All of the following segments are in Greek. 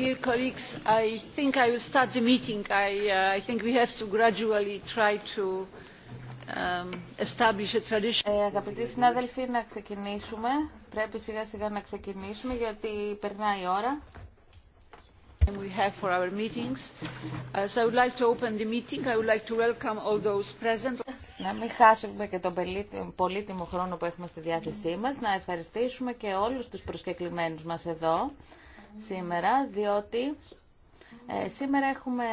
Dear colleagues, I think I will start the meeting. I uh, think we have to gradually try to um, establish a tradition. Ε, αγαπητοί συνάδελφοι, να ξεκινήσουμε. Πρέπει σιγά σιγά να ξεκινήσουμε γιατί περνάει η ώρα. We have for our meetings. Uh, so I would like to open the meeting. I would like to welcome all those present. Να μην χάσουμε και τον πολύτιμο χρόνο που έχουμε στη διάθεσή μας. Να ευχαριστήσουμε και όλους τους προσκεκλημένους μας εδώ σήμερα, διότι ε, σήμερα έχουμε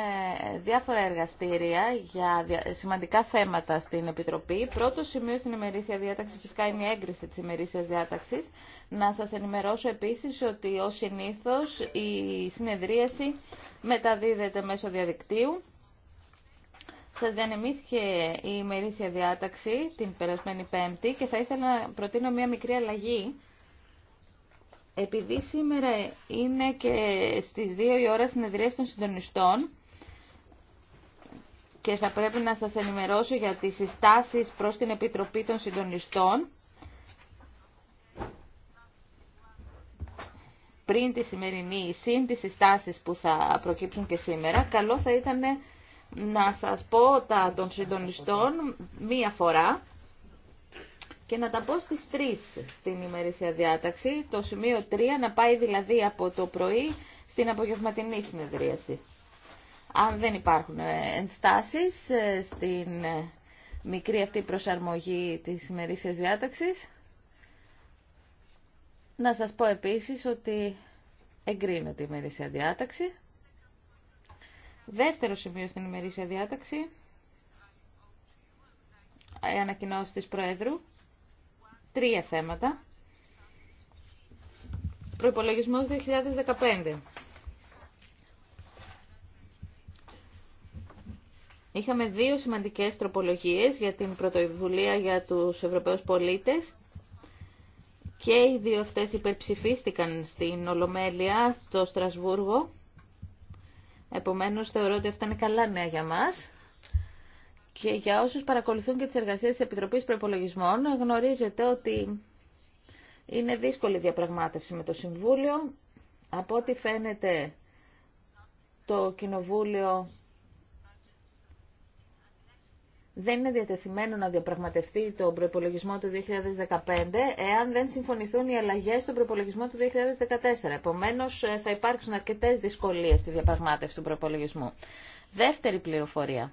ε, διάφορα εργαστήρια για σημαντικά θέματα στην Επιτροπή. Πρώτο σημείο στην ημερήσια διάταξη φυσικά είναι η έγκριση της ημερήσιας διάταξης. Να σας ενημερώσω επίσης ότι ως συνήθως η συνεδρίαση μεταδίδεται μέσω διαδικτύου. Σας διανεμήθηκε η ημερήσια διάταξη την περασμένη Πέμπτη και θα ήθελα να προτείνω μια μικρή αλλαγή επειδή σήμερα είναι και στις 2 η ώρα συνεδρίες των συντονιστών και θα πρέπει να σας ενημερώσω για τις συστάσεις προς την Επιτροπή των Συντονιστών πριν τη σημερινή συν τις συστάσεις που θα προκύψουν και σήμερα, καλό θα ήταν να σας πω τα των συντονιστών μία φορά και να τα πω στις 3 στην ημερήσια διάταξη, το σημείο 3 να πάει δηλαδή από το πρωί στην απογευματινή συνεδρίαση. Αν δεν υπάρχουν ε, ενστάσεις ε, στην ε, μικρή αυτή προσαρμογή της ημερήσιας διάταξης, να σας πω επίσης ότι εγκρίνεται η ημερήσια διάταξη. Δεύτερο σημείο στην ημερήσια διάταξη, ανακοινώση της Προέδρου τρία θέματα. Προϋπολογισμός 2015. Είχαμε δύο σημαντικές τροπολογίες για την πρωτοβουλία για τους Ευρωπαίους πολίτες και οι δύο αυτές υπερψηφίστηκαν στην Ολομέλεια, στο Στρασβούργο. Επομένως θεωρώ ότι αυτά είναι καλά νέα για μας. Και για όσους παρακολουθούν και τις εργασίες της Επιτροπής Προπολογισμών, γνωρίζετε ότι είναι δύσκολη διαπραγμάτευση με το Συμβούλιο. Από ό,τι φαίνεται το Κοινοβούλιο δεν είναι διατεθειμένο να διαπραγματευτεί το προπολογισμό του 2015 εάν δεν συμφωνηθούν οι αλλαγέ στον προπολογισμό του 2014. Επομένω, ε, θα υπάρξουν αρκετέ δυσκολίε στη διαπραγμάτευση του προπολογισμού. Δεύτερη πληροφορία.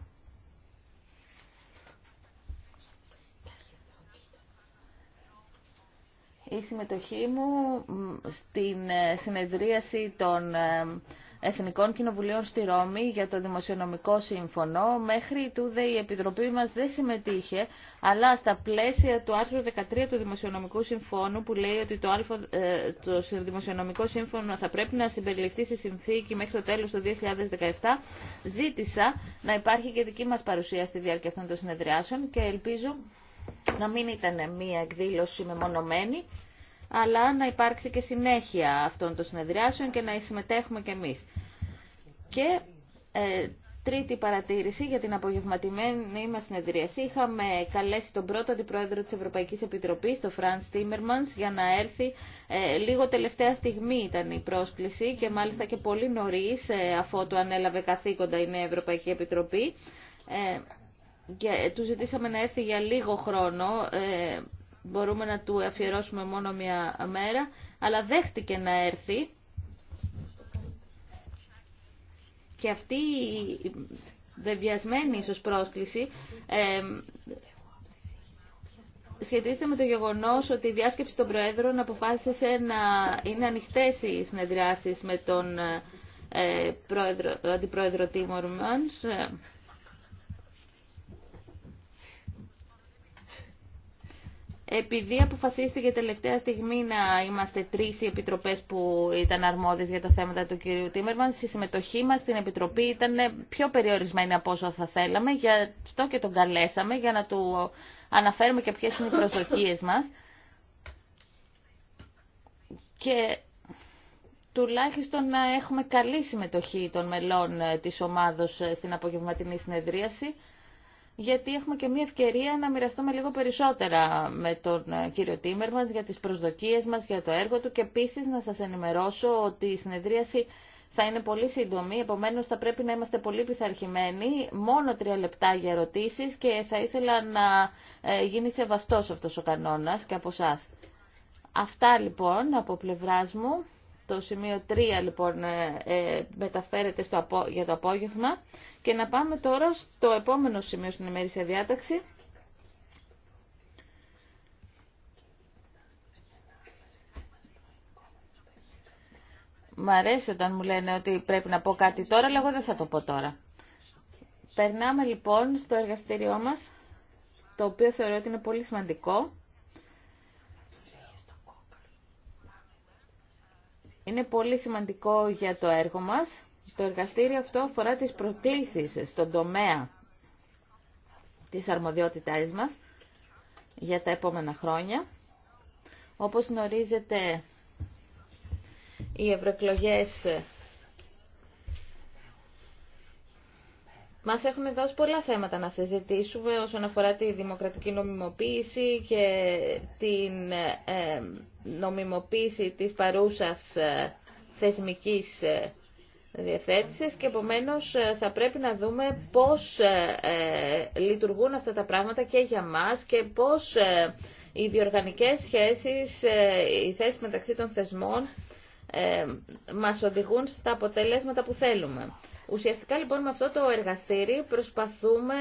η συμμετοχή μου στην ε, συνεδρίαση των ε, Εθνικών Κοινοβουλίων στη Ρώμη για το Δημοσιονομικό Σύμφωνο. Μέχρι τούδε η Επιτροπή μας δεν συμμετείχε, αλλά στα πλαίσια του άρθρου 13 του Δημοσιονομικού Συμφώνου που λέει ότι το, αλφα, ε, το Δημοσιονομικό Σύμφωνο θα πρέπει να συμπεριληφθεί στη συνθήκη μέχρι το τέλος του 2017, ζήτησα να υπάρχει και δική μας παρουσία στη διάρκεια αυτών των συνεδριάσεων και ελπίζω να μην ήταν μία εκδήλωση μεμονωμένη, αλλά να υπάρξει και συνέχεια αυτών των συνεδριάσεων και να συμμετέχουμε κι εμείς. Και ε, τρίτη παρατήρηση για την απογευματιμένη μας συνεδρίαση. Είχαμε καλέσει τον πρώτο αντιπρόεδρο της Ευρωπαϊκής Επιτροπής, τον Φρανς Τίμερμανς, για να έρθει ε, λίγο τελευταία στιγμή ήταν η πρόσκληση και μάλιστα και πολύ νωρίς ε, το ανέλαβε καθήκοντα η Νέα Ευρωπαϊκή Επιτροπή. Ε, και ε, του ζητήσαμε να έρθει για λίγο χρόνο, ε, μπορούμε να του αφιερώσουμε μόνο μια μέρα, αλλά δέχτηκε να έρθει. Και αυτή η δεβιασμένη ίσως πρόσκληση ε, σχετίζεται με το γεγονός ότι η διάσκεψη των Προέδρων αποφάσισε να είναι ανοιχτές οι συνεδριάσεις με τον ε, πρόεδρο, αντιπρόεδρο επειδή αποφασίστηκε τελευταία στιγμή να είμαστε τρει οι επιτροπέ που ήταν αρμόδιε για τα θέματα του κυρίου Τίμερμαν, η συμμετοχή μα στην επιτροπή ήταν πιο περιορισμένη από όσο θα θέλαμε. Γι' αυτό και τον καλέσαμε για να του αναφέρουμε και ποιε είναι οι προσδοκίε μα. Και τουλάχιστον να έχουμε καλή συμμετοχή των μελών της ομάδος στην απογευματινή συνεδρίαση γιατί έχουμε και μια ευκαιρία να μοιραστούμε λίγο περισσότερα με τον ε, κύριο Τίμερ μας για τις προσδοκίες μας, για το έργο του και επίση να σας ενημερώσω ότι η συνεδρίαση θα είναι πολύ σύντομη, επομένως θα πρέπει να είμαστε πολύ πειθαρχημένοι, μόνο τρία λεπτά για ερωτήσεις και θα ήθελα να ε, γίνει σεβαστός αυτός ο κανόνας και από εσά. Αυτά λοιπόν από πλευράς μου το σημείο 3 λοιπόν ε, ε, μεταφέρεται στο για το απόγευμα και να πάμε τώρα στο επόμενο σημείο στην ημερήσια διάταξη. Μ' αρέσει όταν μου λένε ότι πρέπει να πω κάτι τώρα, αλλά εγώ δεν θα το πω τώρα. Περνάμε λοιπόν στο εργαστήριό μας, το οποίο θεωρώ ότι είναι πολύ σημαντικό. είναι πολύ σημαντικό για το έργο μας. Το εργαστήριο αυτό αφορά τις προκλήσεις στον τομέα της αρμοδιότητάς μας για τα επόμενα χρόνια. Όπως γνωρίζετε, οι ευρωεκλογέ μας έχουν δώσει πολλά θέματα να συζητήσουμε όσον αφορά τη δημοκρατική νομιμοποίηση και την ε, νομιμοποίηση της παρούσας ε, θεσμικής ε, διευθέτησης και επομένως ε, θα πρέπει να δούμε πώς λειτουργούν αυτά τα πράγματα και για μας και πώς οι διοργανικές σχέσεις, οι θέσεις μεταξύ των θεσμών μας οδηγούν στα αποτελέσματα που θέλουμε. Ουσιαστικά λοιπόν με αυτό το εργαστήρι προσπαθούμε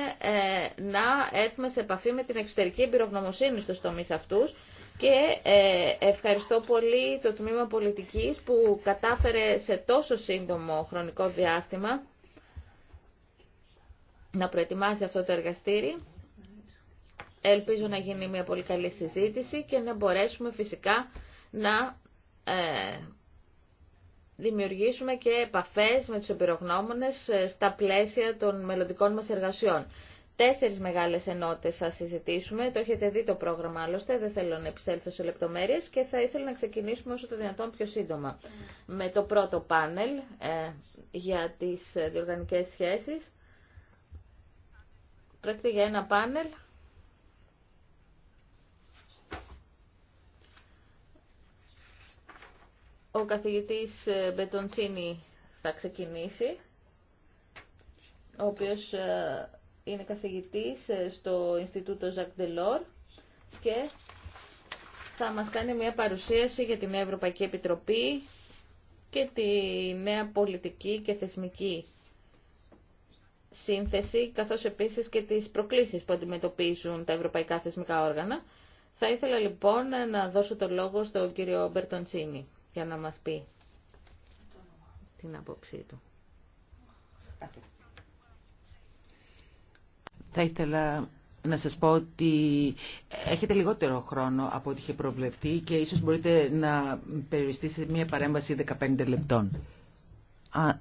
να έρθουμε σε επαφή με την εξωτερική εμπειρογνωμοσύνη στους τομείς αυτούς και ε, ευχαριστώ πολύ το Τμήμα Πολιτικής που κατάφερε σε τόσο σύντομο χρονικό διάστημα να προετοιμάσει αυτό το εργαστήρι. Ελπίζω να γίνει μια πολύ καλή συζήτηση και να μπορέσουμε φυσικά να ε, δημιουργήσουμε και επαφές με τους εμπειρογνώμονες ε, στα πλαίσια των μελλοντικών μας εργασιών. Τέσσερις μεγάλες ενότητες θα συζητήσουμε, το έχετε δει το πρόγραμμα άλλωστε, δεν θέλω να επισέλθω σε λεπτομέρειες και θα ήθελα να ξεκινήσουμε όσο το δυνατόν πιο σύντομα. Με το πρώτο πάνελ ε, για τις ε, διοργανικές σχέσεις, πρόκειται για ένα πάνελ Ο καθηγητής ε, Μπετοντσίνη θα ξεκινήσει, ο οποίος είναι καθηγητής ε, στο Ινστιτούτο Ζακ Ντελόρ και θα μας κάνει μια παρουσίαση για την Ευρωπαϊκή Επιτροπή και τη νέα πολιτική και θεσμική σύνθεση, καθώς επίσης και τις προκλήσεις που αντιμετωπίζουν τα ευρωπαϊκά θεσμικά όργανα. Θα ήθελα λοιπόν να δώσω το λόγο στον κύριο Μπερτοντσίνη για να μας πει την άποψή του. Θα ήθελα να σας πω ότι έχετε λιγότερο χρόνο από ό,τι είχε προβλεφθεί και ίσως μπορείτε να περιοριστείτε μια παρέμβαση 15 λεπτών. Α,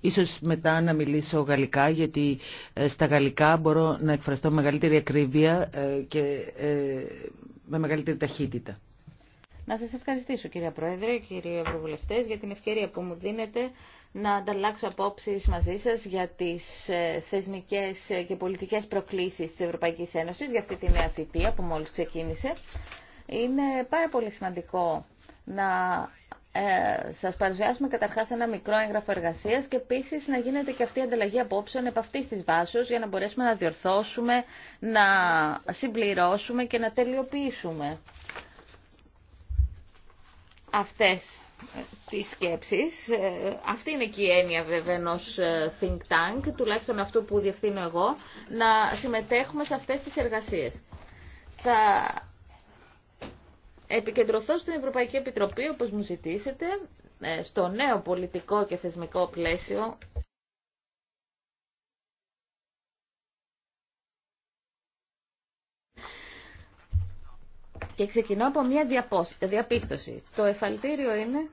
ίσως μετά να μιλήσω γαλλικά γιατί ε, στα γαλλικά μπορώ να εκφραστώ μεγαλύτερη ακρίβεια ε, και ε, με μεγαλύτερη ταχύτητα. Να σας ευχαριστήσω κυρία Πρόεδρε, κύριοι Ευρωβουλευτές για την ευκαιρία που μου δίνετε να ανταλλάξω απόψει μαζί σα για τις ε, θεσμικές ε, και πολιτικές προκλήσεις της Ευρωπαϊκής Ένωσης για αυτή τη νέα θητεία που μόλι ξεκίνησε. Είναι πάρα πολύ σημαντικό να ε, σας παρουσιάσουμε καταρχάς ένα μικρό έγγραφο εργασία και επίση να γίνεται και αυτή η ανταλλαγή απόψεων επ' αυτή τη βάση για να μπορέσουμε να διορθώσουμε, να συμπληρώσουμε και να τελειοποιήσουμε αυτές ε, τις σκέψεις. Ε, αυτή είναι και η έννοια βέβαια ενό ε, think tank, τουλάχιστον αυτό που διευθύνω εγώ, να συμμετέχουμε σε αυτές τις εργασίες. Θα επικεντρωθώ στην Ευρωπαϊκή Επιτροπή, όπως μου ζητήσετε, στο νέο πολιτικό και θεσμικό πλαίσιο Και ξεκινώ από μια διαπίστωση. Το εφαλτήριο είναι...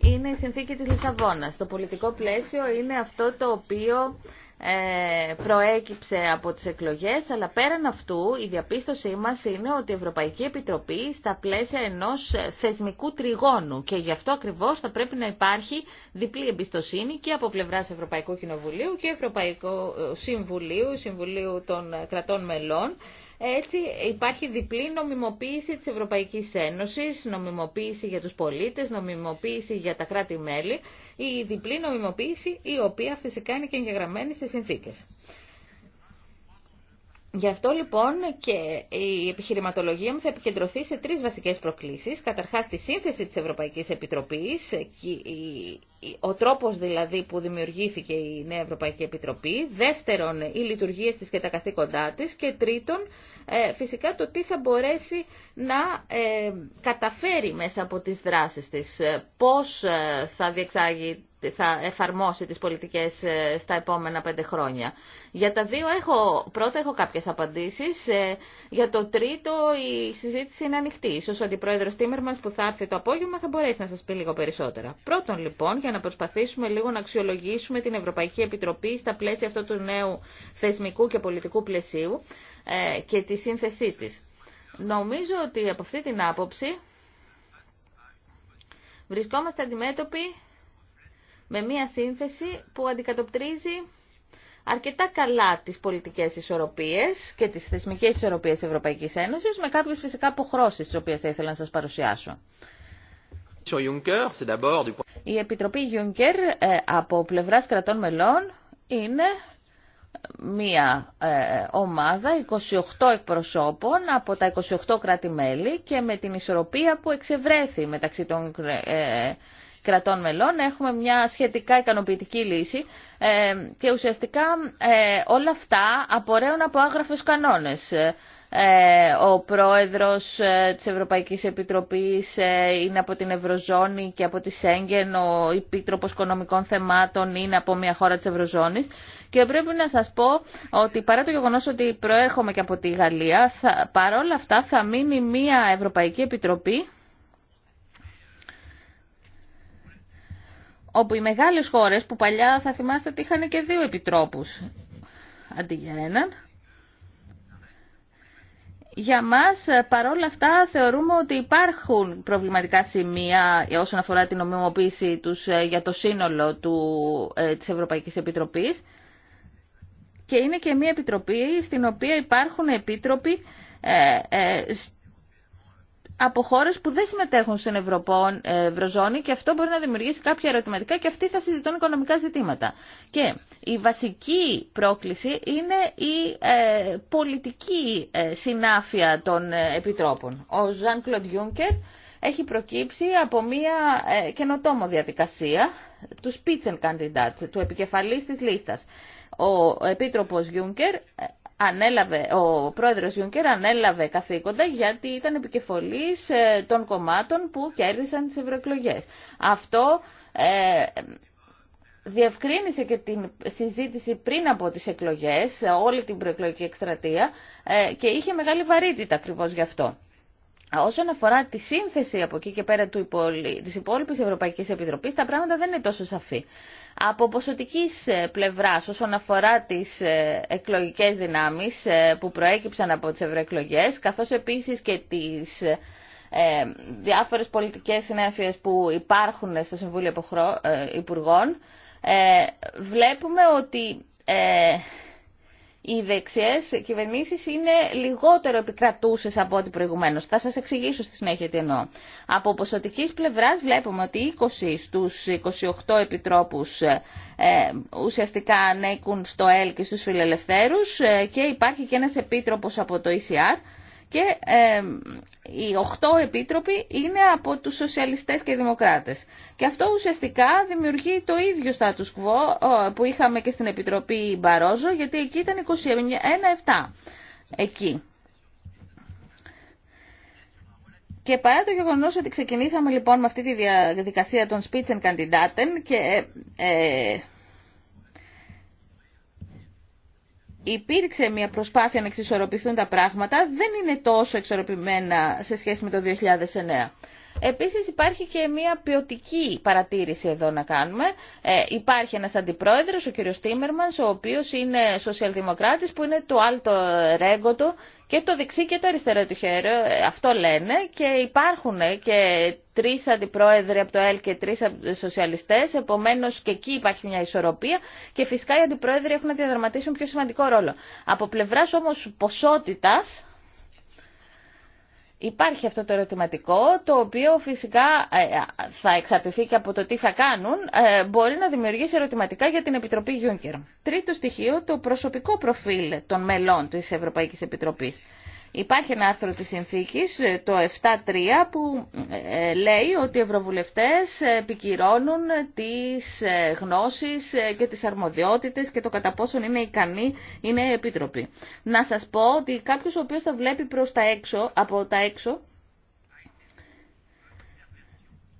Είναι η συνθήκη της Λισαβόνας. Το πολιτικό πλαίσιο είναι αυτό το οποίο ε, προέκυψε από τις εκλογές, αλλά πέραν αυτού η διαπίστωσή μας είναι ότι η Ευρωπαϊκή Επιτροπή στα πλαίσια ενός θεσμικού τριγώνου και γι' αυτό ακριβώς θα πρέπει να υπάρχει διπλή εμπιστοσύνη και από πλευράς Ευρωπαϊκού Κοινοβουλίου και Ευρωπαϊκού ε, Συμβουλίου, Συμβουλίου των Κρατών Μελών, έτσι υπάρχει διπλή νομιμοποίηση της Ευρωπαϊκής Ένωσης, νομιμοποίηση για τους πολίτες, νομιμοποίηση για τα κράτη-μέλη η διπλή νομιμοποίηση η οποία φυσικά είναι και εγγεγραμμένη στις συνθήκες. Γι' αυτό λοιπόν και η επιχειρηματολογία μου θα επικεντρωθεί σε τρεις βασικές προκλήσεις. Καταρχάς τη σύνθεση της Ευρωπαϊκής Επιτροπής, ο τρόπος δηλαδή που δημιουργήθηκε η Νέα Ευρωπαϊκή Επιτροπή, δεύτερον οι λειτουργίες της και τα καθήκοντά της και τρίτον ε, φυσικά το τι θα μπορέσει να ε, καταφέρει μέσα από τις δράσεις της, πώς ε, θα διεξάγει θα εφαρμόσει τις πολιτικές ε, στα επόμενα πέντε χρόνια. Για τα δύο έχω, πρώτα έχω κάποιες απαντήσεις. Ε, για το τρίτο η συζήτηση είναι ανοιχτή. Ίσως ο αντιπρόεδρος Τίμερμας που θα έρθει το απόγευμα θα μπορέσει να σας πει λίγο περισσότερα. Πρώτον λοιπόν, για να προσπαθήσουμε λίγο να αξιολογήσουμε την Ευρωπαϊκή Επιτροπή στα πλαίσια αυτού του νέου θεσμικού και πολιτικού πλαισίου ε, και τη σύνθεσή της. Νομίζω ότι από αυτή την άποψη βρισκόμαστε αντιμέτωποι με μια σύνθεση που αντικατοπτρίζει αρκετά καλά τις πολιτικές ισορροπίες και τις θεσμικές ισορροπίες Ευρωπαϊκής Ένωσης με κάποιες φυσικά αποχρώσεις τις οποίες θα ήθελα να σας παρουσιάσω. Η Επιτροπή Juncker ε, από πλευράς κρατών μελών είναι μία ε, ομάδα 28 εκπροσώπων από τα 28 κράτη-μέλη και με την ισορροπία που εξευρέθη μεταξύ των ε, κρατών μελών. Έχουμε μια σχετικά ικανοποιητική λύση ε, και ουσιαστικά ε, όλα αυτά απορρέουν από άγραφες κανόνες ε, ο πρόεδρος της Ευρωπαϊκής Επιτροπής είναι από την Ευρωζώνη και από τη Σέγγεν, ο Επίτροπος Οικονομικών Θεμάτων είναι από μια χώρα της Ευρωζώνης. Και πρέπει να σας πω ότι παρά το γεγονός ότι προέρχομαι και από τη Γαλλία, θα, παρόλα αυτά θα μείνει μια Ευρωπαϊκή Επιτροπή όπου οι μεγάλες χώρες που παλιά θα θυμάστε ότι είχαν και δύο επιτρόπους αντί για έναν. Για μας ε, παρόλα αυτά θεωρούμε ότι υπάρχουν προβληματικά σημεία όσον αφορά την νομιμοποίηση τους ε, για το σύνολο του, ε, της Ευρωπαϊκής Επιτροπής και είναι και μια επιτροπή στην οποία υπάρχουν επίτροποι ε, από χώρε που δεν συμμετέχουν στην ε, Ευρωζώνη και αυτό μπορεί να δημιουργήσει κάποια ερωτηματικά και αυτοί θα συζητούν οικονομικά ζητήματα. Και η βασική πρόκληση είναι η ε, πολιτική ε, συνάφεια των επιτρόπων. Ο Ζαν Κλοντ Γιούνκερ έχει προκύψει από μια καινοτόμο διαδικασία του Spitzenkandidat, του επικεφαλής της λίστας. Ο Επίτροπος Γιούνκερ ανέλαβε, ο πρόεδρος Γιούνκερ ανέλαβε καθήκοντα γιατί ήταν επικεφαλής ε, των κομμάτων που κέρδισαν τις ευρωεκλογέ. Αυτό ε, διευκρίνησε και την συζήτηση πριν από τις εκλογές, όλη την προεκλογική εκστρατεία ε, και είχε μεγάλη βαρύτητα ακριβώς γι' αυτό. Όσον αφορά τη σύνθεση από εκεί και πέρα του υπόλοιπη της υπόλοιπης Ευρωπαϊκής Επιτροπής, τα πράγματα δεν είναι τόσο σαφή. Από ποσοτικής ε, πλευράς, όσον αφορά τις ε, εκλογικές δυνάμεις ε, που προέκυψαν από τις ευρωεκλογές, καθώς επίσης και τις διάφορες πολιτικές συνέφειες που υπάρχουν στο Συμβούλιο Υπουργών, βλέπουμε ότι οι δεξιές κυβερνήσεις είναι λιγότερο επικρατούσε από ό,τι προηγουμένω. Θα σα εξηγήσω στη συνέχεια τι εννοώ. Από ποσοτικής πλευράς βλέπουμε ότι 20 στου 28 επιτρόπους ε, ουσιαστικά ανέκουν στο ΕΛ και στου φιλελευθέρου, ε, και υπάρχει και ένας επίτροπος από το ECR και οι οχτώ επίτροποι είναι από τους σοσιαλιστές και δημοκράτες. Και αυτό ουσιαστικά δημιουργεί το ίδιο status quo που είχαμε και στην Επιτροπή Μπαρόζο, γιατί εκεί ήταν 21-7 εκεί. Και παρά το γεγονό ότι ξεκινήσαμε λοιπόν με αυτή τη διαδικασία των Spitzenkandidaten και ε, ε υπήρξε μια προσπάθεια να εξισορροπηθούν τα πράγματα, δεν είναι τόσο εξορροπημένα σε σχέση με το 2009. Επίσης υπάρχει και μια ποιοτική παρατήρηση εδώ να κάνουμε. Ε, υπάρχει ένας αντιπρόεδρος, ο κύριος Τίμερμανς, ο οποίος είναι σοσιαλδημοκράτης που είναι το άλλο ρέγκο του και το δεξί και το αριστερό του χέρι, ε, αυτό λένε και υπάρχουν ε, και τρεις αντιπρόεδροι από το ΕΛ και τρεις σοσιαλιστές, επομένως και εκεί υπάρχει μια ισορροπία και φυσικά οι αντιπρόεδροι έχουν να διαδραματίσουν πιο σημαντικό ρόλο. Από πλευράς όμως ποσότητας, Υπάρχει αυτό το ερωτηματικό, το οποίο φυσικά ε, θα εξαρτηθεί και από το τι θα κάνουν, ε, μπορεί να δημιουργήσει ερωτηματικά για την Επιτροπή Γιούνκερ. Τρίτο στοιχείο, το προσωπικό προφίλ των μελών της Ευρωπαϊκής Επιτροπής. Υπάρχει ένα άρθρο της συνθήκης, ε, το 7.3, που ε, λέει ότι οι ευρωβουλευτές ε, επικυρώνουν τις γνώσεις και τις αρμοδιότητες και το κατά πόσον είναι ικανοί είναι επίτροπη. Να σας πω ότι κάποιος ο οποίος θα βλέπει προς τα έξω, από τα έξω,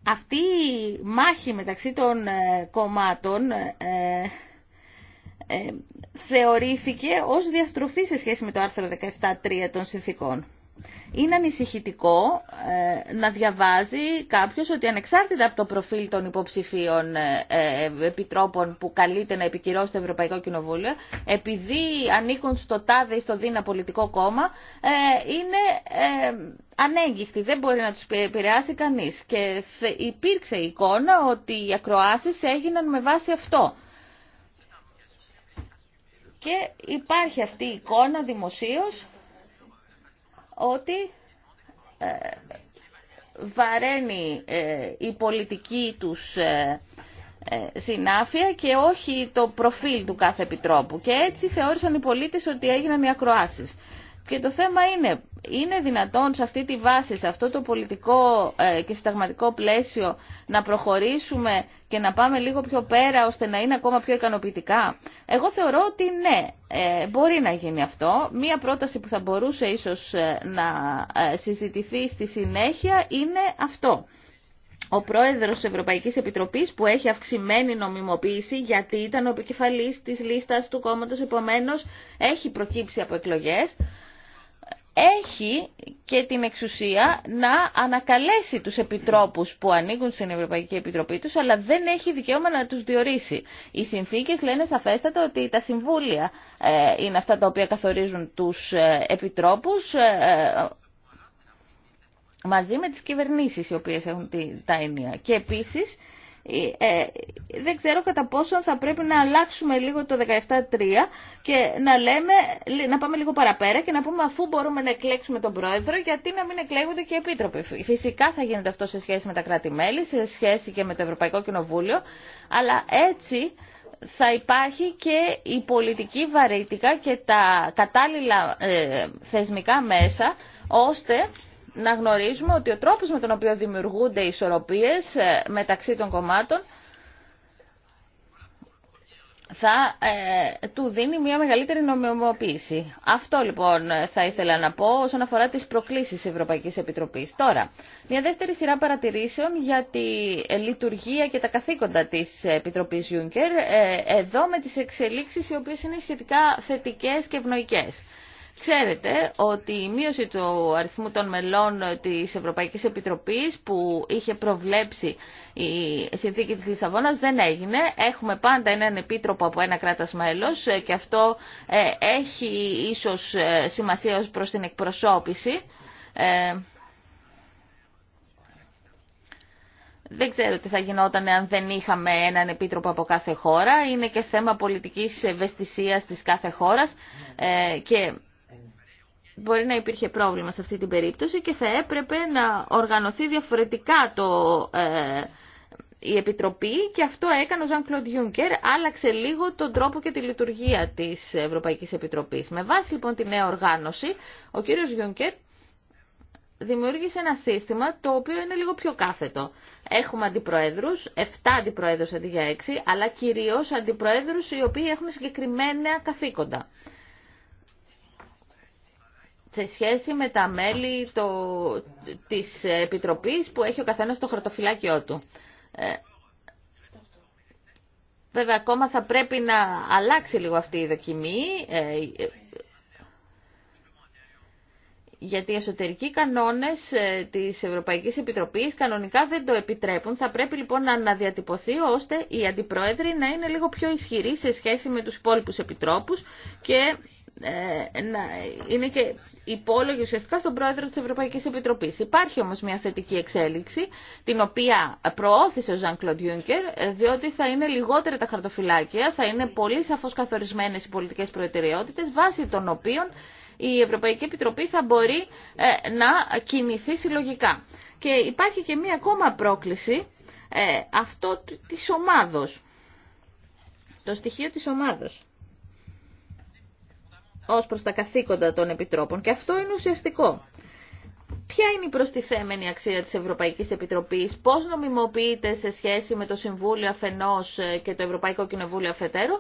αυτή η μάχη μεταξύ των κομμάτων ε, θεωρήθηκε ως διαστροφή σε σχέση με το άρθρο 17.3 των συνθήκων. Είναι ανησυχητικό ε, να διαβάζει κάποιος ότι ανεξάρτητα από το προφίλ των υποψηφίων ε, ε, επιτρόπων που καλείται να επικυρώσει το Ευρωπαϊκό Κοινοβούλιο, επειδή ανήκουν στο ΤΑΔΕ ή στο ΔΙΝΑ πολιτικό κόμμα, είναι ανέγγιχτοι, δεν μπορεί να τους επηρεάσει κανείς. Και υπήρξε η εικόνα ότι οι ακροάσεις έγιναν με βάση αυτό. Και υπάρχει αυτή η εικόνα δημοσίως ότι ε, βαραίνει ε, η πολιτική τους ε, συνάφεια και όχι το προφίλ του κάθε επιτρόπου. Και έτσι θεώρησαν οι πολίτες ότι έγιναν οι ακροάσεις. Και το θέμα είναι, είναι δυνατόν σε αυτή τη βάση, σε αυτό το πολιτικό ε, και συνταγματικό πλαίσιο να προχωρήσουμε και να πάμε λίγο πιο πέρα ώστε να είναι ακόμα πιο ικανοποιητικά. Εγώ θεωρώ ότι ναι, ε, μπορεί να γίνει αυτό. Μία πρόταση που θα μπορούσε ίσως ε, να συζητηθεί στη συνέχεια είναι αυτό. Ο πρόεδρος της Ευρωπαϊκής Επιτροπής που έχει αυξημένη νομιμοποίηση γιατί ήταν ο επικεφαλής της λίστας του κόμματος, επομένως έχει προκύψει από εκλογές έχει και την εξουσία να ανακαλέσει τους επιτρόπους που ανοίγουν στην Ευρωπαϊκή Επιτροπή τους, αλλά δεν έχει δικαίωμα να τους διορίσει. Οι συνθήκες λένε σαφέστατα ότι τα συμβούλια ε, είναι αυτά τα οποία καθορίζουν τους ε, επιτρόπους ε, μαζί με τις κυβερνήσεις οι οποίες έχουν τα ενία. Και επίσης ε, ε, δεν ξέρω κατά πόσο θα πρέπει να αλλάξουμε λίγο το 17-3 και να, να πάμε λίγο παραπέρα και να πούμε αφού μπορούμε να εκλέξουμε τον πρόεδρο γιατί να μην εκλέγονται και οι επίτροποι. Φυσικά θα γίνεται αυτό σε σχέση με τα κράτη-μέλη, σε σχέση και με το Ευρωπαϊκό Κοινοβούλιο, αλλά έτσι θα υπάρχει και η πολιτική βαρύτηκα και τα κατάλληλα ε, θεσμικά μέσα ώστε να γνωρίζουμε ότι ο τρόπος με τον οποίο δημιουργούνται οι ισορροπίες ε, μεταξύ των κομμάτων θα ε, του δίνει μια μεγαλύτερη νομιμοποίηση. Αυτό λοιπόν θα ήθελα να πω όσον αφορά τις προκλήσεις της Ευρωπαϊκής Επιτροπής. Τώρα, μια δεύτερη σειρά παρατηρήσεων για τη λειτουργία και τα καθήκοντα της Επιτροπής Juncker, ε, εδώ με τις εξελίξεις οι οποίες είναι σχετικά θετικές και ευνοϊκές. Ξέρετε ότι η μείωση του αριθμού των μελών της Ευρωπαϊκής Επιτροπής που είχε προβλέψει η συνθήκη της Λισαβόνας δεν έγινε. Έχουμε πάντα έναν επίτροπο από ένα κράτος μέλος ε, και αυτό ε, έχει ίσως ε, σημασία ως προς την εκπροσώπηση. Δεν ξέρω τι θα γινόταν αν δεν είχαμε έναν επίτροπο από κάθε χώρα. Είναι και θέμα πολιτικής ευαισθησίας της κάθε χώρας και μπορεί να υπήρχε πρόβλημα σε αυτή την περίπτωση και θα έπρεπε να οργανωθεί διαφορετικά το, ε, η Επιτροπή και αυτό έκανε ο Ζαν Κλοντ Γιούγκερ άλλαξε λίγο τον τρόπο και τη λειτουργία της Ευρωπαϊκής Επιτροπής. Με βάση λοιπόν τη νέα οργάνωση, ο κύριος Γιούγκερ δημιούργησε ένα σύστημα το οποίο είναι λίγο πιο κάθετο. Έχουμε αντιπροέδρους, 7 αντιπροέδρους αντί για 6, αλλά κυρίως αντιπροέδρους οι οποίοι έχουν συγκεκριμένα καθήκοντα σε σχέση με τα μέλη το, της Επιτροπής που έχει ο καθένας στο χρωτοφυλάκιο του. Ε, βέβαια, ακόμα θα πρέπει να αλλάξει λίγο αυτή η δοκιμή, ε, ε, γιατί οι εσωτερικοί κανόνες ε, της Ευρωπαϊκής Επιτροπής κανονικά δεν το επιτρέπουν. Θα πρέπει λοιπόν να αναδιατυπωθεί ώστε οι αντιπρόεδροι να είναι λίγο πιο ισχυροί σε σχέση με τους υπόλοιπους επιτρόπους και ε, να είναι και υπόλογη ουσιαστικά στον πρόεδρο της Ευρωπαϊκής Επιτροπής. Υπάρχει όμως μια θετική εξέλιξη, την οποία προώθησε ο Ζαν Κλοντ Ιούνκερ, διότι θα είναι λιγότερα τα χαρτοφυλάκια, θα είναι πολύ σαφώς καθορισμένες οι πολιτικές προτεραιότητε, βάσει των οποίων η Ευρωπαϊκή Επιτροπή θα μπορεί ε, να κινηθεί συλλογικά. Και υπάρχει και μία ακόμα πρόκληση, ε, αυτό της ομάδος. Το στοιχείο της ομάδος ως προς τα καθήκοντα των επιτρόπων και αυτό είναι ουσιαστικό. Ποια είναι η προστιθέμενη αξία της Ευρωπαϊκής Επιτροπής, πώς νομιμοποιείται σε σχέση με το Συμβούλιο αφενός ε, και το Ευρωπαϊκό Κοινοβούλιο αφετέρου,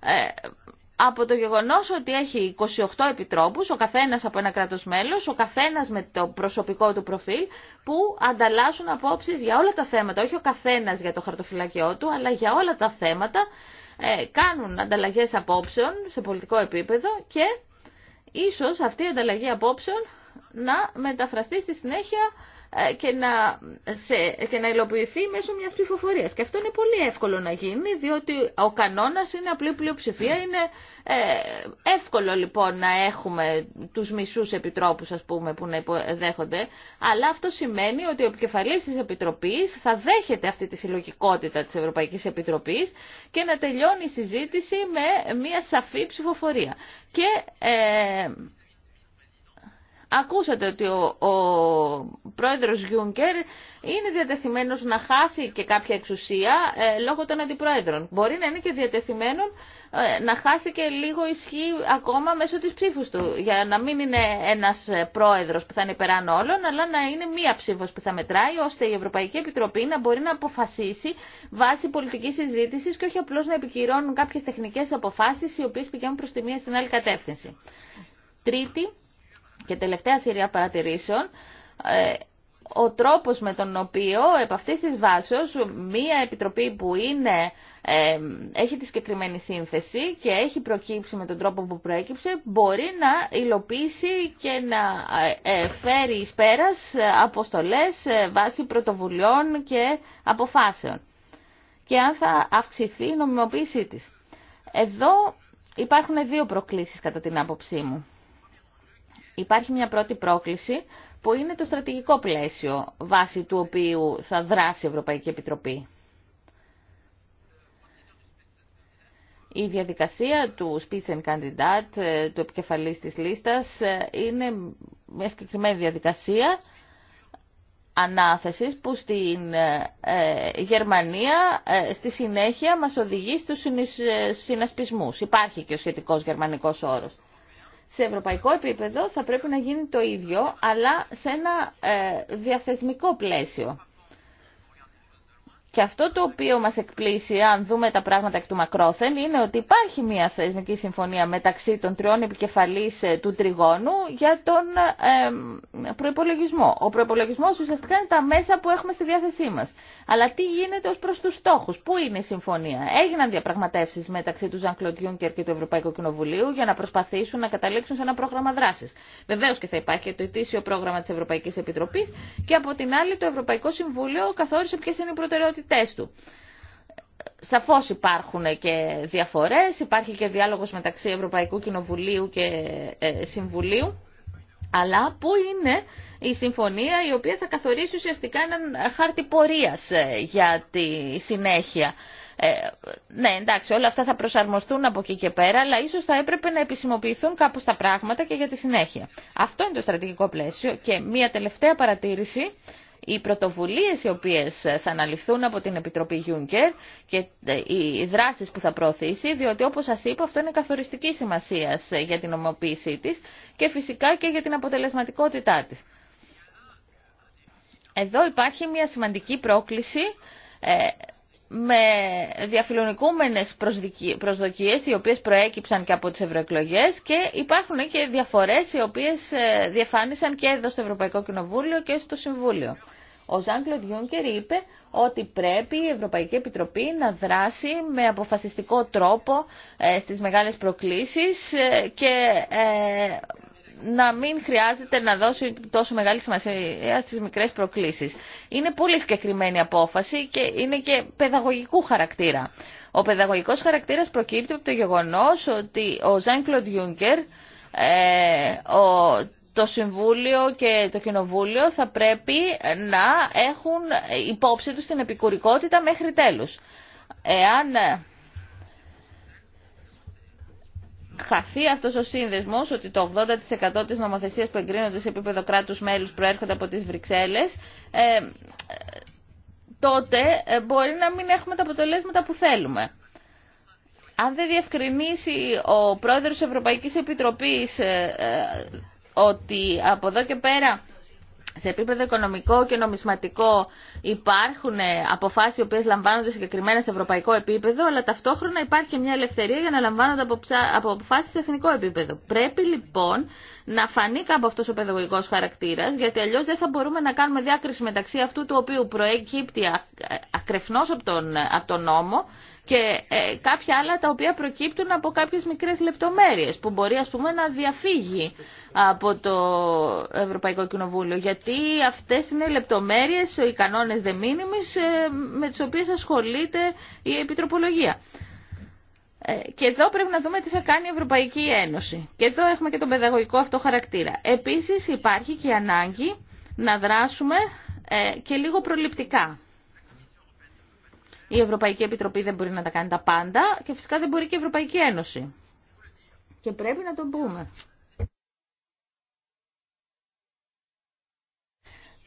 ε, από το γεγονός ότι έχει 28 επιτρόπους, ο καθένας από ένα κράτος μέλος, ο καθένας με το προσωπικό του προφίλ, που ανταλλάσσουν απόψεις για όλα τα θέματα, όχι ο καθένας για το χαρτοφυλακιό του, αλλά για όλα τα θέματα, ε, κάνουν ανταλλαγές απόψεων σε πολιτικό επίπεδο και ίσως αυτή η ανταλλαγή απόψεων να μεταφραστεί στη συνέχεια ε, και να, σε, υλοποιηθεί μέσω μιας ψηφοφορίας. Και αυτό είναι πολύ εύκολο να γίνει, διότι ο κανόνας είναι απλή πλειοψηφία. Είναι ε, εύκολο λοιπόν να έχουμε τους μισούς επιτρόπους ας πούμε, που να ε, δέχονται, αλλά αυτό σημαίνει ότι ο επικεφαλής της Επιτροπής θα δέχεται αυτή τη συλλογικότητα της Ευρωπαϊκής Επιτροπής και να τελειώνει η συζήτηση με μια σαφή ψηφοφορία. Και... Ε, Ακούσατε ότι ο, ο πρόεδρος Γιούγκερ είναι διατεθειμένος να χάσει και κάποια εξουσία ε, λόγω των αντιπρόεδρων. Μπορεί να είναι και διατεθειμένο ε, να χάσει και λίγο ισχύ ακόμα μέσω της ψήφου του. Για να μην είναι ένας ε, πρόεδρος που θα είναι περάν όλων, αλλά να είναι μία ψήφος που θα μετράει, ώστε η Ευρωπαϊκή Επιτροπή να μπορεί να αποφασίσει βάσει πολιτικής συζήτησης και όχι απλώς να επικυρώνουν κάποιες τεχνικές αποφάσεις οι οποίες πηγαίνουν προς τη μία στην άλλη κατεύθυνση. Τρίτη, και τελευταία σειρά παρατηρήσεων, ε, ο τρόπος με τον οποίο επ' αυτής της βάσεως μία επιτροπή που είναι, ε, έχει τη συγκεκριμένη σύνθεση και έχει προκύψει με τον τρόπο που προέκυψε μπορεί να υλοποιήσει και να ε, φέρει εις πέρας αποστολές βάσει πρωτοβουλειών και αποφάσεων και αν θα αυξηθεί η νομιμοποίησή της. Εδώ υπάρχουν δύο προκλήσεις κατά την άποψή μου. Υπάρχει μια πρώτη πρόκληση που είναι το στρατηγικό πλαίσιο βάσει του οποίου θα δράσει η Ευρωπαϊκή Επιτροπή. Η διαδικασία του Spitzenkandidat, ε, του επικεφαλής της λίστας, ε, είναι μια συγκεκριμένη διαδικασία ανάθεσης που στην ε, Γερμανία στη συνέχεια μας οδηγεί στους συνασπισμούς. Υπάρχει και ο σχετικός γερμανικός όρος σε ευρωπαϊκό επίπεδο θα πρέπει να γίνει το ίδιο, αλλά σε ένα ε, διαθεσμικό πλαίσιο. Και αυτό το οποίο μας εκπλήσει, αν δούμε τα πράγματα εκ του μακρόθεν, είναι ότι υπάρχει μια θεσμική συμφωνία μεταξύ των τριών επικεφαλής ε, του τριγώνου για τον ε, προϋπολογισμό. Ο προϋπολογισμός ουσιαστικά είναι τα μέσα που έχουμε στη διάθεσή μας. Αλλά τι γίνεται ως προς τους στόχους, πού είναι η συμφωνία. Έγιναν διαπραγματεύσεις μεταξύ του Ζαν Κλοντιούνκερ και του Ευρωπαϊκού Κοινοβουλίου για να προσπαθήσουν να καταλήξουν σε ένα πρόγραμμα δράσης. Βεβαίως και θα υπάρχει το ετήσιο πρόγραμμα της Ευρωπαϊκής Επιτροπής και από την άλλη το Ευρωπαϊκό Συμβούλιο καθόρισε ποιες είναι οι προτεραιότητες Σαφώ του. Σαφώς υπάρχουν και διαφορές, υπάρχει και διάλογος μεταξύ Ευρωπαϊκού Κοινοβουλίου και ε, Συμβουλίου, αλλά πού είναι η συμφωνία η οποία θα καθορίσει ουσιαστικά έναν χάρτη πορείας ε, για τη συνέχεια. Ε, ναι, εντάξει, όλα αυτά θα προσαρμοστούν από εκεί και πέρα, αλλά ίσω θα έπρεπε να επισημοποιηθούν κάπω τα πράγματα και για τη συνέχεια. Αυτό είναι το στρατηγικό πλαίσιο. Και μία τελευταία παρατήρηση οι πρωτοβουλίες οι οποίες θα αναλυθούν από την Επιτροπή Juncker και ε, οι δράσεις που θα προωθήσει, διότι όπως σας είπα αυτό είναι καθοριστική σημασία για την ομοποίησή της και φυσικά και για την αποτελεσματικότητά της. Εδώ υπάρχει μια σημαντική πρόκληση ε, με διαφιλονικούμενες προσδοκίες οι οποίες προέκυψαν και από τις ευρωεκλογέ και υπάρχουν και διαφορές οι οποίες ε, διαφάνησαν και εδώ στο Ευρωπαϊκό Κοινοβούλιο και στο Συμβούλιο. Ο Ζαν Κλοντ Γιούνκερ είπε ότι πρέπει η Ευρωπαϊκή Επιτροπή να δράσει με αποφασιστικό τρόπο ε, στις μεγάλες προκλήσεις ε, και να μην χρειάζεται να δώσει τόσο μεγάλη σημασία στις μικρές προκλήσεις. Είναι πολύ συγκεκριμένη απόφαση και είναι και παιδαγωγικού χαρακτήρα. Ο παιδαγωγικός χαρακτήρας προκύπτει από το γεγονός ότι ο Ζαν Κλοντ Γιούγκερ, το Συμβούλιο και το Κοινοβούλιο θα πρέπει να έχουν υπόψη τους την επικουρικότητα μέχρι τέλους. Εάν χαθεί αυτός ο σύνδεσμος ότι το 80% τη νομοθεσία που εγκρίνονται σε επίπεδο κράτους μέλους προέρχονται από τις Βρυξέλλες, ε, τότε ε, μπορεί να μην έχουμε τα αποτελέσματα που θέλουμε. Αν δεν διευκρινίσει ο πρόεδρος της Ευρωπαϊκής Επιτροπής ε, ε, ότι από εδώ και πέρα σε επίπεδο οικονομικό και νομισματικό υπάρχουν ε, αποφάσεις οι οποίες λαμβάνονται συγκεκριμένα σε ευρωπαϊκό επίπεδο, αλλά ταυτόχρονα υπάρχει και μια ελευθερία για να λαμβάνονται αποφάσεις σε εθνικό επίπεδο. Πρέπει λοιπόν να φανεί κάπου αυτός ο παιδαγωγικός χαρακτήρας, γιατί αλλιώς δεν θα μπορούμε να κάνουμε διάκριση μεταξύ αυτού του οποίου προέκυπτει ε, ακρεφνώς από τον ε, νόμο και ε, κάποια άλλα τα οποία προκύπτουν από κάποιες μικρές λεπτομέρειες που μπορεί ας πούμε να διαφύγει από το Ευρωπαϊκό Κοινοβούλιο γιατί αυτές είναι οι λεπτομέρειες, οι κανόνες δε μήνυμης, με τις οποίες ασχολείται η Επιτροπολογία. Ε, και εδώ πρέπει να δούμε τι θα κάνει η Ευρωπαϊκή Ένωση. Και εδώ έχουμε και τον παιδαγωγικό αυτό χαρακτήρα. Επίσης υπάρχει και ανάγκη να δράσουμε ε, και λίγο προληπτικά. Η Ευρωπαϊκή Επιτροπή δεν μπορεί να τα κάνει τα πάντα και φυσικά δεν μπορεί και η Ευρωπαϊκή Ένωση. Και πρέπει να το πούμε.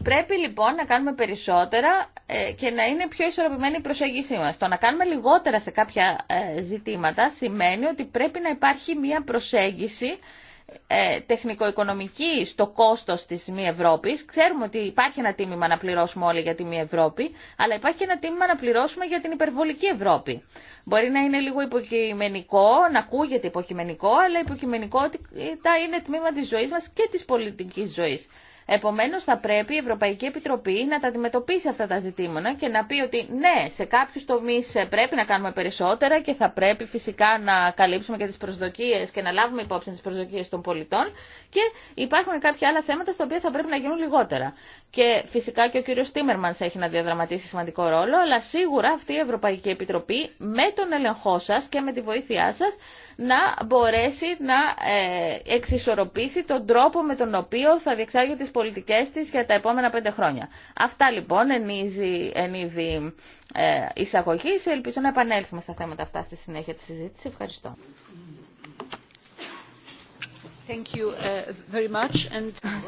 Πρέπει λοιπόν να κάνουμε περισσότερα ε, και να είναι πιο ισορροπημένη η προσέγγιση μας. Το να κάνουμε λιγότερα σε κάποια ε, ζητήματα σημαίνει ότι πρέπει να υπάρχει μια προσέγγιση ε, τεχνικο-οικονομική στο κόστος της μη Ευρώπης. Ξέρουμε ότι υπάρχει ένα τίμημα να πληρώσουμε όλοι για τη μη Ευρώπη, αλλά υπάρχει και ένα τίμημα να πληρώσουμε για την υπερβολική Ευρώπη. Μπορεί να είναι λίγο υποκειμενικό, να ακούγεται υποκειμενικό, αλλά υποκειμενικότητα είναι τμήμα της ζωής μα και τη πολιτική ζωή. Επομένως θα πρέπει η Ευρωπαϊκή Επιτροπή να τα αντιμετωπίσει αυτά τα ζητήματα και να πει ότι ναι, σε κάποιου τομείς ε, πρέπει να κάνουμε περισσότερα και θα πρέπει φυσικά να καλύψουμε και τις προσδοκίες και να λάβουμε υπόψη τις προσδοκίες των πολιτών και υπάρχουν κάποια άλλα θέματα στα οποία θα πρέπει να γίνουν λιγότερα. Και φυσικά και ο κύριος Τίμερμανς έχει να διαδραματίσει σημαντικό ρόλο, αλλά σίγουρα αυτή η Ευρωπαϊκή Επιτροπή με τον ελεγχό σας και με τη βοήθειά σας να μπορέσει να ε, εξισορροπήσει τον τρόπο με τον οποίο θα διεξάγει τις πολιτικές της για τα επόμενα πέντε χρόνια. Αυτά λοιπόν εν είδη ε, εισαγωγής. Ελπίζω να επανέλθουμε στα θέματα αυτά στη συνέχεια της συζήτησης. Ευχαριστώ. Uh,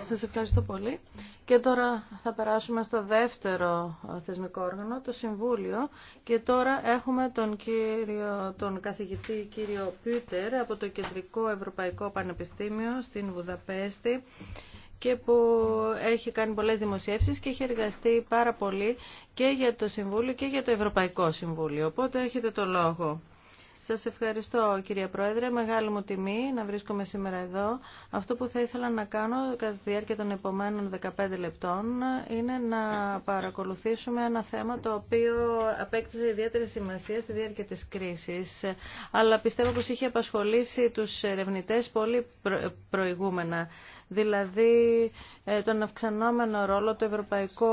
Σας ευχαριστώ πολύ. Και τώρα θα περάσουμε στο δεύτερο ε, θεσμικό όργανο, το Συμβούλιο. Και τώρα έχουμε τον, τον καθηγητή κύριο Πίτερ από το Κεντρικό Ευρωπαϊκό Πανεπιστήμιο στην Βουδαπέστη και που έχει κάνει πολλές δημοσιεύσεις και έχει εργαστεί πάρα πολύ και για το Συμβούλιο και για το Ευρωπαϊκό Συμβούλιο. Οπότε έχετε το λόγο. Σας ευχαριστώ κυρία Πρόεδρε. Μεγάλη μου τιμή να βρίσκομαι σήμερα εδώ. Αυτό που θα ήθελα να κάνω κατά τη διάρκεια των επόμενων 15 λεπτών είναι να παρακολουθήσουμε ένα θέμα το οποίο απέκτησε ιδιαίτερη σημασία στη διάρκεια της κρίσης. Αλλά πιστεύω πως είχε απασχολήσει τους ερευνητές πολύ προηγούμενα δηλαδή ε, τον αυξανόμενο ρόλο του Ευρωπαϊκού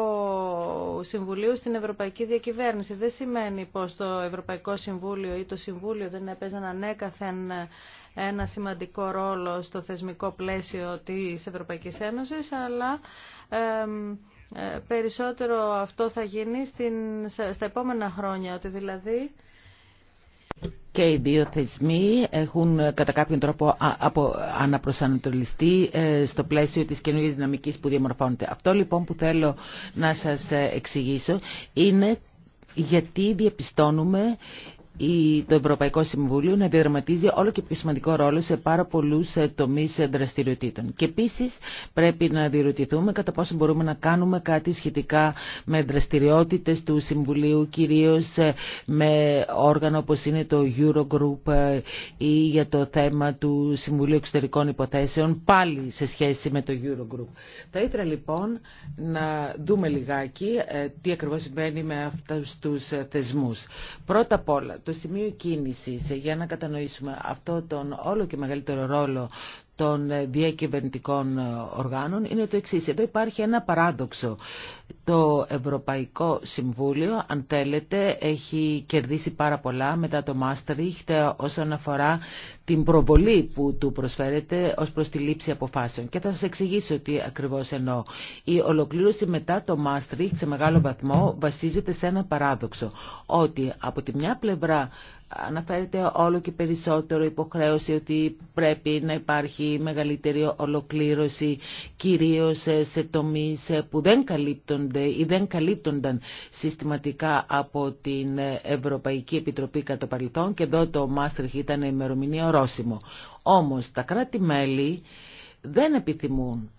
Συμβουλίου στην Ευρωπαϊκή Διακυβέρνηση. Δεν σημαίνει πως το Ευρωπαϊκό Συμβούλιο ή το Συμβούλιο δεν έπαιζαν ανέκαθεν ε, ένα σημαντικό ρόλο στο θεσμικό πλαίσιο της Ευρωπαϊκής Ένωσης, αλλά ε, περισσότερο αυτό θα γίνει στα επόμενα χρόνια, ότι δηλαδή και οι δύο θεσμοί έχουν κατά κάποιον τρόπο αναπροσανατολιστεί ε, στο πλαίσιο της καινούργιας δυναμικής που διαμορφώνεται. Αυτό λοιπόν που θέλω να σας ε, εξηγήσω είναι γιατί διαπιστώνουμε το Ευρωπαϊκό Συμβούλιο να διαδραματίζει όλο και πιο σημαντικό ρόλο σε πάρα πολλού ε, τομεί ε, δραστηριοτήτων. Και επίση πρέπει να διερωτηθούμε κατά πόσο μπορούμε να κάνουμε κάτι σχετικά με δραστηριότητε του Συμβουλίου, κυρίω ε, με όργανα όπω είναι το Eurogroup ή για το θέμα του Συμβουλίου Εξωτερικών Υποθέσεων, πάλι σε σχέση με το Eurogroup. Θα ήθελα λοιπόν να δούμε λιγάκι τι ακριβώ συμβαίνει με αυτού του θεσμού. Πρώτα απ' όλα, το σημείο κίνησης για να κατανοήσουμε αυτό τον όλο και μεγαλύτερο ρόλο των ε, διακυβερνητικών ε, οργάνων είναι το εξής. Εδώ υπάρχει ένα παράδοξο. Το Ευρωπαϊκό Συμβούλιο, αν θέλετε, έχει κερδίσει πάρα πολλά μετά το Μάστριχτ ε, όσον αφορά την προβολή που του προσφέρεται ως προς τη λήψη αποφάσεων. Και θα σας εξηγήσω τι ακριβώς εννοώ. Η ολοκλήρωση μετά το Μάστριχτ σε μεγάλο βαθμό βασίζεται σε ένα παράδοξο. Ότι από τη μια πλευρά αναφέρεται όλο και περισσότερο υποχρέωση ότι πρέπει να υπάρχει μεγαλύτερη ολοκλήρωση κυρίως σε τομείς που δεν καλύπτονται ή δεν καλύπτονταν συστηματικά από την Ευρωπαϊκή Επιτροπή κατά παρελθόν και εδώ το Μάστριχ ήταν ημερομηνία ορόσημο. Όμως τα κράτη-μέλη δεν επιθυμούν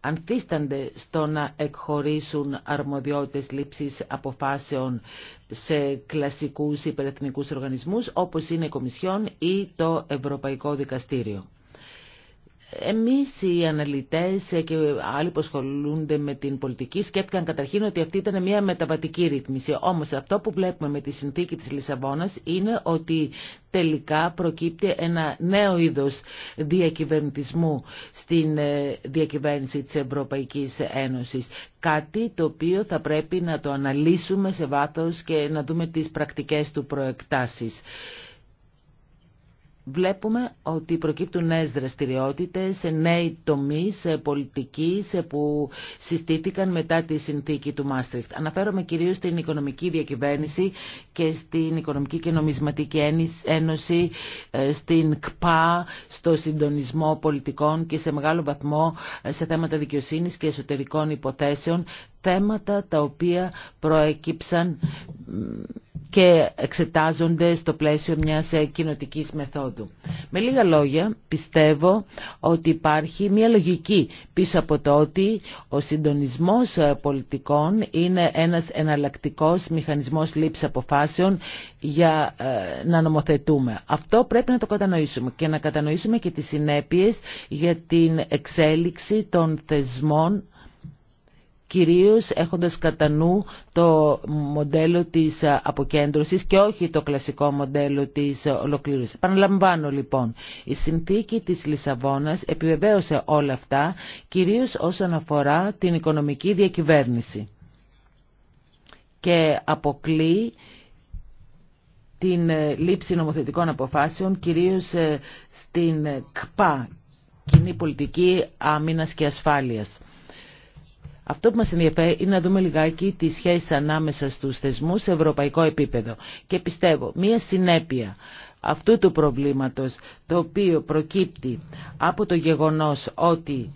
ανθίστανται στο να εκχωρήσουν αρμοδιότητες λήψης αποφάσεων σε κλασικούς υπερεθνικούς οργανισμούς όπως είναι η Κομισιόν ή το Ευρωπαϊκό Δικαστήριο. Εμείς οι αναλυτές και άλλοι που ασχολούνται με την πολιτική σκέφτηκαν καταρχήν ότι αυτή ήταν μια μεταβατική ρύθμιση. Όμως αυτό που βλέπουμε με τη συνθήκη της Λισαβόνας είναι ότι τελικά προκύπτει ένα νέο είδος διακυβερνητισμού στην ε, διακυβέρνηση της Ευρωπαϊκής Ένωσης. Κάτι το οποίο θα πρέπει να το αναλύσουμε σε βάθος και να δούμε τις πρακτικές του προεκτάσεις βλέπουμε ότι προκύπτουν νέες δραστηριότητες, νέοι τομείς πολιτικής που συστήθηκαν μετά τη συνθήκη του Μάστριχτ. Αναφέρομαι κυρίως στην οικονομική διακυβέρνηση και στην Οικονομική και Νομισματική Ένωση, ε, στην ΚΠΑ, στο συντονισμό πολιτικών και σε μεγάλο βαθμό ε, σε θέματα δικαιοσύνης και εσωτερικών υποθέσεων θέματα τα οποία προέκυψαν και εξετάζονται στο πλαίσιο μιας ε, κοινοτικής μεθόδου. Με λίγα λόγια πιστεύω ότι υπάρχει μια λογική πίσω από το ότι ο συντονισμός ε, πολιτικών είναι ένας εναλλακτικός μηχανισμός λήψης αποφάσεων για ε, να νομοθετούμε. Αυτό πρέπει να το κατανοήσουμε και να κατανοήσουμε και τις συνέπειες για την εξέλιξη των θεσμών κυρίως έχοντας κατά νου το μοντέλο της ε, αποκέντρωσης και όχι το κλασικό μοντέλο της ε, ολοκλήρωσης. Παναλαμβάνω λοιπόν, η συνθήκη της Λισαβόνας επιβεβαίωσε όλα αυτά, κυρίως όσον αφορά την οικονομική διακυβέρνηση και αποκλεί την ε, λήψη νομοθετικών αποφάσεων, κυρίως στην ΚΠΑ, Κοινή Πολιτική Άμυνας και Ασφάλειας. Αυτό που μας ενδιαφέρει είναι να δούμε λιγάκι τις σχέσεις ανάμεσα στους θεσμούς σε ευρωπαϊκό επίπεδο. Και πιστεύω, μία συνέπεια αυτού του προβλήματος, το οποίο προκύπτει από το γεγονός ότι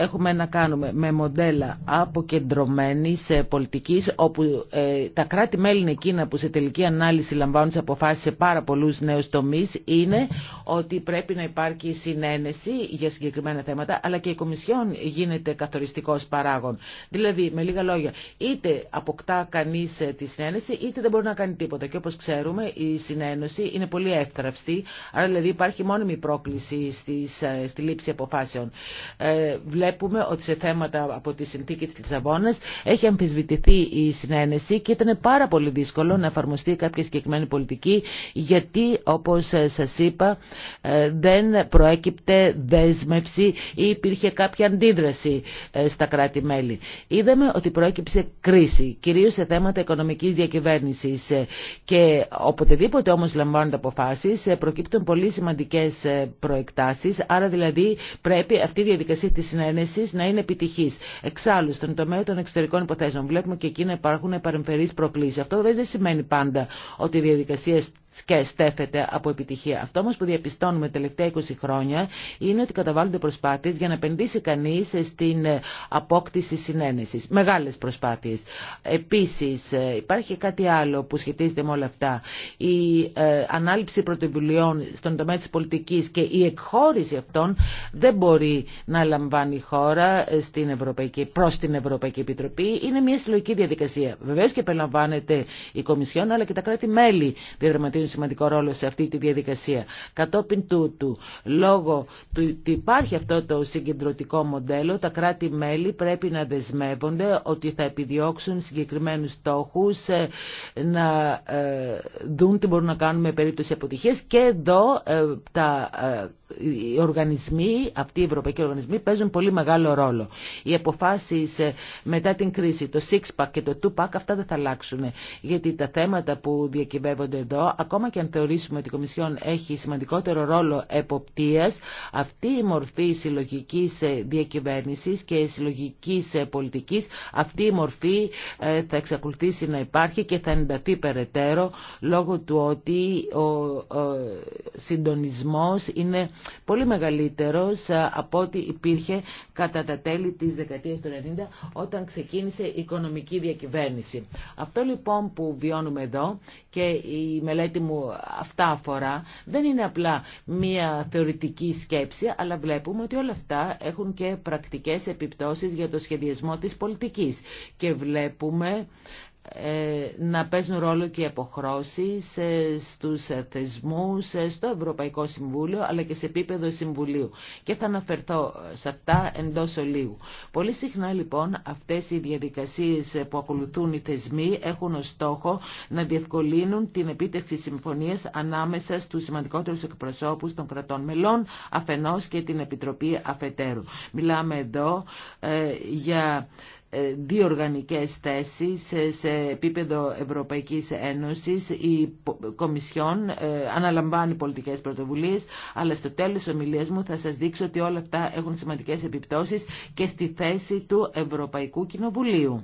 έχουμε να κάνουμε με μοντέλα αποκεντρωμένης πολιτική, όπου ε, τα κράτη-μέλη είναι εκείνα που σε τελική ανάλυση λαμβάνουν τι αποφάσει σε πάρα πολλού νέου τομεί είναι ότι πρέπει να υπάρχει συνένεση για συγκεκριμένα θέματα αλλά και η Κομισιόν γίνεται καθοριστικό παράγων. Δηλαδή, με λίγα λόγια, είτε αποκτά κανεί ε, τη συνένεση είτε δεν μπορεί να κάνει τίποτα. Και όπω ξέρουμε η συνένωση είναι πολύ εύθραυστη, άρα δηλαδή υπάρχει μόνιμη πρόκληση στη, ε, στη λήψη αποφάσεων. Ε, Βλέπουμε ότι σε θέματα από τη συνθήκη της Λισαβόνα έχει αμφισβητηθεί η συνένεση και ήταν πάρα πολύ δύσκολο να εφαρμοστεί κάποια συγκεκριμένη πολιτική γιατί όπως σας είπα ε, δεν προέκυπτε δέσμευση ή υπήρχε κάποια αντίδραση ε, στα κράτη-μέλη. Είδαμε ότι προέκυψε κρίση, κυρίως σε θέματα οικονομικής διακυβέρνησης ε, και οποτεδήποτε όμως λαμβάνονται αποφάσεις προκύπτουν πολύ σημαντικές προεκτάσεις, άρα δηλαδή πρέπει αυτή η υπηρχε καποια αντιδραση στα κρατη μελη ειδαμε οτι προεκυψε κριση κυριως σε θεματα οικονομικης διακυβερνησης και οποτεδηποτε ομως λαμβανονται αποφασεις προκυπτουν πολυ σημαντικέ προεκτασεις αρα δηλαδη πρεπει αυτη η διαδικασια της συνένεσης εσεί να είναι επιτυχή. Εξάλλου, στον τομέα των εξωτερικών υποθέσεων βλέπουμε και εκεί να υπάρχουν παρεμφερεί προκλήσει. Αυτό βέβαια δεν σημαίνει πάντα ότι οι διαδικασίες και στέφεται από επιτυχία. Αυτό όμω που διαπιστώνουμε τα τελευταία 20 χρόνια είναι ότι καταβάλλονται προσπάθειε για να επενδύσει κανεί στην ε, απόκτηση συνένεση. Μεγάλε προσπάθειε. Επίση, ε, υπάρχει κάτι άλλο που σχετίζεται με όλα αυτά. Η ε, ανάληψη πρωτοβουλειών στον τομέα τη πολιτική και η εκχώρηση αυτών δεν μπορεί να λαμβάνει η χώρα ε, στην προς την Ευρωπαϊκή Επιτροπή. Είναι μια συλλογική διαδικασία. Βεβαίω και περιλαμβάνεται η Κομισιόν, αλλά και τα κράτη-μέλη διαδραματίζουν σημαντικό ρόλο σε αυτή τη διαδικασία. Κατόπιν τούτου, λόγω του ότι υπάρχει αυτό το συγκεντρωτικό μοντέλο, τα κράτη-μέλη πρέπει να δεσμεύονται ότι θα επιδιώξουν συγκεκριμένους στόχους, ε, να ε, δουν τι μπορούν να κάνουν με περίπτωση αποτυχίας και εδώ ε, τα οι οργανισμοί, αυτοί οι ευρωπαϊκοί οργανισμοί παίζουν πολύ μεγάλο ρόλο. Οι αποφάσει μετά την κρίση, το six pack και το two pack αυτά δεν θα αλλάξουν. Γιατί τα θέματα που διακυβεύονται εδώ ακόμα και αν θεωρήσουμε ότι η Κομισιόν έχει σημαντικότερο ρόλο εποπτείας, αυτή η μορφή συλλογικής ε, διακυβέρνησης και συλλογικής ε, πολιτικής, αυτή η μορφή ε, θα εξακολουθήσει να υπάρχει και θα ενταθεί περαιτέρω λόγω του ότι ο συντονισμός είναι πολύ μεγαλύτερος από ό,τι υπήρχε κατά τα τέλη της δεκαετίας του 90 όταν ξεκίνησε η οικονομική διακυβέρνηση. Αυτό λοιπόν που βιώνουμε εδώ και η μελέτη μου αυτά αφορά, δεν είναι απλά μία θεωρητική σκέψη, αλλά βλέπουμε ότι όλα αυτά έχουν και πρακτικές επιπτώσεις για το σχεδιασμό της πολιτικής. Και βλέπουμε ε, να παίζουν ρόλο και οι αποχρώσεις ε, στους θεσμούς, ε, στο Ευρωπαϊκό Συμβούλιο αλλά και σε επίπεδο Συμβουλίου. Και θα αναφερθώ σε αυτά εντός ολίγου. Πολύ συχνά λοιπόν αυτές οι διαδικασίες που ακολουθούν οι θεσμοί έχουν ως στόχο να διευκολύνουν την επίτευξη συμφωνίας ανάμεσα στους σημαντικότερους εκπροσώπους των κρατών μελών αφενός και την Επιτροπή Αφετέρου. Μιλάμε εδώ για διοργανικές θέσεις σε επίπεδο Ευρωπαϊκής Ένωσης η Κομισιόν ε, αναλαμβάνει πολιτικές πρωτοβουλίες αλλά στο τέλος της ομιλίας μου θα σας δείξω ότι όλα αυτά έχουν σημαντικές επιπτώσεις και στη θέση του Ευρωπαϊκού Κοινοβουλίου.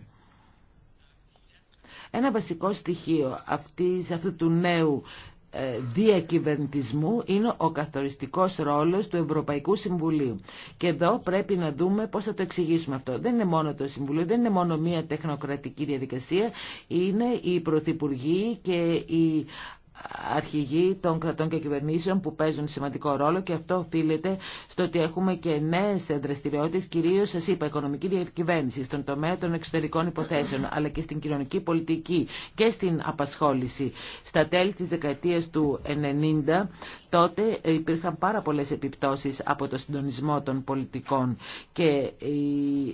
Ένα βασικό στοιχείο αυτής, αυτού του νέου ε, διακυβερνητισμού είναι ο καθοριστικός ρόλος του Ευρωπαϊκού Συμβουλίου. Και εδώ πρέπει να δούμε πώς θα το εξηγήσουμε αυτό. Δεν είναι μόνο το Συμβουλίο, δεν είναι μόνο μία τεχνοκρατική διαδικασία, είναι οι πρωθυπουργοί και οι αρχηγοί των κρατών και κυβερνήσεων που παίζουν σημαντικό ρόλο και αυτό οφείλεται στο ότι έχουμε και νέε δραστηριότητε, κυρίω, σα είπα, οικονομική διακυβέρνηση, στον τομέα των εξωτερικών υποθέσεων, αλλά και στην κοινωνική πολιτική και στην απασχόληση. Στα τέλη τη δεκαετία του 90, τότε υπήρχαν πάρα πολλέ επιπτώσει από το συντονισμό των πολιτικών και οι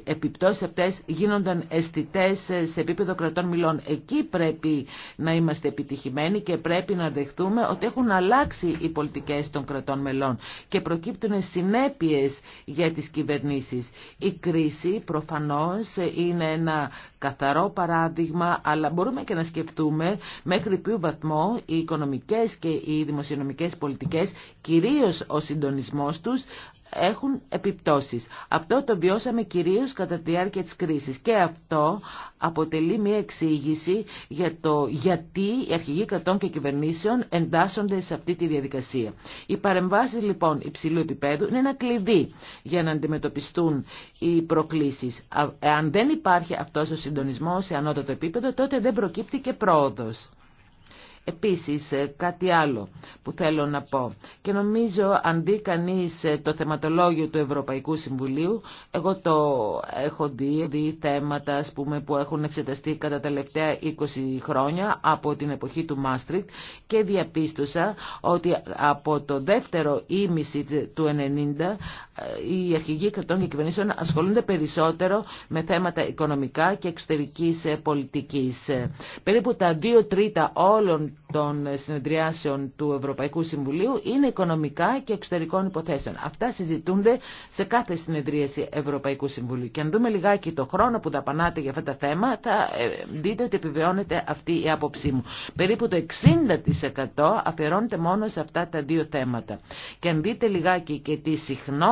επιπτώσει αυτέ γίνονταν αισθητέ σε επίπεδο κρατών μιλών. Εκεί πρέπει να είμαστε επιτυχημένοι και πρέπει πρέπει να δεχτούμε ότι έχουν αλλάξει οι πολιτικές των κρατών μελών και προκύπτουν συνέπειες για τις κυβερνήσεις. Η κρίση προφανώς είναι ένα καθαρό παράδειγμα, αλλά μπορούμε και να σκεφτούμε μέχρι ποιο βαθμό οι οικονομικές και οι δημοσιονομικές πολιτικές, κυρίως ο συντονισμός τους, έχουν επιπτώσεις. Αυτό το βιώσαμε κυρίως κατά τη διάρκεια της κρίσης και αυτό αποτελεί μια εξήγηση για το γιατί οι αρχηγοί κρατών και κυβερνήσεων εντάσσονται σε αυτή τη διαδικασία. Οι παρεμβάσεις λοιπόν υψηλού επίπεδου είναι ένα κλειδί για να αντιμετωπιστούν οι προκλήσεις. Αν δεν υπάρχει αυτός ο συντονισμός σε ανώτατο επίπεδο τότε δεν προκύπτει και πρόοδος. Επίσης ε, κάτι άλλο που θέλω να πω και νομίζω αν δει κανείς ε, το θεματολόγιο του Ευρωπαϊκού Συμβουλίου εγώ το έχω δει, δει θέματα πούμε, που έχουν εξεταστεί κατά τα τελευταία 20 χρόνια από την εποχή του Μάστρικ και διαπίστωσα ότι από το δεύτερο ήμιση του 90 ε, οι αρχηγοί κρατών και κυβερνήσεων ασχολούνται περισσότερο με θέματα οικονομικά και εξωτερικής ε, πολιτικής. Ε, περίπου τα δύο τρίτα όλων των συνεδριάσεων του Ευρωπαϊκού Συμβουλίου είναι οικονομικά και εξωτερικών υποθέσεων. Αυτά συζητούνται σε κάθε συνεδρίαση Ευρωπαϊκού Συμβουλίου. Και αν δούμε λιγάκι το χρόνο που δαπανάτε για αυτά τα θέματα, θα δείτε ότι επιβεβαιώνεται αυτή η άποψή μου. Περίπου το 60% αφιερώνεται μόνο σε αυτά τα δύο θέματα. Και αν δείτε λιγάκι και τη συχνότητα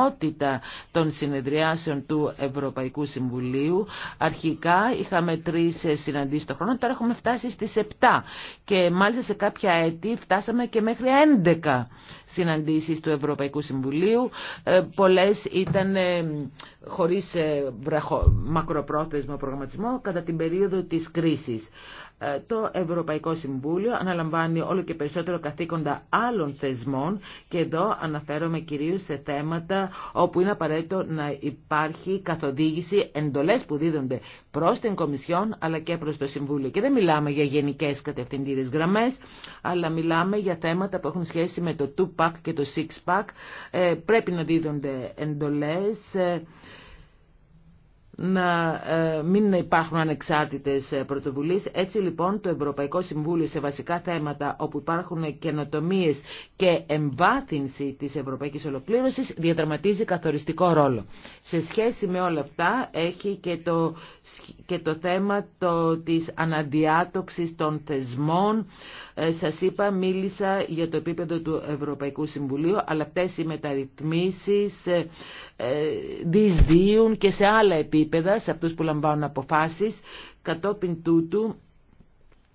των συνεδριάσεων του Ευρωπαϊκού Συμβουλίου. Αρχικά είχαμε τρει συναντήσεις το χρόνο, τώρα έχουμε φτάσει στι 7 και μάλιστα σε κάποια έτη φτάσαμε και μέχρι 11 συναντήσει του Ευρωπαϊκού Συμβουλίου. Ε, Πολλέ ήταν ε, χωρίς ε, μακροπρόθεσμο προγραμματισμό κατά την περίοδο της κρίση το Ευρωπαϊκό Συμβούλιο αναλαμβάνει όλο και περισσότερο καθήκοντα άλλων θεσμών και εδώ αναφέρομαι κυρίως σε θέματα όπου είναι απαραίτητο να υπάρχει καθοδήγηση εντολές που δίδονται προς την Κομισιόν αλλά και προς το Συμβούλιο. Και δεν μιλάμε για γενικές κατευθυντήρες γραμμές αλλά μιλάμε για θέματα που έχουν σχέση με το 2-pack και το 6-pack. Ε, πρέπει να δίδονται εντολές ε, να ε, μην υπάρχουν ανεξάρτητες ε, πρωτοβουλίες. Έτσι λοιπόν το Ευρωπαϊκό Συμβούλιο σε βασικά θέματα όπου υπάρχουν καινοτομίε και εμβάθυνση της ευρωπαϊκής ολοκλήρωσης διαδραματίζει καθοριστικό ρόλο. Σε σχέση με όλα αυτά έχει και το, θέμα το, της αναδιάτοξης των θεσμών ε, σας είπα, μίλησα για το επίπεδο του Ευρωπαϊκού Συμβουλίου, αλλά αυτές οι μεταρρυθμίσεις ε, ε, δυσδύουν και σε άλλα επίπεδα, σε αυτούς που λαμβάνουν αποφάσεις. Κατόπιν τούτου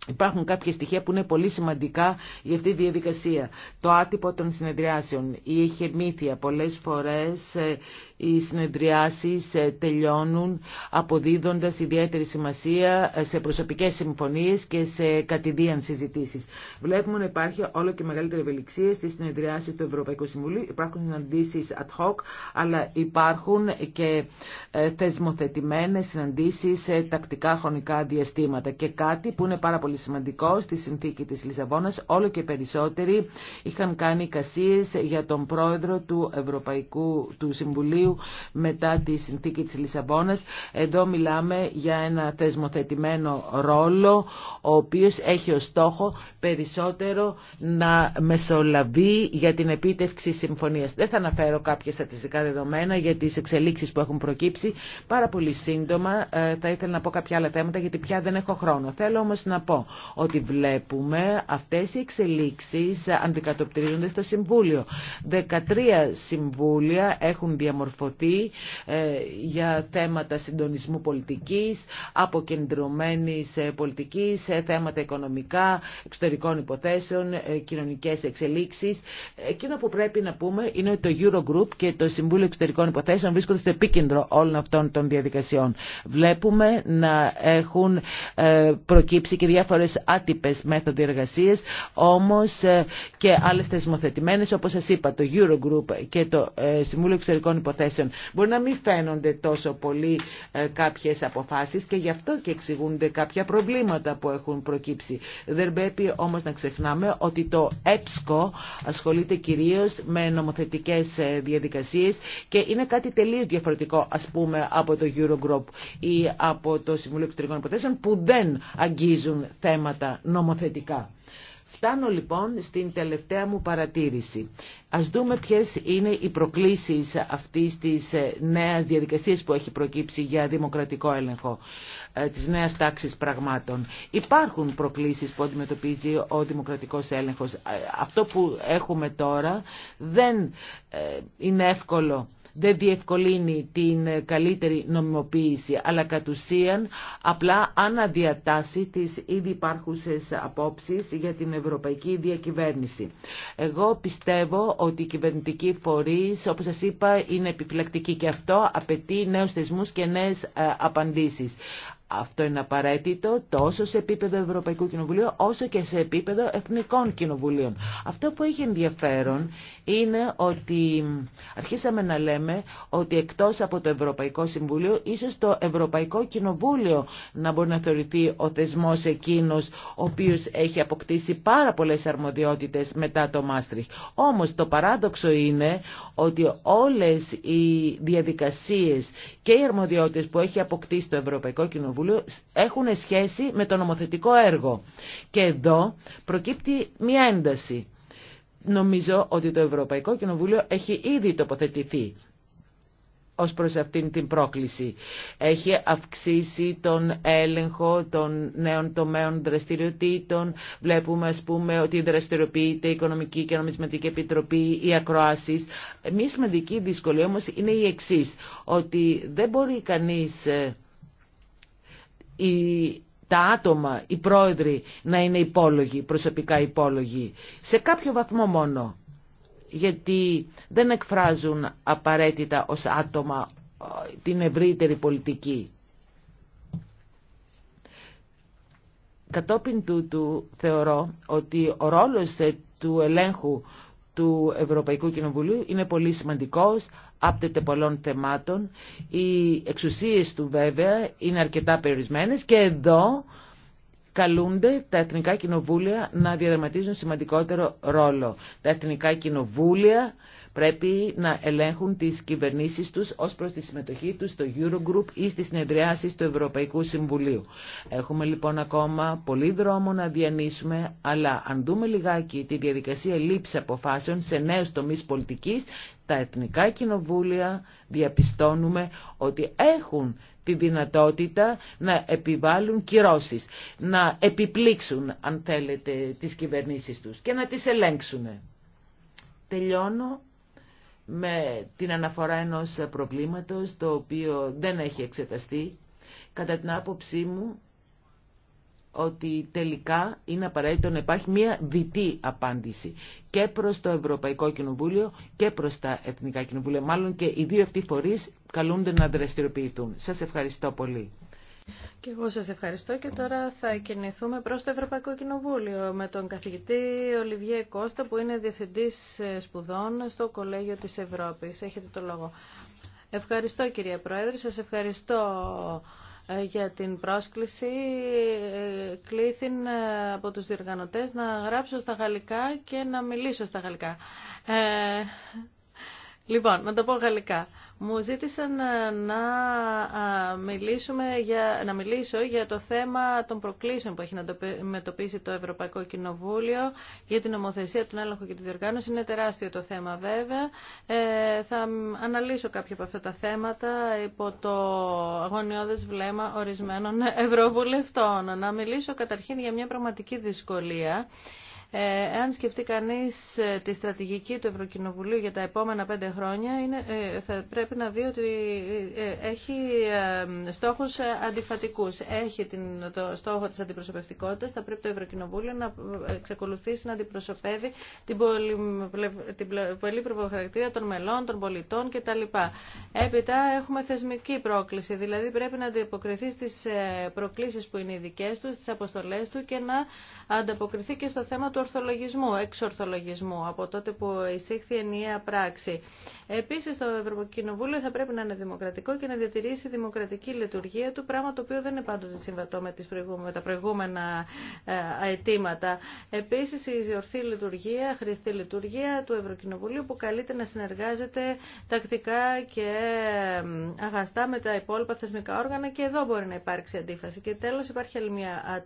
Υπάρχουν κάποια στοιχεία που είναι πολύ σημαντικά για αυτή τη διαδικασία. Το άτυπο των συνεδριάσεων. Είχε μύθια Πολλές φορές ε, οι συνεδριάσεις ε, τελειώνουν αποδίδοντας ιδιαίτερη σημασία ε, σε προσωπικές συμφωνίες και σε κατηδίαν συζητήσεις. Βλέπουμε να υπάρχει όλο και μεγαλύτερη ευελιξία στις συνεδριάσεις του Ευρωπαϊκού Συμβουλίου. Υπάρχουν συναντήσεις ad hoc, αλλά υπάρχουν και θεσμοθετημένες συναντήσεις σε τακτικά χρονικά διαστήματα. Και κάτι που είναι πάρα πολύ πολύ σημαντικό στη συνθήκη της Λισαβόνας. Όλο και περισσότεροι είχαν κάνει κασίες για τον πρόεδρο του Ευρωπαϊκού του Συμβουλίου μετά τη συνθήκη της Λισαβόνας. Εδώ μιλάμε για ένα θεσμοθετημένο ρόλο ο οποίος έχει ως στόχο περισσότερο να μεσολαβεί για την επίτευξη συμφωνίας. Δεν θα αναφέρω κάποια στατιστικά δεδομένα για τις εξελίξεις που έχουν προκύψει. Πάρα πολύ σύντομα ε, θα ήθελα να πω κάποια άλλα θέματα γιατί πια δεν έχω χρόνο. Θέλω όμως να πω ότι βλέπουμε αυτές οι εξελίξεις αντικατοπτρίζονται στο Συμβούλιο. 13 Συμβούλια έχουν διαμορφωθεί ε, για θέματα συντονισμού πολιτικής, αποκεντρωμένης ε, πολιτικής, ε, θέματα οικονομικά, εξωτερικών υποθέσεων, κοινωνικές εξελίξεις. Εκείνο που πρέπει να πούμε είναι ότι το Eurogroup και το Συμβούλιο Εξωτερικών Υποθέσεων βρίσκονται στο επίκεντρο όλων αυτών των διαδικασιών. Βλέπουμε να έχουν προκύψει και διάφορα διάφορες άτυπε μέθοδοι εργασίες, όμως ε, και άλλε θεσμοθετημένες, όπως σας είπα, το Eurogroup και το ε, Συμβούλιο Εξωτερικών Υποθέσεων. Μπορεί να μην φαίνονται τόσο πολύ ε, κάποιες αποφάσεις και γι' αυτό και εξηγούνται κάποια προβλήματα που έχουν προκύψει. Δεν πρέπει όμως να ξεχνάμε ότι το ΕΠΣΚΟ ασχολείται κυρίως με νομοθετικές διαδικασίες και είναι κάτι τελείως διαφορετικό ας πούμε από το Eurogroup ή από το Συμβούλιο Εξωτερικών Υποθέσεων που δεν αγγίζουν θέματα νομοθετικά. Φτάνω λοιπόν στην τελευταία μου παρατήρηση. Ας δούμε ποιες είναι οι προκλήσεις αυτής της ε, νέας διαδικασίας που έχει προκύψει για δημοκρατικό έλεγχο ε, της νέας τάξης πραγμάτων. Υπάρχουν προκλήσεις που αντιμετωπίζει ο δημοκρατικός έλεγχος. Ε, αυτό που έχουμε τώρα δεν είναι εύκολο δεν διευκολύνει την καλύτερη νομιμοποίηση, αλλά κατ' ουσίαν απλά αναδιατάσσει τις ήδη υπάρχουσες απόψεις για την ευρωπαϊκή διακυβέρνηση. Εγώ πιστεύω ότι οι κυβερνητικοί φορείς, όπως σας είπα, είναι επιφυλακτικοί και αυτό απαιτεί νέους θεσμούς και νέες ε, απαντήσεις. Αυτό είναι απαραίτητο τόσο σε επίπεδο Ευρωπαϊκού Κοινοβουλίου όσο και σε επίπεδο Εθνικών Κοινοβουλίων. Αυτό που έχει ενδιαφέρον είναι ότι αρχίσαμε να λέμε ότι εκτός από το Ευρωπαϊκό Συμβούλιο, ίσως το Ευρωπαϊκό Κοινοβούλιο να μπορεί να θεωρηθεί ο θεσμός εκείνος ο οποίος έχει αποκτήσει πάρα πολλές αρμοδιότητες μετά το Μάστριχ. Όμως το παράδοξο είναι ότι όλες οι διαδικασίες και οι αρμοδιότητες που έχει αποκτήσει το Ευρωπαϊκό Κοινοβούλιο έχουν σχέση με το νομοθετικό έργο. Και εδώ προκύπτει μια ένταση. Νομίζω ότι το Ευρωπαϊκό Κοινοβούλιο έχει ήδη τοποθετηθεί ως προς αυτήν την πρόκληση. Έχει αυξήσει τον έλεγχο των νέων τομέων δραστηριοτήτων. Βλέπουμε, ας πούμε, ότι δραστηριοποιείται η Οικονομική και Νομισματική Επιτροπή, οι ακροάσεις. Μία σημαντική δυσκολία όμως είναι η εξής, ότι δεν μπορεί κανείς ε, τα άτομα, οι πρόεδροι να είναι υπόλογοι, προσωπικά υπόλογοι. Σε κάποιο βαθμό μόνο. Γιατί δεν εκφράζουν απαραίτητα ως άτομα την ευρύτερη πολιτική. Κατόπιν τούτου θεωρώ ότι ο ρόλος ε, του ελέγχου του Ευρωπαϊκού Κοινοβουλίου είναι πολύ σημαντικός, άπτεται πολλών θεμάτων. Οι εξουσίες του βέβαια είναι αρκετά περιορισμένες και εδώ καλούνται τα εθνικά κοινοβούλια να διαδραματίζουν σημαντικότερο ρόλο. Τα εθνικά κοινοβούλια πρέπει να ελέγχουν τις κυβερνήσεις τους ως προς τη συμμετοχή τους στο Eurogroup ή στις συνεδριάσεις του Ευρωπαϊκού Συμβουλίου. Έχουμε λοιπόν ακόμα πολύ δρόμο να διανύσουμε, αλλά αν δούμε λιγάκι τη διαδικασία λήψη αποφάσεων σε νέους τομείς πολιτικής, τα εθνικά κοινοβούλια διαπιστώνουμε ότι έχουν τη δυνατότητα να επιβάλλουν κυρώσεις, να επιπλήξουν, αν θέλετε, τις κυβερνήσεις τους και να τις ελέγξουν. Τελειώνω με την αναφορά ενός προβλήματος το οποίο δεν έχει εξεταστεί κατά την άποψή μου ότι τελικά είναι απαραίτητο να υπάρχει μια διτή απάντηση και προς το Ευρωπαϊκό Κοινοβούλιο και προς τα Εθνικά Κοινοβούλια. Μάλλον και οι δύο αυτοί φορείς καλούνται να δραστηριοποιηθούν. Σας ευχαριστώ πολύ. Και εγώ σας ευχαριστώ και τώρα θα κινηθούμε προς το Ευρωπαϊκό Κοινοβούλιο με τον καθηγητή Ολιβιέ Κώστα που είναι Διευθυντής ε, Σπουδών στο Κολέγιο της Ευρώπης. Έχετε το λόγο. Ευχαριστώ κυρία Πρόεδρε, σας ευχαριστώ ε, για την πρόσκληση ε, κλήθην από τους διοργανωτές να γράψω στα γαλλικά και να μιλήσω στα γαλλικά. λοιπόν, να το πω γαλλικά μου ζήτησαν ε, να ε, μιλήσουμε για, να μιλήσω για το θέμα των προκλήσεων που έχει να μετωπίσει το Ευρωπαϊκό Κοινοβούλιο για την ομοθέσια τον έλεγχο και τη διοργάνωση. Είναι τεράστιο το θέμα βέβαια. Ε, θα αναλύσω κάποια από αυτά τα θέματα υπό το αγωνιώδες βλέμμα ορισμένων ευρωβουλευτών. Να μιλήσω καταρχήν για μια πραγματική δυσκολία ε, εάν σκεφτεί κανείς ε, τη στρατηγική του Ευρωκοινοβουλίου για τα επόμενα πέντε χρόνια, είναι, ε, θα πρέπει να δει ότι έχει στόχους αντιφατικούς. Έχει την, το στόχο της αντιπροσωπευτικότητας, θα πρέπει το Ευρωκοινοβούλιο να εξακολουθήσει να αντιπροσωπεύει την, πολυ, την χαρακτήρα των μελών, των πολιτών κτλ. Έπειτα έχουμε θεσμική πρόκληση, δηλαδή πρέπει να αντιποκριθεί στις προκλήσεις που είναι οι δικές του, στις αποστολές του και να ανταποκριθεί και στο θέμα του ορθολογισμού, εξορθολογισμού από τότε που εισήχθη ενιαία πράξη. Επίση, το Ευρωκοινοβούλιο θα πρέπει να είναι δημοκρατικό και να διατηρήσει δημοκρατική λειτουργία του, πράγμα το οποίο δεν είναι πάντοτε συμβατό με, τις με τα προηγούμενα ε, αιτήματα. Επίση, η ορθή λειτουργία, χρηστή λειτουργία του Ευρωκοινοβουλίου που καλείται να συνεργάζεται τακτικά και αγαστά με τα υπόλοιπα θεσμικά όργανα και εδώ μπορεί να υπάρξει αντίφαση. Και τέλο υπάρχει άλλη μια,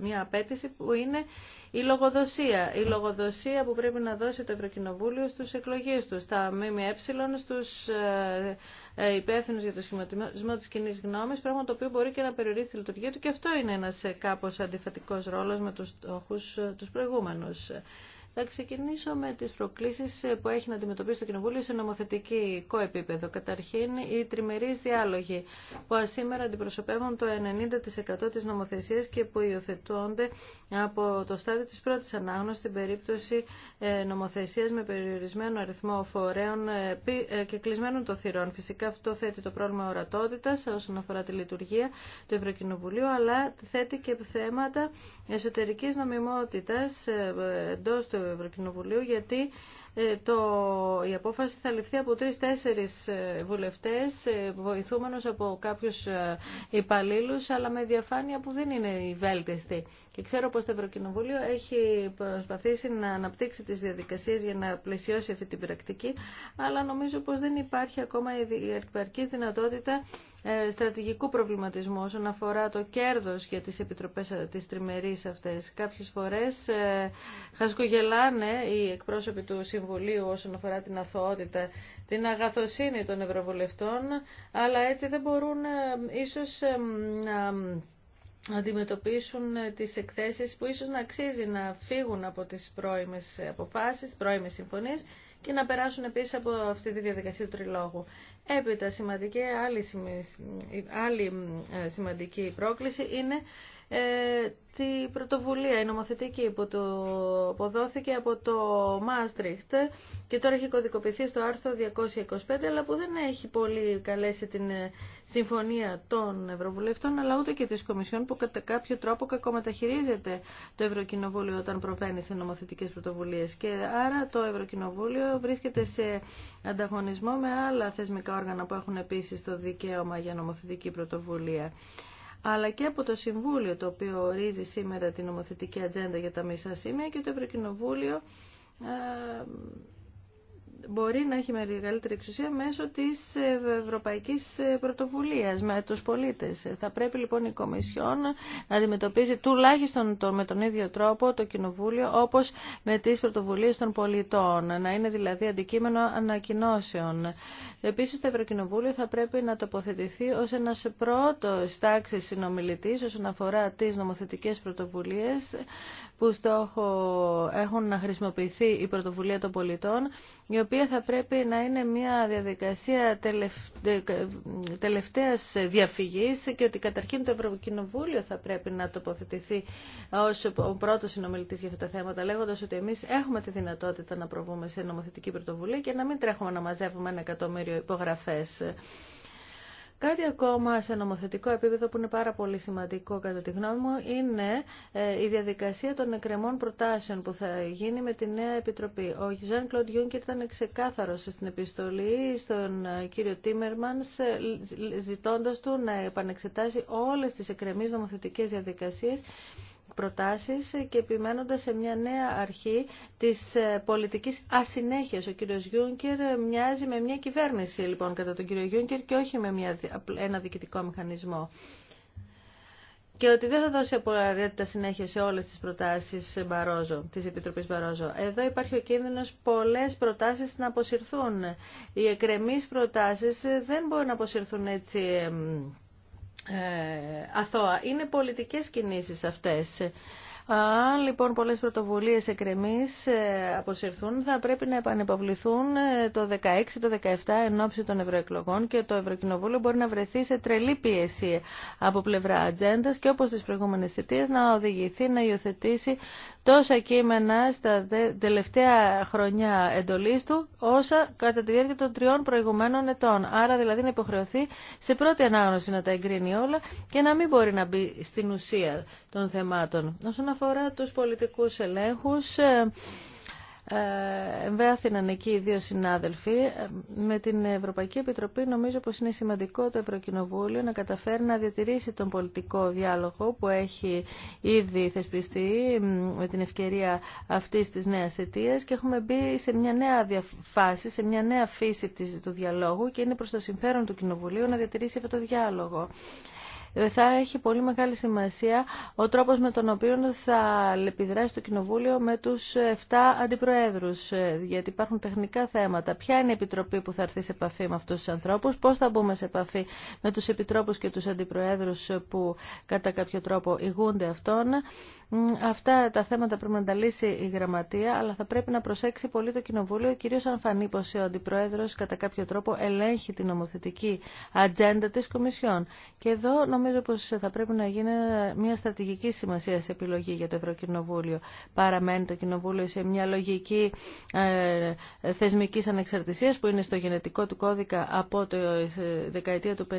μια απέτηση που είναι η λογοδοσία. Η λογοδοσία που πρέπει να δώσει το Ευρωκοινοβούλιο στου εκλογείς τους, τα ΜΜΕ, στους ε, ε, υπεύθυνου για το σχηματισμό της κοινή γνώμης, πράγμα το οποίο μπορεί και να περιορίσει τη λειτουργία του και αυτό είναι ένας ε, κάπω αντιφατικό ρόλος με τους στόχους τους προηγούμενους. Θα ξεκινήσω με τις προκλήσεις που έχει να αντιμετωπίσει το Κοινοβούλιο σε νομοθετικό επίπεδο. Καταρχήν, οι τριμερείς διάλογοι που σήμερα αντιπροσωπεύουν το 90% της νομοθεσίας και που υιοθετούνται από το στάδιο της πρώτης ανάγνωσης στην περίπτωση ε, νομοθεσίας με περιορισμένο αριθμό φορέων ε, ε, και κλεισμένων των θυρών. Φυσικά αυτό θέτει το πρόβλημα ορατότητας όσον αφορά τη λειτουργία του Ευρωκοινοβουλίου, αλλά θέτει και θέματα εσωτερικής νομιμότητας εντός του Ευρωκοινοβουλίου γιατί ε, το, η απόφαση θα ληφθεί από τρεις-τέσσερις ε, βουλευτές ε, βοηθούμενος από κάποιους υπαλλήλου, αλλά με διαφάνεια που δεν είναι η βέλτιστη. Και ξέρω πως το Ευρωκοινοβούλιο έχει προσπαθήσει να αναπτύξει τις διαδικασίες για να πλαισιώσει αυτή την πρακτική αλλά νομίζω πως δεν υπάρχει ακόμα η αρκετή δυνατότητα ε, στρατηγικού προβληματισμού όσον αφορά το κέρδος για τις επιτροπές ε, της τριμερής αυτές. Κάποιες φορές ε, χασκογελάνε οι εκπρόσωποι του Συμβουλίου όσον αφορά την αθωότητα, την αγαθοσύνη των ευρωβουλευτών, αλλά έτσι δεν μπορούν ίσως να αντιμετωπίσουν τις εκθέσεις που ίσως να αξίζει να φύγουν από τις πρώιμες αποφάσεις, πρώιμες συμφωνίες και να περάσουν επίσης από αυτή τη διαδικασία του τριλόγου. Έπειτα, σημαντική, άλλη, άλλη ε, σημαντική πρόκληση είναι ε, τη πρωτοβουλία, η νομοθετική που του αποδόθηκε από το Μάστριχτ και τώρα έχει κωδικοποιηθεί στο άρθρο 225, αλλά που δεν έχει πολύ καλέσει την ε, συμφωνία των Ευρωβουλευτών, αλλά ούτε και της Κομισιόν που κατά κάποιο τρόπο κακομεταχειρίζεται το Ευρωκοινοβούλιο όταν προβαίνει σε νομοθετικές πρωτοβουλίες. Και άρα το Ευρωκοινοβούλιο βρίσκεται σε ανταγωνισμό με άλλα θεσμικά όργανα που έχουν επίσης το δικαίωμα για νομοθετική πρωτοβουλία αλλά και από το Συμβούλιο το οποίο ορίζει σήμερα την νομοθετική ατζέντα για τα μισά σημεία και το Ευρωκοινοβούλιο ε, μπορεί να έχει μεγαλύτερη εξουσία μέσω της Ευρωπαϊκής Πρωτοβουλίας με τους πολίτες. Θα πρέπει λοιπόν η Κομισιόν να αντιμετωπίζει τουλάχιστον το, με τον ίδιο τρόπο το Κοινοβούλιο όπως με τις πρωτοβουλίες των πολιτών, να είναι δηλαδή αντικείμενο ανακοινώσεων. Επίσης το Ευρωκοινοβούλιο θα πρέπει να τοποθετηθεί ως ένας πρώτος τάξης συνομιλητής όσον αφορά τις νομοθετικές πρωτοβουλίες που στόχο έχουν να χρησιμοποιηθεί η πρωτοβουλία των πολιτών, η οποία θα πρέπει να είναι μια διαδικασία τελευταίας διαφυγής και ότι καταρχήν το Ευρωκοινοβούλιο θα πρέπει να τοποθετηθεί ως ο πρώτος συνομιλητής για αυτά τα θέματα, λέγοντας ότι εμείς έχουμε τη δυνατότητα να προβούμε σε νομοθετική πρωτοβουλία και να μην τρέχουμε να μαζεύουμε ένα εκατομμύριο υπογραφές. Κάτι ακόμα σε νομοθετικό επίπεδο που είναι πάρα πολύ σημαντικό κατά τη γνώμη μου είναι ε, η διαδικασία των εκκρεμών προτάσεων που θα γίνει με τη νέα Επιτροπή. Ο Ζαν Κλοντ Γιούνκερ ήταν ξεκάθαρο στην επιστολή στον ε, κύριο Τίμερμαν ε, ζητώντας του να επανεξετάσει όλες τις εκρεμείς νομοθετικέ διαδικασίε προτάσεις και επιμένοντας σε μια νέα αρχή της ε, πολιτικής ασυνέχειας. Ο κύριος Γιούνκερ ε, μοιάζει με μια κυβέρνηση λοιπόν κατά τον κύριο Γιούνκερ και όχι με μια, ένα διοικητικό μηχανισμό και ότι δεν θα δώσει τα συνέχεια σε όλες τις προτάσεις ε, Μπαρόζο, της Επιτροπής Μπαρόζο. Εδώ υπάρχει ο κίνδυνος πολλές προτάσεις να αποσυρθούν. Οι εκρεμείς προτάσεις δεν μπορούν να αποσυρθούν έτσι ε, αθώα. Είναι πολιτικές κινήσεις αυτές. Αν λοιπόν πολλές πρωτοβουλίες εκκρεμής ε, αποσυρθούν θα πρέπει να επανεπαβληθούν ε, το 16, το 17 εν ώψη των ευρωεκλογών και το Ευρωκοινοβούλιο μπορεί να βρεθεί σε τρελή πίεση από πλευρά ατζέντα και όπως τις προηγούμενες θητείες να οδηγηθεί να υιοθετήσει τόσα κείμενα στα τελευταία χρονιά εντολής του, όσα κατά τη διάρκεια των τριών προηγουμένων ετών. Άρα δηλαδή να υποχρεωθεί σε πρώτη ανάγνωση να τα εγκρίνει όλα και να μην μπορεί να μπει στην ουσία των θεμάτων. Όσον αφορά τους πολιτικούς ελέγχους, ε, ε, Εμβέαθηναν εκεί οι δύο συνάδελφοι. Ε, με την Ευρωπαϊκή Επιτροπή νομίζω πως είναι σημαντικό το Ευρωκοινοβούλιο να καταφέρει να διατηρήσει τον πολιτικό διάλογο που έχει ήδη θεσπιστεί με την ευκαιρία αυτής της νέας αιτία και έχουμε μπει σε μια νέα φάση, σε μια νέα φύση του διαλόγου και είναι προς το συμφέρον του Κοινοβουλίου να διατηρήσει αυτό το διάλογο θα έχει πολύ μεγάλη σημασία ο τρόπος με τον οποίο θα επιδράσει το Κοινοβούλιο με τους 7 αντιπροέδρους, ε, γιατί υπάρχουν τεχνικά θέματα. Ποια είναι η επιτροπή που θα έρθει σε επαφή με αυτούς τους ανθρώπους, πώς θα μπούμε σε επαφή με τους επιτρόπους και τους αντιπροέδρους που κατά κάποιο τρόπο ηγούνται αυτών. Αυτά τα θέματα πρέπει να τα λύσει η Γραμματεία, αλλά θα πρέπει να προσέξει πολύ το Κοινοβούλιο, κυρίως αν φανεί πως ο αντιπροέδρος κατά κάποιο τρόπο ελέγχει την νομοθετική ατζέντα της Κομισιόν. Και εδώ νομίζω πως θα πρέπει να γίνει μια στρατηγική σημασία σε επιλογή για το Ευρωκοινοβούλιο. Παραμένει το Κοινοβούλιο σε μια λογική ε, θεσμικής ανεξαρτησίας που είναι στο γενετικό του κώδικα από το ε, δεκαετία του 50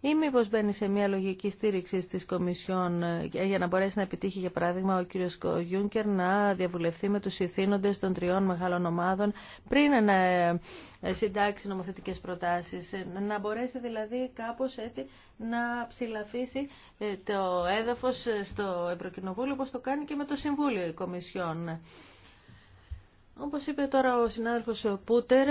ή μήπω μπαίνει σε μια λογική στήριξη της Κομισιόν ε, για να μπορέσει να επιτύχει για παράδειγμα ο κύριος Γιούνκερ να διαβουλευτεί με τους ηθήνοντες των τριών μεγάλων ομάδων πριν να ε, συντάξει νομοθετικές προτάσεις, να μπορέσει δηλαδή κάπως έτσι να ψηφίσει συλλαφίσει ε, το έδαφος ε, στο Ευρωκοινοβούλιο όπως το κάνει και με το Συμβούλιο Κομισιόν. Όπως είπε τώρα ο συνάδελφος Πούτερ,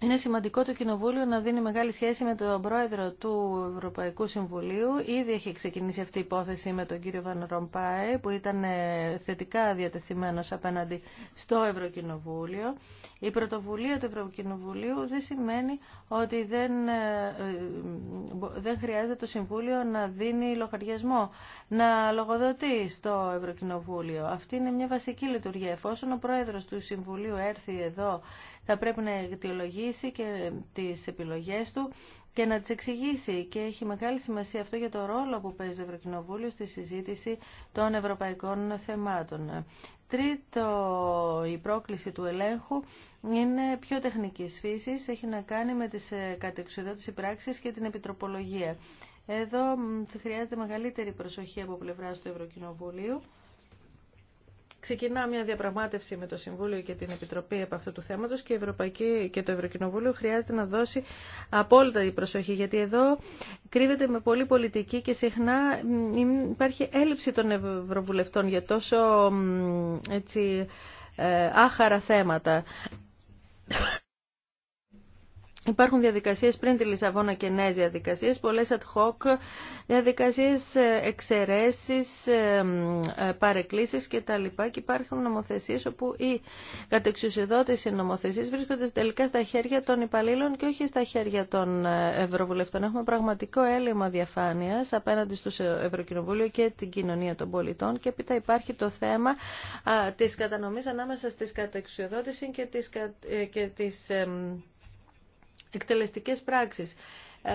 είναι σημαντικό το Κοινοβούλιο να δίνει μεγάλη σχέση με τον πρόεδρο του Ευρωπαϊκού Συμβουλίου. Ήδη έχει ξεκινήσει αυτή η υπόθεση με τον κύριο Βαν Ρομπάη, που ήταν ε, θετικά διατεθειμένος απέναντι στο Ευρωκοινοβούλιο. Η πρωτοβουλία του Ευρωκοινοβουλίου δεν σημαίνει ότι δεν, ε, ε, δεν χρειάζεται το Συμβούλιο να δίνει λογαριασμό, να λογοδοτεί στο Ευρωκοινοβούλιο. Αυτή είναι μια βασική λειτουργία. Εφόσον ο πρόεδρο του Συμβουλίου έρθει εδώ θα πρέπει να αιτιολογήσει και τις επιλογές του και να τις εξηγήσει. Και έχει μεγάλη σημασία αυτό για το ρόλο που παίζει το Ευρωκοινοβούλιο στη συζήτηση των ευρωπαϊκών θεμάτων. Τρίτο, η πρόκληση του ελέγχου είναι πιο τεχνικής φύσης, έχει να κάνει με τις ε, κατεξουδότητες πράξεις και την επιτροπολογία. Εδώ χρειάζεται μεγαλύτερη προσοχή από πλευράς του Ευρωκοινοβουλίου Ξεκινά μια διαπραγμάτευση με το Συμβούλιο και την Επιτροπή από αυτού του θέματος και, η Ευρωπαϊκή, και το Ευρωκοινοβούλιο χρειάζεται να δώσει απόλυτα η προσοχή γιατί εδώ κρύβεται με πολύ πολιτική και συχνά υπάρχει έλλειψη των Ευρωβουλευτών για τόσο έτσι, ε, άχαρα θέματα. Υπάρχουν διαδικασίες πριν τη Λισαβόνα και νέες διαδικασίες, πολλές ad hoc διαδικασίες, ε, εξαιρέσεις, ε, ε, παρεκκλήσεις κτλ. Και υπάρχουν νομοθεσίες όπου οι κατεξουσιοδότηση νομοθεσίες βρίσκονται τελικά στα χέρια των υπαλλήλων και όχι στα χέρια των ευρωβουλευτών. Έχουμε πραγματικό έλλειμμα διαφάνειας απέναντι στους Ευρωκοινοβούλιο και την κοινωνία των πολιτών και έπειτα υπάρχει το θέμα της κατανομής ανάμεσα στις κατεξουσιοδότηση και τις εκτελεστικές πράξεις. Ε,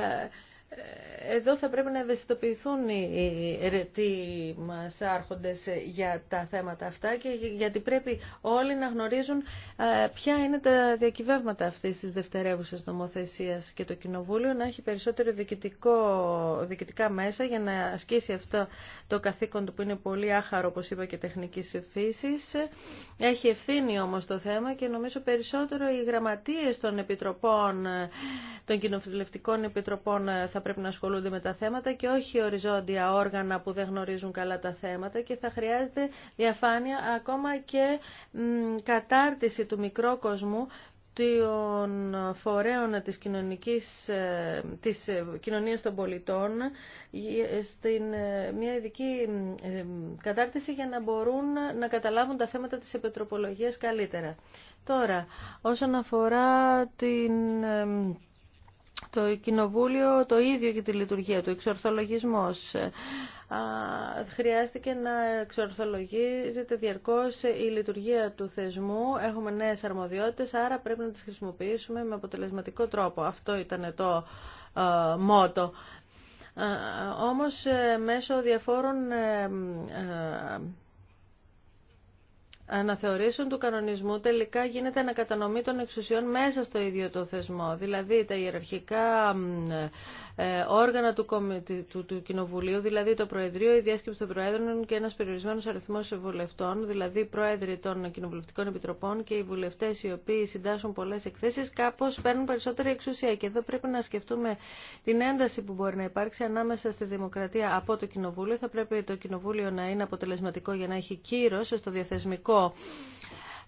εδώ θα πρέπει να ευαισθητοποιηθούν οι ρετοί μας άρχοντες για τα θέματα αυτά και γιατί πρέπει όλοι να γνωρίζουν ε, ποια είναι τα διακυβεύματα αυτής της δευτερεύουσας νομοθεσίας και το Κοινοβούλιο να έχει περισσότερο διοικητικό, διοικητικά μέσα για να ασκήσει αυτό το καθήκον του που είναι πολύ άχαρο όπως είπα και τεχνικής φύσης. Έχει ευθύνη όμως το θέμα και νομίζω περισσότερο οι γραμματείες των επιτροπών, των κοινοβουλευτικών επιτροπών πρέπει να ασχολούνται με τα θέματα και όχι οριζόντια όργανα που δεν γνωρίζουν καλά τα θέματα και θα χρειάζεται διαφάνεια ακόμα και κατάρτιση του μικρόκοσμου των φορέων της, κοινωνικής, ε, της ε, κοινωνίας των πολιτών στην ε, μια ειδική κατάρτιση για να μπορούν να καταλάβουν τα θέματα της επιτροπολογίας καλύτερα. Τώρα, όσον αφορά την το Κοινοβούλιο το ίδιο για τη λειτουργία του, εξορθολογισμός. Χρειάστηκε να εξορθολογίζεται διαρκώς η λειτουργία του θεσμού. Έχουμε νέες αρμοδιότητες, άρα πρέπει να τις χρησιμοποιήσουμε με αποτελεσματικό τρόπο. Αυτό ήταν το ε, μότο. Ε, όμως ε, μέσω διαφόρων αναθεωρήσεων του κανονισμού τελικά γίνεται ανακατανομή των εξουσιών μέσα στο ίδιο το θεσμό. Δηλαδή τα ιεραρχικά ε, όργανα του, του, του Κοινοβουλίου, δηλαδή το Προεδρείο, η Διάσκεψη των Προέδρων και ένα περιορισμένο αριθμό βουλευτών, δηλαδή πρόεδροι των Κοινοβουλευτικών Επιτροπών και οι βουλευτέ οι οποίοι συντάσσουν πολλέ εκθέσει, κάπω παίρνουν περισσότερη εξουσία. Και εδώ πρέπει να σκεφτούμε την ένταση που μπορεί να υπάρξει ανάμεσα στη δημοκρατία από το Κοινοβούλιο. Θα πρέπει το Κοινοβούλιο να είναι αποτελεσματικό για να έχει κύρος στο διαθεσμικό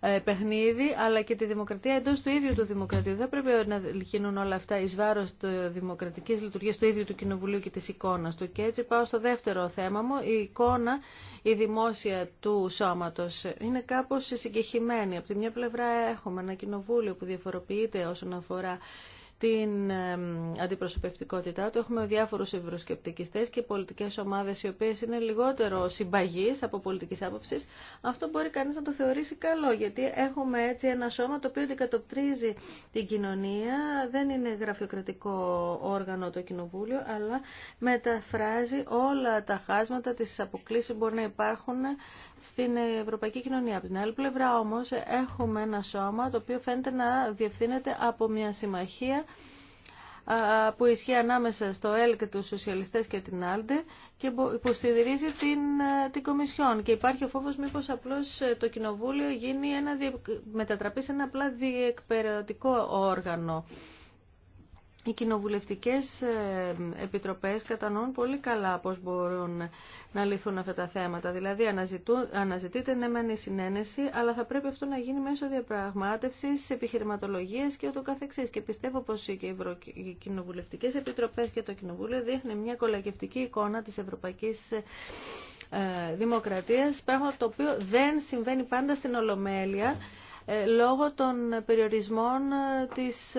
ε, παιχνίδι, αλλά και τη δημοκρατία εντό του ίδιου του δημοκρατίου. Δεν πρέπει να γίνουν όλα αυτά βάρο τη δημοκρατική λειτουργία του ίδιου του Κοινοβουλίου και τη εικόνα του. Και έτσι πάω στο δεύτερο θέμα μου. Η εικόνα, η δημόσια του σώματος είναι κάπως συγκεχημένη. Από τη μια πλευρά έχουμε ένα κοινοβούλιο που διαφοροποιείται όσον αφορά την αντιπροσωπευτικότητά του. Έχουμε διάφορους ευρωσκεπτικιστέ και πολιτικές ομάδες οι οποίες είναι λιγότερο συμπαγείς από πολιτικής άποψη. Αυτό μπορεί κανείς να το θεωρήσει καλό γιατί έχουμε έτσι ένα σώμα το οποίο αντικατοπτρίζει την κοινωνία. Δεν είναι γραφειοκρατικό όργανο το κοινοβούλιο αλλά μεταφράζει όλα τα χάσματα, τις αποκλήσεις που μπορεί να υπάρχουν στην ευρωπαϊκή κοινωνία. Από την άλλη πλευρά όμως έχουμε ένα σώμα το οποίο φαίνεται να διευθύνεται από μια συμμαχία που ισχύει ανάμεσα στο ΕΛ και τους σοσιαλιστές και την ΑΛΔΕ και υποστηρίζει την, την Κομισιόν. Και υπάρχει ο φόβος μήπως απλώς ε, το Κοινοβούλιο γίνει ένα, μετατραπεί σε ένα απλά διεκπαιρεωτικό όργανο οι κοινοβουλευτικές ε, επιτροπές κατανοούν πολύ καλά πώς μπορούν να λυθούν αυτά τα θέματα. Δηλαδή αναζητείται ναι μεν η συνένεση, αλλά θα πρέπει αυτό να γίνει μέσω διαπραγμάτευσης, επιχειρηματολογίας και ούτω καθεξής. Και πιστεύω πως οι κοινοβουλευτικές επιτροπές και το Κοινοβούλιο δείχνουν μια κολακευτική εικόνα της Ευρωπαϊκής ε, Δημοκρατίας, πράγμα το οποίο δεν συμβαίνει πάντα στην Ολομέλεια, ε, λόγω των περιορισμών της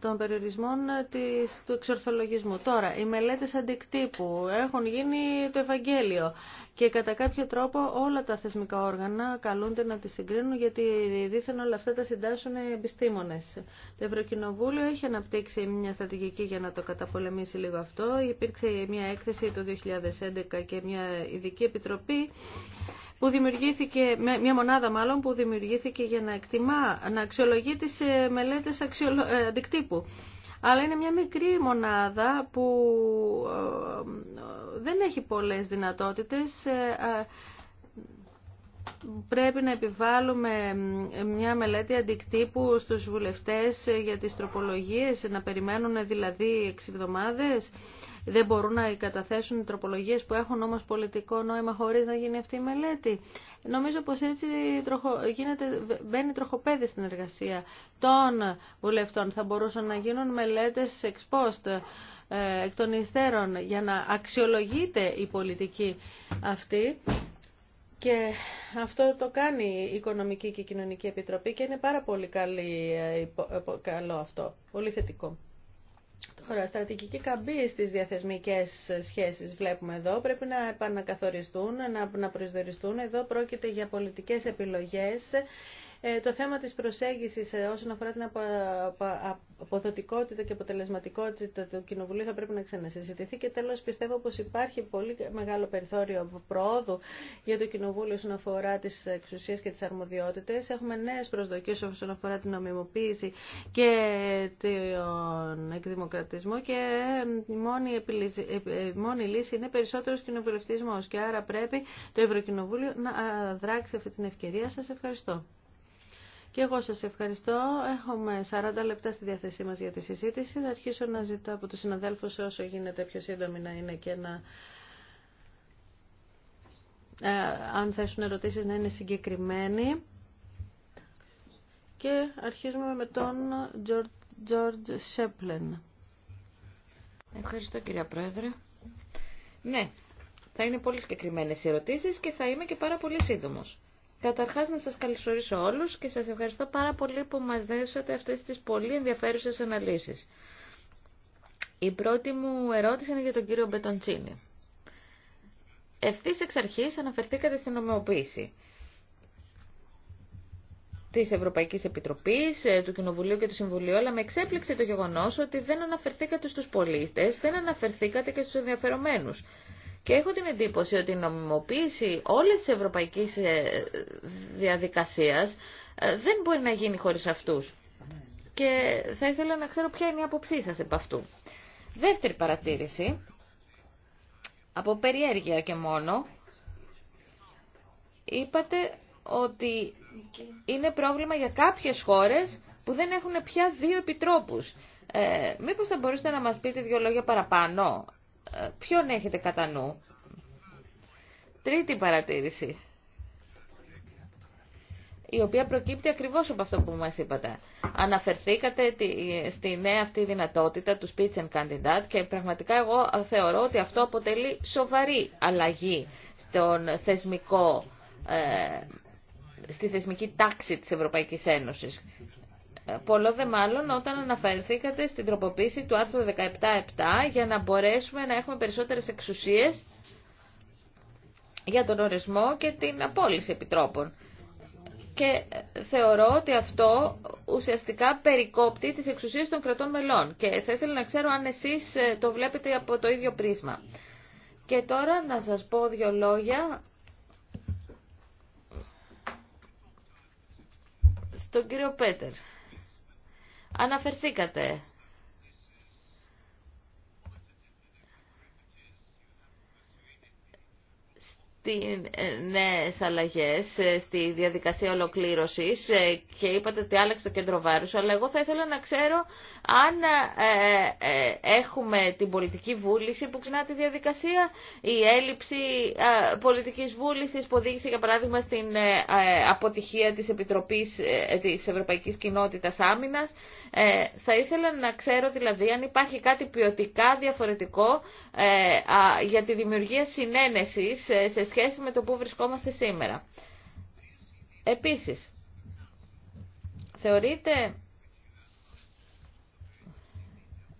των περιορισμών ε, της, του εξορθολογισμού. Τώρα, οι μελέτες αντικτύπου έχουν γίνει το Ευαγγέλιο και κατά κάποιο τρόπο όλα τα θεσμικά όργανα καλούνται να τις συγκρίνουν γιατί δήθεν όλα αυτά τα συντάσσουν οι επιστήμονες. Το Ευρωκοινοβούλιο έχει αναπτύξει μια στρατηγική για να το καταπολεμήσει λίγο αυτό. Υπήρξε μια έκθεση το 2011 και μια ειδική επιτροπή που δημιουργήθηκε, μια μονάδα μάλλον που δημιουργήθηκε για να εκτιμά, να αξιολογεί τις ε, μελέτες αξιολο... Ε, αντικτύπου. Αλλά είναι μια μικρή μονάδα που ε, δεν έχει πολλές δυνατότητες. Πρέπει να επιβάλλουμε μια μελέτη αντικτύπου στους βουλευτές για τις τροπολογίες, να περιμένουν δηλαδή 6 εβδομάδες δεν μπορούν να καταθέσουν τροπολογίε που έχουν όμω πολιτικό νόημα χωρί να γίνει αυτή η μελέτη. Νομίζω πως έτσι γίνεται, μπαίνει τροχοπέδι στην εργασία των βουλευτών. Θα μπορούσαν να γίνουν μελέτες εξ εκ των υστέρων για να αξιολογείται η πολιτική αυτή και αυτό το κάνει η Οικονομική και η Κοινωνική Επιτροπή και είναι πάρα πολύ ε, ε, καλό αυτό, πολύ θετικό. Τώρα, στρατηγική καμπή στι διαθεσμικές σχέσεις βλέπουμε εδώ. Πρέπει να επανακαθοριστούν, να, να προσδιοριστούν. Εδώ πρόκειται για πολιτικές επιλογές ε, το θέμα της προσέγγισης ε, όσον αφορά την αποδοτικότητα και αποτελεσματικότητα του Κοινοβουλίου θα πρέπει να ξανασυζητηθεί και τέλος πιστεύω πως υπάρχει πολύ μεγάλο περιθώριο προόδου για το Κοινοβούλιο όσον αφορά τις εξουσίες και τις αρμοδιότητες. Έχουμε νέες προσδοκίες όσον αφορά την νομιμοποίηση και τον εκδημοκρατισμό και ε, η μόνη, επιλυση... η λύση είναι περισσότερος κοινοβουλευτισμός και άρα πρέπει το Ευρωκοινοβούλιο να δράξει αυτή την ευκαιρία. Σας ευχαριστώ. Και εγώ σας ευχαριστώ. Έχουμε 40 λεπτά στη διάθεσή μας για τη συζήτηση. Θα αρχίσω να ζητώ από τους συναδέλφους όσο γίνεται πιο σύντομη να είναι και να... Ε, αν θέσουν ερωτήσεις να είναι συγκεκριμένοι. Και αρχίζουμε με τον George Σέπλεν. Ευχαριστώ κυρία Πρόεδρε. Ναι, θα είναι πολύ συγκεκριμένες οι ερωτήσεις και θα είμαι και πάρα πολύ σύντομος. Καταρχάς να σας καλωσορίσω όλους και σας ευχαριστώ πάρα πολύ που μας δέσατε αυτές τις πολύ ενδιαφέρουσες αναλύσεις. Η πρώτη μου ερώτηση είναι για τον κύριο Μπετοντσίνη. Ευθύς εξ αρχής αναφερθήκατε στην ομοιοποίηση τη Ευρωπαϊκή Επιτροπή, ε, του Κοινοβουλίου και του Συμβουλίου, αλλά με εξέπληξε το γεγονό ότι δεν αναφερθήκατε στου πολίτε, δεν αναφερθήκατε και στου ενδιαφερομένου. Και έχω την εντύπωση ότι η νομιμοποίηση όλες της ευρωπαϊκής ε, διαδικασίας ε, δεν μπορεί να γίνει χωρίς αυτούς. Και θα ήθελα να ξέρω ποια είναι η αποψή σας επ' αυτού. Δεύτερη παρατήρηση, από περιέργεια και μόνο, είπατε ότι είναι πρόβλημα για κάποιες χώρες που δεν έχουν πια δύο επιτρόπους. Ε, μήπως θα μπορούσατε να μας πείτε δύο λόγια παραπάνω. Ε, ποιον έχετε κατά νου. Τρίτη παρατήρηση, η οποία προκύπτει ακριβώς από αυτό που μας είπατε. Αναφερθήκατε στη νέα αυτή δυνατότητα του speech and candidate και πραγματικά εγώ θεωρώ ότι αυτό αποτελεί σοβαρή αλλαγή στον θεσμικό, ε, στη θεσμική τάξη της Ευρωπαϊκής Ένωσης. Πολλό δε μάλλον όταν αναφερθήκατε στην τροποποίηση του άρθρου 17 17-7 για να μπορέσουμε να έχουμε περισσότερες εξουσίες για τον ορισμό και την απόλυση επιτρόπων. Και θεωρώ ότι αυτό ουσιαστικά περικόπτει τις εξουσίες των κρατών μελών. Και θα ήθελα να ξέρω αν εσείς ε, το βλέπετε από το ίδιο πρίσμα. Και τώρα να σας πω δύο λόγια στον κύριο Πέτερ. Αναφερθήκατε Ε, νέες αλλαγές ε, στη διαδικασία ολοκλήρωσης ε, και είπατε ότι άλλαξε το κέντρο βάρους, αλλά εγώ θα ήθελα να ξέρω αν έχουμε την πολιτική βούληση που ξεκινά τη διαδικασία, η έλλειψη πολιτικής βούλησης που οδήγησε για παράδειγμα στην αποτυχία της Επιτροπής της Ευρωπαϊκής Κοινότητας Άμυνας. Θα ήθελα να ξέρω δηλαδή αν υπάρχει κάτι ποιοτικά διαφορετικό για τη δημιουργία συνένεσης σε σχέση με το που βρισκόμαστε σήμερα. Επίσης, θεωρείτε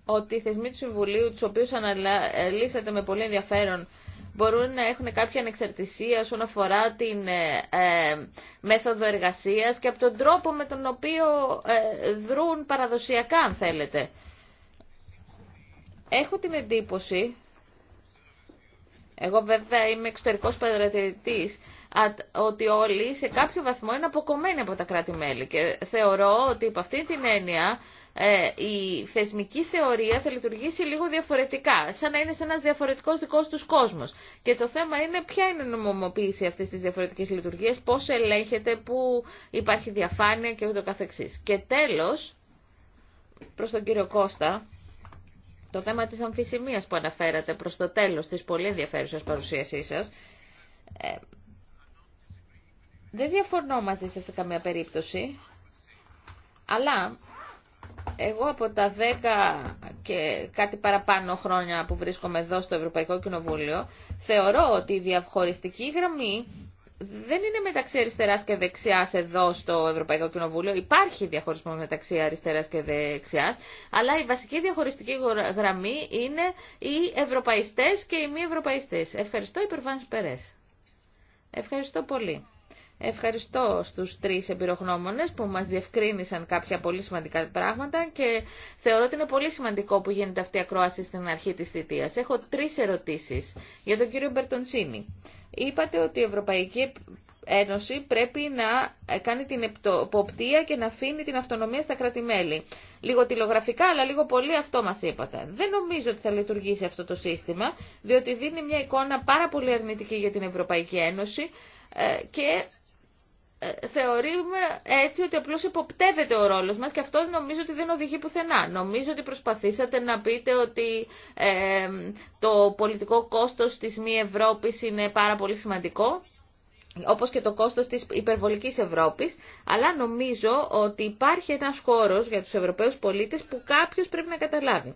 ότι οι θεσμοί του Συμβουλίου, τους οποίους αναλύσατε με πολύ ενδιαφέρον, μπορούν να έχουν κάποια ανεξαρτησία όσον αφορά την ε, ε, μέθοδο εργασίας και από τον τρόπο με τον οποίο ε, δρούν παραδοσιακά, αν θέλετε. Έχω την εντύπωση εγώ βέβαια είμαι εξωτερικός παρατηρητής, ότι όλοι σε κάποιο βαθμό είναι αποκομμένοι από τα κράτη-μέλη και θεωρώ ότι υπ' αυτή την έννοια ε, η θεσμική θεωρία θα λειτουργήσει λίγο διαφορετικά, σαν να είναι σε ένας διαφορετικός δικός τους κόσμος. Και το θέμα είναι ποια είναι η νομοποίηση αυτής της διαφορετικής λειτουργίας, πώς ελέγχεται, πού υπάρχει διαφάνεια και ούτω καθεξής. Και τέλος, προς τον κύριο Κώστα, το θέμα της αμφισημίας που αναφέρατε προς το τέλος της πολύ ενδιαφέρουσα παρουσίασή σας, ε, δεν διαφωνώ μαζί σας σε καμία περίπτωση, αλλά εγώ από τα 10 και κάτι παραπάνω χρόνια που βρίσκομαι εδώ στο Ευρωπαϊκό Κοινοβούλιο, θεωρώ ότι η διαχωριστική γραμμή δεν είναι μεταξύ αριστεράς και δεξιάς εδώ στο Ευρωπαϊκό Κοινοβούλιο. Υπάρχει διαχωρισμό μεταξύ αριστεράς και δεξιάς, αλλά η βασική διαχωριστική γραμμή είναι οι ευρωπαϊστές και οι μη ευρωπαϊστές. Ευχαριστώ, Υπερβάνη Περές. Ευχαριστώ πολύ. Ευχαριστώ στους τρεις εμπειρογνώμονες που μας διευκρίνησαν κάποια πολύ σημαντικά πράγματα και θεωρώ ότι είναι πολύ σημαντικό που γίνεται αυτή η ακρόαση στην αρχή της θητείας. Έχω τρεις ερωτήσεις για τον κύριο Μπερτονσίνη. Είπατε ότι η Ευρωπαϊκή Ένωση πρέπει να κάνει την εποπτεία και να αφήνει την αυτονομία στα κράτη-μέλη. Λίγο τηλεγραφικά, αλλά λίγο πολύ αυτό μα είπατε. Δεν νομίζω ότι θα λειτουργήσει αυτό το σύστημα, διότι δίνει μια εικόνα πάρα πολύ αρνητική για την Ευρωπαϊκή Ένωση ε, και ε, θεωρούμε έτσι ότι απλώς υποπτεύεται ο ρόλος μας και αυτό νομίζω ότι δεν οδηγεί πουθενά. Νομίζω ότι προσπαθήσατε να πείτε ότι το πολιτικό κόστος της μη Ευρώπης είναι πάρα πολύ σημαντικό όπως και το κόστος της υπερβολικής Ευρώπης, αλλά νομίζω ότι υπάρχει ένας χώρος για τους Ευρωπαίους πολίτες που κάποιος πρέπει να καταλάβει.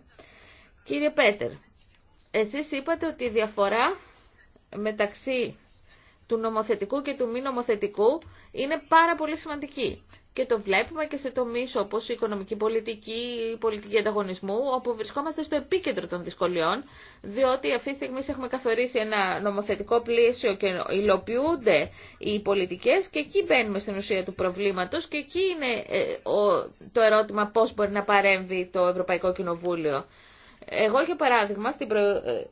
Κύριε Πέτερ, εσείς είπατε ότι η διαφορά μεταξύ του νομοθετικού και του μη νομοθετικού είναι πάρα πολύ σημαντική. Και το βλέπουμε και σε τομείς όπως η οικονομική πολιτική, η πολιτική ανταγωνισμού, όπου βρισκόμαστε στο επίκεντρο των δυσκολιών, διότι αυτή τη στιγμή έχουμε καθορίσει ένα νομοθετικό πλαίσιο και υλοποιούνται οι πολιτικές και εκεί μπαίνουμε στην ουσία του προβλήματος και εκεί είναι ε, το ερώτημα πώς μπορεί να παρέμβει το Ευρωπαϊκό Κοινοβούλιο. Εγώ, για παράδειγμα, στην προ... Ε,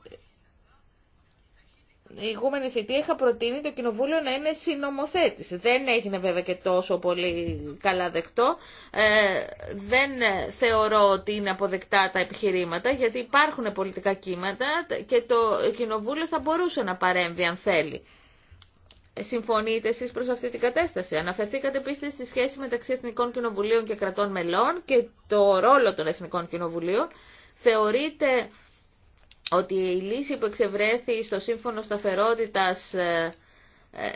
η ηγούμενη θητεία είχα προτείνει το Κοινοβούλιο να είναι συνομοθέτης. Δεν έγινε βέβαια και τόσο πολύ καλά δεκτό. Ε, δεν θεωρώ ότι είναι αποδεκτά τα επιχειρήματα γιατί υπάρχουν πολιτικά κύματα και το Κοινοβούλιο θα μπορούσε να παρέμβει αν θέλει. Συμφωνείτε εσείς προς αυτή την κατάσταση. Αναφερθήκατε επίσης στη σχέση μεταξύ Εθνικών Κοινοβουλίων και κρατών μελών και το ρόλο των Εθνικών Κοινοβουλίων. Θεωρείτε ότι η λύση που εξευρέθη στο σύμφωνο σταθερότητας, ε, ε,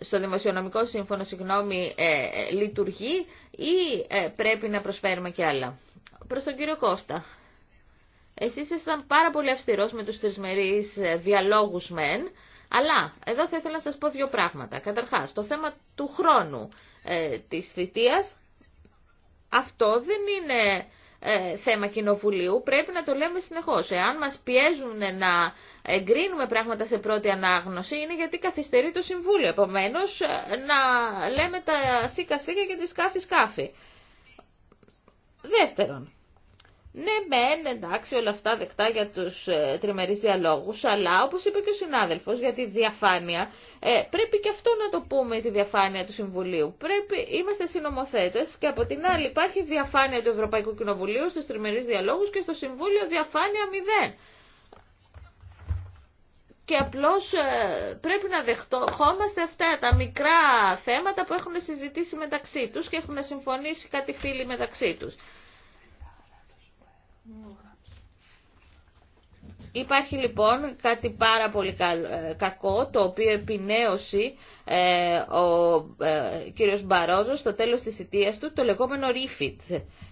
στο δημοσιονομικό σύμφωνο, συγγνώμη, ε, λειτουργεί ή πρέπει να προσφέρουμε και άλλα. Προς τον κύριο Κώστα. Εσείς ήσασταν πάρα πολύ αυστηρός με τους τρισμερείς διαλόγους μεν, αλλά εδώ θα ήθελα να σας πω δύο πράγματα. Καταρχάς, το θέμα του χρόνου της θητείας, αυτό δεν είναι ε, θέμα κοινοβουλίου, πρέπει να το λέμε συνεχώς. Εάν μας πιέζουν να εγκρίνουμε πράγματα σε πρώτη ανάγνωση, είναι γιατί καθυστερεί το Συμβούλιο. Επομένω, ε, να λέμε τα σίκα σίκα και τη σκάφη σκάφη. Δεύτερον, ναι, μεν, εντάξει, όλα αυτά δεκτά για τους ε, τριμερείς διαλόγους, αλλά όπως είπε και ο συνάδελφος για τη διαφάνεια, ε, πρέπει και αυτό να το πούμε, τη διαφάνεια του Συμβουλίου. Πρέπει, είμαστε συνομοθέτες και από την άλλη υπάρχει διαφάνεια του Ευρωπαϊκού Κοινοβουλίου στους τριμερείς διαλόγους και στο Συμβούλιο διαφάνεια μηδέν. Και απλώς ε, πρέπει να δεχτώμαστε αυτά τα μικρά θέματα που έχουν συζητήσει μεταξύ τους και έχουν συμφωνήσει κάτι φίλοι μεταξύ τους. Υπάρχει λοιπόν κάτι πάρα πολύ ε, κακό, το οποίο επινέωσε ε, ο ε, κύριος Μπαρόζο στο τέλος της θητείας του, το λεγόμενο ρίφιτ.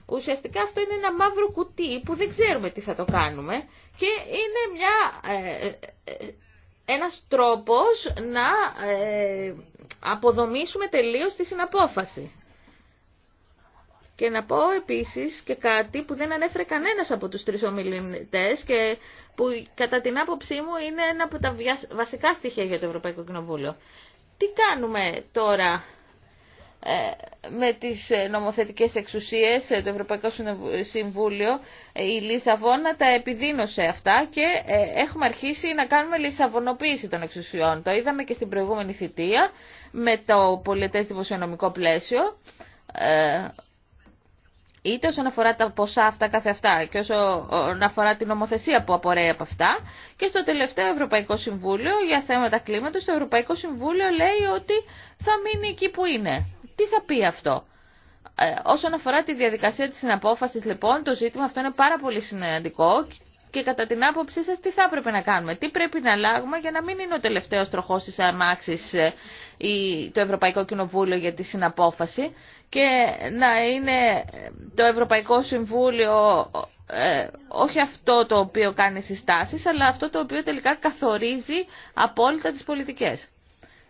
Ουσιαστικά αυτό είναι ένα μαύρο κουτί που δεν ξέρουμε τι θα το κάνουμε και είναι μια, ένας τρόπος να αποδομήσουμε τελείως τη συναπόφαση. Και να πω επίσης και κάτι που δεν ανέφερε κανένας από τους τρεις ομιλητές και που κατά την άποψή μου είναι ένα από τα βασικά στοιχεία για το Ευρωπαϊκό Κοινοβούλιο. Τι κάνουμε τώρα ε, με τις ε, νομοθετικές εξουσίες ε, το Ευρωπαϊκό Συμβούλιο η Λισαβόνα τα επιδίνωσε αυτά και έχουμε αρχίσει να κάνουμε λισαβονοποίηση των εξουσιών το είδαμε και στην προηγούμενη θητεία με το πολιτές δημοσιονομικό πλαίσιο είτε όσον αφορά τα ποσά αυτά κάθε αυτά και όσον αφορά την νομοθεσία που απορρέει από αυτά. Και στο τελευταίο Ευρωπαϊκό Συμβούλιο για θέματα κλίματος, το Ευρωπαϊκό Συμβούλιο λέει ότι θα μείνει εκεί που είναι. Τι θα πει αυτό. Ε, όσον αφορά τη διαδικασία της συναπόφασης λοιπόν, το ζήτημα αυτό είναι πάρα πολύ συναντικό και κατά την άποψή σας τι θα έπρεπε να κάνουμε, τι πρέπει να αλλάγουμε για να μην είναι ο τελευταίος τροχός της αμάξης ε, το Ευρωπαϊκό Κοινοβούλιο για τη συναπόφαση και να είναι το Ευρωπαϊκό Συμβούλιο ε, όχι αυτό το οποίο κάνει συστάσεις, αλλά αυτό το οποίο τελικά καθορίζει απόλυτα τις πολιτικές.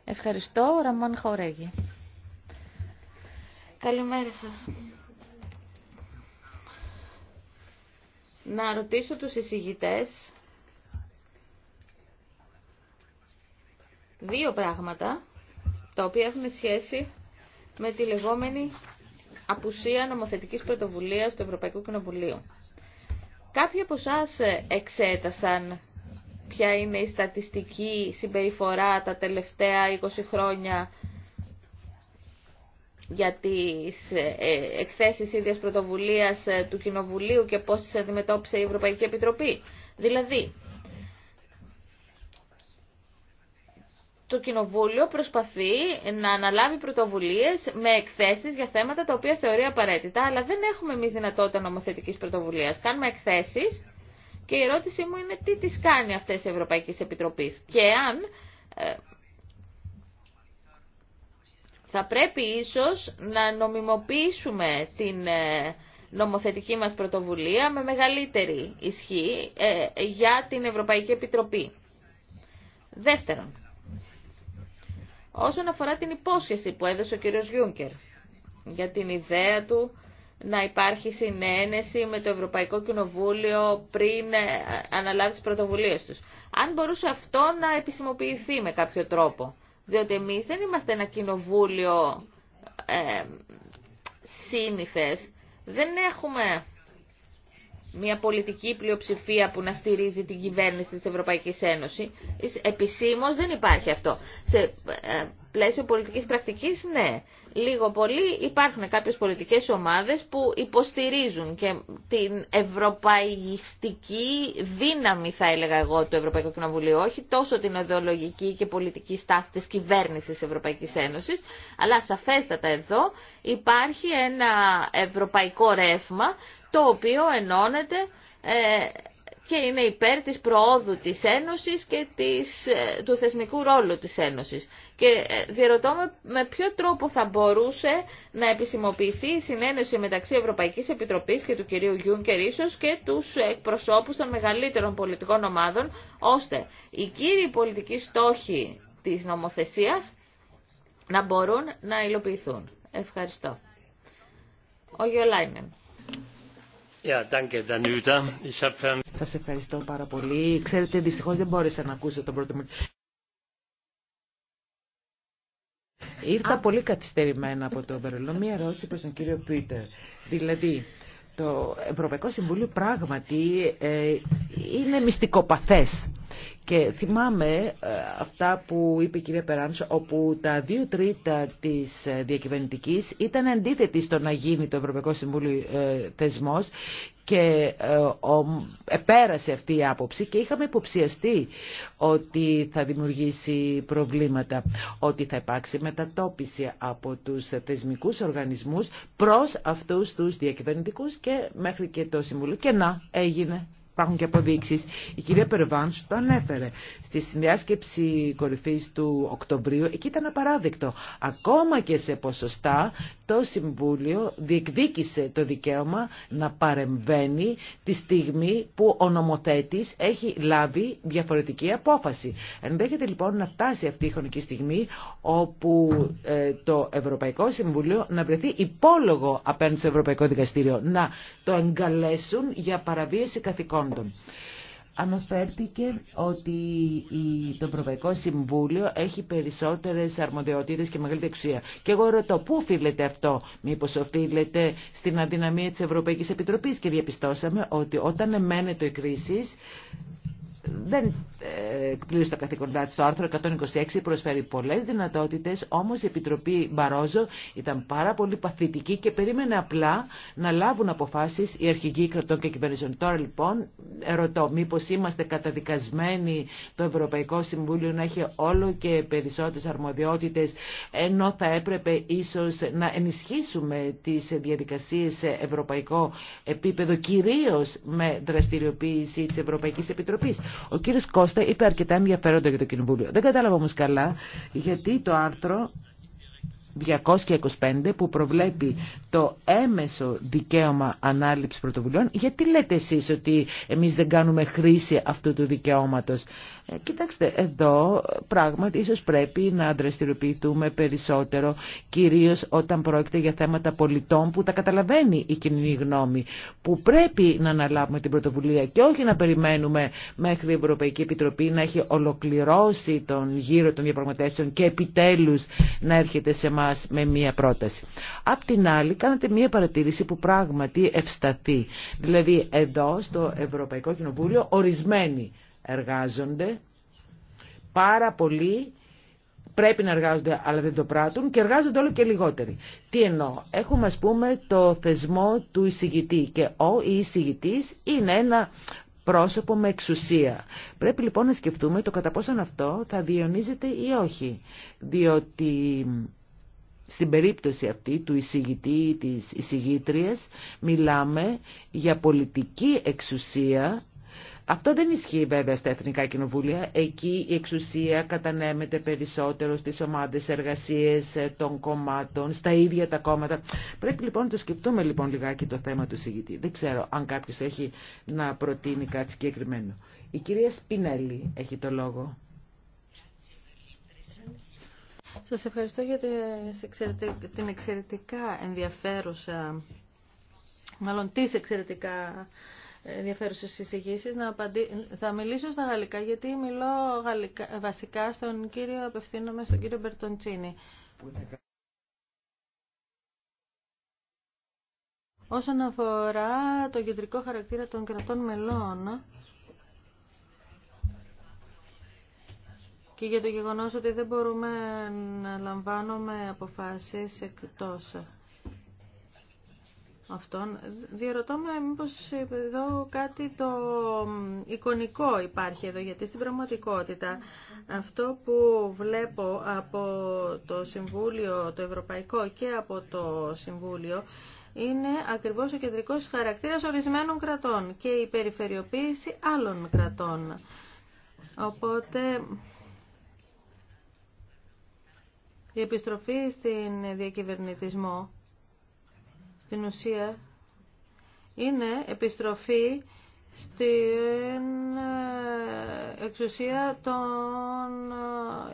Ευχαριστώ, Ραμάν Χαουρέγγι. Καλημέρα σας. Να ρωτήσω τους εισηγητές δύο πράγματα, τα οποία έχουν σχέση με τη λεγόμενη απουσία νομοθετικής πρωτοβουλίας του Ευρωπαϊκού Κοινοβουλίου. Κάποιοι από εσά ε, εξέτασαν ποια είναι η στατιστική συμπεριφορά τα τελευταία 20 χρόνια για τις ε, ε, εκθέσεις ίδιας πρωτοβουλίας του Κοινοβουλίου και πώς τις αντιμετώπισε η Ευρωπαϊκή Επιτροπή. Δηλαδή, το Κοινοβούλιο προσπαθεί να αναλάβει πρωτοβουλίες με εκθέσεις για θέματα τα οποία θεωρεί απαραίτητα, αλλά δεν έχουμε εμεί δυνατότητα νομοθετική πρωτοβουλία. Κάνουμε εκθέσεις και η ερώτησή μου είναι τι τις κάνει αυτές οι Ευρωπαϊκές Επιτροπές και αν ε, θα πρέπει ίσως να νομιμοποιήσουμε την ε, νομοθετική μας πρωτοβουλία με μεγαλύτερη ισχύ ε, για την Ευρωπαϊκή Επιτροπή. Δεύτερον, όσον αφορά την υπόσχεση που έδωσε ο κύριος Γιούνκερ για την ιδέα του να υπάρχει συνένεση με το Ευρωπαϊκό Κοινοβούλιο πριν ε, αναλάβει τις πρωτοβουλίες τους. Αν μπορούσε αυτό να επισημοποιηθεί με κάποιο τρόπο, διότι εμείς δεν είμαστε ένα κοινοβούλιο ε, σύνηθες, δεν έχουμε μια πολιτική πλειοψηφία που να στηρίζει την κυβέρνηση της Ευρωπαϊκής Ένωσης. Επισήμως δεν υπάρχει αυτό. Σε ε, πλαίσιο πολιτικής πρακτικής, ναι. Λίγο πολύ υπάρχουν κάποιες πολιτικές ομάδες που υποστηρίζουν και την ευρωπαϊστική δύναμη, θα έλεγα εγώ, του Ευρωπαϊκού Κοινοβουλίου, όχι τόσο την οδεολογική και πολιτική στάση της κυβέρνησης της Ευρωπαϊκής Ένωσης, αλλά σαφέστατα εδώ υπάρχει ένα ευρωπαϊκό ρεύμα το οποίο ενώνεται ε, και είναι υπέρ της προόδου της Ένωσης και της, ε, του θεσμικού ρόλου της Ένωσης. Και ε, διερωτώ με, ποιο τρόπο θα μπορούσε να επισημοποιηθεί η συνένωση μεταξύ Ευρωπαϊκής Επιτροπής και του κυρίου Γιούνκερ ίσως και τους εκπροσώπους των μεγαλύτερων πολιτικών ομάδων, ώστε οι κύριοι πολιτικοί στόχοι της νομοθεσίας να μπορούν να υλοποιηθούν. Ευχαριστώ. Ο Γιολάινεν. Σας ευχαριστώ πάρα πολύ. Ξέρετε, δυστυχώς δεν μπόρεσα να ακούσω τον πρώτο μου. Ήρθα πολύ καθυστερημένα από το Βερολίνο. Μία ερώτηση προς τον κύριο Πίτερ. Δηλαδή, το Ευρωπαϊκό Συμβούλιο πράγματι ε, είναι μυστικοπαθές. Και θυμάμαι ε, αυτά που είπε η κυρία Περάνσο, όπου τα δύο τρίτα της ε, διακυβερνητικής ήταν αντίθετη στο να γίνει το Ευρωπαϊκό Συμβούλιο ε, θεσμός και ε, επέρασε αυτή η άποψη και είχαμε υποψιαστεί ότι θα δημιουργήσει προβλήματα, ότι θα υπάρξει μετατόπιση από τους θεσμικούς οργανισμούς προς αυτούς τους διακυβερνητικούς και μέχρι και το Συμβουλίο. Και να, έγινε υπάρχουν και αποδείξει. Η κυρία σου το ανέφερε. Στη συνδιάσκεψη κορυφής του Οκτωβρίου, εκεί ήταν απαράδεκτο. Ακόμα και σε ποσοστά το Συμβούλιο διεκδίκησε το δικαίωμα να παρεμβαίνει τη στιγμή που ο νομοθέτης έχει λάβει διαφορετική απόφαση. Ενδέχεται λοιπόν να φτάσει αυτή η χρονική στιγμή όπου ε, το Ευρωπαϊκό Συμβούλιο να βρεθεί υπόλογο απέναντι στο Ευρωπαϊκό Δικαστήριο, να το εγκαλέσουν για παραβίαση καθηκών. Αναφέρθηκε ότι το Ευρωπαϊκό Συμβούλιο έχει περισσότερες αρμοδιότητες και μεγαλύτερη εξουσία. Και εγώ ρωτώ, πού οφείλεται αυτό, μήπως οφείλεται στην αδυναμία της Ευρωπαϊκής Επιτροπής και διαπιστώσαμε ότι όταν εμένεται η κρίση δεν ε, εκπλήρωσε τα καθήκοντά της. Το άρθρο 126 προσφέρει πολλέ δυνατότητες, όμω η Επιτροπή Μπαρόζο ήταν πάρα πολύ παθητική και περίμενε απλά να λάβουν αποφάσει οι αρχηγοί κρατών και κυβερνήσεων. Τώρα λοιπόν ρωτώ, μήπω είμαστε καταδικασμένοι το Ευρωπαϊκό Συμβούλιο να έχει όλο και περισσότερε αρμοδιότητες, ενώ θα έπρεπε ίσω να ενισχύσουμε τι διαδικασίε σε ευρωπαϊκό επίπεδο, κυρίω με δραστηριοποίηση τη Ευρωπαϊκή Επιτροπή. Ο κύριος Κώστα είπε αρκετά ενδιαφέροντα για το Κοινοβούλιο. Δεν κατάλαβα όμω καλά γιατί το άρθρο 225 που προβλέπει το έμεσο δικαίωμα ανάληψη πρωτοβουλειών, γιατί λέτε εσείς ότι εμείς δεν κάνουμε χρήση αυτού του δικαιώματος. Ε, κοιτάξτε, εδώ πράγματι ίσως πρέπει να δραστηριοποιηθούμε περισσότερο, κυρίως όταν πρόκειται για θέματα πολιτών που τα καταλαβαίνει η κοινή γνώμη, που πρέπει να αναλάβουμε την πρωτοβουλία και όχι να περιμένουμε μέχρι η Ευρωπαϊκή Επιτροπή να έχει ολοκληρώσει τον γύρο των διαπραγματεύσεων και επιτέλους να έρχεται σε εμά με μία πρόταση. Απ' την άλλη, κάνατε μία παρατήρηση που πράγματι ευσταθεί. Δηλαδή, εδώ στο Ευρωπαϊκό Κοινοβούλιο, ορισμένοι εργάζονται, πάρα πολύ, πρέπει να εργάζονται αλλά δεν το πράττουν και εργάζονται όλο και λιγότεροι. Τι εννοώ, έχουμε ας πούμε το θεσμό του εισηγητή και ο εισηγητής είναι ένα πρόσωπο με εξουσία. Πρέπει λοιπόν να σκεφτούμε το κατά πόσον αυτό θα διαιωνίζεται ή όχι. Διότι στην περίπτωση αυτή του εισηγητή ή της εισηγήτριας μιλάμε για πολιτική εξουσία αυτό δεν ισχύει βέβαια στα Εθνικά Κοινοβούλια. Εκεί η εξουσία κατανέμεται περισσότερο στις ομάδες εργασίες ε, των κομμάτων, στα ίδια τα κόμματα. Πρέπει λοιπόν να το σκεφτούμε λοιπόν λιγάκι το θέμα του συγητή. Δεν ξέρω αν κάποιος έχει να προτείνει κάτι συγκεκριμένο. Η κυρία Σπινέλη έχει το λόγο. Σας ευχαριστώ για την εξαιρετικά ενδιαφέρουσα, μάλλον τις εξαιρετικά ενδιαφέρουσε εισηγήσει. Θα μιλήσω στα γαλλικά, γιατί μιλώ γαλλικά, βασικά στον κύριο, απευθύνομαι στον κύριο Μπερτοντσίνη. Όσον αφορά το κεντρικό χαρακτήρα των κρατών μελών, και για το γεγονός ότι δεν μπορούμε να λαμβάνουμε αποφάσεις εκτός αυτών. Διερωτώ με μήπως εδώ κάτι το εικονικό υπάρχει εδώ, γιατί στην πραγματικότητα αυτό που βλέπω από το Συμβούλιο, το Ευρωπαϊκό και από το Συμβούλιο, είναι ακριβώς ο κεντρικός χαρακτήρας ορισμένων κρατών και η περιφερειοποίηση άλλων κρατών. Οπότε η επιστροφή στην διακυβερνητισμό στην ουσία είναι επιστροφή στην ε, εξουσία των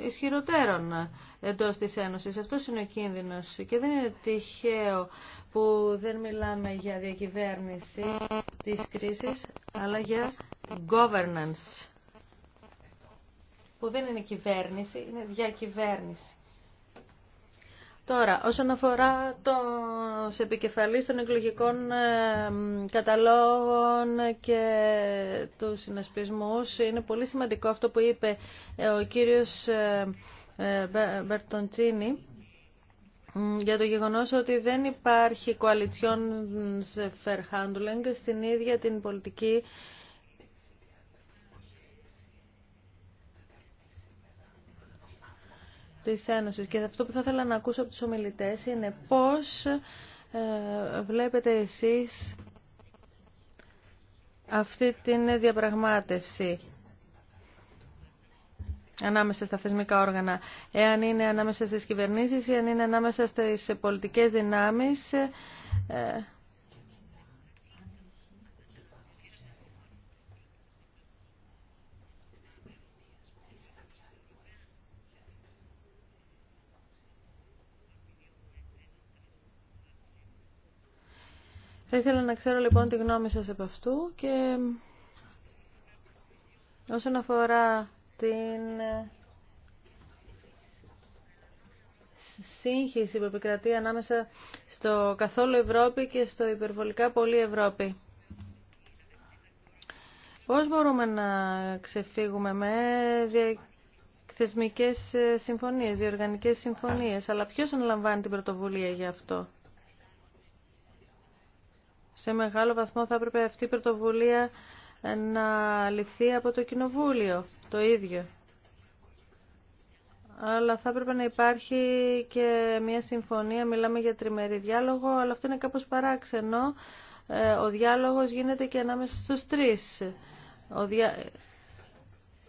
ε, ισχυροτέρων εντός της Ένωσης. Αυτό είναι ο κίνδυνος και δεν είναι τυχαίο που δεν μιλάμε για διακυβέρνηση της κρίσης, αλλά για governance, που δεν είναι κυβέρνηση, είναι διακυβέρνηση. Τώρα, όσον αφορά το επικεφαλής των εκλογικών ε, καταλόγων και του συνασπισμούς, είναι πολύ σημαντικό αυτό που είπε ε, ο κύριος ε, Μπερτοντσίνη για το γεγονός ότι δεν υπάρχει κοαλιτσιόν Φερχάντουλεγκ στην ίδια την πολιτική Τη Ένωση. Και αυτό που θα ήθελα να ακούσω από τους ομιλητές είναι πώς ε, βλέπετε εσείς αυτή την διαπραγμάτευση ανάμεσα στα θεσμικά όργανα, εάν είναι ανάμεσα στις κυβερνήσεις ή αν είναι ανάμεσα στις πολιτικές δυνάμεις. Ε, Θα ήθελα να ξέρω λοιπόν τη γνώμη σας από αυτού και όσον αφορά την σύγχυση που επικρατεί ανάμεσα στο καθόλου Ευρώπη και στο υπερβολικά πολύ Ευρώπη. Πώς μπορούμε να ξεφύγουμε με θεσμικές συμφωνίες, διοργανικές συμφωνίες, αλλά ποιος αναλαμβάνει την πρωτοβουλία για αυτό σε μεγάλο βαθμό θα έπρεπε αυτή η πρωτοβουλία να ληφθεί από το Κοινοβούλιο το ίδιο. Αλλά θα έπρεπε να υπάρχει και μια συμφωνία, μιλάμε για τριμερή διάλογο, αλλά αυτό είναι κάπως παράξενο. Ε, ο διάλογος γίνεται και ανάμεσα στους τρεις. Ο ε,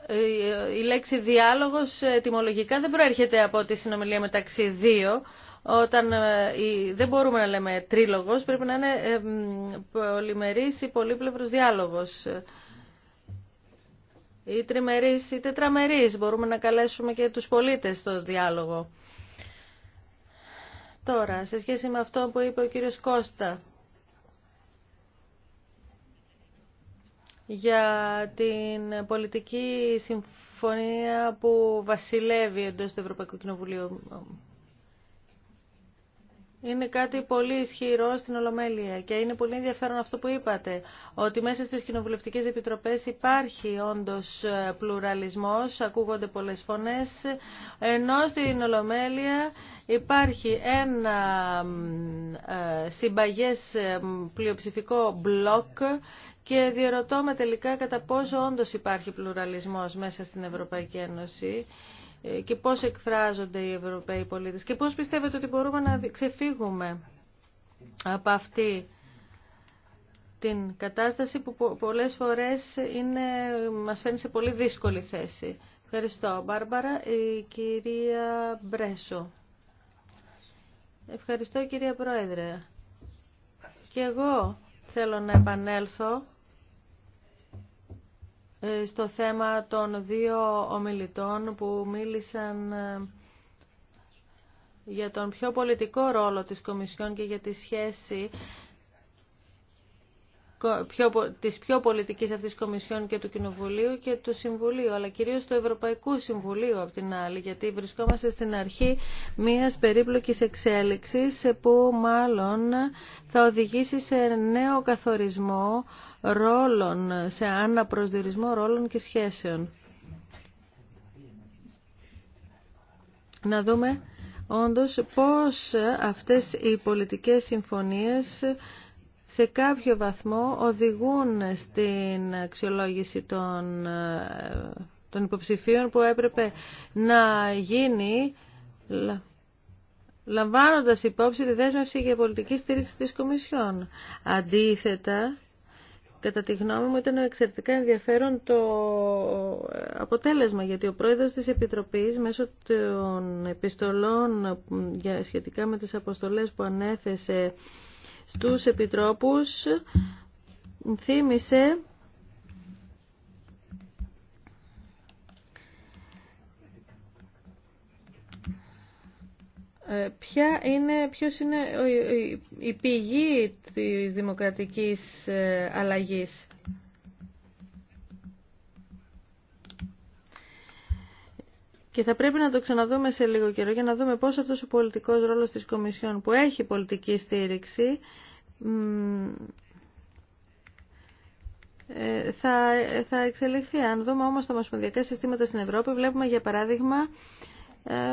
ε, Η λέξη διάλογος ετοιμολογικά δεν προέρχεται από τη συνομιλία μεταξύ δύο, όταν ε, δεν μπορούμε να λέμε τρίλογος, πρέπει να είναι ε, πολυμερής ή πολύπλευρος διάλογος. Ή τριμερής ή τετραμερής. Μπορούμε να καλέσουμε και τους πολίτες στο διάλογο. Τώρα, σε σχέση με αυτό που είπε ο κύριος Κώστα, για την πολιτική συμφωνία που βασιλεύει εντός του Ευρωπαϊκού Κοινοβουλίου. Είναι κάτι πολύ ισχυρό στην Ολομέλεια και είναι πολύ ενδιαφέρον αυτό που είπατε, ότι μέσα στις κοινοβουλευτικές επιτροπές υπάρχει όντως ε, πλουραλισμός, ακούγονται πολλές φωνές, ενώ στην Ολομέλεια υπάρχει ένα ε, συμπαγές ε, πλειοψηφικό μπλοκ και διερωτώ με τελικά κατά πόσο όντως υπάρχει πλουραλισμός μέσα στην Ευρωπαϊκή Ένωση. Ε, και πώς εκφράζονται οι Ευρωπαίοι πολίτες και πώς πιστεύετε ότι μπορούμε να ξεφύγουμε από αυτή την κατάσταση που πολλές φορές είναι, μας φέρνει σε πολύ δύσκολη θέση. Ευχαριστώ. Μπάρμπαρα, η κυρία Μπρέσο. Ευχαριστώ κυρία Πρόεδρε. Και εγώ θέλω να επανέλθω στο θέμα των δύο ομιλητών που μίλησαν ε, για τον πιο πολιτικό ρόλο της Κομισιόν και για τη σχέση πιο, της πιο πολιτικής αυτής Κομισιόν και του Κοινοβουλίου και του Συμβουλίου, αλλά κυρίως του Ευρωπαϊκού Συμβουλίου από την άλλη, γιατί βρισκόμαστε στην αρχή μιας περίπλοκης εξέλιξης που μάλλον θα οδηγήσει σε νέο καθορισμό ρόλων, σε αναπροσδιορισμό ρόλων και σχέσεων. Να δούμε όντως πώς αυτές οι πολιτικές συμφωνίες σε κάποιο βαθμό οδηγούν στην αξιολόγηση των, ε, των υποψηφίων που έπρεπε να γίνει λαμβάνοντας υπόψη τη δέσμευση για πολιτική στήριξη της Κομισιόν. Αντίθετα, κατά τη γνώμη μου ήταν εξαιρετικά ενδιαφέρον το ε, αποτέλεσμα γιατί ο πρόεδρος της Επιτροπής μέσω των επιστολών για, σχετικά με τις αποστολές που ανέθεσε στους επιτρόπους θύμισε ε, ποια είναι, ποιος είναι η πηγή της δημοκρατικής ε, αλλαγής. Και θα πρέπει να το ξαναδούμε σε λίγο καιρό για να δούμε πώς αυτός ο πολιτικός ρόλος της Κομισιόν που έχει πολιτική στήριξη ε, θα, θα εξελιχθεί. Αν δούμε όμως τα ομοσπονδιακά συστήματα στην Ευρώπη, βλέπουμε για παράδειγμα ε, ε,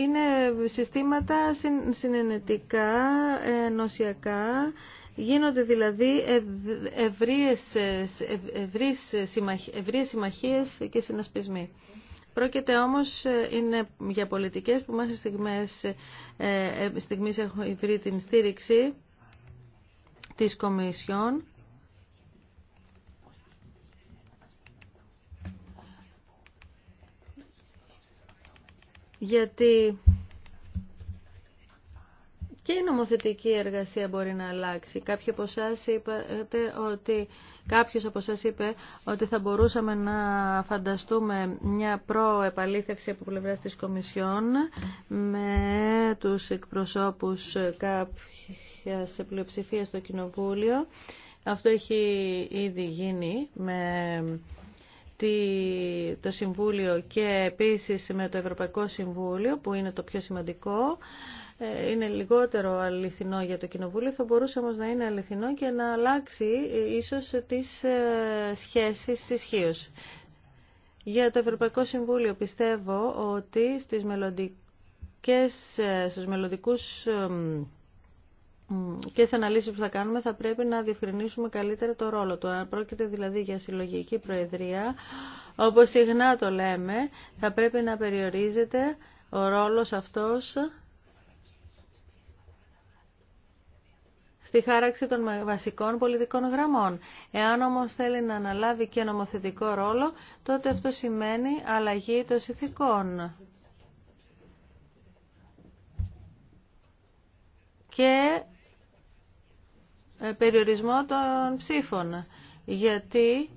είναι, συστήματα συνενετικά, νοσιακά. Γίνονται δηλαδή ευρείες, συμμαχίε συμμαχίες και συνασπισμοί. Πρόκειται όμως ε, είναι για πολιτικές που μέχρι στιγμές, ε, ε, στιγμής έχουν βρει την στήριξη της Κομισιόν γιατί και η νομοθετική εργασία μπορεί να αλλάξει. Κάποιοι από εσά ότι, κάποιος από εσάς είπε ότι θα μπορούσαμε να φανταστούμε μια προεπαλήθευση από πλευρά της Κομισιόν με τους εκπροσώπους κάποιας πλειοψηφίας στο Κοινοβούλιο. Αυτό έχει ήδη γίνει με το Συμβούλιο και επίσης με το Ευρωπαϊκό Συμβούλιο που είναι το πιο σημαντικό ε, είναι λιγότερο αληθινό για το Κοινοβούλιο, θα μπορούσε όμως να είναι αληθινό και να αλλάξει ε, ίσως τις ε, σχέσεις ισχύω. Για το Ευρωπαϊκό Συμβούλιο πιστεύω ότι στις μελλοντικές, στους μελλοντικούς και σε αναλύσεις που θα κάνουμε θα πρέπει να διευκρινίσουμε καλύτερα το ρόλο του. Αν πρόκειται δηλαδή για συλλογική προεδρία, όπως συχνά το λέμε, θα πρέπει να περιορίζεται ο ρόλος αυτός στη χάραξη των βασικών πολιτικών γραμμών. Εάν όμως θέλει να αναλάβει και νομοθετικό ρόλο, τότε αυτό σημαίνει αλλαγή των συνθηκών. Και ε, περιορισμό των ψήφων, γιατί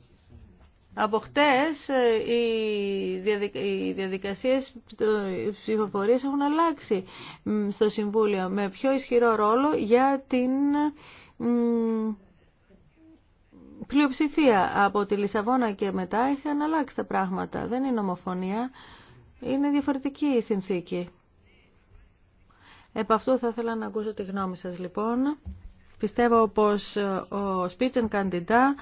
από χτες ε, οι διαδικασίες ψηφοφορίας έχουν αλλάξει στο Συμβούλιο με πιο ισχυρό ρόλο για την πλειοψηφία. Από τη Λισαβόνα και μετά είχαν αλλάξει τα πράγματα. Δεν είναι ομοφωνία, είναι διαφορετική η συνθήκη. Επ' αυτού θα ήθελα να ακούσω τη γνώμη σας λοιπόν. Πιστεύω πως ε, ο Σπίτσεν Καντιντά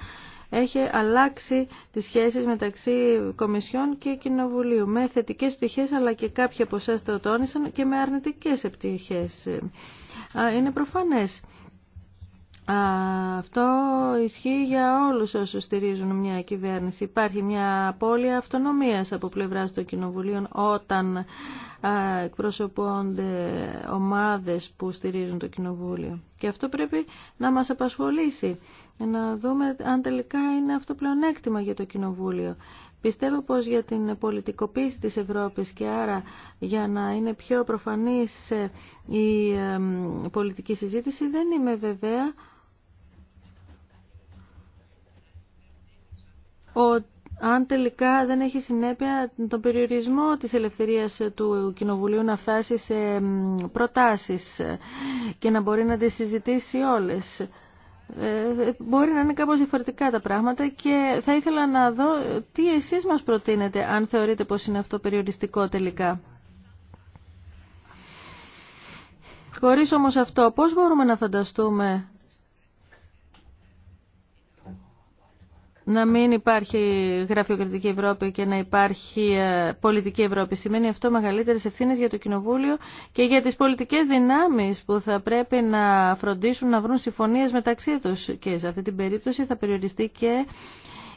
έχει αλλάξει τις σχέσεις μεταξύ Κομισιόν και Κοινοβουλίου με θετικές πτυχές αλλά και κάποια από εσάς το τόνισαν και με αρνητικές πτυχές. Είναι προφανές αυτό ισχύει για όλους όσους στηρίζουν μια κυβέρνηση. Υπάρχει μια απώλεια αυτονομίας από πλευράς των κοινοβουλίων όταν εκπροσωπώνται ομάδες που στηρίζουν το κοινοβούλιο. Και αυτό πρέπει να μας απασχολήσει, να δούμε αν τελικά είναι αυτό πλεονέκτημα για το κοινοβούλιο. Πιστεύω πως για την πολιτικοποίηση της Ευρώπης και άρα για να είναι πιο προφανής ε, η ε, πολιτική συζήτηση δεν είμαι βεβαία ο αν τελικά δεν έχει συνέπεια τον περιορισμό της ελευθερίας του Κοινοβουλίου να φτάσει σε προτάσεις και να μπορεί να τις συζητήσει όλες. Ε, ε, μπορεί να είναι κάπως διαφορετικά τα πράγματα και θα ήθελα να δω τι εσείς μας προτείνετε αν θεωρείτε πως είναι αυτό περιοριστικό τελικά. Χωρίς όμως αυτό, πώς μπορούμε να φανταστούμε να μην υπάρχει γραφειοκρατική Ευρώπη και να υπάρχει ε, πολιτική Ευρώπη. Σημαίνει αυτό μεγαλύτερε ευθύνε για το Κοινοβούλιο και για τι πολιτικέ δυνάμει που θα πρέπει να φροντίσουν να βρουν συμφωνίε μεταξύ του. Και σε αυτή την περίπτωση θα περιοριστεί και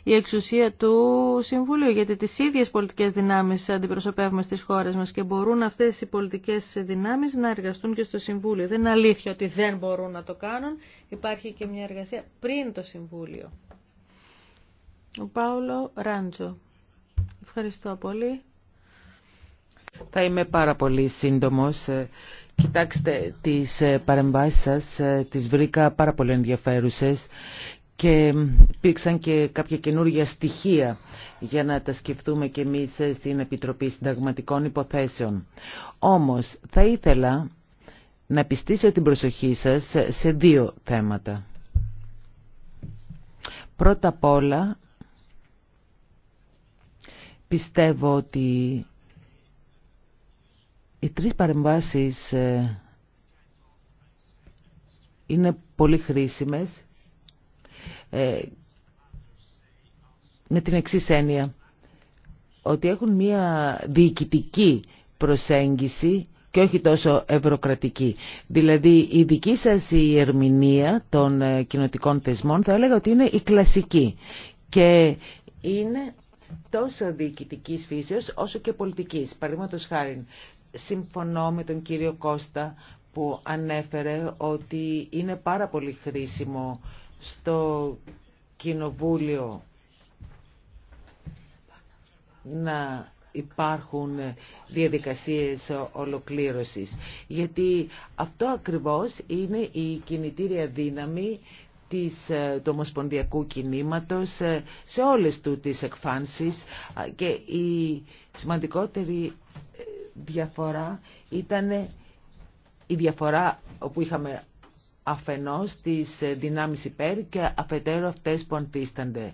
η εξουσία του Συμβουλίου, γιατί τις ίδιες πολιτικές δυνάμεις αντιπροσωπεύουμε στις χώρες μας και μπορούν αυτές οι πολιτικές δυνάμεις να εργαστούν και στο Συμβούλιο. Δεν είναι αλήθεια ότι δεν μπορούν να το κάνουν. Υπάρχει και μια εργασία πριν το Συμβούλιο. Ο Πάουλο Ράντζο. Ευχαριστώ πολύ. Θα είμαι πάρα πολύ σύντομος. Ε, κοιτάξτε, τις ε, παρεμβάσεις σας ε, τις βρήκα πάρα πολύ ενδιαφέρουσες και υπήρξαν και κάποια καινούργια στοιχεία για να τα σκεφτούμε και εμείς στην Επιτροπή Συνταγματικών Υποθέσεων. Όμως, θα ήθελα να πιστήσω την προσοχή σας σε δύο θέματα. Πρώτα απ' όλα, Πιστεύω ότι οι τρεις παρεμβάσεις ε, είναι πολύ χρήσιμες ε, με την εξής έννοια ότι έχουν μία διοικητική προσέγγιση και όχι τόσο ευρωκρατική. Δηλαδή η δική σας η ερμηνεία των ε, κοινοτικών θεσμών θα έλεγα ότι είναι η κλασική και είναι τόσο διοικητικής φύσεως όσο και πολιτικής. Παραδείγματος χάρη, συμφωνώ με τον κύριο Κώστα που ανέφερε ότι είναι πάρα πολύ χρήσιμο στο Κοινοβούλιο να υπάρχουν διαδικασίες ολοκλήρωσης. Γιατί αυτό ακριβώς είναι η κινητήρια δύναμη της, ε, του ομοσπονδιακού κινήματος ε, σε όλες του τις εκφάνσεις και η σημαντικότερη ε, διαφορά ήταν η διαφορά όπου είχαμε αφενός τις δυνάμεις υπέρ και αφετέρου αυτές που αντίστανται.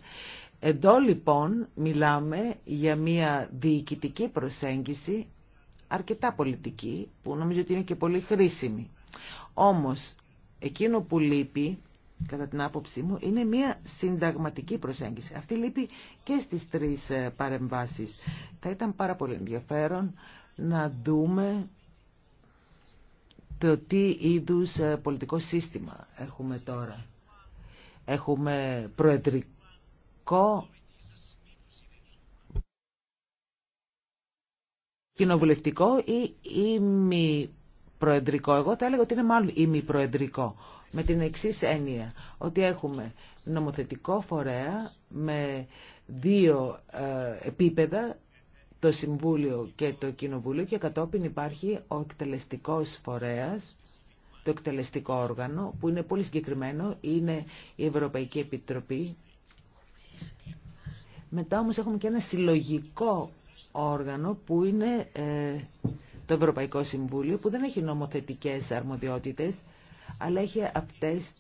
Εδώ λοιπόν μιλάμε για μια διοικητική προσέγγιση αρκετά πολιτική που νομίζω ότι είναι και πολύ χρήσιμη. Όμως εκείνο που λείπει κατά την άποψή μου, είναι μια συνταγματική προσέγγιση. Αυτή λείπει και στις τρεις ε, παρεμβάσεις. Θα ήταν πάρα πολύ ενδιαφέρον να δούμε το τι είδους ε, πολιτικό σύστημα έχουμε τώρα. Έχουμε προεδρικό κοινοβουλευτικό ή ημιπροεδρικό. Εγώ θα έλεγα ότι είναι μάλλον ημιπροεδρικό με την εξής έννοια, ότι έχουμε νομοθετικό φορέα με δύο ε, επίπεδα, το Συμβούλιο και το Κοινοβούλιο και κατόπιν υπάρχει ο εκτελεστικός φορέας, το εκτελεστικό όργανο, που είναι πολύ συγκεκριμένο, είναι η Ευρωπαϊκή Επιτροπή. Μετά όμως έχουμε και ένα συλλογικό όργανο που είναι ε, το Ευρωπαϊκό Συμβούλιο, που δεν έχει νομοθετικές αρμοδιότητες, αλλά έχει αυτές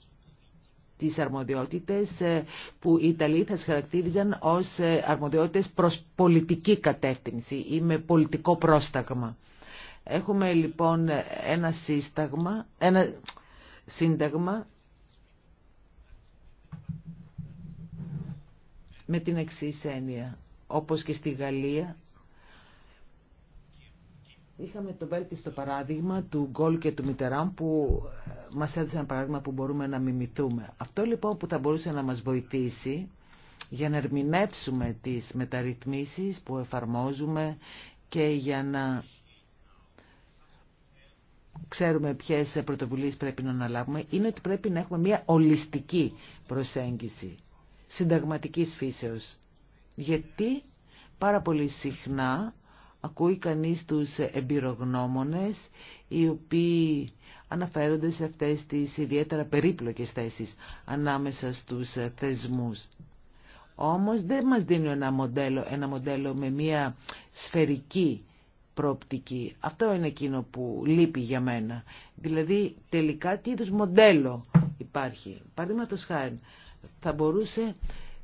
τις αρμοδιότητες ε, που οι Ιταλοί θα χαρακτήριζαν ως ε, αρμοδιότητες προς πολιτική κατεύθυνση ή με πολιτικό πρόσταγμα. Έχουμε λοιπόν ένα σύσταγμα, ένα σύνταγμα με την εξής έννοια. Όπως και στη Γαλλία Είχαμε το βέλτιστο παράδειγμα του Γκολ και του Μιτεράν που ε, μας έδωσε ένα παράδειγμα που μπορούμε να μιμηθούμε. Αυτό λοιπόν που θα μπορούσε να μας βοηθήσει για να ερμηνεύσουμε τις μεταρρυθμίσεις που εφαρμόζουμε και για να ξέρουμε ποιες πρωτοβουλίες πρέπει να αναλάβουμε, είναι ότι πρέπει να έχουμε μια ολιστική προσέγγιση, συνταγματικής φύσεως. Γιατί πάρα πολύ συχνά ακούει κανείς τους εμπειρογνώμονες οι οποίοι αναφέρονται σε αυτές τις ιδιαίτερα περίπλοκες θέσεις ανάμεσα στους θεσμούς. Όμως δεν μας δίνει ένα μοντέλο, ένα μοντέλο με μια σφαιρική πρόπτικη. Αυτό είναι εκείνο που λείπει για μένα. Δηλαδή τελικά τι είδους μοντέλο υπάρχει. Παραδείγματος χάρη θα μπορούσε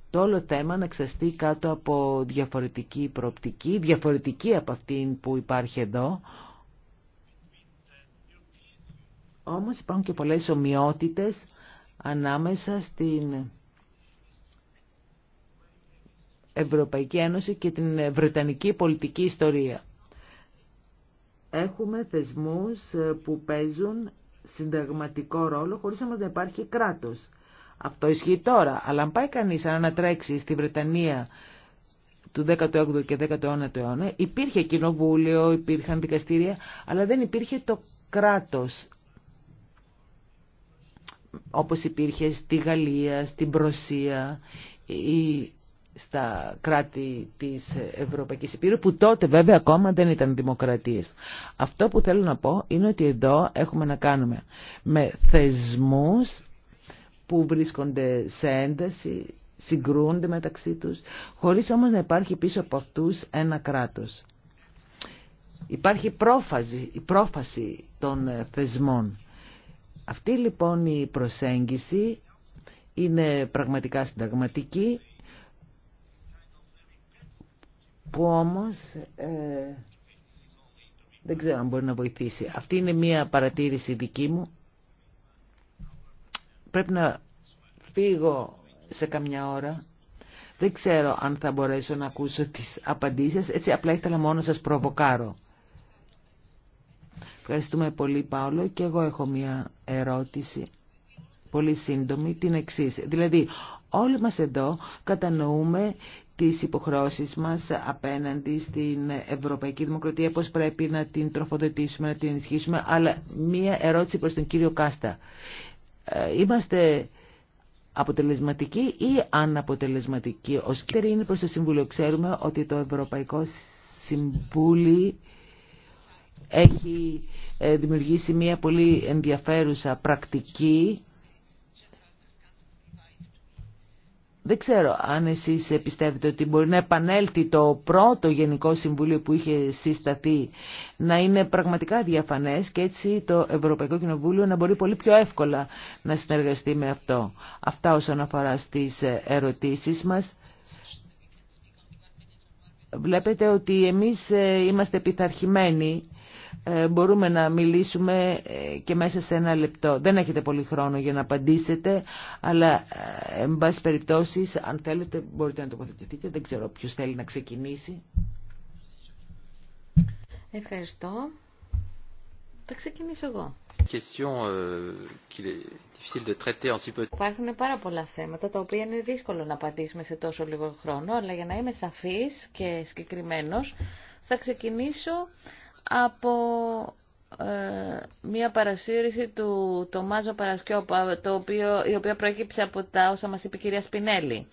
το όλο θέμα να ξαστεί κάτω από διαφορετική προοπτική, διαφορετική από αυτήν που υπάρχει εδώ. Όμως υπάρχουν και πολλές ομοιότητες ανάμεσα στην Ευρωπαϊκή Ένωση και την Βρετανική πολιτική ιστορία. Έχουμε θεσμούς που παίζουν συνταγματικό ρόλο χωρίς όμως να υπάρχει κράτος. Αυτό ισχύει τώρα, αλλά αν πάει κανείς να ανατρέξει στη Βρετανία του 18ου και 19ου αιώνα, υπήρχε κοινοβούλιο, υπήρχαν δικαστήρια, αλλά δεν υπήρχε το κράτος όπως υπήρχε στη Γαλλία, στην Προσία ή στα κράτη της Ευρωπαϊκής Επίρου που τότε βέβαια ακόμα δεν ήταν δημοκρατίες. Αυτό που θέλω να πω είναι ότι εδώ έχουμε να κάνουμε με θεσμούς που βρίσκονται σε ένταση, συγκρούονται μεταξύ τους, χωρίς όμως να υπάρχει πίσω από αυτούς ένα κράτος. Υπάρχει πρόφαση, η πρόφαση των ε, θεσμών. Αυτή λοιπόν η προσέγγιση είναι πραγματικά συνταγματική, που όμως ε, δεν ξέρω αν μπορεί να βοηθήσει. Αυτή είναι μία παρατήρηση δική μου πρέπει να φύγω σε καμιά ώρα. Δεν ξέρω αν θα μπορέσω να ακούσω τις απαντήσεις, έτσι απλά ήθελα μόνο να σας προβοκάρω. Ευχαριστούμε πολύ Παόλο και εγώ έχω μια ερώτηση πολύ σύντομη την εξή. Δηλαδή όλοι μας εδώ κατανοούμε τις υποχρώσεις μας απέναντι στην Ευρωπαϊκή Δημοκρατία, πώς πρέπει να την τροφοδοτήσουμε, να την ενισχύσουμε, αλλά μία ερώτηση προς τον κύριο Κάστα. Ε, είμαστε αποτελεσματικοί ή αναποτελεσματικοί. Ο σκύτερη είναι προς το Συμβούλιο. Ξέρουμε ότι το Ευρωπαϊκό Συμβούλιο έχει ε, δημιουργήσει μια πολύ ενδιαφέρουσα πρακτική Δεν ξέρω αν εσείς πιστεύετε ότι μπορεί να επανέλθει το πρώτο Γενικό Συμβούλιο που είχε συσταθεί να είναι πραγματικά διαφανές και έτσι το Ευρωπαϊκό Κοινοβούλιο να μπορεί πολύ πιο εύκολα να συνεργαστεί με αυτό. Αυτά όσον αφορά στις ερωτήσεις μας. Βλέπετε ότι εμείς ε, είμαστε επιθαρχημένοι. Ε, μπορούμε να μιλήσουμε ε, και μέσα σε ένα λεπτό. Δεν έχετε πολύ χρόνο για να απαντήσετε, αλλά ε, εν πάση περιπτώσει, αν θέλετε μπορείτε να τοποθετηθείτε. Δεν ξέρω ποιο θέλει να ξεκινήσει. Ευχαριστώ. Θα ξεκινήσω εγώ. Υπάρχουν πάρα πολλά θέματα τα οποία είναι δύσκολο να απαντήσουμε σε τόσο λίγο χρόνο, αλλά για να είμαι σαφής και συγκεκριμένος θα ξεκινήσω από ε, μία παρασύρηση του Τομάζο Παρασκιώπα, το οποίο, η οποία προέκυψε από τα όσα μας είπε η κυρία Σπινέλη,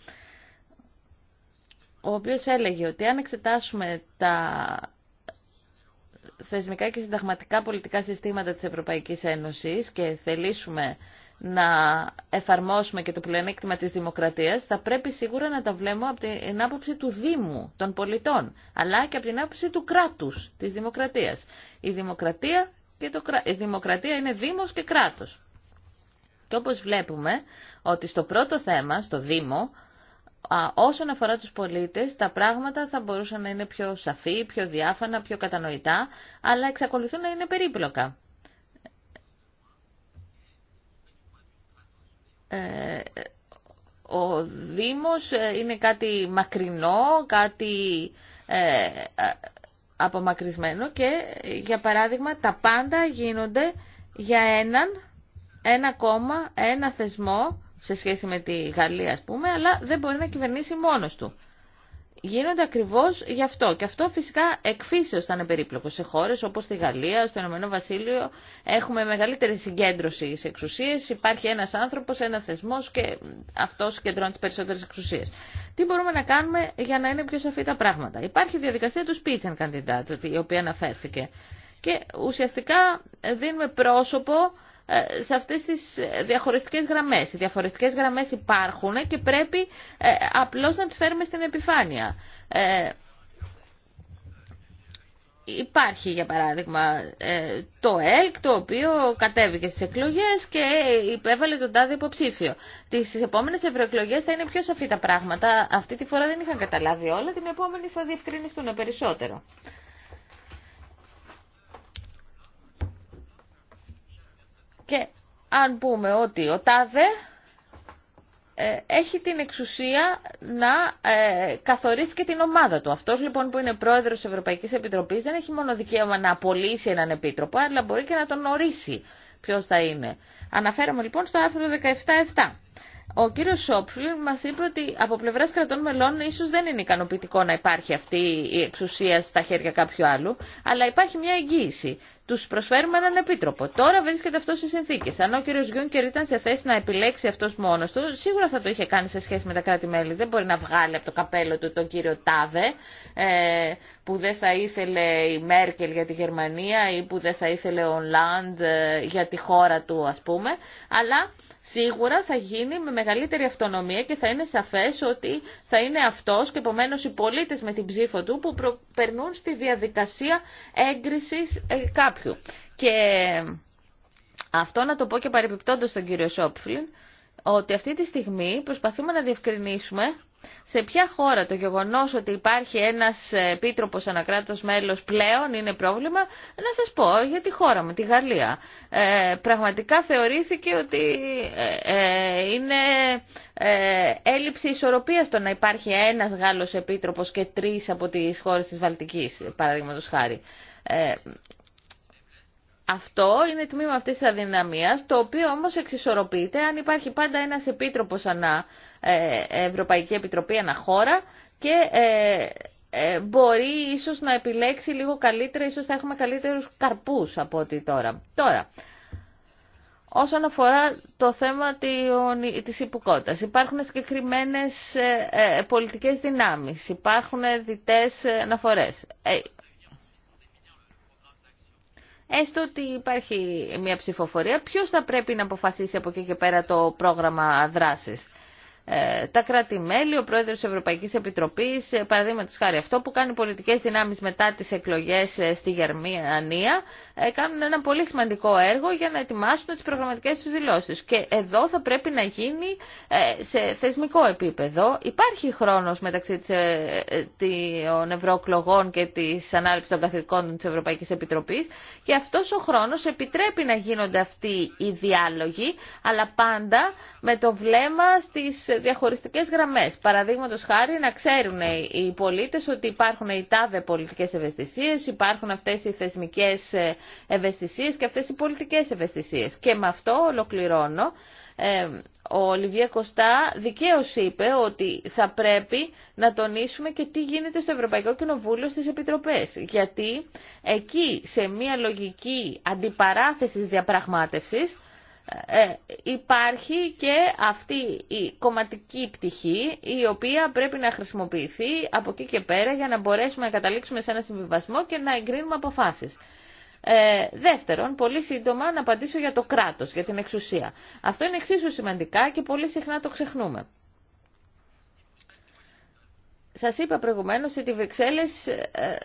ο οποίος έλεγε ότι αν εξετάσουμε τα θεσμικά και συνταγματικά πολιτικά συστήματα της Ευρωπαϊκής Ένωσης και θελήσουμε να εφαρμόσουμε και το πλεονέκτημα της δημοκρατίας, θα πρέπει σίγουρα να τα βλέπουμε από την άποψη του Δήμου, των πολιτών, αλλά και από την άποψη του κράτους, της δημοκρατίας. Η δημοκρατία, και το η δημοκρατία είναι Δήμος και κράτος. Και όπως βλέπουμε ότι στο πρώτο θέμα, στο Δήμο, όσον αφορά τους πολίτες, τα πράγματα θα μπορούσαν να είναι πιο σαφή, πιο διάφανα, πιο κατανοητά, αλλά εξακολουθούν να είναι περίπλοκα. Ε, ο Δήμος ε, είναι κάτι μακρινό, κάτι ε, απομακρυσμένο και για παράδειγμα τα πάντα γίνονται για έναν, ένα κόμμα, ένα θεσμό σε σχέση με τη Γαλλία ας πούμε, αλλά δεν μπορεί να κυβερνήσει μόνος του γίνονται ακριβώ γι' αυτό. Και αυτό φυσικά εκφύσεω θα είναι περίπλοκο. Σε χώρε όπω στη Γαλλία, στο Ηνωμένο Βασίλειο έχουμε μεγαλύτερη συγκέντρωση σε εξουσίες. Υπάρχει ένα άνθρωπο, ένα θεσμό και αυτό συγκεντρώνει τι περισσότερε εξουσίε. Τι μπορούμε να κάνουμε για να είναι πιο σαφή τα πράγματα. Υπάρχει η διαδικασία του candidate, η οποία αναφέρθηκε. Και ουσιαστικά δίνουμε πρόσωπο ε, σε αυτές τις ε, διαχωριστικές γραμμές. Οι διαχωριστικές γραμμές υπάρχουν και πρέπει ε, απλώς να τις φέρουμε στην επιφάνεια. Υπάρχει, για παράδειγμα, το ΕΛΚ, το οποίο κατέβηκε στις εκλογές και υπέβαλε τον τάδε υποψήφιο. Τις επόμενες ευρωεκλογές θα είναι πιο σαφή τα πράγματα. Αυτή τη φορά δεν είχαν καταλάβει όλα, την επόμενη θα διευκρινιστούν περισσότερο. Και αν πούμε ότι ο τάδε ε, έχει την εξουσία να ε, καθορίσει και την ομάδα του. Αυτός λοιπόν που είναι πρόεδρος της Ευρωπαϊκής Επιτροπής δεν έχει μόνο δικαίωμα να απολύσει έναν επίτροπο, αλλά μπορεί και να τον ορίσει ποιος θα είναι. Αναφέρομαι λοιπόν στο άρθρο 17.7. Ο κύριο Σόπφλη μα είπε ότι από πλευρά κρατών μελών ίσω δεν είναι ικανοποιητικό να υπάρχει αυτή η εξουσία στα χέρια κάποιου άλλου, αλλά υπάρχει μια εγγύηση. Του προσφέρουμε έναν επίτροπο. Τώρα βρίσκεται αυτό σε συνθήκε. Αν ο κύριο Γιούνκερ ήταν σε θέση να επιλέξει αυτό μόνο του, σίγουρα θα το είχε κάνει σε σχέση με τα κράτη-μέλη. Δεν μπορεί να βγάλει από το καπέλο του τον κύριο Τάβε, ε, που δεν θα ήθελε η Μέρκελ για τη Γερμανία ή που δεν θα ήθελε ο Λάντ ε, για τη χώρα του, α πούμε. Αλλά σίγουρα θα γίνει με μεγαλύτερη αυτονομία και θα είναι σαφές ότι θα είναι αυτός και επομένως οι πολίτες με την ψήφο του που περνούν στη διαδικασία έγκρισης ε, κάποιου. Και αυτό να το πω και παρεπιπτόντως στον κύριο Σόπφλιν, ότι αυτή τη στιγμή προσπαθούμε να διευκρινίσουμε σε ποια χώρα το γεγονός ότι υπάρχει ένας επίτροπος ανακράτος μέλος πλέον είναι πρόβλημα, να σας πω για τη χώρα μου, τη Γαλλία. Ε, πραγματικά θεωρήθηκε ότι ε, ε, είναι ε, έλλειψη ισορροπίας το να υπάρχει ένας Γάλλος επίτροπος και τρεις από τις χώρες της Βαλτικής, παραδείγματος χάρη. Αυτό είναι τμήμα αυτής της αδυναμίας, το οποίο όμως εξισορροπείται αν υπάρχει πάντα ένας επίτροπος ανά ε, Ευρωπαϊκή Επιτροπή ανά χώρα και ε, ε, μπορεί ίσως να επιλέξει λίγο καλύτερα, ίσως θα έχουμε καλύτερους καρπούς από ό,τι τώρα. Τώρα, όσον αφορά το θέμα της υποκότητας. Υπάρχουν συγκεκριμένε ε, πολιτικές δυνάμεις, υπάρχουν διτές αναφορές έστω ότι υπάρχει μια ψηφοφορία, ποιος θα πρέπει να αποφασίσει από εκεί και πέρα το πρόγραμμα δράσης. Ε, τα κράτη-μέλη, ο πρόεδρος της Ευρωπαϊκής Επιτροπής, ε, παραδείγματο χάρη αυτό που κάνει πολιτικές δυνάμεις μετά τις εκλογές ε, στη Γερμανία, κάνουν ένα πολύ σημαντικό έργο για να ετοιμάσουν τις προγραμματικές τους δηλώσεις. Και εδώ θα πρέπει να γίνει σε θεσμικό επίπεδο. Υπάρχει χρόνος μεταξύ των ευρωεκλογών και της ανάληψης των καθηκόντων της Ευρωπαϊκής Επιτροπής και αυτός ο χρόνος επιτρέπει να γίνονται αυτοί οι διάλογοι, αλλά πάντα με το βλέμμα στις διαχωριστικές γραμμές. Παραδείγματο χάρη να ξέρουν οι πολίτες ότι υπάρχουν οι τάδε πολιτικές ευαισθησίε, υπάρχουν αυτές οι θεσμικές ε, ευαισθησίε και αυτές οι πολιτικές ευαισθησίε. Και με αυτό ολοκληρώνω. Ε, ο Λιβιέ Κωστά δικαίω είπε ότι θα πρέπει να τονίσουμε και τι γίνεται στο Ευρωπαϊκό Κοινοβούλιο στις Επιτροπές. Γιατί εκεί σε μια λογική αντιπαράθεσης διαπραγμάτευσης ε, υπάρχει και αυτή η κομματική πτυχή η οποία πρέπει να χρησιμοποιηθεί από εκεί και πέρα για να μπορέσουμε να καταλήξουμε σε ένα συμβιβασμό και να εγκρίνουμε αποφάσεις. Ε, δεύτερον, πολύ σύντομα να απαντήσω για το κράτος, για την εξουσία. Αυτό είναι εξίσου σημαντικά και πολύ συχνά το ξεχνούμε. Σας είπα προηγουμένως ότι οι Βρυξέλλες ε,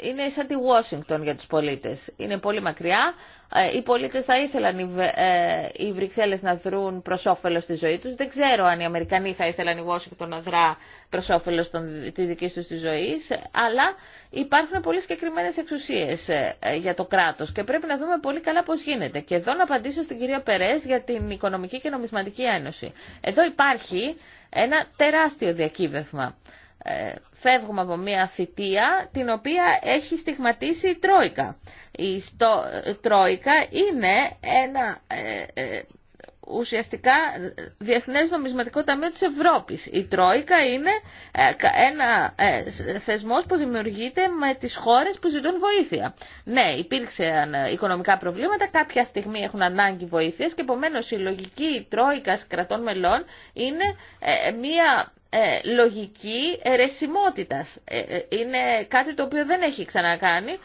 είναι σαν τη Washington για τους πολίτες. Είναι πολύ μακριά. Ε, οι πολίτες θα ήθελαν ε, οι Βρυξέλλες να δρουν προς όφελος τη ζωή τους. Δεν ξέρω αν οι Αμερικανοί θα ήθελαν η Washington να δρά προς όφελος της δικής τους της ζωής. Αλλά υπάρχουν πολύ συγκεκριμένε εξουσίες ε, για το κράτος και πρέπει να δούμε πολύ καλά πώς γίνεται. Και εδώ να απαντήσω στην κυρία Περές για την Οικονομική και Νομισματική Ένωση. Εδώ υπάρχει ένα τεράστιο διακύβευμα. Ε, φεύγουμε από μια θητεία την οποία έχει στιγματίσει η Τρόικα. Η ε, Τρόικα είναι ένα ε, ουσιαστικά Διεθνές Νομισματικό Ταμείο της Ευρώπης. Η Τρόικα είναι ένα θεσμός που δημιουργείται με τις χώρες που ζητούν βοήθεια. Ναι, υπήρξαν οικονομικά προβλήματα, κάποια στιγμή έχουν ανάγκη βοήθειας και επομένως η λογική Τρόικας κρατών μελών είναι μια ε, λογική ερεσιμότητας. Ε, ε, είναι κάτι το οποίο δεν έχει ξανακάνει.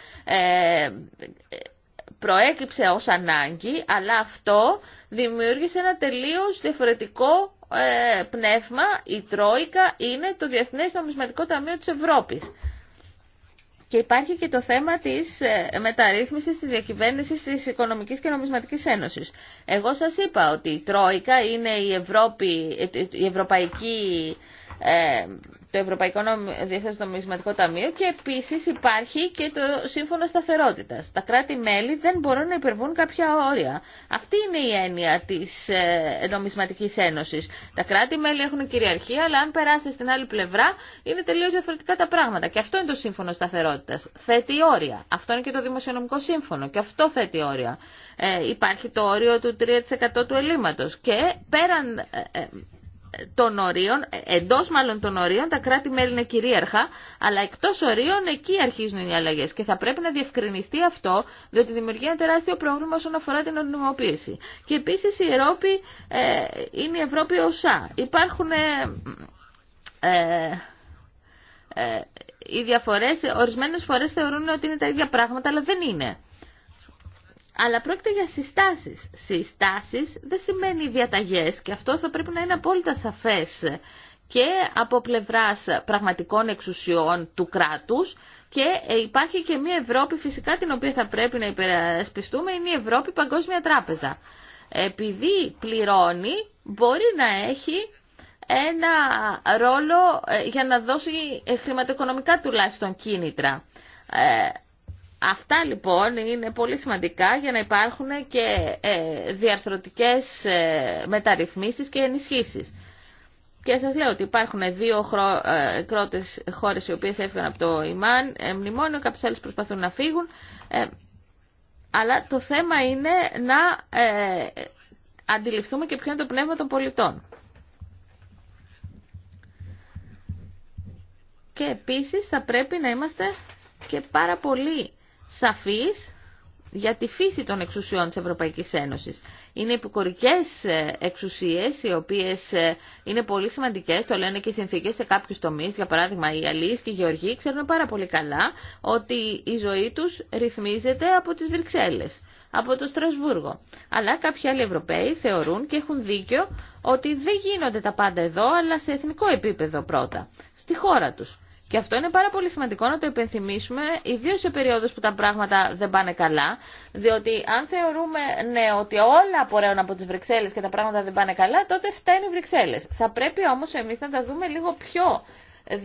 προέκυψε ως ανάγκη, αλλά αυτό δημιούργησε ένα τελείως διαφορετικό πνεύμα. Η Τρόικα είναι το Διεθνές Νομισματικό Ταμείο της Ευρώπης. Και υπάρχει και το θέμα της ε, μεταρρύθμισης της διακυβέρνηση τη Οικονομικής και νομισματική Ένωση. Εγώ σας είπα ότι η Τρόικα είναι η, Ευρώπη, ε, ε, η Ευρωπαϊκή ε, το Ευρωπαϊκό Διεθνές Νομισματικό Ταμείο και επίσης υπάρχει και το Σύμφωνο Σταθερότητας. Τα κράτη-μέλη δεν μπορούν να υπερβούν κάποια όρια. Αυτή είναι η έννοια της ε, Νομισματικής Ένωσης. Τα κράτη-μέλη έχουν κυριαρχία, αλλά αν περάσει στην άλλη πλευρά είναι τελείως διαφορετικά τα πράγματα. Και αυτό είναι το Σύμφωνο Σταθερότητας. Θέτει όρια. Αυτό είναι και το Δημοσιονομικό Σύμφωνο. Και αυτό θέτει όρια. Ε, υπάρχει το όριο του 3% του ελλείμματος. Και πέραν των ορίων, ε, εντός μάλλον των ορίων, τα κράτη-μέλη είναι κυρίαρχα, αλλά εκτός ορίων εκεί αρχίζουν οι αλλαγέ. και θα πρέπει να διευκρινιστεί αυτό, διότι δημιουργεί ένα τεράστιο πρόβλημα όσον αφορά την ονομοποίηση. Και επίσης η Ευρώπη ε, είναι η Ευρώπη οσά. Υπάρχουν... Ε, ε, ε, οι διαφορές ορισμένες φορές θεωρούν ότι είναι τα ίδια πράγματα, αλλά δεν είναι αλλά πρόκειται για συστάσεις. Συστάσεις δεν σημαίνει διαταγές και αυτό θα πρέπει να είναι απόλυτα σαφές και από πλευράς πραγματικών εξουσιών του κράτους και υπάρχει και μια Ευρώπη φυσικά την οποία θα πρέπει να υπερασπιστούμε είναι η Ευρώπη Παγκόσμια Τράπεζα. Επειδή πληρώνει μπορεί να έχει ένα ρόλο ε, για να δώσει χρηματοοικονομικά τουλάχιστον κίνητρα. Ε, Αυτά λοιπόν είναι πολύ σημαντικά για να υπάρχουν και ε, διαρθρωτικές ε, μεταρρυθμίσεις και ενισχύσεις. Και σας λέω ότι υπάρχουν δύο ε, χώρες οι οποίες έφυγαν από το Ιμάν, μνημόνιο, κάποιες άλλες προσπαθούν να φύγουν. Αλλά το θέμα είναι να αντιληφθούμε και ποιο είναι το πνεύμα των πολιτών. Και επίσης θα πρέπει να είμαστε και πάρα πολύ σαφής για τη φύση των εξουσιών της Ευρωπαϊκής Ένωσης. Είναι υποκορικές ε, εξουσίες οι οποίες ε, είναι πολύ σημαντικές, το λένε και οι συνθήκες σε κάποιους τομείς, για παράδειγμα οι Αλίες και οι Γεωργοί ξέρουν πάρα πολύ καλά ότι η ζωή τους ρυθμίζεται από τις Βρυξέλλες, από το Στρασβούργο. Αλλά κάποιοι άλλοι Ευρωπαίοι θεωρούν και έχουν δίκιο ότι δεν γίνονται τα πάντα εδώ, αλλά σε εθνικό επίπεδο πρώτα, στη χώρα τους. Και αυτό είναι πάρα πολύ σημαντικό να το υπενθυμίσουμε, ιδίω σε περίοδου που τα πράγματα δεν πάνε καλά. Διότι αν θεωρούμε ναι, ότι όλα απορρέουν από τι Βρυξέλλε και τα πράγματα δεν πάνε καλά, τότε φταίνουν οι Βρυξέλλε. Θα πρέπει όμω εμεί να τα δούμε λίγο πιο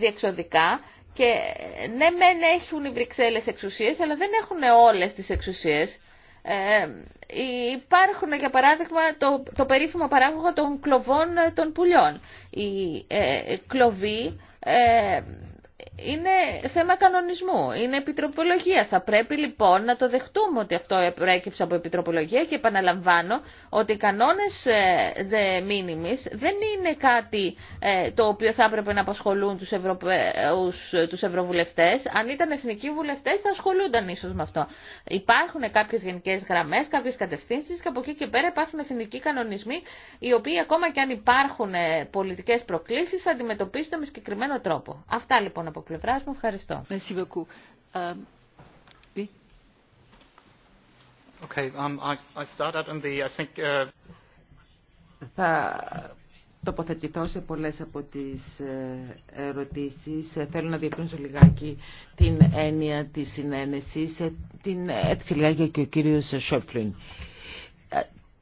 διεξοδικά και ναι μεν έχουν οι Βρυξέλλες εξουσίες αλλά δεν έχουν όλε τι εξουσίε. Ε, υπάρχουν για παράδειγμα το, το περίφημο παράγωγο των κλοβών των πουλιών. Η ε, κλοβή ε, είναι θέμα κανονισμού, είναι επιτροπολογία. Θα πρέπει λοιπόν να το δεχτούμε ότι αυτό προέκυψε από επιτροπολογία και επαναλαμβάνω ότι οι κανόνες ε, δε μήνυμης δεν είναι κάτι ε, το οποίο θα έπρεπε να απασχολούν τους, Ευρωπαίους, ε, τους Ευρωβουλευτές. Αν ήταν εθνικοί βουλευτές θα ασχολούνταν ίσως με αυτό. Υπάρχουν κάποιες γενικές γραμμές, κάποιες κατευθύνσεις και από εκεί και πέρα υπάρχουν εθνικοί κανονισμοί οι οποίοι ακόμα και αν υπάρχουν πολιτικές προκλήσεις θα αντιμετωπίζονται με συγκεκριμένο τρόπο. Αυτά λοιπόν από πλευρά μου. Ευχαριστώ. Um, okay, um, I, I started on the, I think, uh... Θα τοποθετηθώ σε πολλές από τις ε, ερωτήσεις. Ε, θέλω να διευκρινίσω λιγάκι την έννοια της συνένεσης. Ε, την έτσι λιγάκι και ο κύριος Σόφλιν.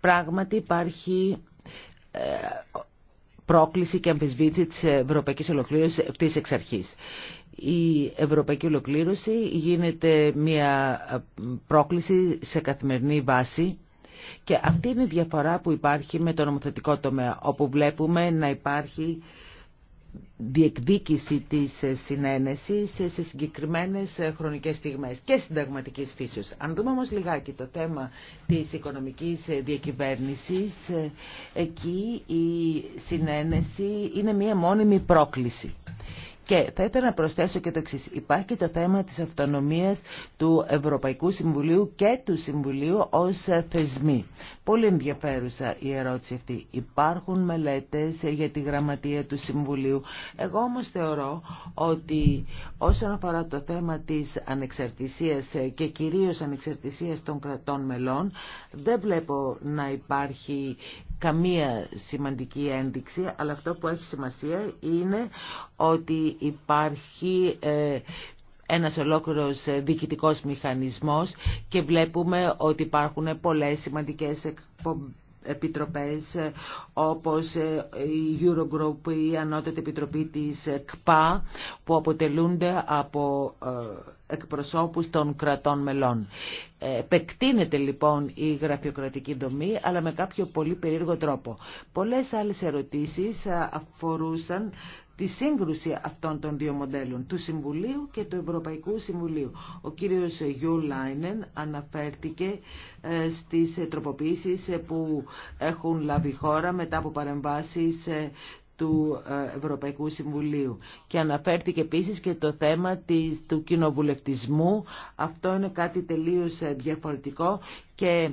Πράγματι υπάρχει πρόκληση και αμφισβήτηση της ευρωπαϊκής ολοκλήρωσης της εξ αρχής. Η ευρωπαϊκή ολοκλήρωση γίνεται μια ε, πρόκληση σε καθημερινή βάση και αυτή είναι η διαφορά που υπάρχει με το νομοθετικό τομέα, όπου βλέπουμε να υπάρχει διεκδίκηση της ε, συνένεσης σε συγκεκριμένες ε, χρονικές στιγμές και συνταγματικής φύσεως. Αν δούμε όμως λιγάκι το θέμα της οικονομικής ε, διακυβέρνησης, εκεί η συνένεση είναι μία μόνιμη πρόκληση. Και θα ήθελα να προσθέσω και το εξή. Υπάρχει το θέμα της αυτονομίας του Ευρωπαϊκού Συμβουλίου και του Συμβουλίου ως θεσμοί. Πολύ ενδιαφέρουσα η ερώτηση αυτή. Υπάρχουν μελέτες για τη γραμματεία του Συμβουλίου. Εγώ όμως θεωρώ ότι όσον αφορά το θέμα της ανεξαρτησίας και κυρίως ανεξαρτησίας των κρατών μελών, δεν βλέπω να υπάρχει καμία σημαντική ένδειξη, αλλά αυτό που έχει σημασία είναι ότι υπάρχει ε, ένας ολόκληρος διοικητικός μηχανισμός και βλέπουμε ότι υπάρχουν πολλές σημαντικές επιτροπές ε, όπως ε, η Eurogroup, η Ανώτατη Επιτροπή της ΚΠΑ που αποτελούνται από εκπροσώπους των κρατών μελών. Επεκτείνεται λοιπόν η γραφειοκρατική δομή αλλά με κάποιο πολύ περίεργο τρόπο. Πολλές άλλες ερωτήσεις αφορούσαν τη σύγκρουση αυτών των δύο μοντέλων, του Συμβουλίου και του Ευρωπαϊκού Συμβουλίου. Ο κύριος Γιου Λάινεν αναφέρθηκε ε, στις ε, τροποποιήσεις ε, που έχουν λάβει χώρα μετά από παρεμβάσεις του Ευρωπαϊκού Συμβουλίου. Και αναφέρθηκε επίσης και το θέμα του κοινοβουλευτισμού. Αυτό είναι κάτι τελείως διαφορετικό και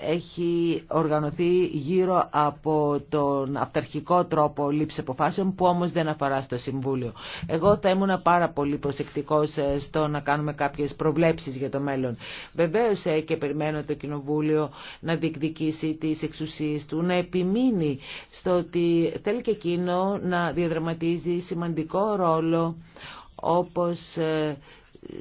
έχει οργανωθεί γύρω από τον αυταρχικό τρόπο λήψη αποφάσεων που όμως δεν αφορά στο Συμβούλιο. Εγώ θα ήμουν πάρα πολύ προσεκτικός ε, στο να κάνουμε κάποιες προβλέψεις για το μέλλον. Βεβαίως ε, και περιμένω το Κοινοβούλιο να διεκδικήσει τις εξουσίες του, να επιμείνει στο ότι θέλει και εκείνο να διαδραματίζει σημαντικό ρόλο όπως ε,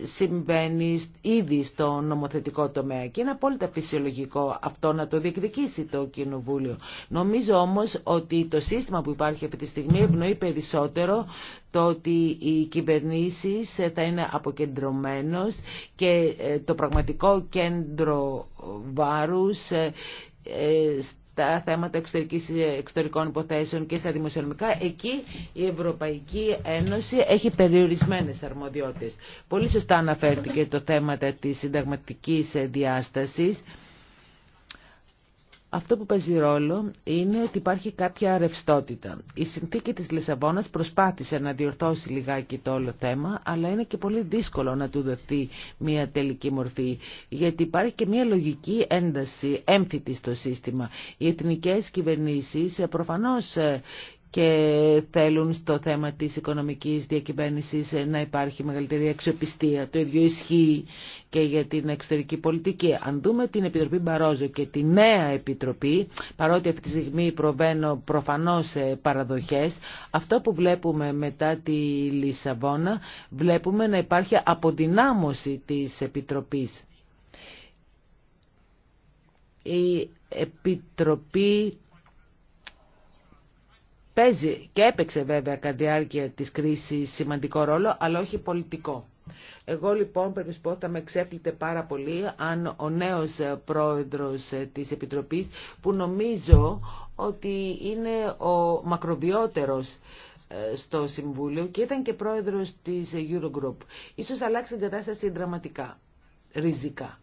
συμβαίνει ήδη στο νομοθετικό τομέα και είναι απόλυτα φυσιολογικό αυτό να το διεκδικήσει το Κοινοβούλιο. Νομίζω όμως ότι το σύστημα που υπάρχει αυτή τη στιγμή ευνοεί περισσότερο το ότι οι κυβερνήσεις ε, θα είναι αποκεντρωμένος και ε, το πραγματικό κέντρο βάρους ε, τα θέματα εξωτερικών υποθέσεων και στα δημοσιονομικά, εκεί η Ευρωπαϊκή Ένωση έχει περιορισμένες αρμοδιότητες. Πολύ σωστά αναφέρθηκε το θέμα της συνταγματικής διάστασης. Αυτό που παίζει ρόλο είναι ότι υπάρχει κάποια ρευστότητα. Η συνθήκη της Λισαβόνας προσπάθησε να διορθώσει λιγάκι το όλο θέμα, αλλά είναι και πολύ δύσκολο να του δοθεί μια τελική μορφή, γιατί υπάρχει και μια λογική ένταση έμφυτη στο σύστημα. Οι εθνικές κυβερνήσεις ε, προφανώς ε, και θέλουν στο θέμα της οικονομικής διακυβέρνησης να υπάρχει μεγαλύτερη αξιοπιστία. Το ίδιο ισχύει και για την εξωτερική πολιτική. Αν δούμε την Επιτροπή Μπαρόζο και τη νέα Επιτροπή, παρότι αυτή τη στιγμή προβαίνω προφανώς σε παραδοχές, αυτό που βλέπουμε μετά τη Λισαβόνα, βλέπουμε να υπάρχει αποδυνάμωση της Επιτροπής. Η Επιτροπή παίζει και έπαιξε βέβαια κατά διάρκεια της κρίσης σημαντικό ρόλο, αλλά όχι πολιτικό. Εγώ λοιπόν πρέπει να πω θα με ξέπλητε πάρα πολύ αν ο νέος πρόεδρος της Επιτροπής που νομίζω ότι είναι ο μακροβιότερος ε, στο Συμβούλιο και ήταν και πρόεδρος της Eurogroup. Ίσως αλλάξει την κατάσταση δραματικά, ριζικά,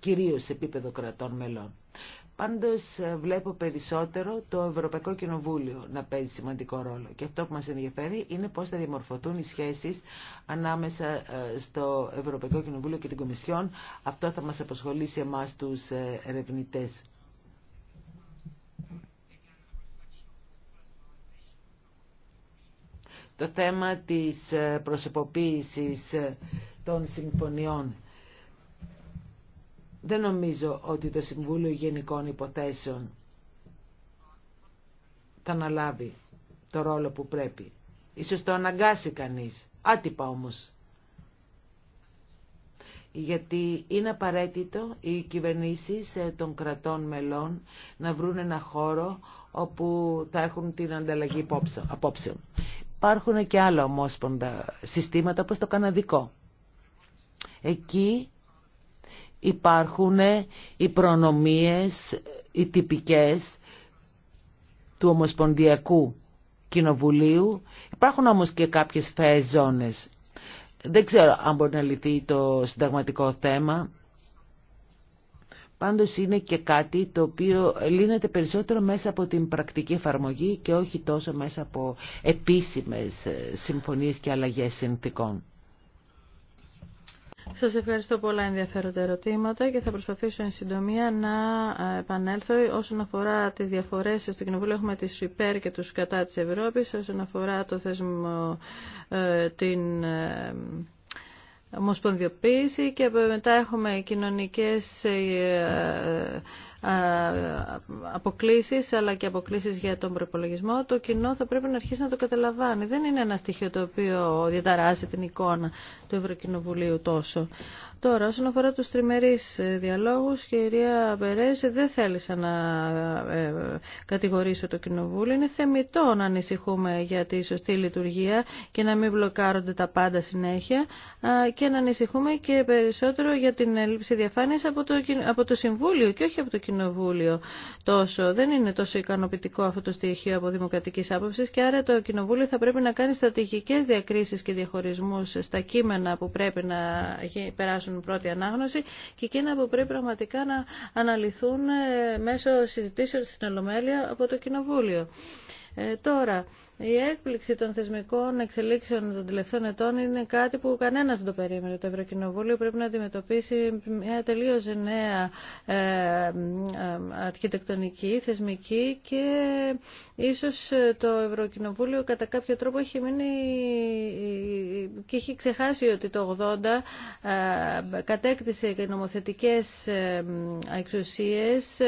κυρίως σε επίπεδο κρατών μελών. Πάντως ε, βλέπω περισσότερο το Ευρωπαϊκό Κοινοβούλιο να παίζει σημαντικό ρόλο. Και αυτό που μας ενδιαφέρει είναι πώς θα διαμορφωθούν οι σχέσεις ανάμεσα ε, στο Ευρωπαϊκό Κοινοβούλιο και την Κομισιόν. Αυτό θα μας αποσχολήσει εμάς τους ε, ερευνητέ. Το θέμα της προσωποποίησης των συμφωνιών δεν νομίζω ότι το Συμβούλιο Γενικών Υποθέσεων θα αναλάβει το ρόλο που πρέπει. Ίσως το αναγκάσει κανείς, άτυπα όμως. Γιατί είναι απαραίτητο οι κυβερνήσεις ε, των κρατών μελών να βρουν ένα χώρο όπου θα έχουν την ανταλλαγή απόψεων. Υπάρχουν και άλλα ομόσπονδα συστήματα όπως το καναδικό. Εκεί υπάρχουν οι προνομίες, οι τυπικές του Ομοσπονδιακού Κοινοβουλίου. Υπάρχουν όμως και κάποιες φαίες Δεν ξέρω αν μπορεί να λυθεί το συνταγματικό θέμα. Πάντως είναι και κάτι το οποίο λύνεται περισσότερο μέσα από την πρακτική εφαρμογή και όχι τόσο μέσα από επίσημες ε, συμφωνίες και αλλαγές συνθήκων. Σας ευχαριστώ πολλά ενδιαφέροντα ερωτήματα και θα προσπαθήσω εν συντομία να ε, επανέλθω όσον αφορά τις διαφορές στο Κοινοβούλιο έχουμε τις υπέρ και τους κατά της Ευρώπης όσον αφορά το θέσμο ε, την ε, ομοσπονδιοποίηση και μετά έχουμε κοινωνικές αποκλήσεις αλλά και αποκλήσει για τον προπολογισμό, το κοινό θα πρέπει να αρχίσει να το καταλαβάνει. Δεν είναι ένα στοιχείο το οποίο διαταράζει την εικόνα του Ευρωκοινοβουλίου τόσο. Τώρα, όσον αφορά τους τριμερείς ε, διαλόγους, κυρία Μπερέζη, δεν θέλησα να ε, κατηγορήσω το Κοινοβούλιο. Είναι θεμητό να ανησυχούμε για τη σωστή λειτουργία και να μην μπλοκάρονται τα πάντα συνέχεια και να ανησυχούμε και περισσότερο για την έλλειψη διαφάνεια από από το Συμβούλιο και όχι από το Κοινοβούλιο Κοινοβούλιο τόσο. Δεν είναι τόσο ικανοποιητικό αυτό το στοιχείο από δημοκρατική άποψη και άρα το Κοινοβούλιο θα πρέπει να κάνει στρατηγικέ διακρίσει και διαχωρισμού στα κείμενα που πρέπει να περάσουν πρώτη ανάγνωση και εκείνα που πρέπει πραγματικά να αναλυθούν ε, μέσω συζητήσεων στην Ολομέλεια από το Κοινοβούλιο. Ε, τώρα, η έκπληξη των θεσμικών εξελίξεων των τελευταίων ετών είναι κάτι που κανένας δεν το περίμενε. Το Ευρωκοινοβούλιο πρέπει να αντιμετωπίσει μια τελείως νέα ε, ε, αρχιτεκτονική, θεσμική και ίσως το Ευρωκοινοβούλιο κατά κάποιο τρόπο έχει μείνει και έχει ξεχάσει ότι το 80 ε, κατέκτησε νομοθετικές εξουσίες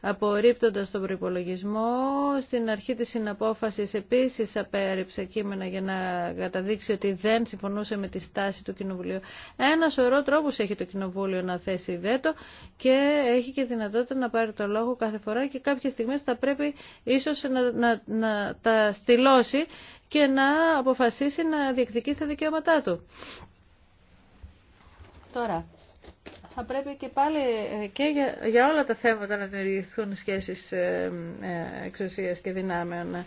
απορρίπτοντας τον προϋπολογισμό στην αρχή της συναπόφασης επίσης απέρριψε κείμενα για να καταδείξει ότι δεν συμφωνούσε με τη στάση του Κοινοβουλίου. Ένα σωρό τρόπους έχει το Κοινοβούλιο να θέσει βέτο και έχει και δυνατότητα να πάρει το λόγο κάθε φορά και κάποιες στιγμές θα πρέπει ίσως να, να, να τα στυλώσει και να αποφασίσει να διεκδικήσει τα δικαιώματά του. Τώρα, θα πρέπει και πάλι ε, και για, για όλα τα θέματα να δημιουργηθούν σχέσεις ε, ε, εξουσίας και δυνάμεων.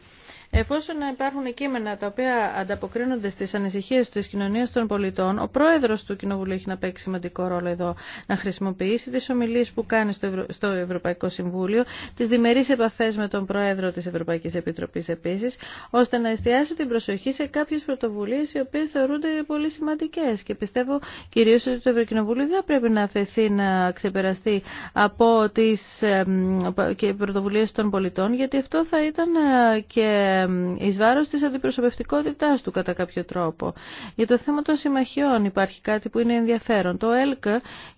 Εφόσον υπάρχουν κείμενα τα οποία ανταποκρίνονται στι ανησυχίε τη κοινωνία των πολιτών, ο πρόεδρο του Κοινοβουλίου έχει να παίξει σημαντικό ρόλο εδώ. Να χρησιμοποιήσει τι ομιλίε που κάνει στο, στο Ευρωπαϊκό Συμβούλιο, τι διμερεί επαφέ με τον πρόεδρο τη Ευρωπαϊκή Επιτροπή επίση, ώστε να εστιάσει την προσοχή σε κάποιε πρωτοβουλίε οι οποίε θεωρούνται πολύ σημαντικέ. Και πιστεύω κυρίω ότι το Ευρωκοινοβούλιο δεν πρέπει να αφαιθεί να ξεπεραστεί από τι πρωτοβουλίε των πολιτών, γιατί αυτό θα ήταν ε, και εις βάρος της αντιπροσωπευτικότητάς του κατά κάποιο τρόπο. Για το θέμα των συμμαχιών υπάρχει κάτι που είναι ενδιαφέρον. Το ΕΛΚ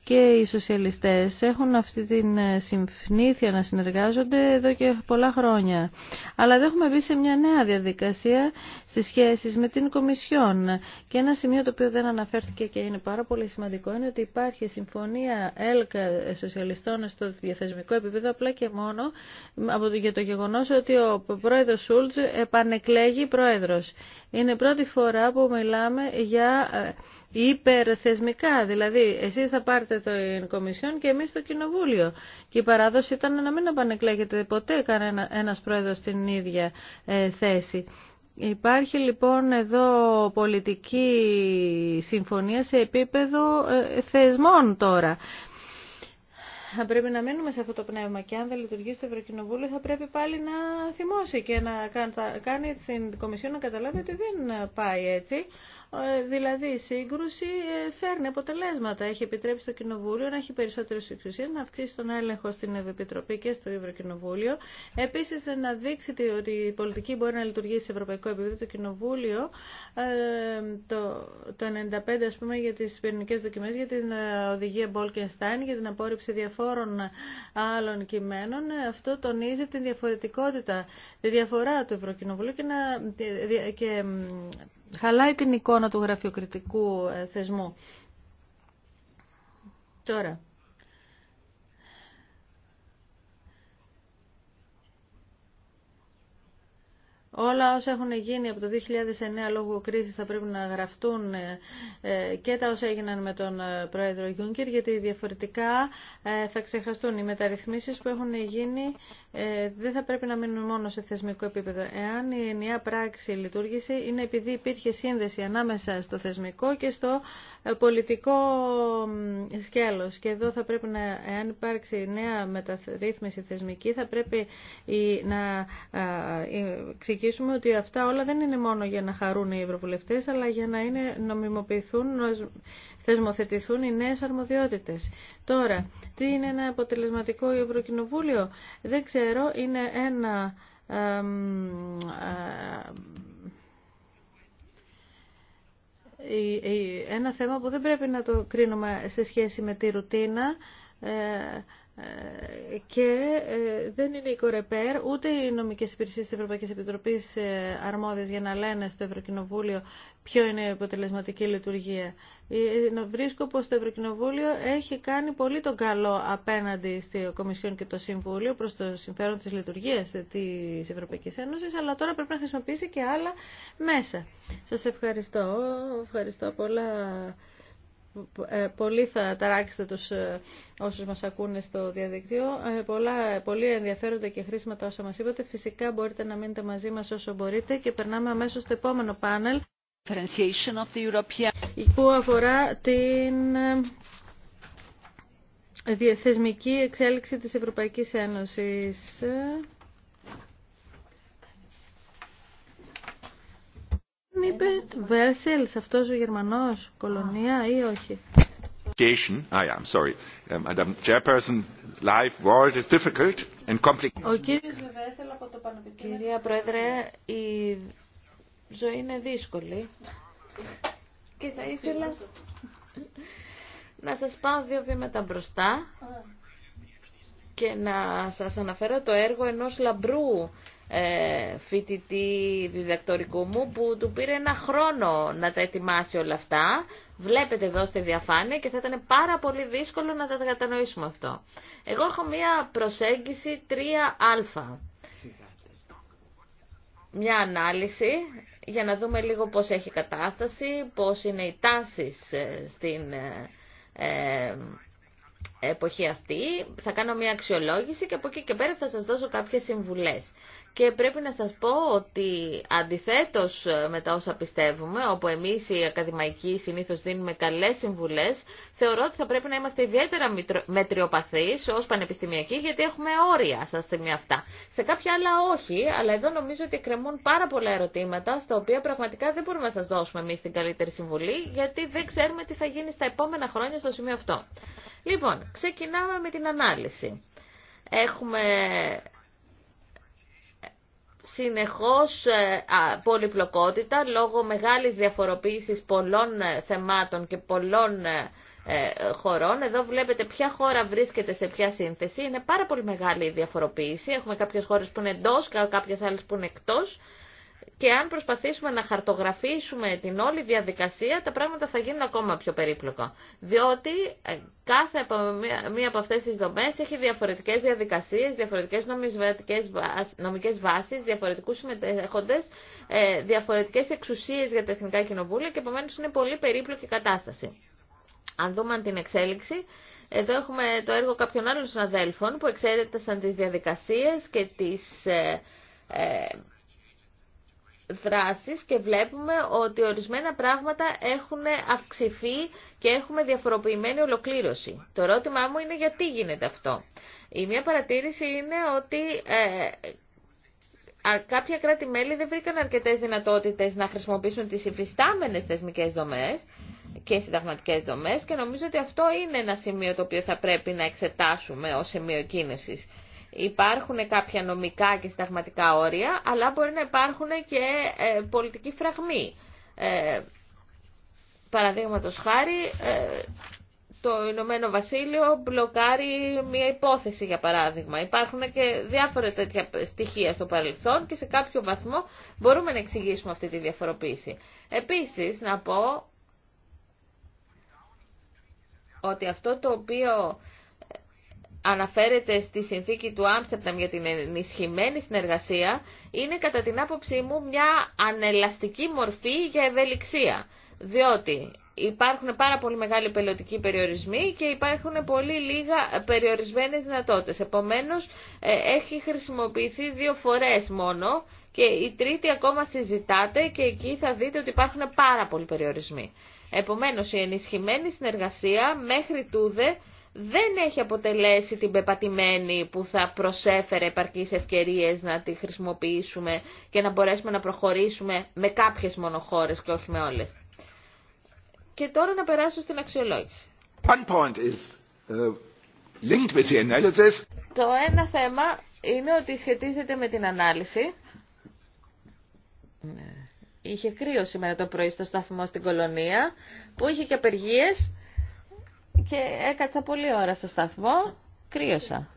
και οι σοσιαλιστές έχουν αυτή την ε, συμφνήθεια να συνεργάζονται εδώ και πολλά χρόνια. Αλλά δεν έχουμε μπει σε μια νέα διαδικασία στις σχέσεις με την Κομισιόν. Και ένα σημείο το οποίο δεν αναφέρθηκε και είναι πάρα πολύ σημαντικό είναι ότι υπάρχει συμφωνία ΕΛΚ ε, σοσιαλιστών στο διαθεσμικό επίπεδο απλά και μόνο για το γεγονός ότι ο πρόεδρος Σούλτς επανεκλέγει πρόεδρος. Είναι πρώτη φορά που μιλάμε για ε, υπερθεσμικά, δηλαδή εσείς θα πάρετε το Κομισιόν και εμείς το Κοινοβούλιο. Και η παράδοση ήταν να μην επανεκλέγεται ποτέ κανένα ένας πρόεδρος στην ίδια ε, θέση. Υπάρχει λοιπόν εδώ πολιτική συμφωνία σε επίπεδο ε, θεσμών τώρα πρέπει να μείνουμε σε αυτό το πνεύμα και αν δεν λειτουργήσει το Ευρωκοινοβούλιο θα πρέπει πάλι να θυμώσει και να κάνει την Κομισιόν να καταλάβει ότι δεν πάει έτσι, ε, δηλαδή η σύγκρουση ε, φέρνει αποτελέσματα. Έχει επιτρέψει το Κοινοβούλιο να έχει περισσότερε εξουσίε, να αυξήσει τον έλεγχο στην Επιτροπή και στο Ευρωκοινοβούλιο. Επίση να δείξει ότι η πολιτική μπορεί να λειτουργήσει σε ευρωπαϊκό επίπεδο. Το Κοινοβούλιο ε, το, το 95 ας πούμε για τι πυρηνικέ δοκιμέ, για την οδηγία Μπόλκενστάιν, για την απόρριψη διαφόρων άλλων κειμένων. Αυτό τονίζει την διαφορετικότητα, τη διαφορά του Ευρωκοινοβουλίου και, και χαλάει την εικόνα του γραφειοκριτικού ε, θεσμού. Τώρα, Όλα όσα έχουν γίνει από το 2009 λόγω κρίσης θα πρέπει να γραφτούν ε, ε, και τα όσα έγιναν με τον πρόεδρο Γιούνκερ γιατί διαφορετικά θα ξεχαστούν οι μεταρρυθμίσεις που έχουν γίνει ε, δεν θα πρέπει να μείνουν μόνο σε θεσμικό επίπεδο. Εάν η ενιαία πράξη λειτουργήσει είναι επειδή υπήρχε σύνδεση ανάμεσα στο θεσμικό και στο ε, πολιτικό σκέλος. Και εδώ θα πρέπει να, εάν υπάρξει νέα μεταρρύθμιση θεσμική, θα πρέπει να ξεκίσουμε ότι αυτά όλα δεν είναι μόνο για να χαρούν οι ευρωβουλευτές, αλλά για να είναι, νομιμοποιηθούν θεσμοθετηθούν οι νέες αρμοδιότητες. Τώρα, τι είναι ένα αποτελεσματικό Ευρωκοινοβούλιο, δεν ξέρω, είναι ένα... Ε, ε, ένα θέμα που δεν πρέπει να το κρίνουμε σε σχέση με τη ρουτίνα ε, ε, και ε, δεν είναι η Κορεπέρ ούτε οι νομικές υπηρεσίες της Ευρωπαϊκής Επιτροπής αρμόδιες για να λένε στο Ευρωκοινοβούλιο ποιο είναι η αποτελεσματική λειτουργία. Ε, να βρίσκω πως το Ευρωκοινοβούλιο έχει κάνει πολύ τον καλό απέναντι στη Κομισιόν και το Συμβούλιο προς το συμφέρον της λειτουργίας της Ευρωπαϊκής Ένωσης, αλλά τώρα πρέπει να χρησιμοποιήσει και άλλα μέσα. Σας ευχαριστώ. Ευχαριστώ πολλά. Ε, πολύ θα ταράξετε τους ε, όσους μας ακούνε στο διαδικτύο. Πολλά, πολύ ενδιαφέροντα και χρήσιμα τα όσα μας είπατε. Φυσικά μπορείτε να μείνετε μαζί μας όσο μπορείτε και περνάμε αμέσως στο επόμενο πάνελ differentiation of the European... Που αφορά την ε, διαθεσμική εξέλιξη της Ευρωπαϊκής Ένωσης. Νίπετ, Βέρσελς, αυτός ο Γερμανός, κολονία ή όχι. I am ah, sorry. Ε, Madam Chairperson, life, world is difficult and complicated. Ο κύριος Βέρσελ από το Πανεπιστήμιο. Κυρία Πρόεδρε, η ζωή είναι δύσκολη. Και θα ήθελα να σας πάω δύο βήματα μπροστά και να σας αναφέρω το έργο ενός λαμπρού ε, φοιτητή διδακτορικού μου που του πήρε ένα χρόνο να τα ετοιμάσει όλα αυτά. Βλέπετε εδώ στη διαφάνεια και θα ήταν πάρα πολύ δύσκολο να τα κατανοήσουμε αυτό. Εγώ έχω μία προσέγγιση 3α. Μια ανάλυση για να δούμε λίγο πώς έχει κατάσταση, πώς είναι οι τάσεις ε, στην ε, ε, εποχή αυτή. Θα κάνω μια αξιολόγηση και από εκεί και πέρα θα σας δώσω κάποιες συμβουλές. Και πρέπει να σας πω ότι αντιθέτως ε, με τα όσα πιστεύουμε, όπου εμείς οι ακαδημαϊκοί συνήθως δίνουμε καλές συμβουλές, θεωρώ ότι θα πρέπει να είμαστε ιδιαίτερα μετριοπαθείς ως πανεπιστημιακοί, γιατί έχουμε όρια στα στιγμή αυτά. Σε κάποια άλλα όχι, αλλά εδώ νομίζω ότι εκκρεμούν πάρα πολλά ερωτήματα, στα οποία πραγματικά δεν μπορούμε να σας δώσουμε εμείς την καλύτερη συμβουλή, γιατί δεν ξέρουμε τι θα γίνει στα επόμενα χρόνια στο σημείο αυτό. Λοιπόν, ξεκινάμε με την ανάλυση. Έχουμε συνεχώς ε, πολυπλοκότητα λόγω μεγάλης διαφοροποίησης πολλών ε, θεμάτων και πολλών ε, χωρών. Εδώ βλέπετε ποια χώρα βρίσκεται σε ποια σύνθεση. Είναι πάρα πολύ μεγάλη η διαφοροποίηση. Έχουμε κάποιες χώρες που είναι εντός, κάποιες άλλες που είναι εκτός και αν προσπαθήσουμε να χαρτογραφήσουμε την όλη διαδικασία, τα πράγματα θα γίνουν ακόμα πιο περίπλοκα. Διότι ε, κάθε μία από αυτές τις δομές έχει διαφορετικές διαδικασίες, διαφορετικές νομικές βάσεις, διαφορετικούς συμμετέχοντες, ε, διαφορετικές εξουσίες για τα εθνικά κοινοβούλια και επομένω είναι πολύ περίπλοκη κατάσταση. Αν δούμε την εξέλιξη, εδώ έχουμε το έργο κάποιων άλλων συναδέλφων που σαν τις διαδικασίες και τις ε, δράσεις και βλέπουμε ότι ορισμένα πράγματα έχουν αυξηθεί και έχουμε διαφοροποιημένη ολοκλήρωση. Το ερώτημά μου είναι γιατί γίνεται αυτό. Η μία παρατήρηση είναι ότι ε, κάποια κράτη-μέλη δεν βρήκαν αρκετές δυνατότητες να χρησιμοποιήσουν τις υφιστάμενες θεσμικές δομές και συνταγματικές δομές και νομίζω ότι αυτό είναι ένα σημείο το οποίο θα πρέπει να εξετάσουμε ως σημείο κίνησης υπάρχουν κάποια νομικά και συνταγματικά όρια, αλλά μπορεί να υπάρχουν και ε, πολιτικοί φραγμοί. Ε, Παραδείγματο χάρη, ε, το Ηνωμένο Βασίλειο μπλοκάρει μια υπόθεση, για παράδειγμα. Υπάρχουν και διάφορα τέτοια στοιχεία στο παρελθόν και σε κάποιο βαθμό μπορούμε να εξηγήσουμε αυτή τη διαφοροποίηση. Επίσης, να πω ότι αυτό το οποίο αναφέρεται στη συνθήκη του Άμστερνταμ για την ενισχυμένη συνεργασία είναι κατά την άποψή μου μια ανελαστική μορφή για ευελιξία. Διότι υπάρχουν πάρα πολύ μεγάλοι πελωτικοί περιορισμοί και υπάρχουν πολύ λίγα περιορισμένες δυνατότητες. Επομένως ε, έχει χρησιμοποιηθεί δύο φορές μόνο και η τρίτη ακόμα συζητάται και εκεί θα δείτε ότι υπάρχουν πάρα πολλοί περιορισμοί. Επομένως η ενισχυμένη συνεργασία μέχρι τούδε δεν έχει αποτελέσει την πεπατημένη που θα προσέφερε επαρκείς ευκαιρίες να τη χρησιμοποιήσουμε και να μπορέσουμε να προχωρήσουμε με κάποιες μονοχώρες και όχι με όλες. Και τώρα να περάσω στην αξιολόγηση. One point is, uh, Το ένα θέμα είναι ότι σχετίζεται με την ανάλυση. Είχε κρύο σήμερα το πρωί στο σταθμό στην Κολονία, που είχε και απεργίες και έκατσα πολλή ώρα στο σταθμό, κρύωσα.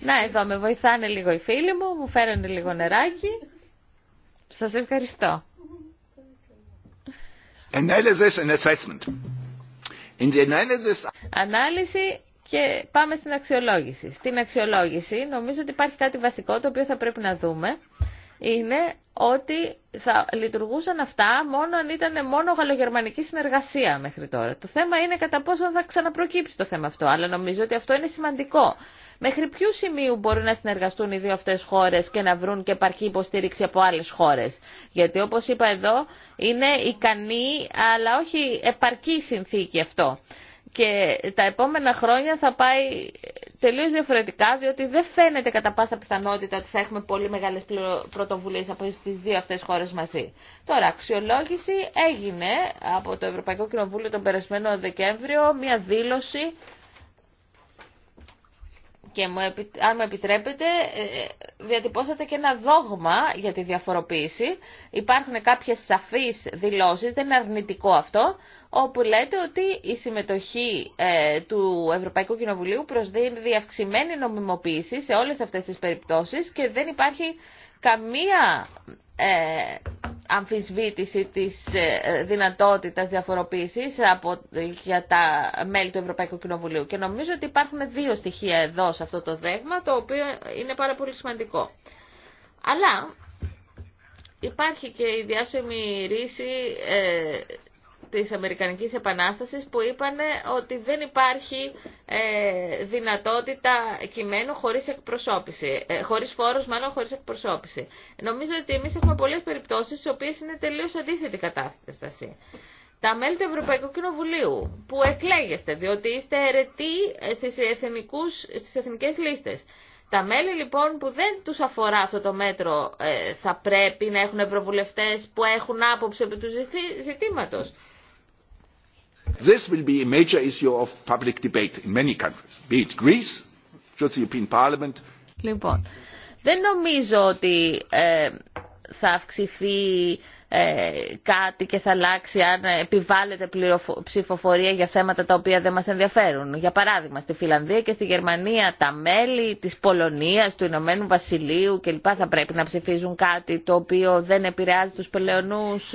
Να, εδώ με βοηθάνε λίγο οι φίλοι μου, μου φέρανε λίγο νεράκι. Σας ευχαριστώ. Analysis and assessment. In the analysis... Ανάλυση και πάμε στην αξιολόγηση. Στην αξιολόγηση νομίζω ότι υπάρχει κάτι βασικό το οποίο θα πρέπει να δούμε είναι ότι θα λειτουργούσαν αυτά μόνο αν ήταν μόνο γαλλογερμανική συνεργασία μέχρι τώρα. Το θέμα είναι κατά πόσο θα ξαναπροκύψει το θέμα αυτό, αλλά νομίζω ότι αυτό είναι σημαντικό. Μέχρι ποιου σημείου μπορούν να συνεργαστούν οι δύο αυτές χώρες και να βρουν και επαρκή υποστήριξη από άλλες χώρες. Γιατί όπως είπα εδώ είναι ικανή αλλά όχι επαρκή συνθήκη αυτό και τα επόμενα χρόνια θα πάει τελείως διαφορετικά, διότι δεν φαίνεται κατά πάσα πιθανότητα ότι θα έχουμε πολύ μεγάλες πρωτοβουλίες από τις δύο αυτές χώρες μαζί. Τώρα, αξιολόγηση έγινε από το Ευρωπαϊκό Κοινοβούλιο τον περασμένο Δεκέμβριο, μια δήλωση και μου, αν μου επιτρέπετε, ε, ε, διατυπώσατε και ένα δόγμα για τη διαφοροποίηση. Υπάρχουν κάποιες σαφείς δηλώσεις, δεν είναι αρνητικό αυτό, όπου λέτε ότι η συμμετοχή ε, του Ευρωπαϊκού Κοινοβουλίου προσδίδει αυξημένη νομιμοποίηση σε όλες αυτές τις περιπτώσεις και δεν υπάρχει καμία ε, αμφισβήτηση της ε, δυνατότητας διαφοροποίησης από, για τα μέλη του Ευρωπαϊκού Κοινοβουλίου. Και νομίζω ότι υπάρχουν δύο στοιχεία εδώ σε αυτό το δέγμα, το οποίο είναι πάρα πολύ σημαντικό. Αλλά υπάρχει και η διάσημη ρίση ε, της Αμερικανικής Επανάστασης που είπαν ε, ότι δεν υπάρχει ε, δυνατότητα κειμένου χωρίς εκπροσώπηση, ε, χωρίς φόρος μάλλον χωρίς εκπροσώπηση. Νομίζω ότι εμείς έχουμε πολλές περιπτώσεις στις οποίες είναι τελείως αντίθετη κατάσταση. Τα μέλη του Ευρωπαϊκού Κοινοβουλίου που εκλέγεστε διότι είστε αιρετοί ε, στις, εθνικούς, στις εθνικές λίστες. Τα μέλη λοιπόν που δεν τους αφορά αυτό το μέτρο ε, θα πρέπει να έχουν ευρωβουλευτές που έχουν άποψη επί του ζητήματος. This will be a major issue of public debate in many countries, be it Greece, should the European Parliament. Λοιπόν, δεν νομίζω ότι ε, θα ε, κάτι και θα αλλάξει αν επιβάλλεται ψηφοφορία για θέματα τα οποία δεν μας ενδιαφέρουν. Για παράδειγμα, στη Φιλανδία και στη Γερμανία τα μέλη της Πολωνίας, του Ηνωμένου Βασιλείου κλπ. θα πρέπει να ψηφίζουν κάτι το οποίο δεν επηρεάζει τους πελεονούς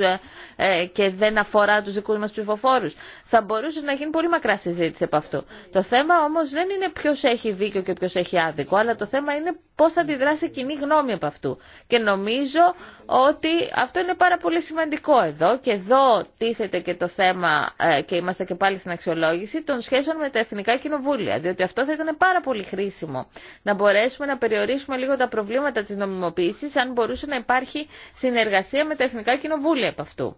ε, και δεν αφορά τους δικού μας ψηφοφόρους. Θα μπορούσε να γίνει πολύ μακρά συζήτηση από αυτό. Το θέμα όμως δεν είναι ποιο έχει δίκιο και ποιο έχει άδικο, αλλά το θέμα είναι πώς θα αντιδράσει κοινή γνώμη από αυτού. Και νομίζω ότι αυτό είναι πάρα πολύ πολύ σημαντικό εδώ και εδώ τίθεται και το θέμα ε, και είμαστε και πάλι στην αξιολόγηση των σχέσεων με τα εθνικά κοινοβούλια διότι αυτό θα ήταν πάρα πολύ χρήσιμο να μπορέσουμε να περιορίσουμε λίγο τα προβλήματα της νομιμοποίησης αν μπορούσε να υπάρχει συνεργασία με τα εθνικά κοινοβούλια από αυτού.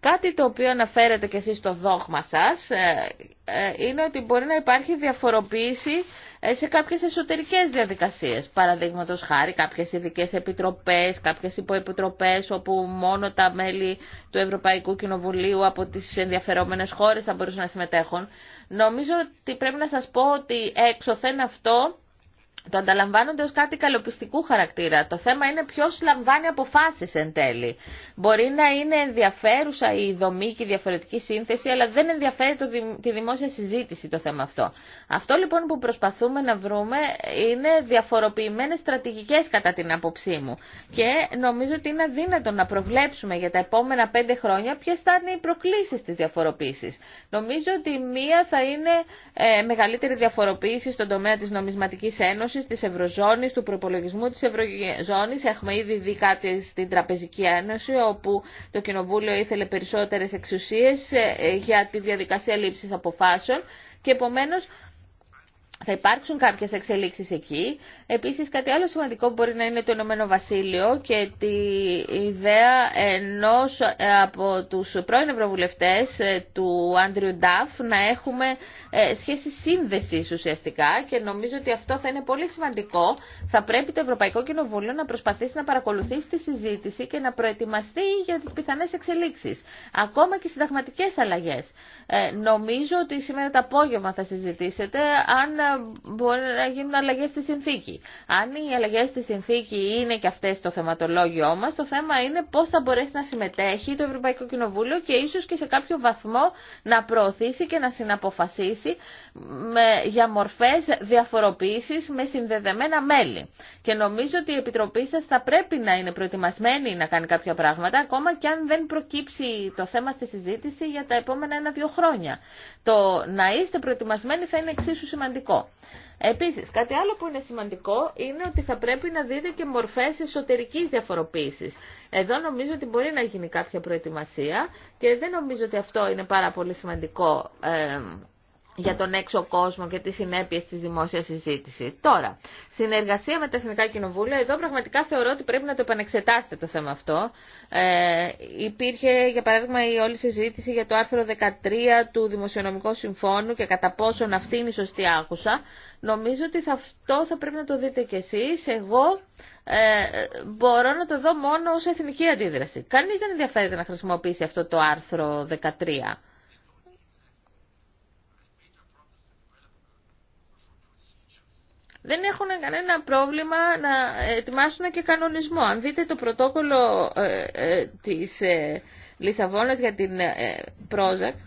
Κάτι το οποίο αναφέρετε και εσείς στο δόγμα σας ε, ε, είναι ότι μπορεί να υπάρχει διαφοροποίηση ε, σε κάποιες εσωτερικές διαδικασίες. Παραδείγματο χάρη κάποιες ειδικέ επιτροπές, κάποιες υποεπιτροπές όπου μόνο τα μέλη του Ευρωπαϊκού Κοινοβουλίου από τις ενδιαφερόμενες χώρες θα μπορούσαν να συμμετέχουν. Νομίζω ότι πρέπει να σας πω ότι έξωθεν αυτό το ανταλαμβάνονται ως κάτι καλοπιστικού χαρακτήρα. Το θέμα είναι ποιος λαμβάνει αποφάσεις εν τέλει. Μπορεί να είναι ενδιαφέρουσα η δομή και η διαφορετική σύνθεση, αλλά δεν ενδιαφέρει το, τη δημόσια συζήτηση το θέμα αυτό. Αυτό λοιπόν που προσπαθούμε να βρούμε είναι διαφοροποιημένες στρατηγικές κατά την άποψή μου. Και νομίζω ότι είναι αδύνατο να προβλέψουμε για τα επόμενα πέντε χρόνια ποιε θα είναι οι προκλήσεις της διαφοροποίησης. Νομίζω ότι μία θα είναι ε, μεγαλύτερη διαφοροποίηση στον τομέα της νομισματικής Ένωση. Τη της του προπολογισμού της Ευρωζώνης. Έχουμε ήδη δει κάτι στην Τραπεζική Ένωση, όπου το Κοινοβούλιο ήθελε περισσότερες εξουσίες ε, για τη διαδικασία λήψης αποφάσεων και επομένως θα υπάρξουν κάποιες εξελίξεις εκεί. Επίσης κάτι άλλο σημαντικό μπορεί να είναι το Ηνωμένο Βασίλειο και τη ιδέα ενός ε, από τους πρώην ευρωβουλευτές ε, του Άντριου Νταφ να έχουμε ε, σχέση σύνδεσης ουσιαστικά και νομίζω ότι αυτό θα είναι πολύ σημαντικό. Θα πρέπει το Ευρωπαϊκό Κοινοβούλιο να προσπαθήσει να παρακολουθήσει τη συζήτηση και να προετοιμαστεί για τις πιθανές εξελίξεις. Ακόμα και συνταγματικές αλλαγές. νομίζω ότι σήμερα το απόγευμα θα συζητήσετε αν μπορεί να γίνουν αλλαγές στη συνθήκη. Αν οι αλλαγές στη συνθήκη είναι και αυτές το θεματολόγιο μας, το θέμα είναι πώς θα μπορέσει να συμμετέχει το Ευρωπαϊκό Κοινοβούλιο και ίσως και σε κάποιο βαθμό να προωθήσει και να συναποφασίσει με, για μορφές διαφοροποίησης με συνδεδεμένα μέλη. Και νομίζω ότι η Επιτροπή σας θα πρέπει να είναι προετοιμασμένη να κάνει κάποια πράγματα, ακόμα και αν δεν προκύψει το θέμα στη συζήτηση για τα επόμενα ένα-δύο χρόνια. Το να είστε προετοιμασμένοι θα είναι εξίσου σημαντικό. Επίσης, κάτι άλλο που είναι σημαντικό είναι ότι θα πρέπει να δείτε και μορφές εσωτερικής διαφοροποίηση. Εδώ νομίζω ότι μπορεί να γίνει κάποια προετοιμασία και δεν νομίζω ότι αυτό είναι πάρα πολύ σημαντικό ε, για τον έξω κόσμο και τις συνέπειες της δημόσιας συζήτησης. Τώρα, συνεργασία με τα Εθνικά Κοινοβούλια, εδώ πραγματικά θεωρώ ότι πρέπει να το επανεξετάσετε το θέμα αυτό. Ε, υπήρχε, για παράδειγμα, η όλη συζήτηση για το άρθρο 13 του Δημοσιονομικού Συμφώνου και κατά πόσον αυτή είναι η σωστή άκουσα. Νομίζω ότι αυτό θα πρέπει να το δείτε κι εσείς. Εγώ ε, μπορώ να το δω μόνο ως εθνική αντίδραση. Κανείς δεν ενδιαφέρεται να χρησιμοποιήσει αυτό το άρθρο 13. δεν έχουν κανένα πρόβλημα να ετοιμάσουν και κανονισμό. Αν δείτε το πρωτόκολλο ε, ε, της ε, Λισαβόνας για την Πρόζακ, ε, ε,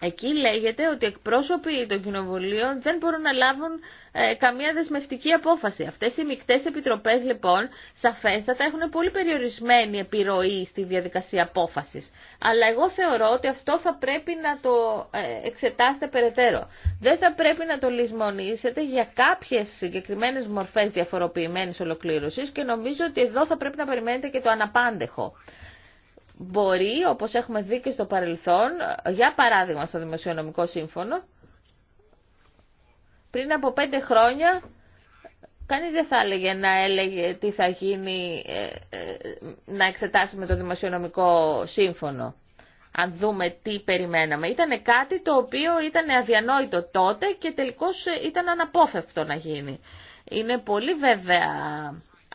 Εκεί λέγεται ότι εκπρόσωποι των κοινοβουλίων δεν μπορούν να λάβουν ε, καμία δεσμευτική απόφαση. Αυτές οι μικτές επιτροπές λοιπόν σαφέστατα έχουν πολύ περιορισμένη επιρροή στη διαδικασία απόφασης. Αλλά εγώ θεωρώ ότι αυτό θα πρέπει να το ε, εξετάσετε περαιτέρω. Δεν θα πρέπει να το λησμονήσετε για κάποιες συγκεκριμένες μορφές διαφοροποιημένης ολοκλήρωσης και νομίζω ότι εδώ θα πρέπει να περιμένετε και το αναπάντεχο μπορεί, όπως έχουμε δει και στο παρελθόν, για παράδειγμα στο Δημοσιονομικό Σύμφωνο, πριν από πέντε χρόνια Κανείς δεν θα έλεγε να έλεγε τι θα γίνει ε, ε, να εξετάσουμε το δημοσιονομικό σύμφωνο. Αν δούμε τι περιμέναμε. Ήταν κάτι το οποίο ήταν αδιανόητο τότε και τελικώς ήταν αναπόφευκτο να γίνει. Είναι πολύ βέβαια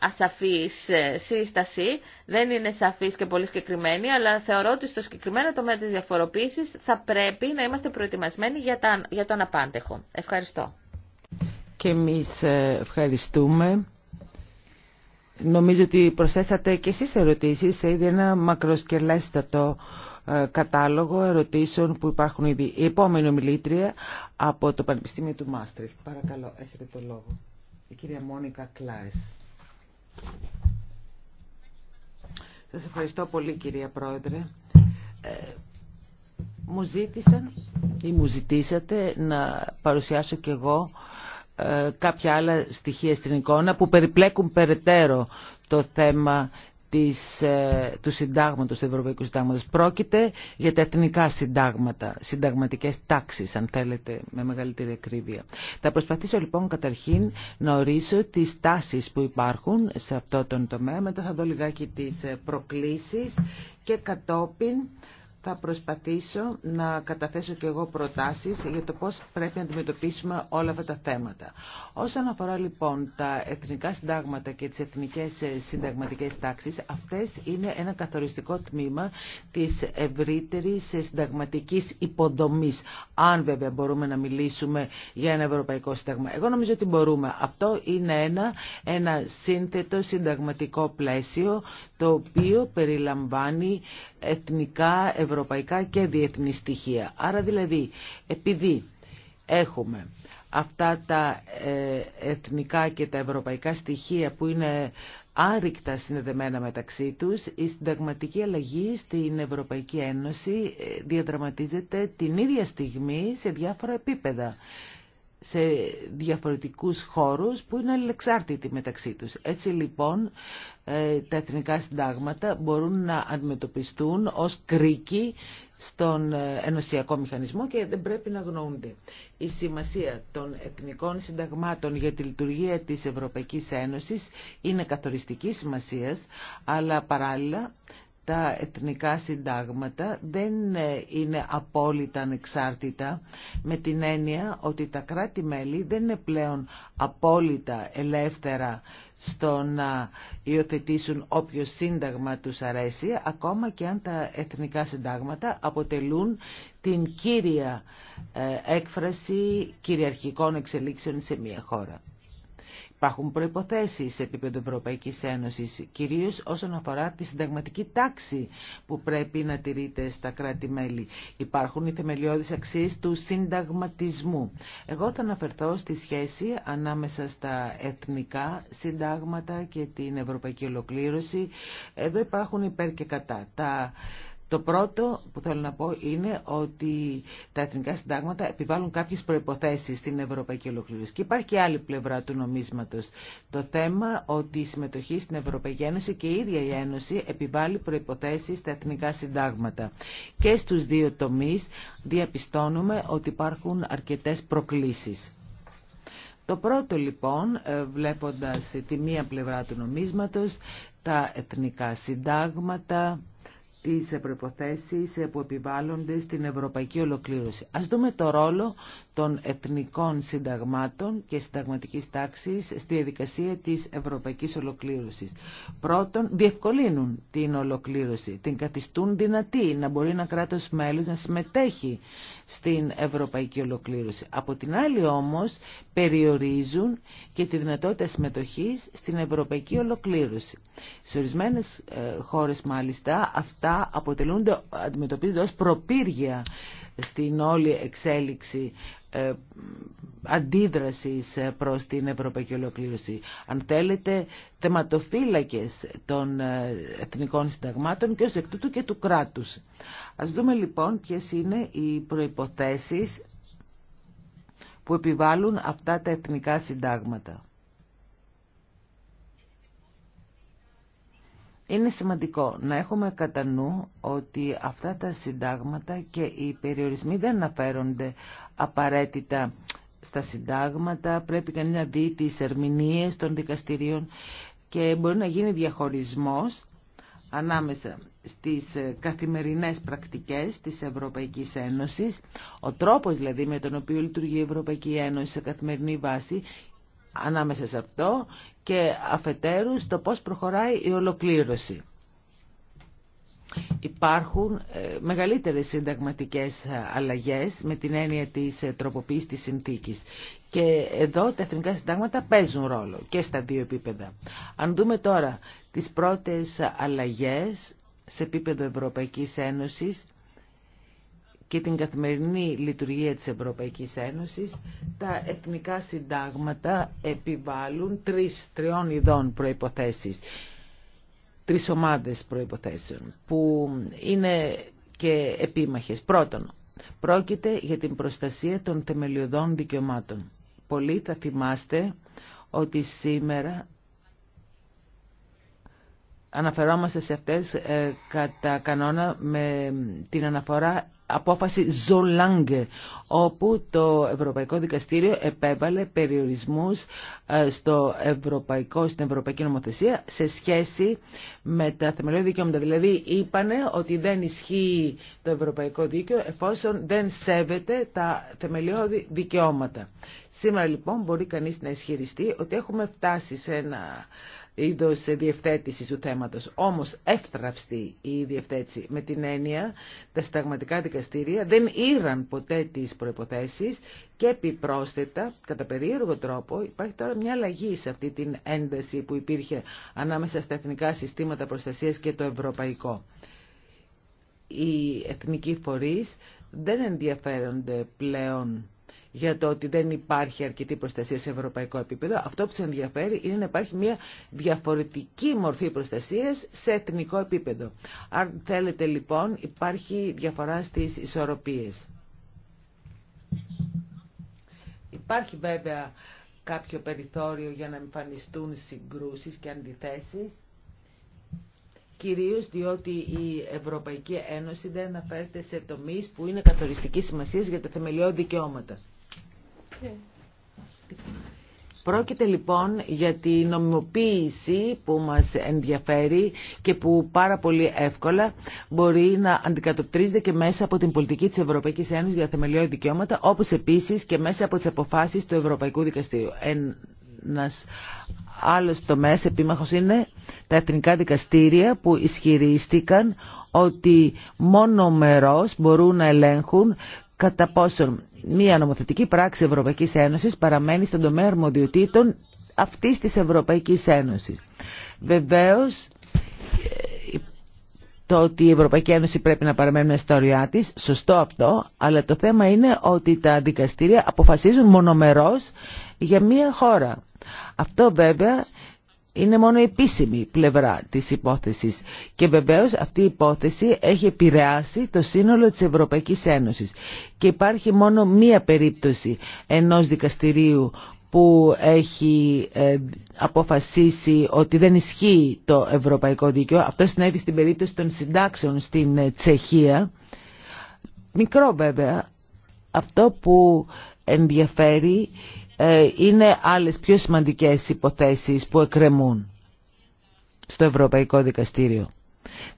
ασαφής ε, σύσταση, δεν είναι σαφής και πολύ συγκεκριμένη, αλλά θεωρώ ότι στο συγκεκριμένο τομέα της διαφοροποίησης θα πρέπει να είμαστε προετοιμασμένοι για, τα, για τον απάντεχο. Ευχαριστώ. Και εμείς ε, ευχαριστούμε. Νομίζω ότι προσθέσατε και εσείς ερωτήσεις σε ήδη ένα μακροσκελέστατο ε, κατάλογο ερωτήσεων που υπάρχουν ήδη. Η επόμενη ομιλήτρια από το Πανεπιστήμιο του Μάστρες. Παρακαλώ, έχετε το λόγο. Η κυρία Μόνικα Κλάες. Σας ευχαριστώ πολύ κυρία Πρόεδρε. Ε, μου ζήτησαν ή μου ζητήσατε να παρουσιάσω κι εγώ ε, κάποια άλλα στοιχεία στην εικόνα που περιπλέκουν περαιτέρω το θέμα της, ε, του συντάγματος, του Ευρωπαϊκού Συντάγματος. Πρόκειται για τα εθνικά συντάγματα, συνταγματικές τάξεις, αν θέλετε, με μεγαλύτερη ακρίβεια. Θα προσπαθήσω λοιπόν καταρχήν να ορίσω τις τάσεις που υπάρχουν σε αυτό τον τομέα, μετά θα δω λιγάκι τις ε, προκλήσεις και κατόπιν θα προσπαθήσω να καταθέσω και εγώ προτάσεις για το πώς πρέπει να αντιμετωπίσουμε όλα αυτά τα θέματα. Όσον αφορά λοιπόν τα εθνικά συντάγματα και τις εθνικές ε, συνταγματικές τάξεις, αυτές είναι ένα καθοριστικό τμήμα της ευρύτερης ε, συνταγματικής υποδομής. Αν βέβαια μπορούμε να μιλήσουμε για ένα ευρωπαϊκό συνταγμα. Εγώ νομίζω ότι μπορούμε. Αυτό είναι ένα, ένα σύνθετο συνταγματικό πλαίσιο το οποίο περιλαμβάνει εθνικά, ευρωπαϊκά και διεθνή στοιχεία. Άρα δηλαδή, επειδή έχουμε αυτά τα ε, εθνικά και τα ευρωπαϊκά στοιχεία που είναι άρρηκτα συνδεδεμένα μεταξύ τους, η συνταγματική αλλαγή στην Ευρωπαϊκή Ένωση ε, διαδραματίζεται την ίδια στιγμή σε διάφορα επίπεδα σε διαφορετικούς χώρους που είναι αλληλεξάρτητοι μεταξύ τους. Έτσι λοιπόν ε, τα εθνικά συντάγματα μπορούν να αντιμετωπιστούν ως κρίκοι στον ε, ενωσιακό μηχανισμό και δεν πρέπει να γνωρούνται. Η σημασία των εθνικών συνταγμάτων για τη λειτουργία της Ευρωπαϊκής Ένωσης είναι καθοριστική σημασίας, αλλά παράλληλα τα εθνικά συντάγματα δεν ε, είναι απόλυτα ανεξάρτητα με την έννοια ότι τα κράτη-μέλη δεν είναι πλέον απόλυτα ελεύθερα στο να υιοθετήσουν όποιο σύνταγμα τους αρέσει, ακόμα και αν τα εθνικά συντάγματα αποτελούν την κύρια ε, έκφραση κυριαρχικών εξελίξεων σε μια χώρα. Υπάρχουν προϋποθέσεις σε επίπεδο Ευρωπαϊκής Ένωσης, κυρίως όσον αφορά τη συνταγματική τάξη που πρέπει να τηρείται στα κράτη-μέλη. Υπάρχουν οι θεμελιώδεις αξίες του συνταγματισμού. Εγώ θα αναφερθώ στη σχέση ανάμεσα στα εθνικά συντάγματα και την ευρωπαϊκή ολοκλήρωση. Εδώ υπάρχουν υπέρ και κατά. Τα το πρώτο που θέλω να πω είναι ότι τα εθνικά συντάγματα επιβάλλουν κάποιες προϋποθέσεις στην ευρωπαϊκή ολοκλήρωση. Και υπάρχει και άλλη πλευρά του νομίσματος. Το θέμα ότι η συμμετοχή στην Ευρωπαϊκή Ένωση και η ίδια η Ένωση επιβάλλει προϋποθέσεις στα εθνικά συντάγματα. Και στους δύο τομείς διαπιστώνουμε ότι υπάρχουν αρκετές προκλήσεις. Το πρώτο λοιπόν, ε, βλέποντας τη μία πλευρά του νομίσματος, τα εθνικά συντάγματα, τις προϋποθέσεις που επιβάλλονται στην ευρωπαϊκή ολοκλήρωση. Ας δούμε το ρόλο των εθνικών συνταγμάτων και συνταγματικής τάξης στη διαδικασία της ευρωπαϊκής ολοκλήρωσης. Πρώτον, διευκολύνουν την ολοκλήρωση, την καθιστούν δυνατή, να μπορεί ένα κράτος μέλος να συμμετέχει στην ευρωπαϊκή ολοκλήρωση. Από την άλλη όμως περιορίζουν και τη δυνατότητα συμμετοχής στην ευρωπαϊκή ολοκλήρωση. Σε ορισμένε ε, χώρες μάλιστα αυτά αποτελούνται, αντιμετωπίζονται ως προπύργια στην όλη εξέλιξη ε, αντίδρασης προς την ευρωπαϊκή ολοκλήρωση. Αν θέλετε, θεματοφύλακες των ε, εθνικών συνταγμάτων και ως εκ τούτου και του κράτους. Ας δούμε λοιπόν ποιες είναι οι προϋποθέσεις που επιβάλλουν αυτά τα εθνικά συντάγματα. Είναι σημαντικό να έχουμε κατά νου ότι αυτά τα συντάγματα και οι περιορισμοί δεν αναφέρονται απαραίτητα στα συντάγματα, πρέπει κανεί να δει τις ερμηνείες των δικαστηρίων και μπορεί να γίνει διαχωρισμός ανάμεσα στις ε, καθημερινές πρακτικές της Ευρωπαϊκής Ένωσης, ο τρόπος δηλαδή με τον οποίο λειτουργεί η Ευρωπαϊκή Ένωση σε καθημερινή βάση, ανάμεσα σε αυτό και αφετέρου στο πώς προχωράει η ολοκλήρωση υπάρχουν ε, μεγαλύτερες συνταγματικές ε, αλλαγές με την έννοια της ε, τροποποίησης της συνθήκης. Και εδώ τα εθνικά συντάγματα παίζουν ρόλο και στα δύο επίπεδα. Αν δούμε τώρα τις πρώτες αλλαγές σε επίπεδο Ευρωπαϊκής Ένωσης και την καθημερινή λειτουργία της Ευρωπαϊκής Ένωσης, τα εθνικά συντάγματα επιβάλλουν τρεις, τριών ειδών προϋποθέσεις τρεις ομάδες προϋποθέσεων που είναι και επίμαχες. Πρώτον, πρόκειται για την προστασία των θεμελιωδών δικαιωμάτων. Πολλοί θα θυμάστε ότι σήμερα αναφερόμαστε σε αυτές ε, κατά κανόνα με την αναφορά απόφαση Ζολάγκε, όπου το Ευρωπαϊκό Δικαστήριο επέβαλε περιορισμούς ε, στο Ευρωπαϊκό, στην Ευρωπαϊκή Νομοθεσία σε σχέση με τα θεμελιώδη δικαιώματα. Δηλαδή είπανε ότι δεν ισχύει το Ευρωπαϊκό Δίκαιο εφόσον δεν σέβεται τα θεμελιώδη δικαιώματα. Σήμερα λοιπόν μπορεί κανείς να ισχυριστεί ότι έχουμε φτάσει σε ένα είδος διευθέτησης του θέματος. Όμως εύθραυστη η διευθέτηση με την έννοια τα συνταγματικά δικαστήρια δεν ήραν ποτέ τις προϋποθέσεις και επιπρόσθετα, κατά περίεργο τρόπο, υπάρχει τώρα μια αλλαγή σε αυτή την ένταση που υπήρχε ανάμεσα στα εθνικά συστήματα προστασίας και το ευρωπαϊκό. Οι εθνικοί φορείς δεν ενδιαφέρονται πλέον για το ότι δεν υπάρχει αρκετή προστασία σε ευρωπαϊκό επίπεδο. Αυτό που σε ενδιαφέρει είναι να υπάρχει μια διαφορετική μορφή προστασία σε εθνικό επίπεδο. Αν θέλετε λοιπόν υπάρχει διαφορά στι ισορροπίες. Υπάρχει βέβαια κάποιο περιθώριο για να εμφανιστούν συγκρούσεις και αντιθέσεις κυρίως διότι η Ευρωπαϊκή Ένωση δεν αναφέρεται σε τομείς που είναι καθοριστική σημασία για τα θεμελιώδη δικαιώματα. Πρόκειται λοιπόν για τη νομιμοποίηση που μας ενδιαφέρει και που πάρα πολύ εύκολα μπορεί να αντικατοπτρίζεται και μέσα από την πολιτική της Ευρωπαϊκής Ένωσης για θεμελιώδη δικαιώματα, όπως επίσης και μέσα από τις αποφάσεις του Ευρωπαϊκού Δικαστηρίου. Ένας άλλος τομέας επίμαχος είναι τα εθνικά δικαστήρια που ισχυρίστηκαν ότι μόνο μερός μπορούν να ελέγχουν κατά πόσον μία νομοθετική πράξη Ευρωπαϊκής Ένωσης παραμένει στον τομέα αρμοδιοτήτων αυτής της Ευρωπαϊκής Ένωσης. Βεβαίως, ε, το ότι η Ευρωπαϊκή Ένωση πρέπει να παραμένει μια ιστοριά τη, σωστό αυτό, αλλά το θέμα είναι ότι τα δικαστήρια αποφασίζουν μονομερός για μία χώρα. Αυτό βέβαια είναι μόνο η επίσημη πλευρά της υπόθεσης και βεβαίως αυτή η υπόθεση έχει επηρεάσει το σύνολο της Ευρωπαϊκής Ένωσης και υπάρχει μόνο μία περίπτωση ενός δικαστηρίου που έχει ε, αποφασίσει ότι δεν ισχύει το ευρωπαϊκό δίκαιο. Αυτό συνέβη στην περίπτωση των συντάξεων στην ε, Τσεχία. Μικρό βέβαια. Αυτό που ενδιαφέρει ε, είναι άλλες πιο σημαντικές υποθέσεις που εκκρεμούν στο Ευρωπαϊκό Δικαστήριο.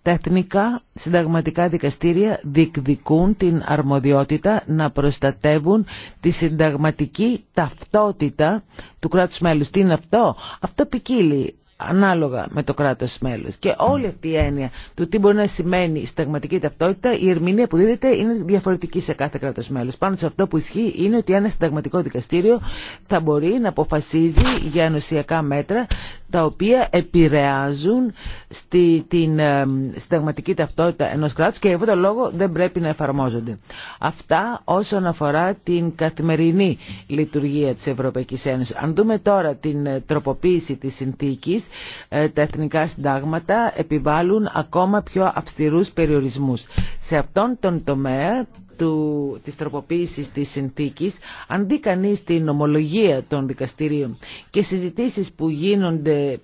Τα εθνικά συνταγματικά δικαστήρια διεκδικούν την αρμοδιότητα να προστατεύουν τη συνταγματική ταυτότητα του κράτους μέλους. Τι είναι αυτό? Αυτό ποικίλει ανάλογα με το κράτος μέλος. Και όλη αυτή η έννοια του τι μπορεί να σημαίνει η συνταγματική ταυτότητα, η ερμηνεία που δίδεται είναι διαφορετική σε κάθε κράτος μέλος. Πάνω σε αυτό που ισχύει είναι ότι ένα συνταγματικό δικαστήριο θα μπορεί να αποφασίζει για ενωσιακά μέτρα τα οποία επηρεάζουν στη, την ε, συνταγματική ταυτότητα ενός κράτους και για αυτόν τον λόγο δεν πρέπει να εφαρμόζονται. Αυτά όσον αφορά την καθημερινή λειτουργία της Ευρωπαϊκής Ένωσης. Αν δούμε τώρα την ε, τροποποίηση της συνθήκης, ε, τα εθνικά συντάγματα επιβάλλουν ακόμα πιο αυστηρούς περιορισμούς. Σε αυτόν τον τομέα του, της τροποποίησης της συνθήκης, αν δει την ομολογία των δικαστηρίων και συζητήσεις που γίνονται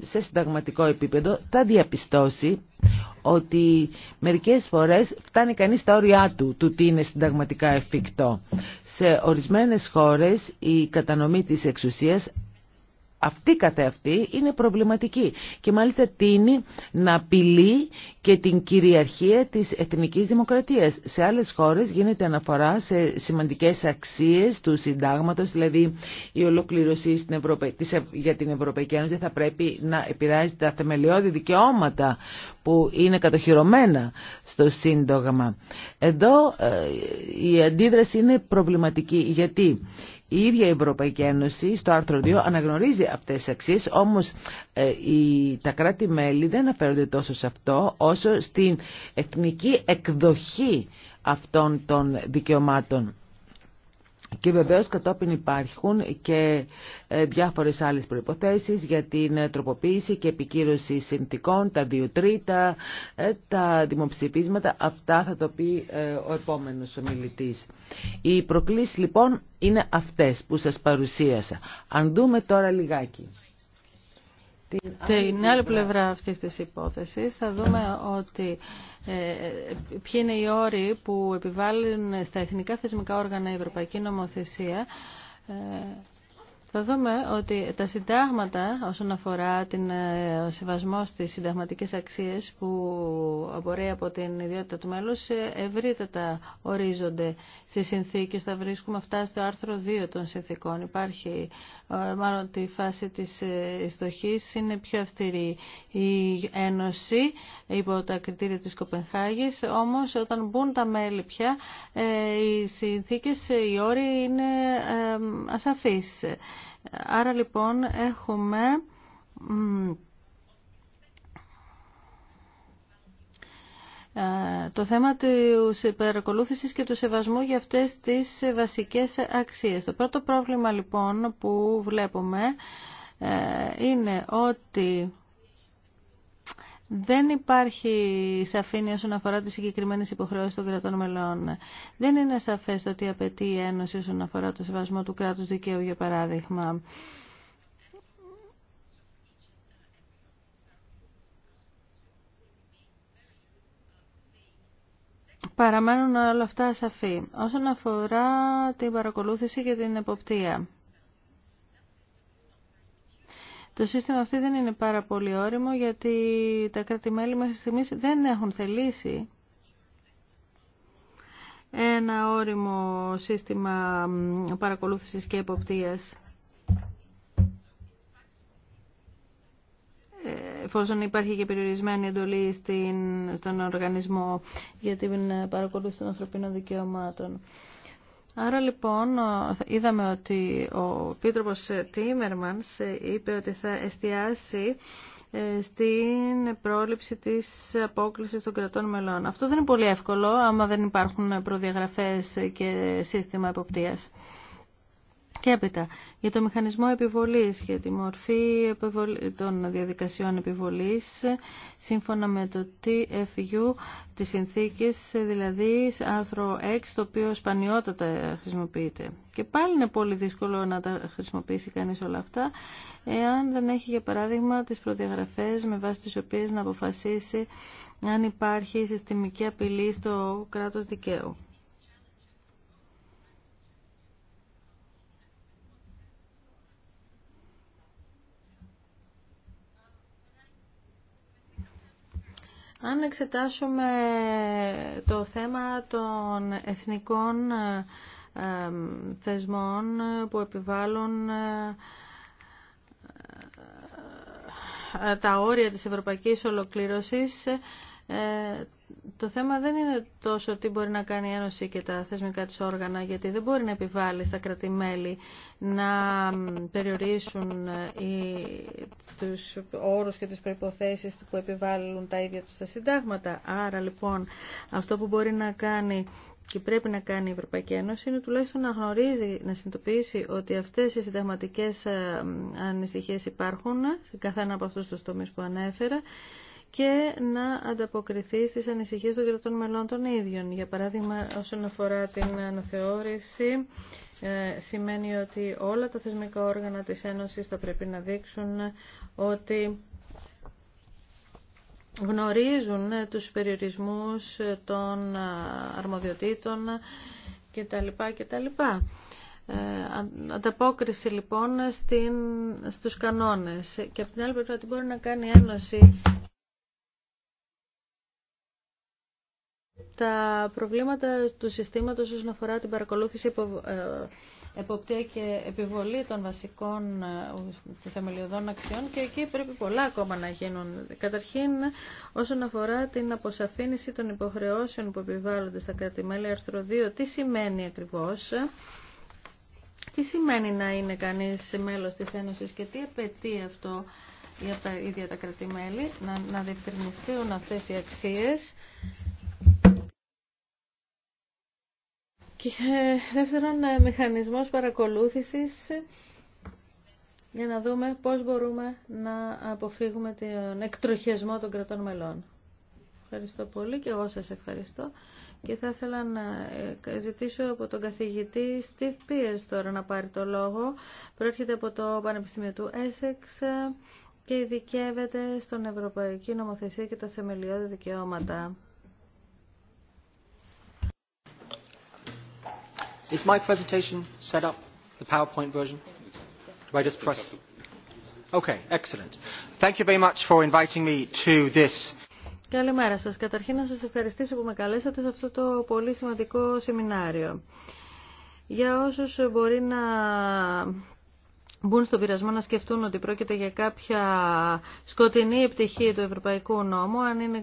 σε συνταγματικό επίπεδο, θα διαπιστώσει ότι μερικές φορές φτάνει κανείς τα όρια του, του τι είναι συνταγματικά εφικτό. Σε ορισμένες χώρες η κατανομή της εξουσίας αυτή καθε αυτή είναι προβληματική και μάλιστα τίνει να απειλεί και την κυριαρχία της εθνικής δημοκρατίας. Σε άλλες χώρες γίνεται αναφορά σε σημαντικές αξίες του συντάγματος, δηλαδή η ολοκλήρωση στην για την Ευρωπαϊκή Ένωση θα πρέπει να επηρεάζει τα θεμελιώδη δικαιώματα που είναι κατοχυρωμένα στο σύντογμα. Εδώ ε, η αντίδραση είναι προβληματική γιατί η ίδια η Ευρωπαϊκή Ένωση στο άρθρο 2 αναγνωρίζει αυτές τις αξίες, όμως ε, η τα κράτη-μέλη δεν αναφέρονται τόσο σε αυτό όσο στην εθνική εκδοχή αυτών των δικαιωμάτων. Και βεβαίως κατόπιν υπάρχουν και ε, διάφορες άλλες προϋποθέσεις για την ε, τροποποίηση και επικύρωση συνθηκών, τα δύο τρίτα, ε, τα δημοψηφίσματα. Αυτά θα το πει ο επόμενος ομιλητής. Οι προκλήσεις λοιπόν είναι αυτές που σας παρουσίασα. Αν δούμε τώρα λιγάκι. Την άλλη πλευρά αυτής της υπόθεσης θα δούμε ότι ε, ε, ποιοι είναι οι όροι που επιβάλλουν στα εθνικά θεσμικά όργανα η Ευρωπαϊκή Νομοθεσία ε, θα δούμε ότι τα συντάγματα όσον αφορά την σεβασμό στις συνταγματικές αξίες που απορρέει από την ιδιότητα του μέλους ευρύτατα ορίζονται στις συνθήκες. Θα βρίσκουμε αυτά στο άρθρο 2 των συνθήκων. Υπάρχει ε, μάλλον τη φάση της ε, ειστοχής είναι πιο αυστηρή η Ένωση υπό τα κριτήρια της Κοπενχάγης, όμως όταν μπουν τα μέλη πια ε, οι συνθήκες, οι όροι είναι ασαφείς. Άρα λοιπόν έχουμε Ε, το θέμα της υπερακολούθησης και του σεβασμού για αυτές τις βασικές αξίες. Το πρώτο πρόβλημα λοιπόν που βλέπουμε ε, είναι ότι δεν υπάρχει σαφήνεια όσον αφορά τις συγκεκριμένες υποχρεώσεις των κρατών μελών. Δεν είναι σαφές το τι απαιτεί η Ένωση όσον αφορά το σεβασμό του κράτους δικαίου, για παράδειγμα. Παραμένουν όλα αυτά σαφή. Όσον αφορά την παρακολούθηση και την εποπτεία. Το σύστημα αυτό δεν είναι πάρα πολύ όριμο γιατί τα κράτη-μέλη μέχρι στιγμής δεν έχουν θελήσει ένα όριμο σύστημα παρακολούθησης και εποπτείας. εφόσον υπάρχει και περιορισμένη εντολή στον οργανισμό για την παρακολούθηση των ανθρωπίνων δικαιωμάτων. Άρα λοιπόν είδαμε ότι ο πίτροπος Τίμερμανς είπε ότι θα εστιάσει ε, στην πρόληψη της απόκλησης των κρατών μελών. Αυτό δεν είναι πολύ εύκολο άμα δεν υπάρχουν προδιαγραφές και σύστημα εποπτείας. Και έπειτα, για το μηχανισμό επιβολής, για τη μορφή των διαδικασιών επιβολής, σύμφωνα με το TFU, τις συνθήκες, δηλαδή άρθρο 6, το οποίο σπανιότατα χρησιμοποιείται. Και πάλι είναι πολύ δύσκολο να τα χρησιμοποιήσει κανείς όλα αυτά, εάν δεν έχει, για παράδειγμα, τις προδιαγραφές με βάση τις οποίες να αποφασίσει αν υπάρχει συστημική απειλή στο κράτος δικαίου. Αν εξετάσουμε το θέμα των εθνικών ε, θεσμών που επιβάλλουν ε, ε, τα όρια της ευρωπαϊκής ολοκλήρωσης, ε, το θέμα δεν είναι τόσο τι μπορεί να κάνει η Ένωση και τα θεσμικά της όργανα, γιατί δεν μπορεί να επιβάλλει στα κρατημέλη να περιορίσουν ε, οι, τους όρους και τις προϋποθέσεις που επιβάλλουν τα ίδια τους τα συντάγματα. Άρα λοιπόν αυτό που μπορεί να κάνει και πρέπει να κάνει η Ευρωπαϊκή Ένωση είναι τουλάχιστον να γνωρίζει, να συνειδητοποιήσει ότι αυτές οι συνταγματικές ε, ανησυχίες υπάρχουν σε καθένα από αυτούς τους τομείς που ανέφερα και να ανταποκριθεί στις ανησυχίες των κρατών μελών των ίδιων. Για παράδειγμα, όσον αφορά την αναθεώρηση, ε, σημαίνει ότι όλα τα θεσμικά όργανα της Ένωσης θα πρέπει να δείξουν ότι γνωρίζουν ε, τους περιορισμούς ε, των αρμοδιοτήτων κτλ. κτλ. ανταπόκριση λοιπόν στην, στους κανόνες και από την άλλη πλευρά τι μπορεί να κάνει η Ένωση τα προβλήματα του συστήματος όσον αφορά την παρακολούθηση ε, εποπτεία και επιβολή των βασικών ε, θεμελιωδών αξιών και εκεί πρέπει πολλά ακόμα να γίνουν. Καταρχήν, όσον αφορά την αποσαφήνιση των υποχρεώσεων που επιβάλλονται στα κρατη άρθρο 2, τι σημαίνει ακριβώς, τι σημαίνει να είναι κανείς μέλος της Ένωσης και τι απαιτεί αυτό για τα ίδια τα κρατημέλη, να, να διευκρινιστούν αυτές οι αξίες Και ε, δεύτερον, ε, μηχανισμός παρακολούθησης ε, για να δούμε πώς μπορούμε να αποφύγουμε τον εκτροχιασμό των κρατών μελών. Ευχαριστώ πολύ και εγώ σας ευχαριστώ. Και θα ήθελα να ζητήσω από τον καθηγητή Steve Pierce τώρα να πάρει το λόγο. Προέρχεται από το Πανεπιστήμιο του Essex και ειδικεύεται στον Ευρωπαϊκή Νομοθεσία και τα Θεμελιώδη Δικαιώματα. Is my presentation set up, the PowerPoint version? Do I just press? Okay, excellent. Thank you very much for inviting me to this. Καλημέρα σας. Καταρχήν να σας ευχαριστήσω που με καλέσατε σε αυτό το πολύ σημαντικό σεμινάριο. Για όσους μπορεί να μπουν στο πειρασμό να σκεφτούν ότι πρόκειται για κάποια σκοτεινή επιτυχία του Ευρωπαϊκού νόμου. Αν είναι,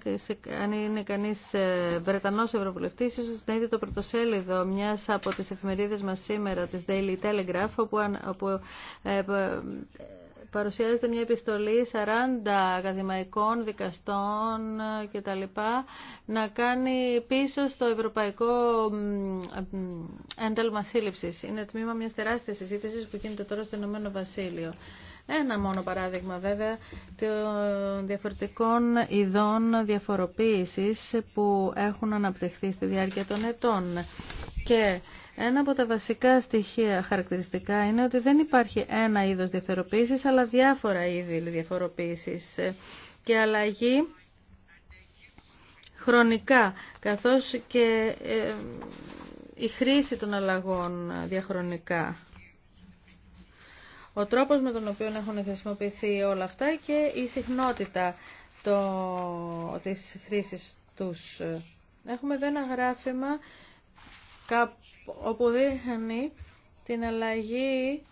αν είναι κανείς ε, Βρετανός Ευρωβουλευτής, ίσως να είδε το πρωτοσέλιδο μιας από τις εφημερίδες μας σήμερα, της Daily Telegraph, όπου, όπου ε, παρουσιάζεται μια επιστολή 40 ακαδημαϊκών, δικαστών κτλ. να κάνει πίσω στο Ευρωπαϊκό Ένταλμα Σύλληψη. Είναι τμήμα μια τεράστια συζήτηση που γίνεται τώρα στο Ηνωμένο Βασίλειο. Ένα μόνο παράδειγμα βέβαια των διαφορετικών ειδών διαφοροποίησης που έχουν αναπτυχθεί στη διάρκεια των ετών. Και ένα από τα βασικά στοιχεία χαρακτηριστικά είναι ότι δεν υπάρχει ένα είδος διαφοροποίησης, αλλά διάφορα είδη διαφοροποίησης και αλλαγή χρονικά, καθώς και ε, η χρήση των αλλαγών διαχρονικά. Ο τρόπος με τον οποίο έχουν χρησιμοποιηθεί όλα αυτά και η συχνότητα το, της χρήσης τους. Έχουμε εδώ ένα γράφημα όπου δείχνει την αλλαγή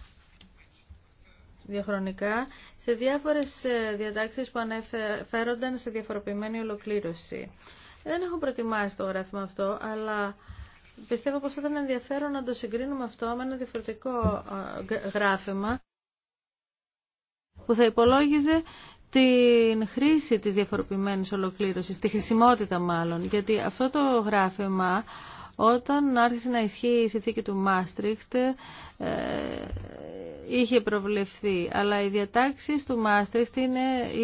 διαχρονικά σε διάφορες ε, διατάξεις που αναφέρονταν σε διαφοροποιημένη ολοκλήρωση. Δεν έχω προετοιμάσει το γράφημα αυτό, αλλά πιστεύω πως θα ήταν ενδιαφέρον να το συγκρίνουμε αυτό με ένα διαφορετικό ε, γράφημα που θα υπολόγιζε την χρήση της διαφοροποιημένης ολοκλήρωσης, τη χρησιμότητα μάλλον, γιατί αυτό το γράφημα όταν άρχισε να ισχύει η συνθήκη του Μάστριχτ, ε, είχε προβλεφθεί. Αλλά οι διατάξει του Μάστριχτ είναι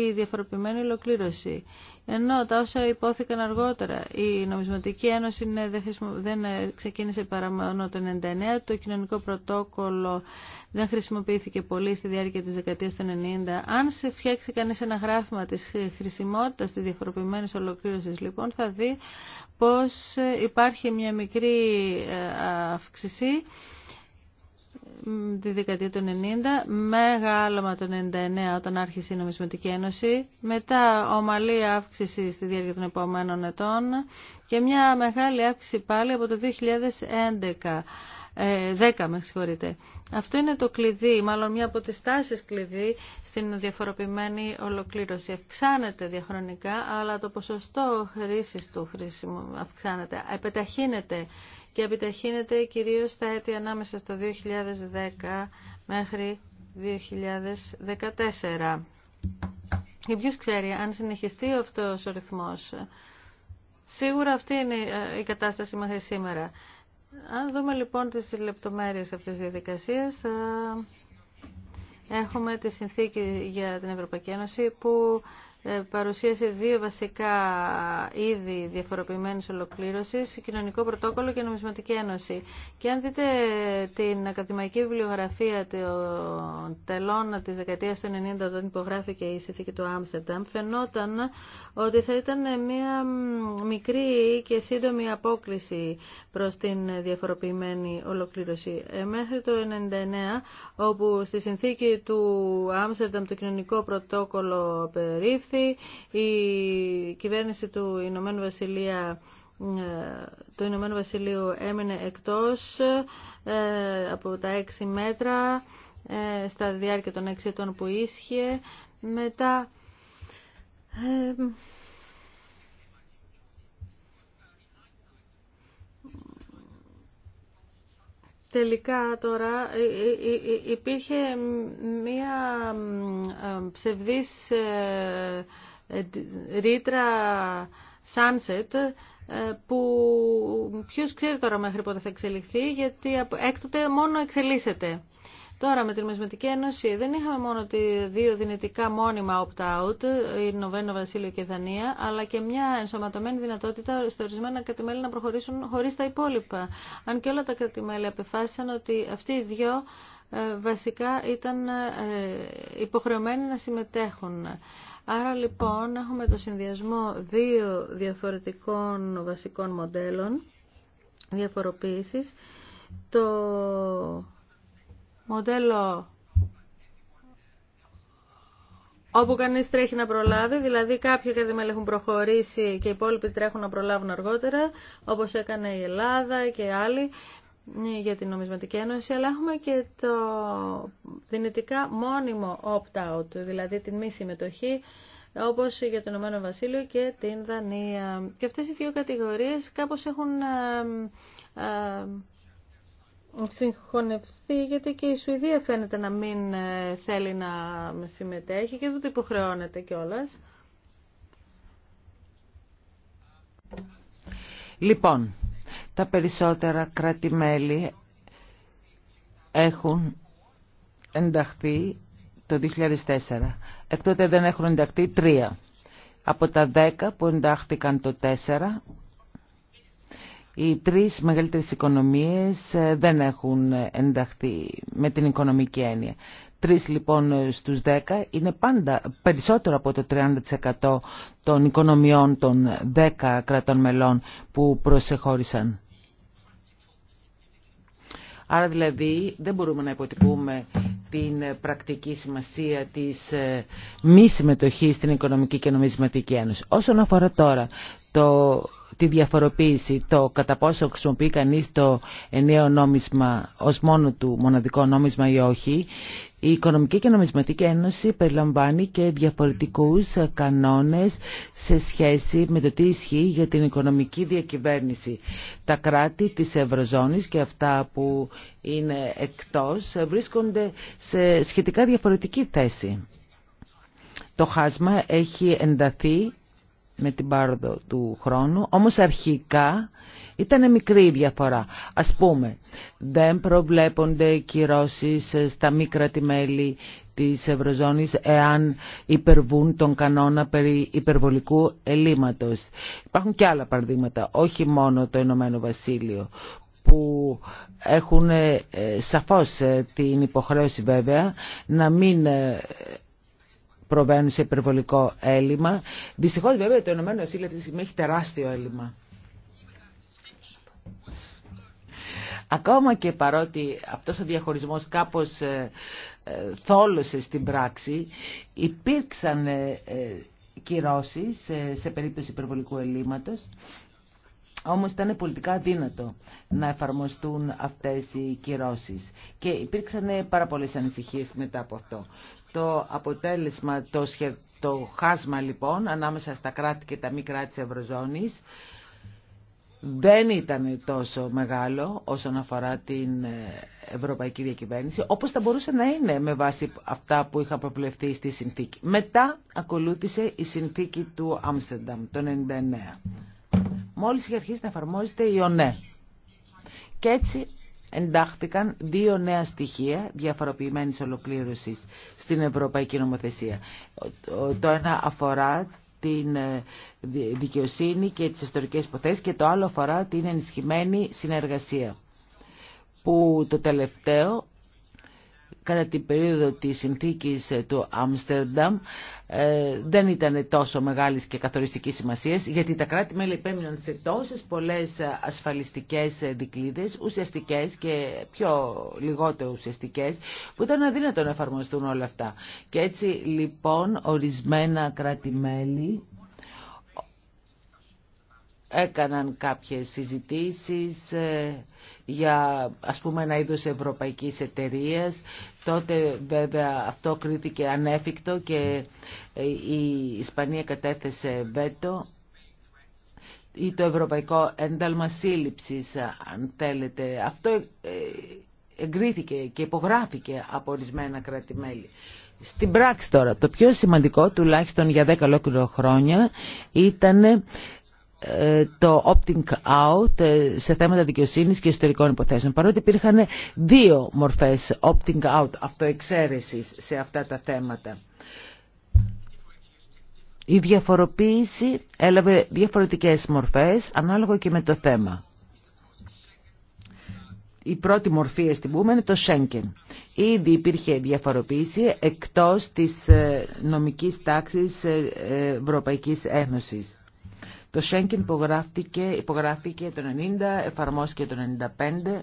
η διαφοροποιημένη ολοκλήρωση. Ενώ τα όσα υπόθηκαν αργότερα, η Νομισματική Ένωση ναι, δεν ε, ξεκίνησε παρά μόνο το 1999, το κοινωνικό πρωτόκολλο δεν χρησιμοποιήθηκε πολύ στη διάρκεια της δεκαετίας του 90. Αν σε φτιάξει κανείς ένα γράφημα της χρησιμότητας της διαφοροποιημένης ολοκλήρωσης, λοιπόν, θα δει πως υπάρχει μια μικρή ε, αύξηση τη δεκαετία των 90, μεγάλωμα το 99 όταν άρχισε η Νομισματική Ένωση, μετά ομαλή αύξηση στη διάρκεια των επόμενων ετών και μια μεγάλη αύξηση πάλι από το 2011. 10 ε, με συγχωρείτε. Αυτό είναι το κλειδί, μάλλον μια από τις τάσεις κλειδί στην διαφοροποιημένη ολοκλήρωση. Αυξάνεται διαχρονικά, αλλά το ποσοστό χρήσης του χρήσιμου αυξάνεται, επιταχύνεται και επιταχύνεται κυρίως στα έτη ανάμεσα στο 2010 μέχρι 2014. Και ποιος ξέρει αν συνεχιστεί αυτός ο ρυθμός. Σίγουρα αυτή είναι η κατάσταση μέχρι σήμερα. Αν δούμε λοιπόν τις λεπτομέρειες αυτής της διαδικασίας, έχουμε τη συνθήκη για την Ευρωπαϊκή Ένωση που ε, παρουσίασε δύο βασικά είδη διαφοροποιημένη ολοκλήρωσης, κοινωνικό πρωτόκολλο και νομισματική ένωση. Και αν δείτε την ακαδημαϊκή βιβλιογραφία των τελών της δεκαετία του 90 όταν υπογράφηκε η συνθήκη του Άμστερνταμ, φαινόταν ότι θα ήταν μια μικρή και σύντομη απόκληση προς την διαφοροποιημένη ολοκλήρωση. Ε, μέχρι το 1999, όπου στη συνθήκη του Άμστερνταμ το κοινωνικό πρωτόκολλο περίφθη, η κυβέρνηση του Ηνωμένου Βασιλεία ε, το Ηνωμένο Βασιλείο έμεινε εκτός ε, από τα έξι μέτρα ε, στα διάρκεια των έξι ετών που ίσχυε. Μετά τελικά τώρα ε, ε, ε, υπήρχε μία ψευδής ρήτρα sunset που ποιος ξέρει τώρα μέχρι πότε θα εξελιχθεί γιατί έκτοτε μόνο εξελίσσεται. Τώρα με την Νομισματική Ένωση δεν είχαμε μόνο δύο δυνητικά μόνιμα opt-out, η Νοβένο Βασίλειο και η Δανία, αλλά και μια ενσωματωμένη δυνατότητα στα ορισμένα κρατημέλη να προχωρήσουν χωρίς τα υπόλοιπα. Αν και όλα τα κρατημέλη απεφάσισαν ότι αυτοί οι δυο ε, βασικά ήταν ε, υποχρεωμένοι να συμμετέχουν. Άρα λοιπόν έχουμε το συνδυασμό δύο διαφορετικών βασικών μοντέλων διαφοροποίησης. Το μοντέλο όπου κανείς τρέχει να προλάβει, δηλαδή κάποιοι έχουν προχωρήσει και οι υπόλοιποι τρέχουν να προλάβουν αργότερα, όπως έκανε η Ελλάδα και άλλοι ε, για την νομισματική ένωση, αλλά έχουμε και το δυνητικά μόνιμο opt-out, δηλαδή την μη συμμετοχή, όπως για το Ηνωμένο Βασίλειο και την Δανία. Και αυτές οι δύο κατηγορίες κάπως έχουν ε, ε, συγχωνευτεί γιατί και η Σουηδία φαίνεται να μην ε, θέλει να συμμετέχει και δεν το υποχρεώνεται κιόλα. Λοιπόν, τα περισσότερα κράτη-μέλη έχουν ενταχθεί το 2004. Εκ τότε δεν έχουν ενταχθεί τρία. Από τα δέκα που εντάχθηκαν το 4, οι τρεις μεγαλύτερες οικονομίες ε, δεν έχουν ε, ενταχθεί με την οικονομική έννοια. Τρεις λοιπόν ε, στους δέκα είναι πάντα περισσότερο από το 30% των οικονομιών των δέκα κρατών μελών που προσεχώρησαν. Άρα δηλαδή δεν μπορούμε να υποτυπούμε την πρακτική σημασία της μη συμμετοχής στην Οικονομική και Νομισματική Ένωση. Όσον αφορά τώρα το τη διαφοροποίηση, το κατά πόσο χρησιμοποιεί κανείς το νέο νόμισμα ως μόνο του μοναδικό νόμισμα ή όχι, η Οικονομική και Νομισματική Ένωση περιλαμβάνει και διαφορετικούς κανόνες σε σχέση με το τι ισχύει για την οικονομική διακυβέρνηση. Τα κράτη της Ευρωζώνης και αυτά που είναι εκτός βρίσκονται σε σχετικά διαφορετική θέση. Το χάσμα έχει ενταθεί με την πάροδο του χρόνου, όμως αρχικά ήταν μικρή η διαφορά. Ας πούμε, δεν προβλέπονται κυρώσεις στα μικρά τιμέλη της Ευρωζώνης εάν υπερβούν τον κανόνα περί υπερβολικού ελλείμματος. Υπάρχουν και άλλα παραδείγματα, όχι μόνο το Ηνωμένο Βασίλειο που έχουν ε, σαφώς ε, την υποχρέωση βέβαια να μην ε, προβαίνουν σε υπερβολικό έλλειμμα. Δυστυχώς βέβαια το Ηνωμένο Βασίλειο αυτή έχει τεράστιο έλλειμμα. Ακόμα και παρότι αυτός ο διαχωρισμός κάπως ε, ε, θόλωσε στην πράξη, υπήρξαν ε, κυρώσεις σε περίπτωση υπερβολικού ελλείμματος όμως ήταν πολιτικά δύνατο να εφαρμοστούν αυτές οι κυρώσεις. Και υπήρξαν πάρα πολλές ανησυχίες μετά από αυτό. Το αποτέλεσμα, το, το χάσμα λοιπόν ανάμεσα στα κράτη και τα μη κράτη της Ευρωζώνης δεν ήταν τόσο μεγάλο όσον αφορά την ε, ευρωπαϊκή διακυβέρνηση, όπως θα μπορούσε να είναι με βάση αυτά που είχα προβλεφθεί στη συνθήκη. Μετά ακολούθησε η συνθήκη του Άμστερνταμ το 1999 μόλις είχε αρχίσει να εφαρμόζεται η ΟΝΕ. Και έτσι εντάχθηκαν δύο νέα στοιχεία διαφοροποιημένης ολοκλήρωσης στην Ευρωπαϊκή Νομοθεσία. Το ένα αφορά την ε, δικαιοσύνη και τις ιστορικές υποθέσεις και το άλλο αφορά την ενισχυμένη συνεργασία που το τελευταίο κατά την περίοδο της συνθήκης ε, του Άμστερνταμ ε, δεν ήταν τόσο μεγάλης και καθοριστικής σημασίας γιατί τα κράτη-μέλη επέμειναν σε τόσες πολλές ε, ασφαλιστικές δικλείδες ουσιαστικές και πιο λιγότερο ουσιαστικές που ήταν αδύνατο να εφαρμοστούν όλα αυτά. Και έτσι λοιπόν ορισμένα κράτη-μέλη έκαναν κάποιες συζητήσεις ε, για ας πούμε ένα είδος ευρωπαϊκής εταιρείας. Τότε βέβαια αυτό κρίθηκε ανέφικτο και ε, η Ισπανία κατέθεσε βέτο ή το ευρωπαϊκό ένταλμα σύλληψης αν θέλετε. Αυτό ε, εγκρίθηκε και υπογράφηκε από ορισμένα κράτη-μέλη. Στην πράξη τώρα, το πιο σημαντικό τουλάχιστον για 10 ολόκληρο χρόνια ήταν το opting out ε, σε θέματα δικαιοσύνης και ιστορικών υποθέσεων. Παρότι υπήρχαν δύο μορφές opting out αυτοεξαίρεσης σε αυτά τα θέματα. Η διαφοροποίηση έλαβε διαφορετικές μορφές ανάλογα και με το θέμα. Η πρώτη μορφή στην πούμε είναι το Schengen. Ήδη υπήρχε διαφοροποίηση εκτός της ε, νομικής τάξης ε, Ευρωπαϊκής Ένωσης. Το Σέγγεν υπογράφηκε, υπογράφηκε το 90, εφαρμόστηκε το 95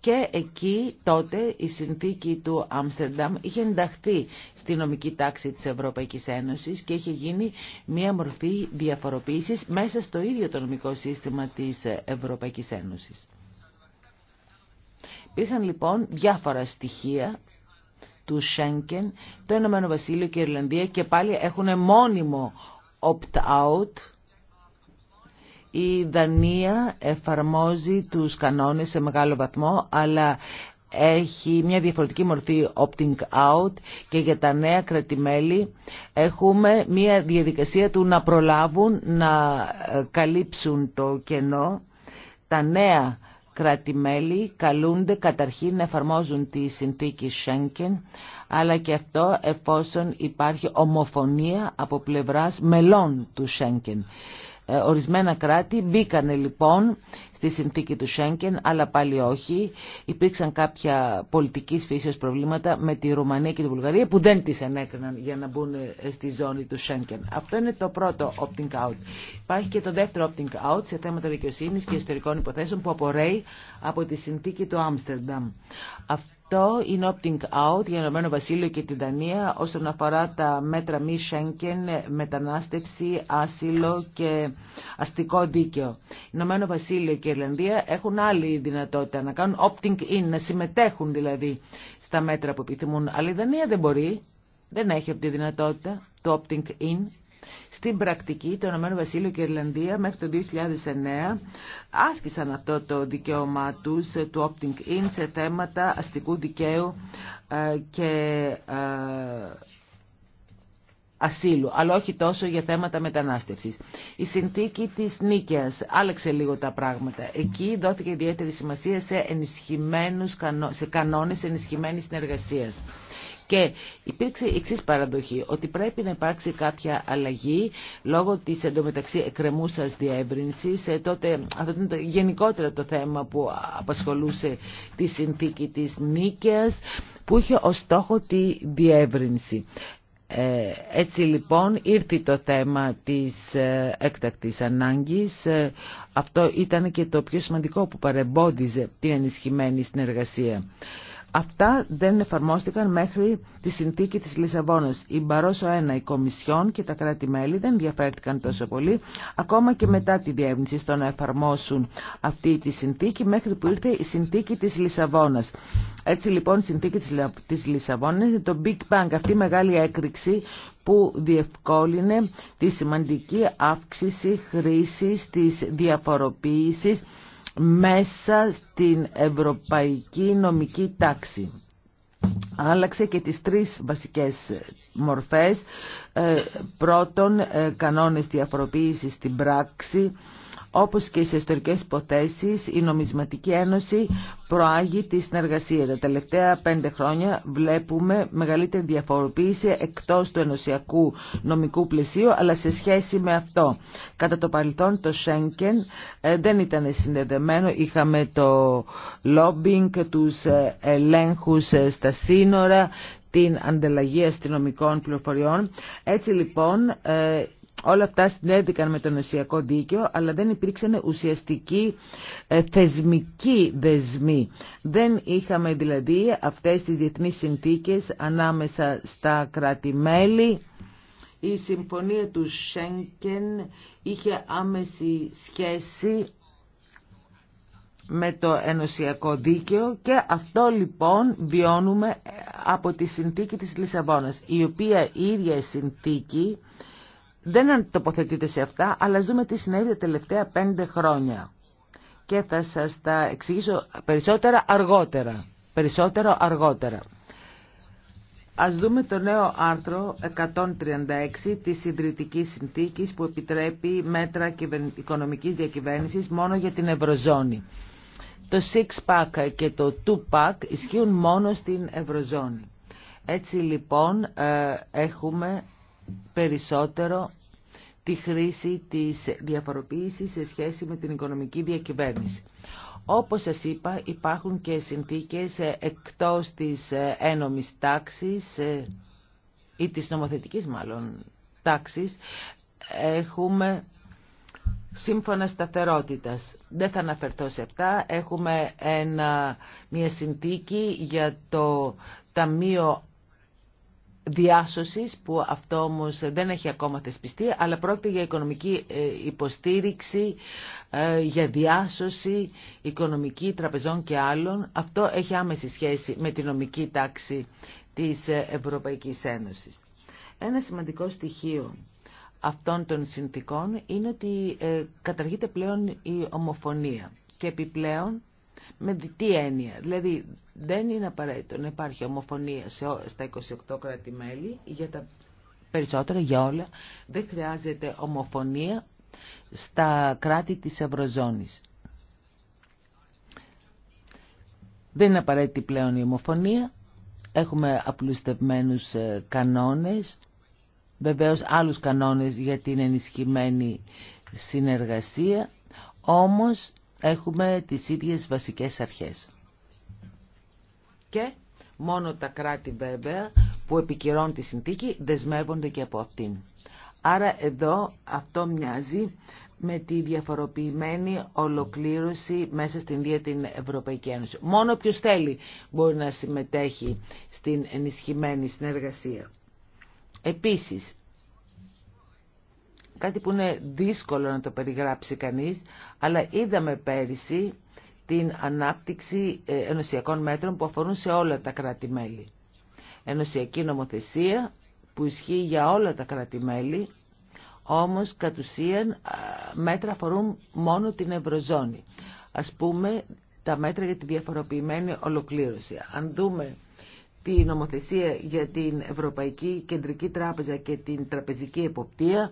και εκεί τότε η συνθήκη του Άμστερνταμ είχε ενταχθεί στη νομική τάξη της Ευρωπαϊκής Ένωσης και είχε γίνει μια μορφή διαφοροποίησης μέσα στο ίδιο το νομικό σύστημα της Ευρωπαϊκής Ένωσης. Υπήρχαν λοιπόν διάφορα στοιχεία του Σέγγεν, το Ηνωμένο Βασίλειο και η Ιρλανδία και πάλι έχουν μόνιμο opt-out η Δανία εφαρμόζει τους κανόνες σε μεγάλο βαθμό, αλλά έχει μια διαφορετική μορφή opting out και για τα νέα κρατημέλη έχουμε μια διαδικασία του να προλάβουν να ε, καλύψουν το κενό. Τα νέα κρατημέλη καλούνται καταρχήν να εφαρμόζουν τη συνθήκη Schengen αλλά και αυτό εφόσον υπάρχει ομοφωνία από πλευράς μελών του Schengen. Ε, ορισμένα κράτη μπήκανε λοιπόν στη συνθήκη του Σέγκεν, αλλά πάλι όχι. Υπήρξαν κάποια πολιτική φύσεως προβλήματα με τη Ρουμανία και τη Βουλγαρία που δεν τις ενέκριναν για να μπουν ε, στη ζώνη του Σέγκεν. Αυτό είναι το πρώτο opting out. Υπάρχει και το δεύτερο opting out σε θέματα δικαιοσύνης και ιστορικών υποθέσεων που απορρέει από τη συνθήκη του Άμστερνταμ. Αυτό είναι opting out για Ηνωμένο Βασίλειο και την Δανία όσον αφορά τα μέτρα μη Σέγγεν, μετανάστευση, άσυλο και αστικό δίκαιο. Ηνωμένο Βασίλειο και η Ιρλανδία έχουν άλλη δυνατότητα να κάνουν opting in, να συμμετέχουν δηλαδή στα μέτρα που επιθυμούν. Αλλά η Δανία δεν μπορεί, δεν έχει αυτή τη δυνατότητα, το opting in. Στην πρακτική, το Ηνωμένο Βασίλειο και η Ιρλανδία μέχρι το 2009 άσκησαν αυτό το δικαίωμά τους ε, του opting in σε θέματα αστικού δικαίου ε, και ε, ασύλου, αλλά όχι τόσο για θέματα μετανάστευσης. Η συνθήκη της Νίκαιας άλλαξε λίγο τα πράγματα. Εκεί δόθηκε ιδιαίτερη σημασία σε, ενισχυμένους, σε κανόνες ενισχυμένης συνεργασίας. Και υπήρξε εξή παραδοχή, ότι πρέπει να υπάρξει κάποια αλλαγή λόγω τη εντωμεταξύ εκκρεμούσα διεύρυνση. Ε, τότε, αυτό ήταν το, γενικότερα το θέμα που απασχολούσε τη συνθήκη της Νίκαια, που είχε ως στόχο τη διεύρυνση. Ε, έτσι λοιπόν ήρθε το θέμα της ε, έκτακτης ανάγκης. Αυτό ήταν και το πιο σημαντικό που παρεμπόδιζε την ενισχυμένη συνεργασία. Αυτά δεν εφαρμόστηκαν μέχρι τη συνθήκη της Λισαβόνας. Η Μπαρόσο 1, η Κομισιόν και τα κράτη-μέλη δεν διαφέρθηκαν τόσο πολύ, ακόμα και μετά τη διεύνηση στο να εφαρμόσουν αυτή τη συνθήκη, μέχρι που ήρθε η συνθήκη της Λισαβόνας. Έτσι λοιπόν η συνθήκη της Λισαβόνας είναι το Big Bang, αυτή η μεγάλη έκρηξη που διευκόλυνε τη σημαντική αύξηση χρήσης της διαφοροποίησης μέσα στην ευρωπαϊκή νομική τάξη. Άλλαξε και τις τρεις βασικές μορφές. Ε, πρώτον, ε, κανόνες διαφοροποίησης στην πράξη όπως και σε ιστορικές υποθέσεις, η Νομισματική Ένωση προάγει τη συνεργασία. Τα τελευταία πέντε χρόνια βλέπουμε μεγαλύτερη διαφοροποίηση εκτός του ενωσιακού νομικού πλαισίου, αλλά σε σχέση με αυτό. Κατά το παρελθόν το ΣΕΝΚΕΝ ε, δεν ήταν συνδεδεμένο. Είχαμε το λόμπινγκ, τους ε, ελέγχους ε, στα σύνορα, την ανταλλαγή αστυνομικών πληροφοριών. Έτσι λοιπόν Όλα αυτά συνέδικαν με το νοσιακό δίκαιο, αλλά δεν υπήρξαν ουσιαστικοί ε, θεσμικοί δεσμοί. Δεν είχαμε δηλαδή αυτές τις διεθνείς συνθήκες ανάμεσα στα κράτη-μέλη. Η συμφωνία του Σέγκεν είχε άμεση σχέση με το ενωσιακό δίκαιο και αυτό λοιπόν βιώνουμε από τη συνθήκη της Λισαβόνας, η οποία η ίδια συνθήκη δεν τοποθετείτε σε αυτά, αλλά ζούμε τι συνέβη τα τελευταία πέντε χρόνια. Και θα σας τα εξηγήσω περισσότερα αργότερα. Περισσότερο αργότερα. Ας δούμε το νέο άρθρο 136 της ιδρυτικής Συνθήκης που επιτρέπει μέτρα οικονομικής διακυβέρνησης μόνο για την Ευρωζώνη. Το 6-pack και το 2-pack ισχύουν μόνο στην Ευρωζώνη. Έτσι λοιπόν ε, έχουμε περισσότερο τη χρήση της διαφοροποίησης σε σχέση με την οικονομική διακυβέρνηση. Όπως σας είπα υπάρχουν και συνθήκες εκτός της ένομης τάξης ε, ή της νομοθετικής μάλλον τάξης. Έχουμε σύμφωνα σταθερότητας. Δεν θα αναφερθώ σε αυτά. Έχουμε ένα, μια συνθήκη για το Ταμείο διάσωσης που αυτό όμως δεν έχει ακόμα θεσπιστεί αλλά πρόκειται για οικονομική ε, υποστήριξη, ε, για διάσωση οικονομική τραπεζών και άλλων. Αυτό έχει άμεση σχέση με την νομική τάξη της Ευρωπαϊκής Ένωσης. Ένα σημαντικό στοιχείο αυτών των συνθήκων είναι ότι ε, καταργείται πλέον η ομοφωνία και επιπλέον με τι έννοια. Δηλαδή δεν είναι απαραίτητο να υπάρχει ομοφωνία στα 28 κράτη-μέλη για τα περισσότερα, για όλα. Δεν χρειάζεται ομοφωνία στα κράτη της Ευρωζώνης. Δεν είναι απαραίτητη πλέον η ομοφωνία. Έχουμε απλουστευμένους ε, κανόνες, βεβαίως άλλους κανόνες για την ενισχυμένη συνεργασία, όμως έχουμε τις ίδιες βασικές αρχές. Και μόνο τα κράτη βέβαια που επικυρώνουν τη συνθήκη δεσμεύονται και από αυτήν. Άρα εδώ αυτό μοιάζει με τη διαφοροποιημένη ολοκλήρωση μέσα στην ίδια την Ευρωπαϊκή Ένωση. Μόνο ποιος θέλει μπορεί να συμμετέχει στην ενισχυμένη συνεργασία. Επίσης, κάτι που είναι δύσκολο να το περιγράψει κανείς, αλλά είδαμε πέρυσι την ανάπτυξη ε, ενωσιακών μέτρων που αφορούν σε όλα τα κράτη-μέλη. Ενωσιακή νομοθεσία που ισχύει για όλα τα κράτη-μέλη, όμως κατ' ουσίαν μέτρα αφορούν μόνο την Ευρωζώνη. Ας πούμε τα μέτρα για τη διαφοροποιημένη ολοκλήρωση. Αν δούμε τη νομοθεσία για την Ευρωπαϊκή Κεντρική Τράπεζα και την Τραπεζική Εποπτεία,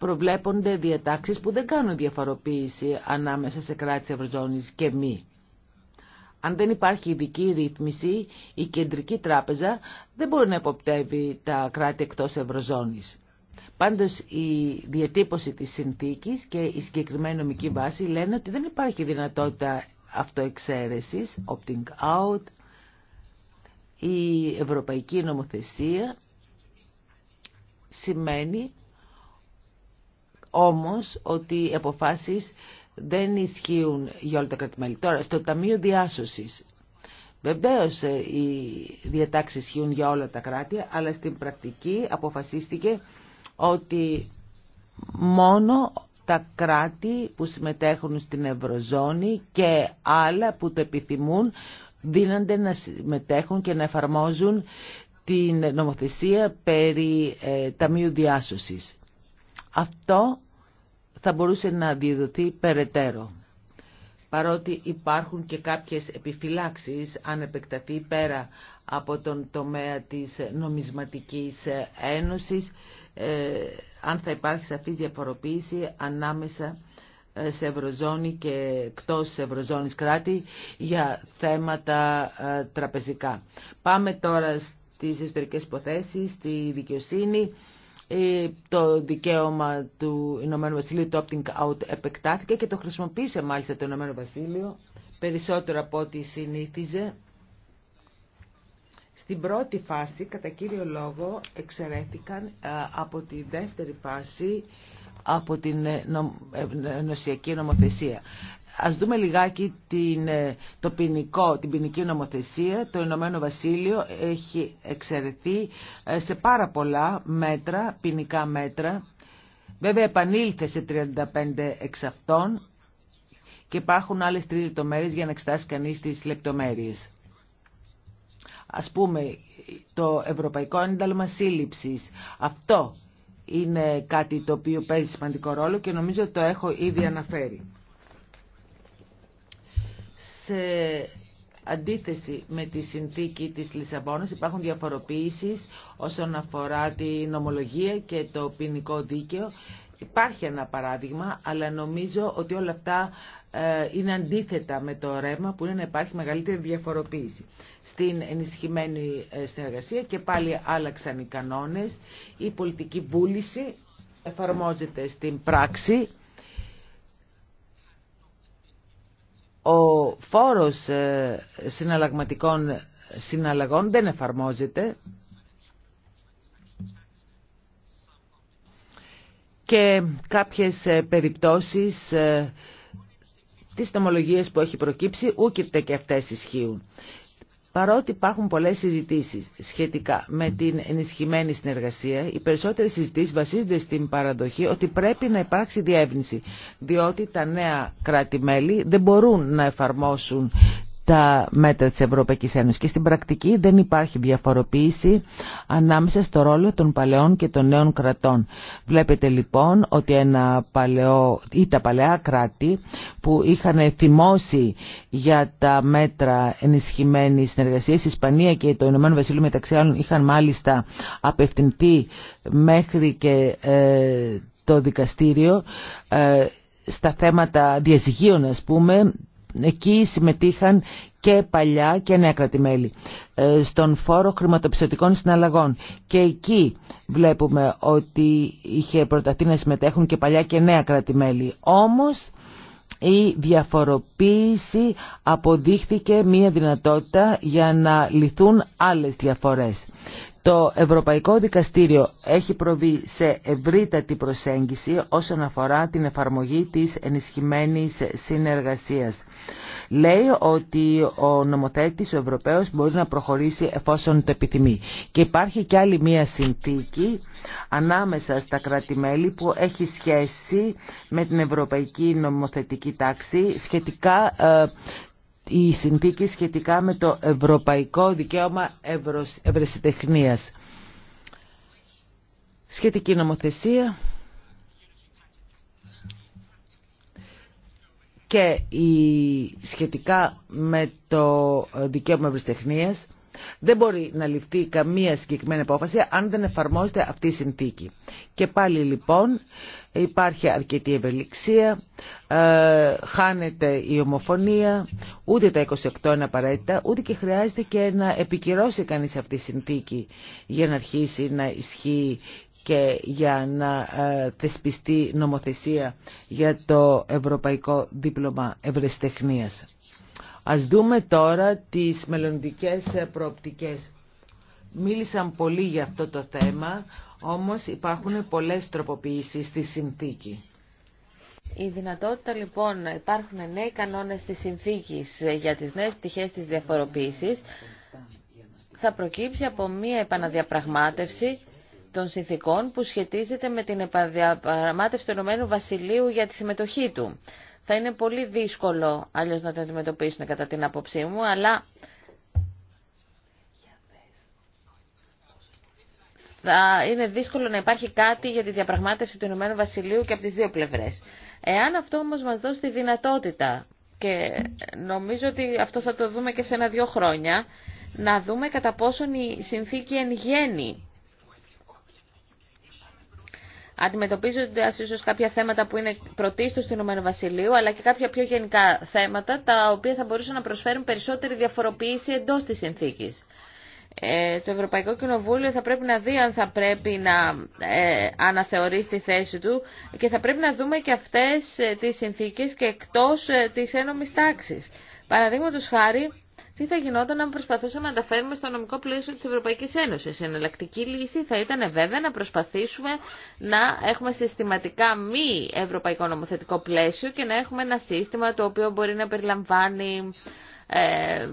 προβλέπονται διατάξεις που δεν κάνουν διαφοροποίηση ανάμεσα σε κράτη Ευρωζώνης και μη. Αν δεν υπάρχει ειδική ρύθμιση, η Κεντρική Τράπεζα δεν μπορεί να εποπτεύει τα κράτη εκτός Ευρωζώνης. Πάντως η διατύπωση της συνθήκης και η συγκεκριμένη νομική βάση λένε ότι δεν υπάρχει δυνατότητα αυτοεξαίρεσης, opting out, η ευρωπαϊκή νομοθεσία σημαίνει όμως ότι οι αποφάσεις δεν ισχύουν για όλα τα κρατημέλη. Τώρα, στο Ταμείο Διάσωσης, βεβαίως ε, οι διατάξεις ισχύουν για όλα τα κράτη, αλλά στην πρακτική αποφασίστηκε ότι μόνο τα κράτη που συμμετέχουν στην Ευρωζώνη και άλλα που το επιθυμούν δίνονται να συμμετέχουν και να εφαρμόζουν την νομοθεσία περί ε, Ταμείου Διάσωσης. Αυτό θα μπορούσε να διεδοθεί περαιτέρω. Παρότι υπάρχουν και κάποιες επιφυλάξεις αν επεκταθεί πέρα από τον τομέα της νομισματικής ένωσης, ε, αν θα υπάρχει σαφή διαφοροποίηση ανάμεσα ε, σε Ευρωζώνη και εκτός Ευρωζώνης κράτη για θέματα ε, τραπεζικά. Πάμε τώρα στις ιστορικές υποθέσεις, στη δικαιοσύνη. Ε, το δικαίωμα του Ηνωμένου Βασιλείου, το opting out, επεκτάθηκε και το χρησιμοποίησε μάλιστα το Ηνωμένο Βασίλειο περισσότερο από ό,τι συνήθιζε. Στην πρώτη φάση, κατά κύριο λόγο, εξαιρέθηκαν ε, από τη δεύτερη φάση από την ε, νοσιακή νομοθεσία. Ας δούμε λιγάκι την, ε, το ποινικό, την ποινική νομοθεσία. Το Ηνωμένο Βασίλειο έχει εξαιρεθεί ε, σε πάρα πολλά μέτρα, ποινικά μέτρα. Βέβαια επανήλθε σε 35 εξ αυτών και υπάρχουν άλλες τρεις λεπτομέρειες για να εξετάσει κανείς τις λεπτομέρειες. Ας πούμε, το Ευρωπαϊκό Ένταλμα Σύλληψης. Αυτό είναι κάτι το οποίο παίζει σημαντικό ρόλο και νομίζω το έχω ήδη αναφέρει σε αντίθεση με τη συνθήκη της Λισαβόνας υπάρχουν διαφοροποιήσεις όσον αφορά την νομολογία και το ποινικό δίκαιο. Υπάρχει ένα παράδειγμα, αλλά νομίζω ότι όλα αυτά ε, είναι αντίθετα με το ρεύμα που είναι να υπάρχει μεγαλύτερη διαφοροποίηση. Στην ενισχυμένη ε, συνεργασία και πάλι άλλαξαν οι κανόνες, η πολιτική βούληση εφαρμόζεται στην πράξη ο φόρος ε, συναλλαγματικών συναλλαγών δεν εφαρμόζεται και κάποιες ε, περιπτώσεις ε, τις νομολογίες που έχει προκύψει, ούτε και αυτές ισχύουν. Παρότι υπάρχουν πολλές συζητήσεις σχετικά με την ενισχυμένη συνεργασία, οι περισσότερες συζητήσεις βασίζονται στην παραδοχή ότι πρέπει να υπάρξει διεύνηση, διότι τα νέα κράτη-μέλη δεν μπορούν να εφαρμόσουν τα μέτρα της Ευρωπαϊκής Ένωσης και στην πρακτική δεν υπάρχει διαφοροποίηση ανάμεσα στο ρόλο των παλαιών και των νέων κρατών. Βλέπετε λοιπόν ότι ένα παλαιό ή τα παλαιά κράτη που είχαν θυμώσει για τα μέτρα ενισχυμένη συνεργασία... η Ισπανία και το Ηνωμένο Βασίλειο μεταξύ άλλων είχαν μάλιστα απευθυνθεί μέχρι και ε, το δικαστήριο ε, στα θέματα διαζυγίων ας πούμε εκεί συμμετείχαν και παλιά και νέα κρατημέλη ε, στον φόρο χρηματοπιστωτικών συναλλαγών και εκεί βλέπουμε ότι είχε προταθεί να συμμετέχουν και παλιά και νέα κρατημέλη όμως η διαφοροποίηση αποδείχθηκε μία δυνατότητα για να λυθούν άλλες διαφορές. Το Ευρωπαϊκό Δικαστήριο έχει προβεί σε ευρύτατη προσέγγιση όσον αφορά την εφαρμογή της ενισχυμένης συνεργασίας. Λέει ότι ο νομοθέτης, ο Ευρωπαίος, μπορεί να προχωρήσει εφόσον το επιθυμεί. Και υπάρχει και άλλη μία συνθήκη ανάμεσα στα κράτη-μέλη που έχει σχέση με την Ευρωπαϊκή Νομοθετική Τάξη σχετικά ε, η συνθήκη σχετικά με το ευρωπαϊκό δικαίωμα ευρεσιτεχνίας. Σχετική νομοθεσία και η σχετικά με το δικαίωμα ευρεσιτεχνίας δεν μπορεί να ληφθεί καμία συγκεκριμένη απόφαση αν δεν εφαρμόζεται αυτή η συνθήκη. Και πάλι λοιπόν υπάρχει αρκετή ευελιξία, ε, χάνεται η ομοφωνία, ούτε τα 28 είναι απαραίτητα, ούτε και χρειάζεται και να επικυρώσει κανείς αυτή η συνθήκη για να αρχίσει να ισχύει και για να ε, θεσπιστεί νομοθεσία για το ευρωπαϊκό δίπλωμα ευρεσιτεχνίας. Ας δούμε τώρα τις μελλοντικές ε, προοπτικές. Μίλησαν πολύ για αυτό το θέμα, όμως υπάρχουν πολλές τροποποιήσεις στη συνθήκη. Η δυνατότητα λοιπόν να υπάρχουν νέοι κανόνες της συνθήκης ε, για τις νέες πτυχές της διαφοροποίησης θα προκύψει από μία επαναδιαπραγμάτευση των συνθήκων που σχετίζεται με την επαναδιαπραγμάτευση του Ηνωμένου Βασιλείου για τη συμμετοχή του. Θα είναι πολύ δύσκολο αλλιώ να το αντιμετωπίσουν κατά την άποψή μου, αλλά θα είναι δύσκολο να υπάρχει κάτι για τη διαπραγμάτευση του Ηνωμένου Βασιλείου και από τις δύο πλευρές. Εάν αυτό όμως μας δώσει τη δυνατότητα, και νομίζω ότι αυτό θα το δούμε και σε ένα-δύο χρόνια, να δούμε κατά πόσον η συνθήκη εν γέννη Αντιμετωπίζονται ίσω κάποια θέματα που είναι πρωτίστως του Ηνωμένου Βασιλείου, αλλά και κάποια πιο γενικά θέματα, τα οποία θα μπορούσαν να προσφέρουν περισσότερη διαφοροποίηση εντός της συνθήκης. Ε, το Ευρωπαϊκό Κοινοβούλιο θα πρέπει να δει αν θα πρέπει να ε, αναθεωρήσει τη θέση του και θα πρέπει να δούμε και αυτές ε, τις συνθήκες και εκτός ε, της ένομης τάξης. Παραδείγματος χάρη, τι θα γινόταν αν προσπαθούσαμε να τα φέρουμε στο νομικό πλαίσιο της Ευρωπαϊκής Ένωσης. Η εναλλακτική λύση θα ήταν βέβαια να προσπαθήσουμε να έχουμε συστηματικά μη ευρωπαϊκό νομοθετικό πλαίσιο και να έχουμε ένα σύστημα το οποίο μπορεί να περιλαμβάνει ε,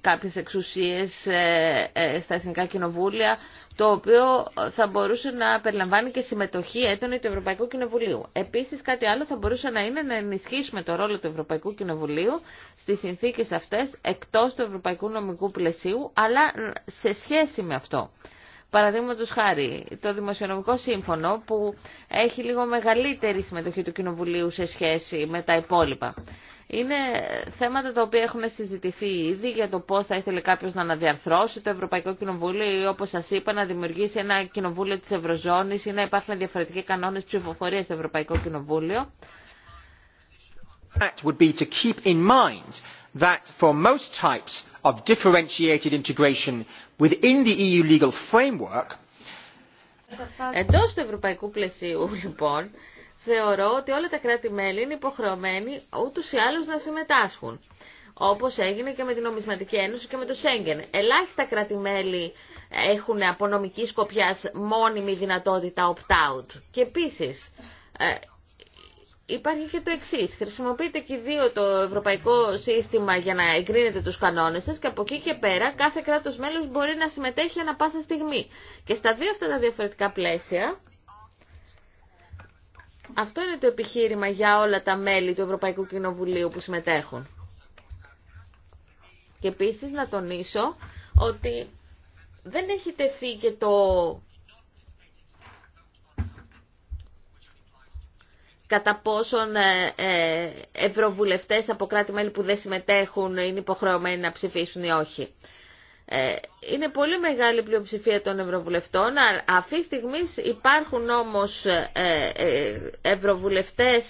κάποιες εξουσίες ε, ε, στα εθνικά κοινοβούλια το οποίο θα μπορούσε να περιλαμβάνει και συμμετοχή έτονη του Ευρωπαϊκού Κοινοβουλίου. Επίσης κάτι άλλο θα μπορούσε να είναι να ενισχύσουμε το ρόλο του Ευρωπαϊκού Κοινοβουλίου στις συνθήκες αυτές εκτός του Ευρωπαϊκού Νομικού Πλαισίου, αλλά σε σχέση με αυτό. Παραδείγματο χάρη, το Δημοσιονομικό Σύμφωνο που έχει λίγο μεγαλύτερη συμμετοχή του Κοινοβουλίου σε σχέση με τα υπόλοιπα. Είναι θέματα τα οποία έχουν συζητηθεί ήδη για το πώς θα ήθελε κάποιος να αναδιαρθρώσει το Ευρωπαϊκό Κοινοβούλιο ή όπως σας είπα να δημιουργήσει ένα κοινοβούλιο της Ευρωζώνης ή να υπάρχουν διαφορετικοί κανόνες ψηφοφορίας στο Ευρωπαϊκό Κοινοβούλιο. Would του ευρωπαϊκού πλαισίου, λοιπόν, θεωρώ ότι όλα τα κράτη-μέλη είναι υποχρεωμένοι ούτως ή άλλως να συμμετάσχουν. Όπως έγινε και με την Νομισματική Ένωση και με το Σέγγεν. Ελάχιστα κράτη-μέλη έχουν από νομική σκοπιά μόνιμη δυνατότητα opt-out. Και επίσης, ε, Υπάρχει και το εξή. Χρησιμοποιείτε και δύο το ευρωπαϊκό σύστημα για να εγκρίνετε του κανόνε σα και από εκεί και πέρα κάθε κράτο μέλο μπορεί να συμμετέχει ανα πάσα στιγμή. Και στα δύο αυτά τα διαφορετικά πλαίσια αυτό είναι το επιχείρημα για όλα τα μέλη του Ευρωπαϊκού Κοινοβουλίου που συμμετέχουν. Και επίση να τονίσω ότι δεν έχει τεθεί και το κατά πόσον ε, ε, ευρωβουλευτές από κράτη-μέλη που δεν συμμετέχουν είναι υποχρεωμένοι να ψηφίσουν ή όχι. Ε, είναι πολύ μεγάλη πλειοψηφία των ευρωβουλευτών. Αυτή τη στιγμή υπάρχουν όμως ε, ε, ευρωβουλευτές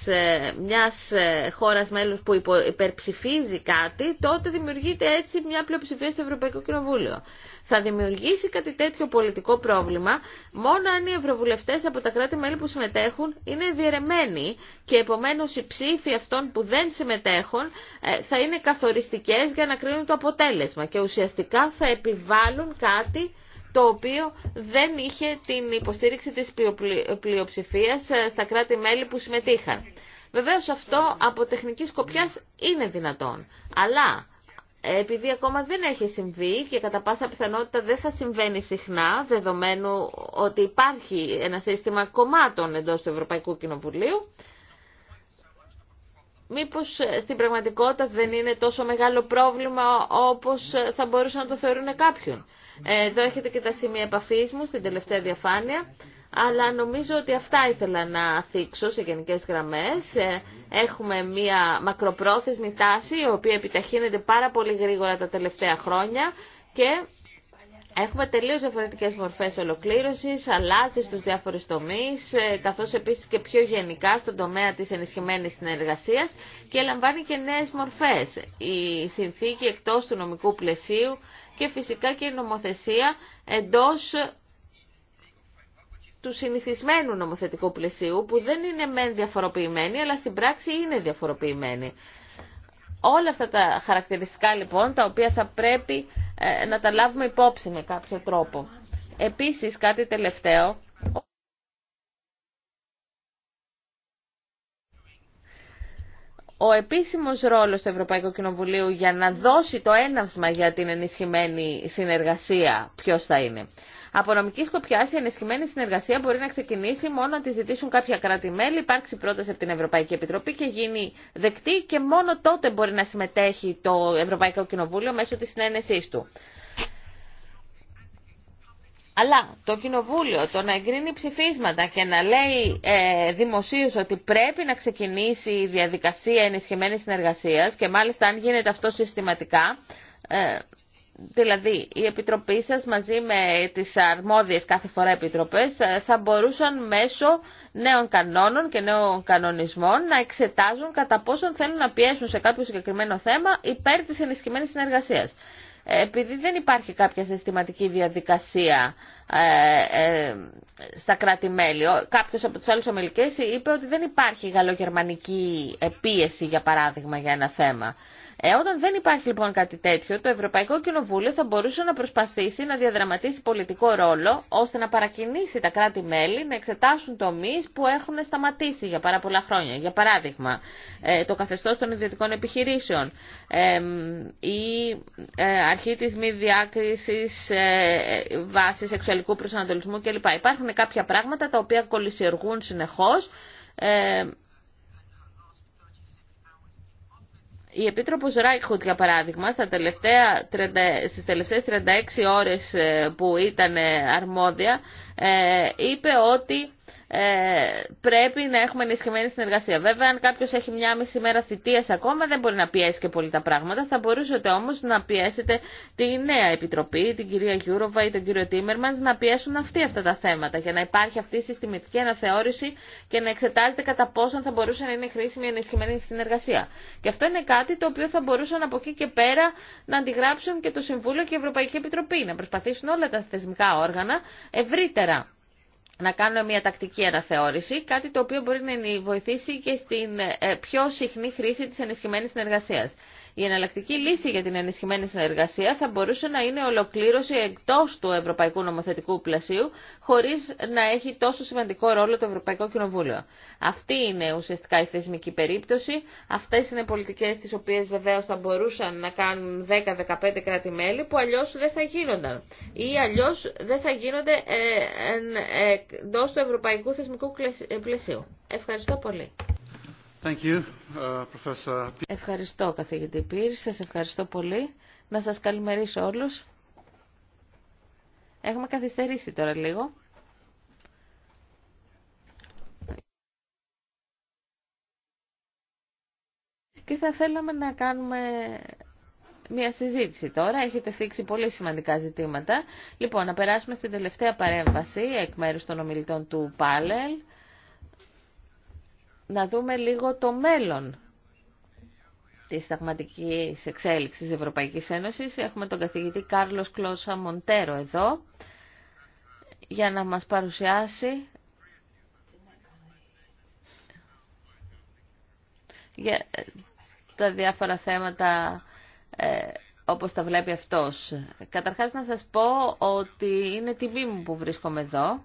μιας χώρας μέλους που υπερψηφίζει κάτι, τότε δημιουργείται έτσι μια πλειοψηφία στο Ευρωπαϊκό Κοινοβούλιο θα δημιουργήσει κάτι τέτοιο πολιτικό πρόβλημα μόνο αν οι ευρωβουλευτές από τα κράτη-μέλη που συμμετέχουν είναι διαιρεμένοι και επομένως οι ψήφοι αυτών που δεν συμμετέχουν ε, θα είναι καθοριστικές για να κρίνουν το αποτέλεσμα και ουσιαστικά θα επιβάλλουν κάτι το οποίο δεν είχε την υποστήριξη της πλειοψηφίας ε, στα κράτη-μέλη που συμμετείχαν. Βεβαίως αυτό από τεχνική σκοπιάς είναι δυνατόν, αλλά επειδή ακόμα δεν έχει συμβεί και κατά πάσα πιθανότητα δεν θα συμβαίνει συχνά, δεδομένου ότι υπάρχει ένα σύστημα κομμάτων εντός του Ευρωπαϊκού Κοινοβουλίου, μήπως ε, στην πραγματικότητα δεν είναι τόσο μεγάλο πρόβλημα όπως ε, θα μπορούσαν να το θεωρούν κάποιον. Ε, εδώ έχετε και τα σημεία επαφής μου στην τελευταία διαφάνεια αλλά νομίζω ότι αυτά ήθελα να θίξω σε γενικές γραμμές. Ε, έχουμε μία μακροπρόθεσμη τάση, η οποία επιταχύνεται πάρα πολύ γρήγορα τα τελευταία χρόνια και Έχουμε τελείω διαφορετικέ μορφέ ολοκλήρωση, αλλάζει στου διάφορου τομεί, ε, καθώ επίση και πιο γενικά στον τομέα τη ενισχυμένη συνεργασία και λαμβάνει και νέε μορφέ. Η συνθήκη εκτό του νομικού πλαισίου και φυσικά και η νομοθεσία εντός του συνηθισμένου νομοθετικού πλαισίου που δεν είναι μεν διαφοροποιημένη αλλά στην πράξη είναι διαφοροποιημένη. Όλα αυτά τα χαρακτηριστικά λοιπόν τα οποία θα πρέπει ε, να τα λάβουμε υπόψη με κάποιο τρόπο. Επίσης κάτι τελευταίο. Ο επίσημος ρόλος του Ευρωπαϊκού Κοινοβουλίου για να δώσει το έναυσμα για την ενισχυμένη συνεργασία ποιος θα είναι. Από νομική σκοπιά, η ενισχυμένη συνεργασία μπορεί να ξεκινήσει μόνο αν τη ζητήσουν κάποια κράτη-μέλη, υπάρξει πρόταση από την Ευρωπαϊκή Επιτροπή και γίνει δεκτή και μόνο τότε μπορεί να συμμετέχει το Ευρωπαϊκό Κοινοβούλιο μέσω τη συνένεσή του. Αλλά το κοινοβούλιο το να εγκρίνει ψηφίσματα και να λέει ε, δημοσίως ότι πρέπει να ξεκινήσει η διαδικασία ενισχυμένη συνεργασία και μάλιστα αν γίνεται αυτό συστηματικά ε, Δηλαδή, η Επιτροπή σας μαζί με τις αρμόδιες κάθε φορά επιτροπές ε, θα μπορούσαν μέσω νέων κανόνων και νέων κανονισμών να εξετάζουν κατά πόσον θέλουν να πιέσουν σε κάποιο συγκεκριμένο θέμα υπέρ της ενισχυμένης συνεργασίας. Ε, επειδή δεν υπάρχει κάποια συστηματική διαδικασία ε, στα κράτη-μέλη, κάποιος από τους άλλους ομιλικέ είπε ότι δεν υπάρχει γαλλογερμανική πίεση, για παράδειγμα, για ένα θέμα. Ε, όταν δεν υπάρχει λοιπόν κάτι τέτοιο, το Ευρωπαϊκό Κοινοβούλιο θα μπορούσε να προσπαθήσει να διαδραματίσει πολιτικό ρόλο, ώστε να παρακινήσει τα κράτη-μέλη να εξετάσουν τομεί που έχουν σταματήσει για πάρα πολλά χρόνια. Για παράδειγμα, ε, το καθεστώ των ιδιωτικών επιχειρήσεων, ε, η ε, αρχή τη μη διάκριση βάση σεξουαλικού προσανατολισμού κλπ. Υπάρχουν κάποια πράγματα τα οποία κολλησιεργούν συνεχώ η Επίτροπος Ράιχουτ, για παράδειγμα, στα τελευταία, στις τελευταίες 36 ώρες ε, που ήταν ε, αρμόδια, ε, είπε ότι ε, πρέπει να έχουμε ενισχυμένη συνεργασία. Βέβαια, αν κάποιο έχει μια μισή μέρα θητεία ακόμα, δεν μπορεί να πιέσει και πολύ τα πράγματα. Θα μπορούσατε όμω να πιέσετε τη νέα επιτροπή, την κυρία Γιούροβα ή τον κύριο Τίμερμαν, να πιέσουν αυτοί αυτά τα θέματα για να υπάρχει αυτή η συστημητική αναθεώρηση και να εξετάζεται κατά πόσον θα μπορούσε να είναι χρήσιμη η ενισχυμένη συνεργασία. Και αυτό είναι κάτι το οποίο θα μπορούσαν από εκεί και πέρα να αντιγράψουν και το Συμβούλιο και η Ευρωπαϊκή Επιτροπή, να προσπαθήσουν όλα τα θεσμικά όργανα ευρύτερα να κάνουμε μια τακτική αναθεώρηση, κάτι το οποίο μπορεί να βοηθήσει και στην ε, πιο συχνή χρήση της ενισχυμένης συνεργασίας. Η εναλλακτική λύση για την ενισχυμένη συνεργασία θα μπορούσε να είναι ολοκλήρωση εκτός του ευρωπαϊκού νομοθετικού πλασίου, χωρίς να έχει τόσο σημαντικό ρόλο το Ευρωπαϊκό Κοινοβούλιο. Αυτή είναι ουσιαστικά η θεσμική περίπτωση. Αυτές είναι πολιτικές τις οποίες βεβαίως θα μπορούσαν να κάνουν 10-15 κράτη-μέλη που αλλιώς δεν θα γίνονταν. Ή αλλιώς δεν θα γίνονται ε, εντό ε, του ευρωπαϊκού θεσμικού ε, Πλασίου. Ευχαριστώ πολύ. Uh, ευχαριστώ καθηγητή Πύρη, σας ευχαριστώ πολύ. Να σας καλημερίσω όλους. Έχουμε καθυστερήσει τώρα λίγο. Και θα θέλαμε να κάνουμε μια συζήτηση τώρα. Έχετε θίξει πολύ σημαντικά ζητήματα. Λοιπόν, να περάσουμε στην τελευταία παρέμβαση εκ μέρους των ομιλητών του Πάλελ να δούμε λίγο το μέλλον της σταγματικής εξέλιξης της Ευρωπαϊκής Ένωσης. Έχουμε τον καθηγητή Κάρλος Κλώσσα Μοντέρο εδώ για να μας παρουσιάσει για ε, τα διάφορα θέματα ε, όπως τα βλέπει αυτός. Καταρχάς να σας πω ότι είναι τιμή μου που βρίσκομαι εδώ.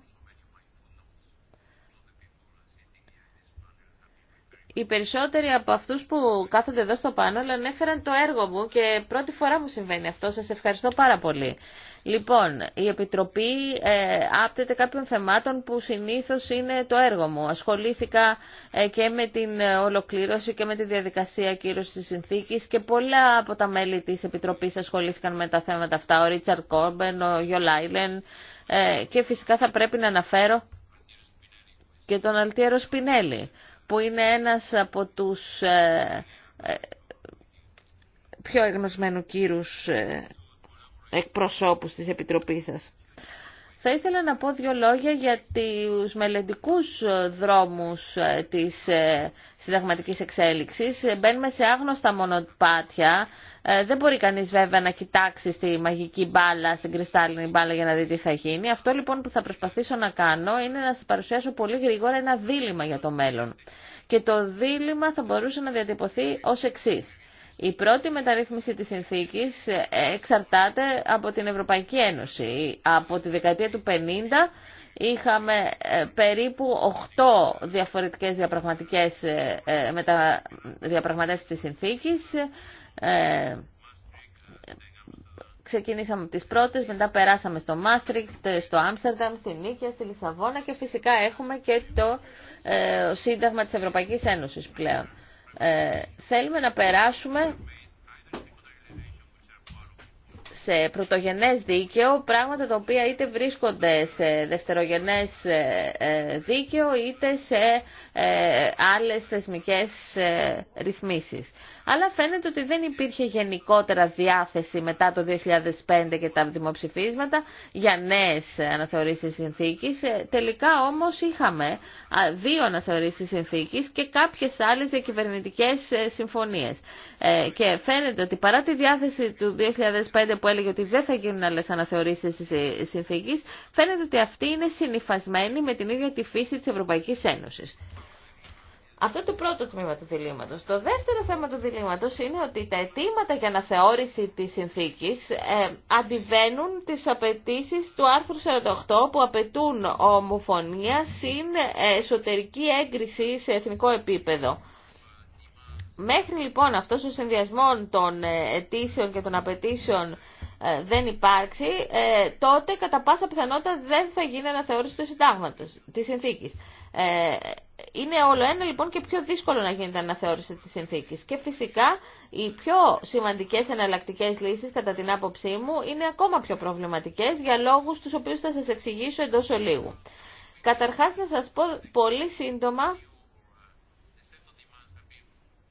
οι περισσότεροι από αυτούς που κάθονται εδώ στο πάνελ ανέφεραν το έργο μου και πρώτη φορά μου συμβαίνει αυτό. Σας ευχαριστώ πάρα πολύ. Λοιπόν, η Επιτροπή ε, άπτεται κάποιων θεμάτων που συνήθως είναι το έργο μου. Ασχολήθηκα ε, και με την ολοκλήρωση και με τη διαδικασία κύρωσης της συνθήκης και πολλά από τα μέλη της Επιτροπής ασχολήθηκαν με τα θέματα αυτά. Ο Ρίτσαρ Κόρμπεν, ο Γιολάιλεν ε, και φυσικά θα πρέπει να αναφέρω και τον Αλτιέρο Σπινέλη, που είναι ένας από τους ε, ε, πιο εγνωσμένου κύρους ε, εκπροσώπους της Επιτροπής σας. Θα ήθελα να πω δύο λόγια για τους μελλοντικούς δρόμους ε, της συνταγματικής εξέλιξης. Μπαίνουμε σε άγνωστα μονοπάτια ε, δεν μπορεί κανεί βέβαια να κοιτάξει στη μαγική μπάλα, στην κρυστάλλινη μπάλα για να δει τι θα γίνει. Αυτό λοιπόν που θα προσπαθήσω να κάνω είναι να σα παρουσιάσω πολύ γρήγορα ένα δίλημα για το μέλλον. Και το δίλημα θα μπορούσε να διατυπωθεί ω εξή. Η πρώτη μεταρρύθμιση της συνθήκης ε, εξαρτάται από την Ευρωπαϊκή Ένωση. Από τη δεκαετία του 50 είχαμε ε, περίπου 8 διαφορετικές διαπραγματικές μεταδιαπραγματεύσεις διαπραγματεύσεις της συνθήκης ε, ξεκινήσαμε από τις πρώτες, μετά περάσαμε στο Μάστριχτ, στο Άμστερνταμ, στη Νίκαια, στη Λισαβόνα και φυσικά έχουμε και το ε, Σύνταγμα της Ευρωπαϊκής Ένωσης πλέον. Ε, θέλουμε να περάσουμε σε πρωτογενές δίκαιο, πράγματα τα οποία είτε βρίσκονται σε δευτερογενές ε, δίκαιο, είτε σε άλλες θεσμικές ρυθμίσεις αλλά φαίνεται ότι δεν υπήρχε γενικότερα διάθεση μετά το 2005 και τα δημοψηφίσματα για νέες αναθεωρήσεις συνθήκης. Ε, τελικά όμως είχαμε δύο αναθεωρήσεις συνθήκης και κάποιες άλλες διακυβερνητικές ε, συμφωνίες. Ε, και φαίνεται ότι παρά τη διάθεση του 2005 που έλεγε ότι δεν θα γίνουν άλλες αναθεωρήσεις συνθήκη, φαίνεται ότι αυτή είναι συνειφασμένη με την ίδια τη φύση της Ευρωπαϊκής Ένωσης. Αυτό το πρώτο τμήμα του διλήμματος. Το δεύτερο θέμα του διλήμματος είναι ότι τα αιτήματα για αναθεώρηση της συνθήκης ε, αντιβαίνουν τις απαιτήσει του άρθρου 48 που απαιτούν ομοφωνία συν ε, εσωτερική έγκριση σε εθνικό επίπεδο. Μέχρι λοιπόν αυτό ο συνδυασμό των ε, αιτήσεων και των απαιτήσεων ε, δεν υπάρξει, τότε κατά πάσα πιθανότητα δεν θα γίνει αναθεώρηση του συντάγματος, της συνθήκης είναι όλο ένα λοιπόν και πιο δύσκολο να γίνεται αναθεώρηση της συνθήκης. Και φυσικά οι πιο σημαντικές εναλλακτικέ λύσεις κατά την άποψή μου είναι ακόμα πιο προβληματικές για λόγους τους οποίους θα σας εξηγήσω εντός ολίγου. Καταρχάς να σας πω πολύ σύντομα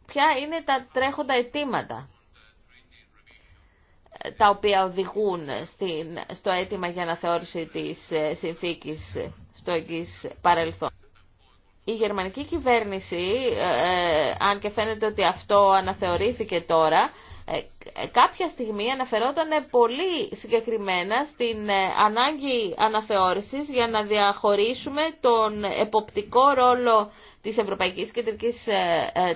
ποια είναι τα τρέχοντα αιτήματα τα οποία οδηγούν στο αίτημα για αναθεώρηση της ε, συνθήκης στο εγγύς παρελθόν. Η γερμανική κυβέρνηση, ε, ε, αν και φαίνεται ότι αυτό αναθεωρήθηκε τώρα, ε, κάποια στιγμή αναφερόταν πολύ συγκεκριμένα στην ανάγκη αναθεώρησης για να διαχωρίσουμε τον εποπτικό ρόλο της Ευρωπαϊκής Κεντρικής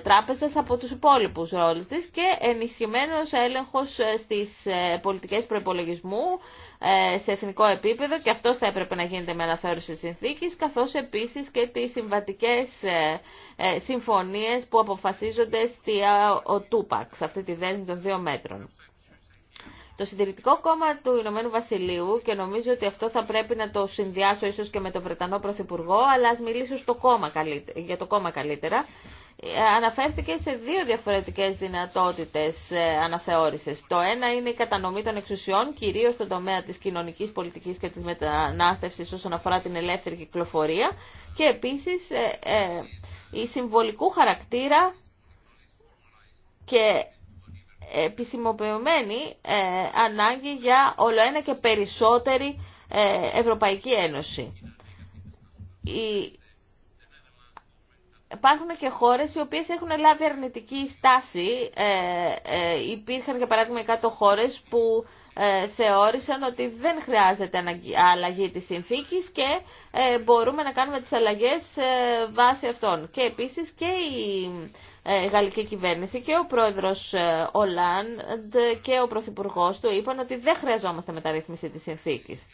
Τράπεζας από τους υπόλοιπους ρόλους της και ενισχυμένος έλεγχος στις πολιτικές προπολογισμού. Ε, σε εθνικό επίπεδο και αυτό θα έπρεπε να γίνεται με αναθεώρηση συνθήκης καθώς επίσης και τις συμβατικές ε, ε, συμφωνίες που αποφασίζονται στη ΟΤΟΥΠΑΚ σε αυτή τη δέσμη των δύο μέτρων. Το Συντηρητικό Κόμμα του Ηνωμένου Βασιλείου και νομίζω ότι αυτό θα πρέπει να το συνδυάσω ίσως και με τον Βρετανό Πρωθυπουργό αλλά ας μιλήσω στο κόμμα, για το κόμμα καλύτερα αναφέρθηκε σε δύο διαφορετικές δυνατότητες ε, αναθεώρησης. Το ένα είναι η κατανομή των εξουσιών, κυρίως στον τομέα της κοινωνικής πολιτικής και της μετανάστευσης όσον αφορά την ελεύθερη κυκλοφορία και επίσης ε, ε, η συμβολικού χαρακτήρα και επισημοποιημένη ανάγκη για όλο ένα και περισσότερη Ευρωπαϊκή Ένωση. Η υπάρχουν και χώρες οι οποίες έχουν λάβει αρνητική στάση. Ε, ε υπήρχαν για παράδειγμα 100 χώρες που ε, θεώρησαν ότι δεν χρειάζεται αλλαγή τη συνθήκης και ε, μπορούμε να κάνουμε τις αλλαγές βάσει αυτών. Και επίσης και η γαλλική κυβέρνηση και ο πρόεδρος Ολάντ και ο πρωθυπουργός του είπαν ότι δεν χρειαζόμαστε μεταρρύθμιση της συνθήκης.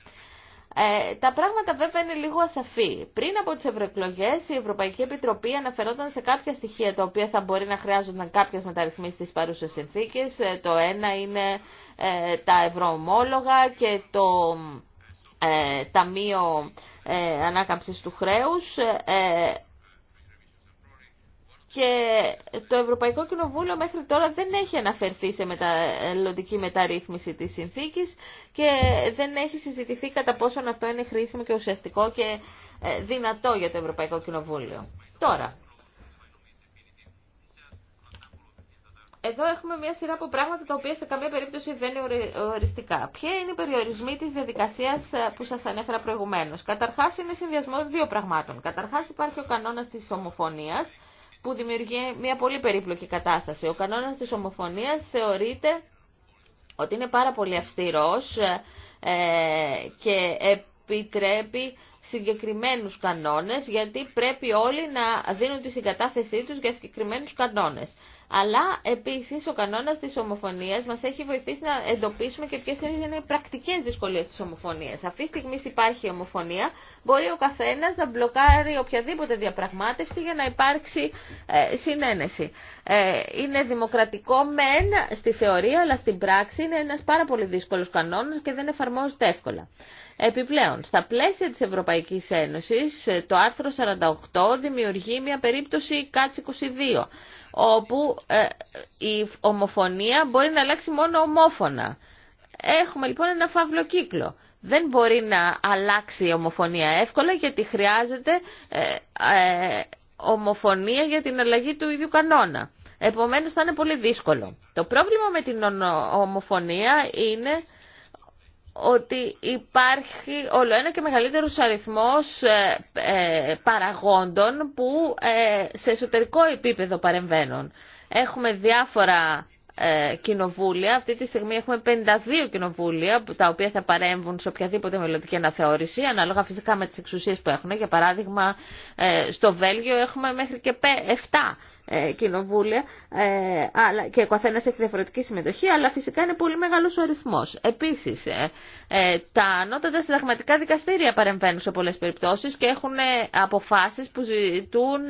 Ε, τα πράγματα βέβαια είναι λίγο ασαφή. Πριν από τι ευρωεκλογέ, η Ευρωπαϊκή Επιτροπή αναφερόταν σε κάποια στοιχεία τα οποία θα μπορεί να χρειάζονταν κάποιε μεταρρυθμίσει στι παρούσε συνθήκε. Ε, το ένα είναι ε, τα ευρωομόλογα και το Ταμείο ε, του Χρέους και το Ευρωπαϊκό Κοινοβούλιο μέχρι τώρα δεν έχει αναφερθεί σε μεταλλοντική μεταρρύθμιση της συνθήκης και δεν έχει συζητηθεί κατά πόσον αυτό είναι χρήσιμο και ουσιαστικό και ε, δυνατό για το Ευρωπαϊκό Κοινοβούλιο. Τώρα, εδώ έχουμε μια σειρά από πράγματα τα οποία σε καμία περίπτωση δεν είναι οριστικά. Ποια είναι οι περιορισμοί της διαδικασίας ε, που σας ανέφερα προηγουμένως. Καταρχάς είναι συνδυασμό δύο πραγμάτων. Καταρχάς υπάρχει ο κανόνας της ομοφωνίας, που δημιουργεί μια πολύ περίπλοκη κατάσταση. Ο κανόνας της ομοφωνίας θεωρείται ότι είναι πάρα πολύ αυστηρός ε, και επιτρέπει συγκεκριμένους κανόνες, γιατί πρέπει όλοι να δίνουν τη συγκατάθεσή τους για συγκεκριμένους κανόνες. Αλλά επίσης ο κανόνας της ομοφωνίας μας έχει βοηθήσει να εντοπίσουμε και ποιες είναι οι πρακτικές δυσκολίες της ομοφωνίας. Αυτή τη στιγμή υπάρχει ομοφωνία, μπορεί ο καθένας να μπλοκάρει οποιαδήποτε διαπραγμάτευση για να υπάρξει ε, συνένεση. Ε, είναι δημοκρατικό μεν στη θεωρία, αλλά στην πράξη είναι ένας πάρα πολύ δύσκολο κανόνας και δεν εφαρμόζεται εύκολα. Επιπλέον, στα πλαίσια της Ευρωπαϊκής Ένωσης, ε, το άρθρο 48 δημιουργεί μια περίπτωση ΚΑΤΣ όπου ε, η ομοφωνία μπορεί να αλλάξει μόνο ομόφωνα. Έχουμε λοιπόν ένα φαύλο κύκλο. Δεν μπορεί να αλλάξει η ομοφωνία εύκολα γιατί χρειάζεται ε, ε ομοφωνία για την αλλαγή του ίδιου κανόνα. Επομένως θα είναι πολύ δύσκολο. Το πρόβλημα με την ομοφωνία είναι ότι υπάρχει όλο ένα και μεγαλύτερος αριθμός ε, ε, παραγόντων που ε, σε εσωτερικό επίπεδο παρεμβαίνουν. Έχουμε διάφορα κοινοβούλια. Αυτή τη στιγμή έχουμε 52 κοινοβούλια τα οποία θα παρέμβουν σε οποιαδήποτε μελλοντική αναθεώρηση, ανάλογα φυσικά με τις εξουσίες που έχουν. Για παράδειγμα, στο Βέλγιο έχουμε μέχρι και 7 ε, κοινοβούλια ε, αλλά, και ο καθένα έχει διαφορετική συμμετοχή, αλλά φυσικά είναι πολύ μεγάλο ο αριθμό. Επίση, ε, τα ανώτατα συνταγματικά δικαστήρια παρεμβαίνουν σε πολλέ περιπτώσει και έχουν αποφάσει που ζητούν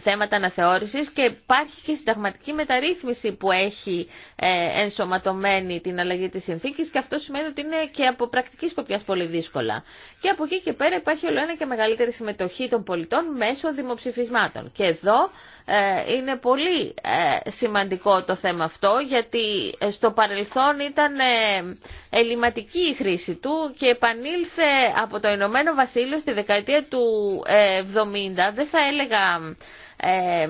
θέματα αναθεώρησης και υπάρχει και συνταγματική μεταρρύθμιση που έχει ε, ενσωματωμένη την αλλαγή της συνθήκης και αυτό σημαίνει ότι είναι και από πρακτική σκοπιάς πολύ δύσκολα. Και από εκεί και πέρα υπάρχει όλο ένα και μεγαλύτερη συμμετοχή των πολιτών μέσω δημοψηφισμάτων. Και εδώ ε, είναι πολύ ε, σημαντικό το θέμα αυτό γιατί στο παρελθόν ήταν ελληματική η χρήση του και επανήλθε από το Ηνωμένο Βασίλειο στη δεκαετία του 70, δεν θα έλεγα ε,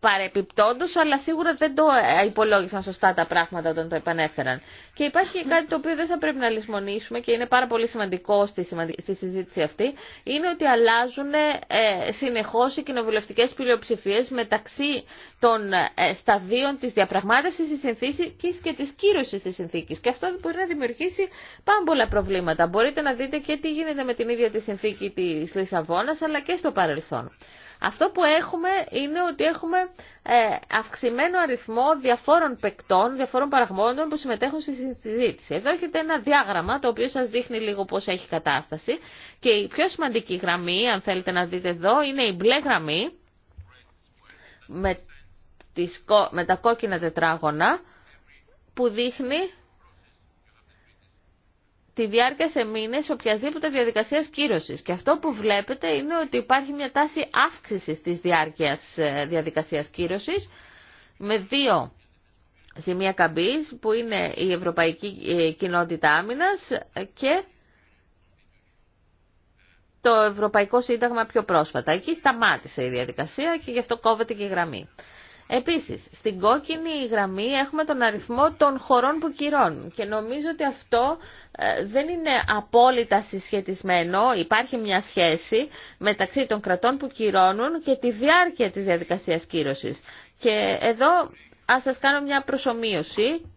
παρεπιπτόντως, αλλά σίγουρα δεν το ε, υπολόγισαν σωστά τα πράγματα όταν το επανέφεραν. Και υπάρχει κάτι το οποίο δεν θα πρέπει να λησμονήσουμε και είναι πάρα πολύ σημαντικό στη, συζήτηση αυτή, είναι ότι αλλάζουν ε, συνεχώς οι κοινοβουλευτικές πλειοψηφίες μεταξύ των ε, σταδίων της διαπραγμάτευσης της συνθήκης και της κύρωσης της συνθήκης. Και αυτό μπορεί να δημιουργήσει πάρα πολλά προβλήματα. Μπορείτε να δείτε και τι γίνεται με την ίδια τη συνθήκη της Λισαβόνας, αλλά και στο παρελθόν. Αυτό που έχουμε είναι ότι έχουμε ε, αυξημένο αριθμό διαφόρων παικτών, διαφόρων παραγμόντων που συμμετέχουν στη συζήτηση. Εδώ έχετε ένα διάγραμμα το οποίο σας δείχνει λίγο πώς έχει κατάσταση και η πιο σημαντική γραμμή, αν θέλετε να δείτε εδώ, είναι η μπλε γραμμή με τα κόκκινα τετράγωνα που δείχνει τη διάρκεια σε μήνες οποιασδήποτε διαδικασίας κύρωσης. Και αυτό που βλέπετε είναι ότι υπάρχει μια τάση αύξησης τη διάρκεια ε, διαδικασίας κύρωσης με δύο σημεία καμπή που είναι η Ευρωπαϊκή ε, Κοινότητα Άμυνα και το Ευρωπαϊκό Σύνταγμα πιο πρόσφατα. Εκεί σταμάτησε η διαδικασία και γι' αυτό κόβεται και η γραμμή. Επίσης, στην κόκκινη γραμμή έχουμε τον αριθμό των χωρών που κυρώνουν και νομίζω ότι αυτό ε, δεν είναι απόλυτα συσχετισμένο. Υπάρχει μια σχέση μεταξύ των κρατών που κυρώνουν και τη διάρκεια της διαδικασίας κύρωσης. Και εδώ ας σας κάνω μια προσωμείωση.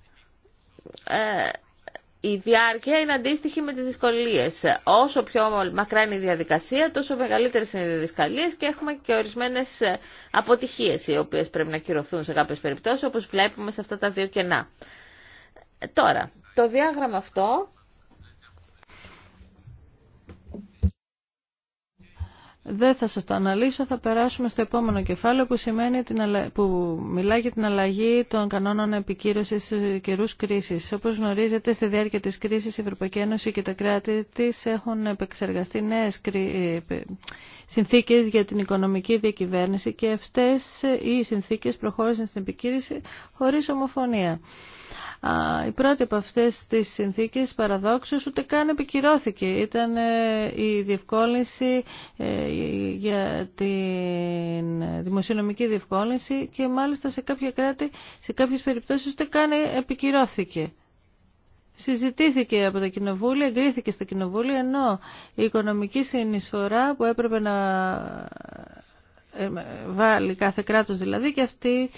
Ε, η διάρκεια είναι αντίστοιχη με τις δυσκολίες. Όσο πιο μακρά είναι η διαδικασία, τόσο μεγαλύτερες είναι οι δυσκολίες και έχουμε και ορισμένες ε, αποτυχίες οι οποίες πρέπει να κυρωθούν σε κάποιες περιπτώσεις, όπως βλέπουμε σε αυτά τα δύο κενά. Τώρα, το διάγραμμα αυτό Δεν θα σας το αναλύσω, θα περάσουμε στο επόμενο κεφάλαιο που, σημαίνει την που μιλά για την αλλαγή των κανόνων επικύρωσης σε καιρούς κρίσης. Όπως γνωρίζετε, στη διάρκεια της κρίσης η Ευρωπαϊκή Ένωση και τα κράτη της έχουν επεξεργαστεί νέες συνθήκες για την οικονομική διακυβέρνηση και αυτές οι συνθήκες προχώρησαν στην επικύρωση χωρίς ομοφωνία. Η πρώτη από αυτές τις συνθήκες παραδόξως ούτε καν επικυρώθηκε. Ήταν ε, η διευκόλυνση ε, για την δημοσιονομική διευκόλυνση και μάλιστα σε κάποια κράτη, σε κάποιες περιπτώσεις ούτε καν επικυρώθηκε. Συζητήθηκε από τα κοινοβούλια, εγκρίθηκε στα κοινοβούλια, ενώ η οικονομική συνεισφορά που έπρεπε να ε, βάλει κάθε κράτος δηλαδή και αυτή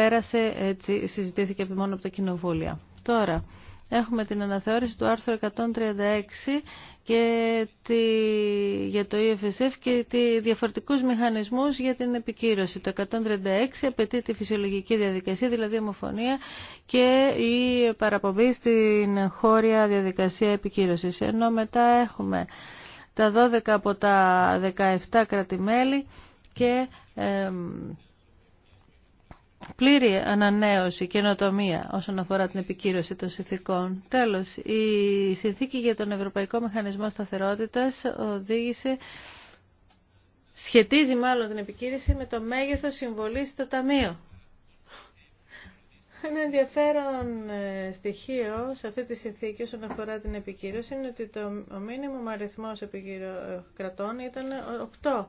πέρασε έτσι, συζητήθηκε μόνο από τα κοινοβούλια. Τώρα, Έχουμε την αναθεώρηση του άρθρου 136 και τη, για το EFSF και τη διαφορετικούς μηχανισμούς για την επικύρωση. Το 136 απαιτεί τη φυσιολογική διαδικασία, δηλαδή ομοφωνία και η παραπομπή στην χώρια διαδικασία επικύρωσης. Ενώ μετά έχουμε τα 12 από τα 17 κρατημέλη και πλήρη ανανέωση, καινοτομία όσον αφορά την επικύρωση των συνθήκων. Τέλος, η συνθήκη για τον Ευρωπαϊκό Μηχανισμό Σταθερότητας οδήγησε, σχετίζει μάλλον την επικύρωση με το μέγεθος συμβολής στο Ταμείο. Ένα ενδιαφέρον ε, στοιχείο σε αυτή τη συνθήκη όσον αφορά την επικύρωση είναι ότι το, ο μήνυμο αριθμός ε, κρατών ήταν 8.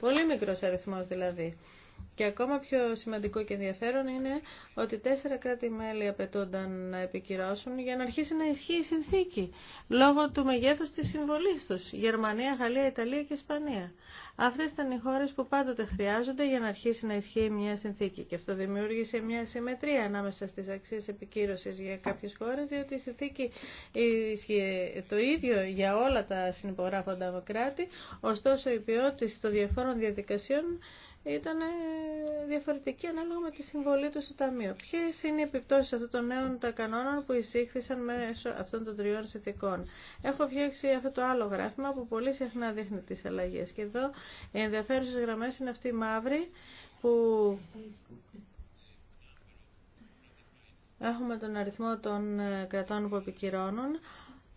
Πολύ μικρός αριθμός δηλαδή. Και ακόμα πιο σημαντικό και ενδιαφέρον είναι ότι τέσσερα κράτη-μέλη απαιτούνταν να επικυρώσουν για να αρχίσει να ισχύει η συνθήκη λόγω του μεγέθους της συμβολής τους. Γερμανία, Γαλλία, Ιταλία και Ισπανία. Αυτές ήταν οι χώρες που πάντοτε χρειάζονται για να αρχίσει να ισχύει μια συνθήκη. Και αυτό δημιούργησε μια συμμετρία ανάμεσα στις αξίες επικύρωσης για κάποιες χώρες, διότι η συνθήκη ισχύει το ίδιο για όλα τα συνυπογράφοντα κράτη, ωστόσο η ποιότητα των διαφόρων διαδικασιών ήταν ε, διαφορετική ανάλογα με τη συμβολή του στο Ταμείο. Ποιε είναι οι επιπτώσει αυτών των νέων τα κανόνων που εισήχθησαν μέσω αυτών των τριών συνθηκών. Έχω φτιάξει αυτό το άλλο γράφημα που πολύ συχνά δείχνει τι αλλαγέ. Και εδώ οι ενδιαφέρουσε γραμμέ είναι αυτή η μαύρη που έχουμε τον αριθμό των ε, κρατών που επικυρώνουν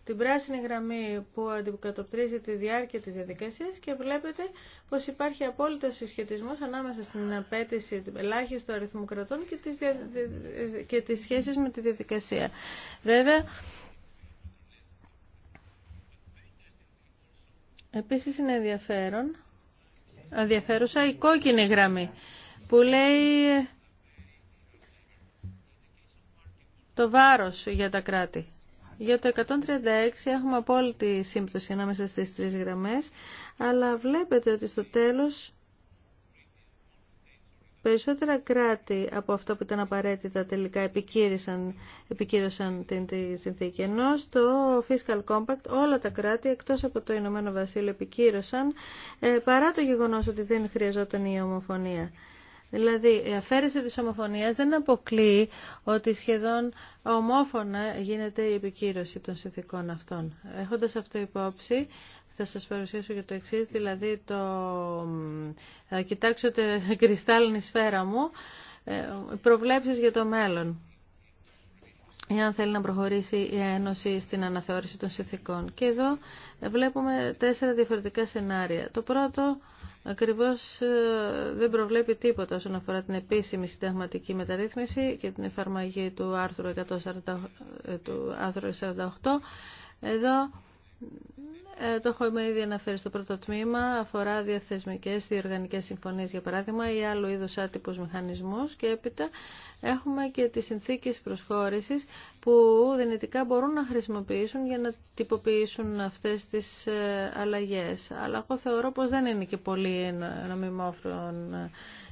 την πράσινη γραμμή που αντικατοπτρίζει τη διάρκεια της διαδικασίας και βλέπετε πως υπάρχει απόλυτο συσχετισμός ανάμεσα στην απέτηση ελάχιστου αριθμού κρατών και τις, δια... και τις σχέσεις με τη διαδικασία. Βέβαια, επίσης είναι ενδιαφέρον, ενδιαφέρουσα η κόκκινη γραμμή που λέει το βάρος για τα κράτη. Για το 136 έχουμε απόλυτη σύμπτωση ανάμεσα στις τρεις γραμμές, αλλά βλέπετε ότι στο τέλος περισσότερα κράτη από αυτό που ήταν απαραίτητα τελικά επικύρωσαν, την, τη συνθήκη. Ενώ στο Fiscal Compact όλα τα κράτη εκτός από το Ηνωμένο Βασίλειο επικύρωσαν ε, παρά το γεγονός ότι δεν χρειαζόταν η ομοφωνία. Δηλαδή, η αφαίρεση της ομοφωνίας δεν αποκλείει ότι σχεδόν ομόφωνα γίνεται η επικύρωση των συνθηκών αυτών. Έχοντας αυτό υπόψη, θα σας παρουσιάσω και το εξή, δηλαδή το... θα ε, κοιτάξω κρυστάλλινη σφαίρα μου, ε, προβλέψεις για το μέλλον εάν θέλει να προχωρήσει η Ένωση στην αναθεώρηση των συνθηκών. Και εδώ βλέπουμε τέσσερα διαφορετικά σενάρια. Το πρώτο ακριβώς ε, δεν προβλέπει τίποτα όσον αφορά την επίσημη συνταγματική μεταρρύθμιση και την εφαρμογή του άρθρου, 148. Ε, Εδώ ε, το έχω ήδη αναφέρει στο πρώτο τμήμα, αφορά διαθεσμικές διοργανικές συμφωνίε, για παράδειγμα ή άλλου είδους άτυπους μηχανισμούς και έπειτα έχουμε και τις συνθήκες προσχώρησης που δυνητικά μπορούν να χρησιμοποιήσουν για να τυποποιήσουν αυτές τις ε, αλλαγέ. Αλλά εγώ θεωρώ πως δεν είναι και πολύ νομιμόφρον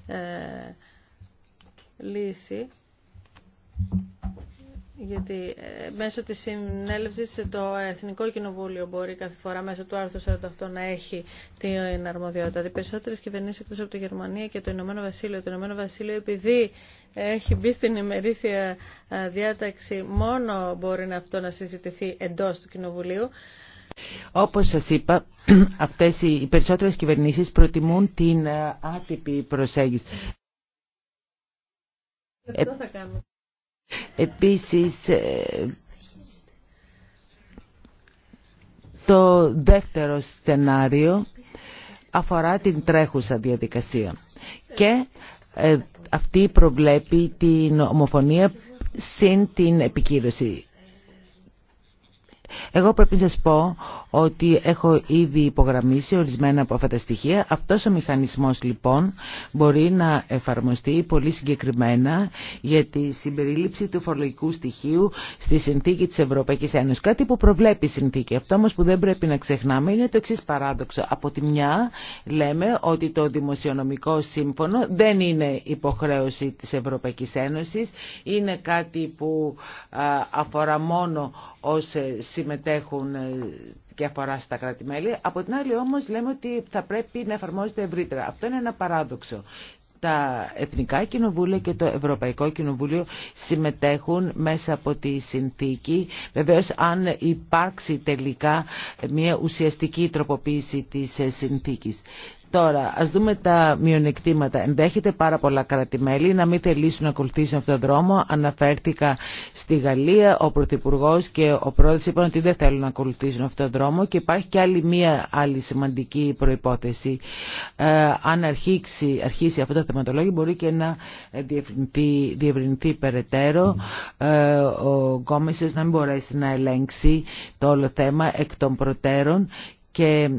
ε, λύση γιατί ε, μέσω της συνέλευσης το Εθνικό Κοινοβούλιο μπορεί κάθε φορά μέσω του άρθρου 48 να έχει την αρμοδιότητα. Οι περισσότερες κυβερνήσεις εκτός από τη Γερμανία και το Ηνωμένο Βασίλειο. Το Ηνωμένο Βασίλειο επειδή έχει μπει στην ημερήσια ε, διάταξη μόνο μπορεί να αυτό να συζητηθεί εντός του Κοινοβουλίου. Όπως σας είπα, αυτές οι, οι περισσότερες κυβερνήσεις προτιμούν την ε, άτυπη προσέγγιση. θα κάνουμε. Επίσης, ε, το δεύτερο σενάριο αφορά την τρέχουσα διαδικασία και ε, αυτή προβλέπει την ομοφωνία συν την επικύρωση. Εγώ πρέπει να σα πω ότι έχω ήδη υπογραμμίσει ορισμένα από αυτά τα στοιχεία. Αυτός ο μηχανισμός λοιπόν μπορεί να εφαρμοστεί πολύ συγκεκριμένα για τη συμπερίληψη του φορολογικού στοιχείου στη συνθήκη της Ευρωπαϊκής Ένωσης. Κάτι που προβλέπει η συνθήκη. Αυτό όμως που δεν πρέπει να ξεχνάμε είναι το εξή παράδοξο. Από τη μια λέμε ότι το δημοσιονομικό σύμφωνο δεν είναι υποχρέωση της Ευρωπαϊκής Ένωσης. Είναι κάτι που αφορά μόνο ως ε, συμμετέχουν ε, και αφορά στα κράτη-μέλη. Από την άλλη όμως λέμε ότι θα πρέπει να εφαρμόζεται ευρύτερα. Αυτό είναι ένα παράδοξο. Τα Εθνικά Κοινοβούλια και το Ευρωπαϊκό Κοινοβούλιο συμμετέχουν μέσα από τη συνθήκη. Βεβαίως αν υπάρξει τελικά μια ουσιαστική τροποποίηση της ε, συνθήκης. Τώρα, α δούμε τα μειονεκτήματα. Ενδέχεται πάρα πολλά κρατημέλη να μην θελήσουν να ακολουθήσουν αυτόν τον δρόμο. Αναφέρθηκα στη Γαλλία, ο Πρωθυπουργό και ο Πρόεδρος είπαν ότι δεν θέλουν να ακολουθήσουν αυτόν τον δρόμο και υπάρχει και άλλη μία άλλη σημαντική προϋπόθεση. Ε, αν αρχίσει, αυτό το θεματολόγιο μπορεί και να διευρυνθεί, περαιτέρω. Ε, ο Γκόμεσος να μην μπορέσει να ελέγξει το όλο θέμα εκ των προτέρων και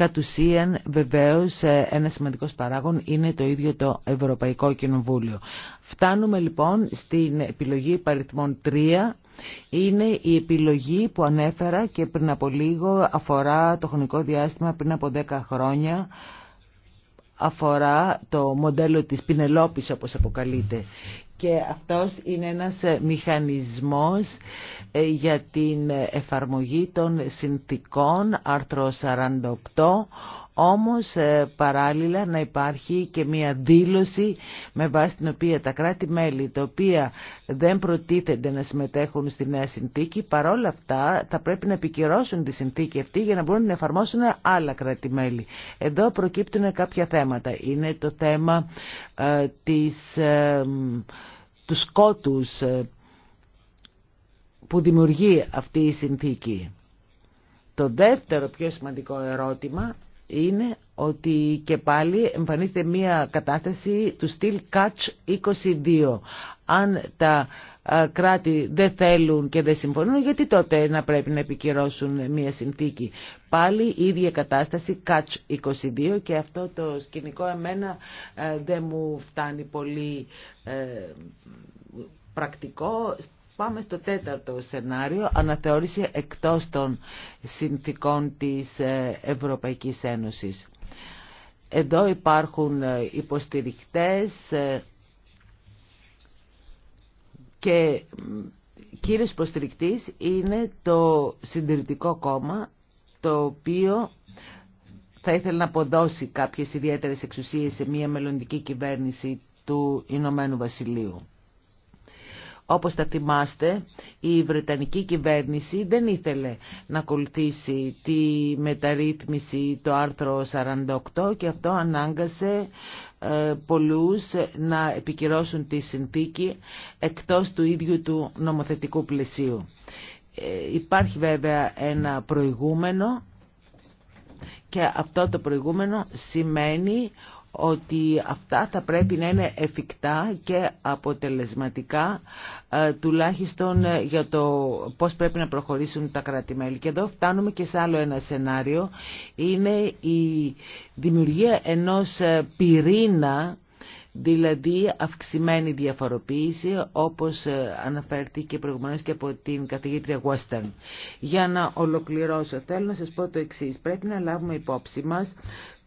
Κατ' ουσίαν βεβαίως ε, ένα σημαντικό παράγων είναι το ίδιο το Ευρωπαϊκό Κοινοβούλιο. Φτάνουμε λοιπόν στην επιλογή παριθμών 3 είναι η επιλογή που ανέφερα και πριν από λίγο αφορά το χρονικό διάστημα πριν από 10 χρόνια αφορά το μοντέλο της Πινελόπης όπως αποκαλείται και αυτός είναι ένας ε, μηχανισμός ε, για την εφαρμογή των συνθήκων άρθρο 48 όμως ε, παράλληλα να υπάρχει και μια δήλωση με βάση την οποία τα κράτη-μέλη τα οποία δεν προτίθενται να συμμετέχουν στη νέα συνθήκη παρόλα αυτά θα πρέπει να επικυρώσουν τη συνθήκη αυτή για να μπορούν να εφαρμόσουν άλλα κράτη-μέλη. Εδώ προκύπτουν κάποια θέματα. Είναι το θέμα ε, της, ε, του σκότους που δημιουργεί αυτή η συνθήκη. Το δεύτερο πιο σημαντικό ερώτημα είναι ότι και πάλι εμφανίζεται μια κατάσταση του στυλ catch 22. Αν τα κράτη δεν θέλουν και δεν συμφωνούν, γιατί τότε να πρέπει να επικυρώσουν μια συνθήκη. Πάλι η ίδια κατάσταση catch 22 και αυτό το σκηνικό εμένα δεν μου φτάνει πολύ ε, πρακτικό Πάμε στο τέταρτο σενάριο, αναθεώρηση εκτός των συνθήκων της ε, Ευρωπαϊκής Ένωσης. Εδώ υπάρχουν ε, υποστηρικτές ε, και κύριος υποστηρικτής είναι το Συντηρητικό Κόμμα, το οποίο θα ήθελε να αποδώσει κάποιες ιδιαίτερες εξουσίες σε μια μελλοντική κυβέρνηση του Ηνωμένου Βασιλείου. Όπως θα θυμάστε, η Βρετανική κυβέρνηση δεν ήθελε να ακολουθήσει τη μεταρρύθμιση το άρθρο 48 και αυτό ανάγκασε ε, πολλούς να επικυρώσουν τη συνθήκη εκτός του ίδιου του νομοθετικού πλαισίου. Ε, υπάρχει βέβαια ένα προηγούμενο και αυτό το προηγούμενο σημαίνει ότι αυτά θα πρέπει να είναι εφικτά και αποτελεσματικά ε, τουλάχιστον ε, για το πώς πρέπει να προχωρήσουν τα κράτη-μέλη. Και εδώ φτάνουμε και σε άλλο ένα σενάριο. Είναι η δημιουργία ενός ε, πυρήνα δηλαδή αυξημένη διαφοροποίηση όπως αναφέρθηκε προηγουμένως και από την καθηγήτρια Western. Για να ολοκληρώσω θέλω να σας πω το εξής. Πρέπει να λάβουμε υπόψη μας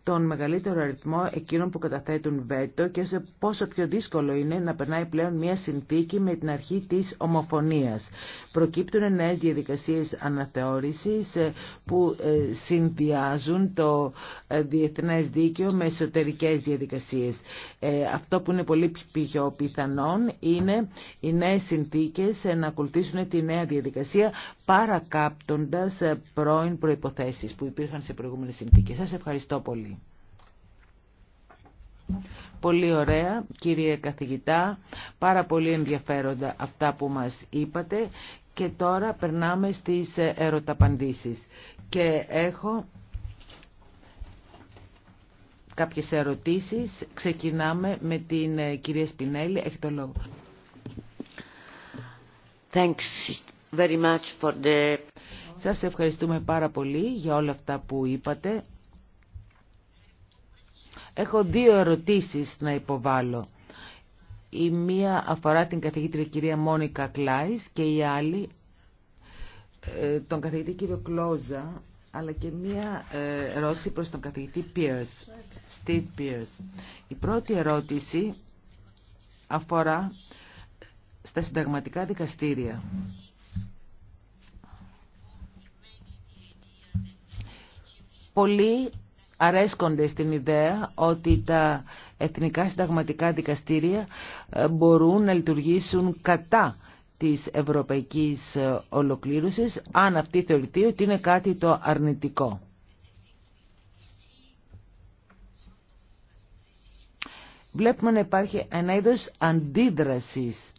τον μεγαλύτερο αριθμό εκείνων που καταθέτουν βέτο και σε πόσο πιο δύσκολο είναι να περνάει πλέον μια συνθήκη με την αρχή της ομοφωνίας. Προκύπτουν νέες διαδικασίες αναθεώρησης ε, που ε, συνδυάζουν το ε, διεθνές δίκαιο με εσωτερικές διαδικασίες. Αυτό που είναι πολύ πιο πιθανόν είναι οι νέες συνθήκες να ακολουθήσουν τη νέα διαδικασία παρακάπτοντας ε, πρώην προϋποθέσεις που υπήρχαν σε προηγούμενες συνθήκες. Σας ευχαριστώ πολύ. Πολύ ωραία, κύριε καθηγητά, πάρα πολύ ενδιαφέροντα αυτά που μας είπατε και τώρα περνάμε στις ε, ερωταπαντήσεις. Και έχω κάποιες ερωτήσεις. Ξεκινάμε με την ε, κυρία Σπινέλη. Έχει το λόγο. Thanks very Σας ευχαριστούμε πάρα πολύ για όλα αυτά που είπατε. Έχω δύο ερωτήσεις να υποβάλω. Η μία αφορά την καθηγήτρια κυρία Μόνικα Κλάις και η άλλη ε, τον καθηγητή κύριο Κλόζα, αλλά και μία ε, ερώτηση προς τον καθηγητή Πίερς. Steve Η πρώτη ερώτηση αφορά στα συνταγματικά δικαστήρια. Πολλοί αρέσκονται στην ιδέα ότι τα εθνικά συνταγματικά δικαστήρια ε, μπορούν να λειτουργήσουν κατά της ευρωπαϊκής ε, ολοκλήρωσης, αν αυτή θεωρηθεί ότι είναι κάτι το αρνητικό. Βλέπουμε να υπάρχει ένα είδος αντίδρασης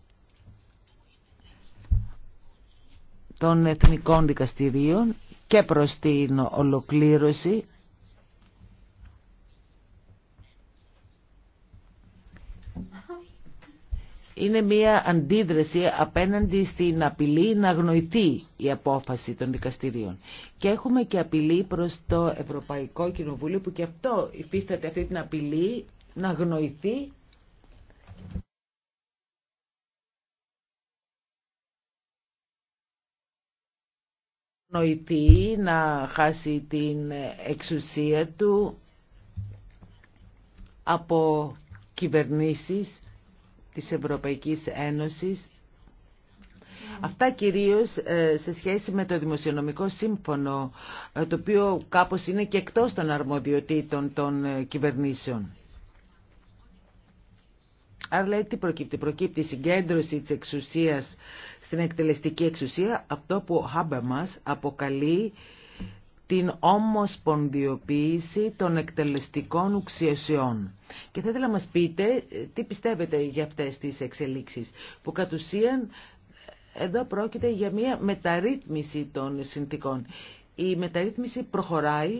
των εθνικών δικαστηρίων και προς την ολοκλήρωση είναι μια αντίδραση απέναντι στην απειλή να γνωηθεί η απόφαση των δικαστηρίων. Και έχουμε και απειλή προς το Ευρωπαϊκό Κοινοβούλιο που και αυτό υφίσταται αυτή την απειλή να γνωηθεί νοηθεί να χάσει την εξουσία του από κυβερνήσεις της Ευρωπαϊκής Ένωσης. Αυτά κυρίως ε, σε σχέση με το Δημοσιονομικό Σύμφωνο, ε, το οποίο κάπως είναι και εκτός των αρμοδιοτήτων των ε, κυβερνήσεων. Άρα λέει τι προκύπτει. Προκύπτει η συγκέντρωση της εξουσίας στην εκτελεστική εξουσία, αυτό που ο μας αποκαλεί την ομοσπονδιοποίηση των εκτελεστικών ουξιασιών. Και θα ήθελα να μας πείτε ε, τι πιστεύετε για αυτές τις εξελίξεις, που κατ' ουσίαν ε, εδώ πρόκειται για μια μεταρρύθμιση των συνθήκων. Η μεταρρύθμιση προχωράει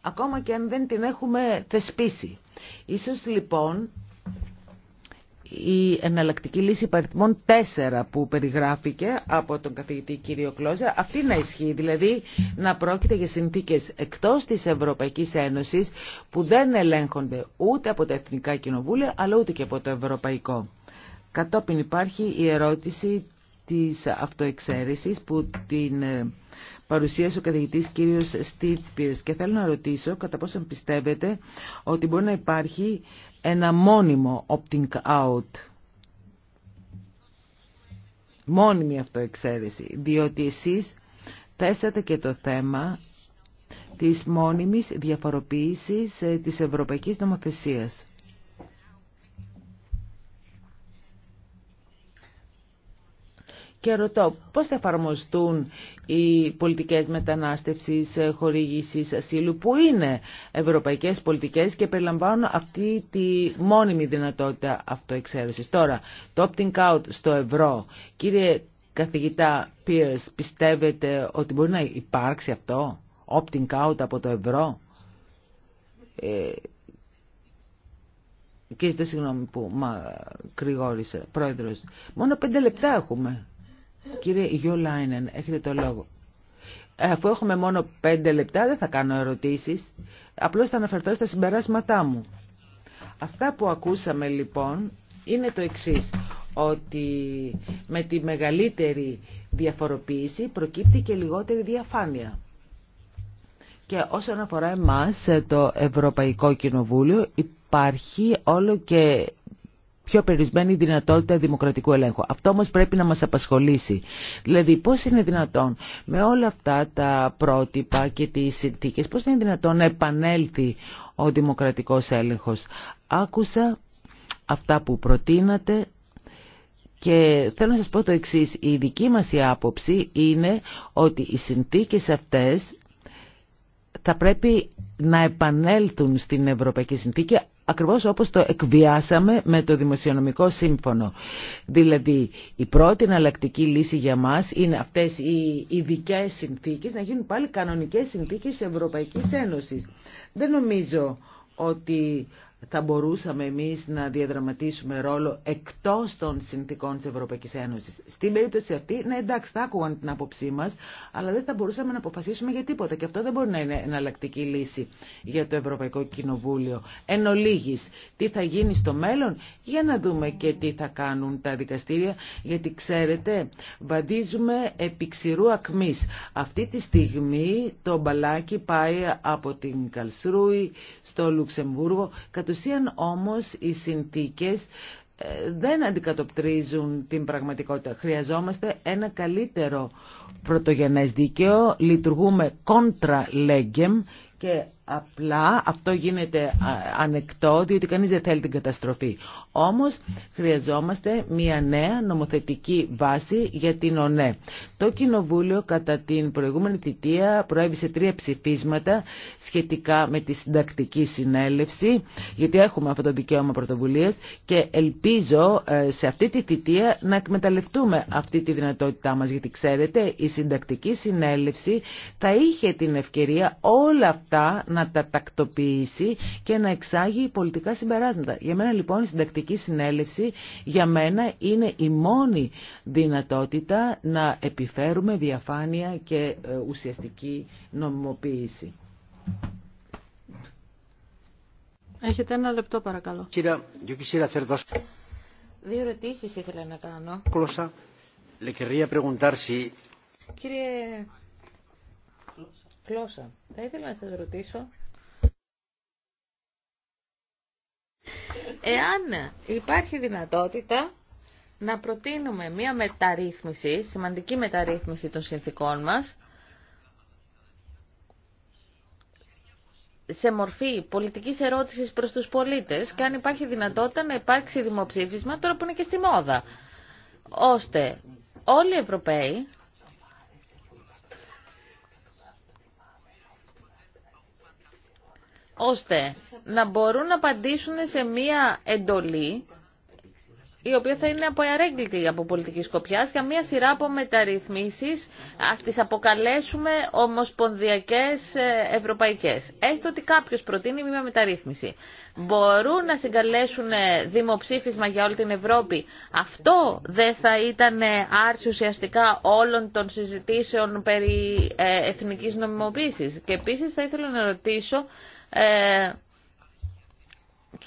ακόμα και αν δεν την έχουμε θεσπίσει. Ίσως λοιπόν η εναλλακτική λύση υπαριθμών 4 που περιγράφηκε από τον καθηγητή κύριο Κλόζα, αυτή να ισχύει, δηλαδή να πρόκειται για συνθήκες εκτός της Ευρωπαϊκής Ένωσης που δεν ελέγχονται ούτε από τα Εθνικά Κοινοβούλια αλλά ούτε και από το Ευρωπαϊκό. Κατόπιν υπάρχει η ερώτηση της αυτοεξαίρεσης που την ε, παρουσίασε ο καθηγητή κύριος Στίβ και θέλω να ρωτήσω κατά πόσο πιστεύετε ότι μπορεί να υπάρχει ένα μόνιμο opting out. Μόνιμη αυτοεξαίρεση, διότι εσείς θέσατε και το θέμα της μόνιμης διαφοροποίησης ε, της ευρωπαϊκής νομοθεσίας. Και ρωτώ, πώς θα εφαρμοστούν οι πολιτικές μετανάστευσης, ε, χορήγησης ασύλου, που είναι ευρωπαϊκές πολιτικές και περιλαμβάνουν αυτή τη μόνιμη δυνατότητα αυτοεξαίρεσης. Τώρα, το opting out στο ευρώ. Κύριε καθηγητά Πίερς, πιστεύετε ότι μπορεί να υπάρξει αυτό, opting out από το ευρώ. Ε, και ζητώ συγγνώμη που κρυγόρησε, πρόεδρος. Μόνο πέντε λεπτά έχουμε. Κύριε Γιουλάινεν, έχετε το λόγο. Αφού έχουμε μόνο πέντε λεπτά, δεν θα κάνω ερωτήσεις. Απλώς θα αναφερθώ στα συμπεράσματά μου. Αυτά που ακούσαμε λοιπόν είναι το εξής, ότι με τη μεγαλύτερη διαφοροποίηση προκύπτει και λιγότερη διαφάνεια. Και όσον αφορά εμάς το Ευρωπαϊκό Κοινοβούλιο υπάρχει όλο και πιο περιορισμένη δυνατότητα δημοκρατικού ελέγχου. Αυτό όμως πρέπει να μας απασχολήσει. Δηλαδή πώς είναι δυνατόν με όλα αυτά τα πρότυπα και τις συνθήκες πώς είναι δυνατόν να επανέλθει ο δημοκρατικός έλεγχος. Άκουσα αυτά που προτείνατε και θέλω να σας πω το εξής. Η δική μας άποψη είναι ότι οι συνθήκες αυτές θα πρέπει να επανέλθουν στην Ευρωπαϊκή Συνθήκη ακριβώς όπως το εκβιάσαμε με το Δημοσιονομικό Σύμφωνο. Δηλαδή, η πρώτη εναλλακτική λύση για μας είναι αυτές οι ειδικέ συνθήκες να γίνουν πάλι κανονικές συνθήκες της Ευρωπαϊκής Ένωσης. Δεν νομίζω ότι θα μπορούσαμε εμείς να διαδραματίσουμε ρόλο εκτός των συνθήκων της Ευρωπαϊκής Ένωσης. Στην περίπτωση αυτή, ναι εντάξει θα άκουγαν την άποψή μας, αλλά δεν θα μπορούσαμε να αποφασίσουμε για τίποτα και αυτό δεν μπορεί να είναι εναλλακτική λύση για το Ευρωπαϊκό Κοινοβούλιο. Εν ολίγης, τι θα γίνει στο μέλλον, για να δούμε και τι θα κάνουν τα δικαστήρια, γιατί ξέρετε, βαδίζουμε επί ξηρού ακμής. Αυτή τη στιγμή το μπαλάκι πάει από την Καλσρούη στο Λουξεμβούργο, Κατ' ουσίαν όμως οι συνθήκες ε, δεν αντικατοπτρίζουν την πραγματικότητα. Χρειαζόμαστε ένα καλύτερο πρωτογενές δίκαιο, λειτουργούμε contra legem και Απλά αυτό γίνεται ανεκτό διότι κανείς δεν θέλει την καταστροφή. Όμως χρειαζόμαστε μια νέα νομοθετική βάση για την ΟΝΕ. Το Κοινοβούλιο κατά την προηγούμενη θητεία προέβησε τρία ψηφίσματα σχετικά με τη συντακτική συνέλευση γιατί έχουμε αυτό το δικαίωμα πρωτοβουλίας και ελπίζω ε, σε αυτή τη θητεία να εκμεταλλευτούμε αυτή τη δυνατότητά μας γιατί ξέρετε η συντακτική συνέλευση θα είχε την ευκαιρία όλα αυτά να τα τακτοποιήσει και να εξάγει πολιτικά συμπεράσματα. Για μένα λοιπόν η συντακτική συνέλευση για μένα είναι η μόνη δυνατότητα να επιφέρουμε διαφάνεια και ε, ουσιαστική νομιμοποίηση. Έχετε ένα λεπτό παρακαλώ. Δύο ερωτήσεις ήθελα να κάνω. Κύριε γλώσσα. Θα ήθελα να σας ρωτήσω εάν υπάρχει δυνατότητα να προτείνουμε μία μεταρρύθμιση, σημαντική μεταρρύθμιση των συνθήκων μας, σε μορφή πολιτικής ερώτησης προς τους πολίτες και αν υπάρχει δυνατότητα να υπάρξει δημοψήφισμα τώρα που είναι και στη μόδα, ώστε όλοι οι Ευρωπαίοι ώστε να μπορούν να απαντήσουν σε μία εντολή η οποία θα είναι αποαιρέγγυτη από πολιτική σκοπιά για μία σειρά από μεταρρυθμίσει, α τι αποκαλέσουμε ομοσπονδιακέ ε, ευρωπαϊκέ. Έστω ότι κάποιο προτείνει μία μεταρρύθμιση. Μπορούν να συγκαλέσουν ε, δημοψήφισμα για όλη την Ευρώπη. Αυτό δεν θα ήταν ε, άρση ουσιαστικά όλων των συζητήσεων περί εθνικής νομιμοποίησης. Και επίσης θα ήθελα να ρωτήσω ε,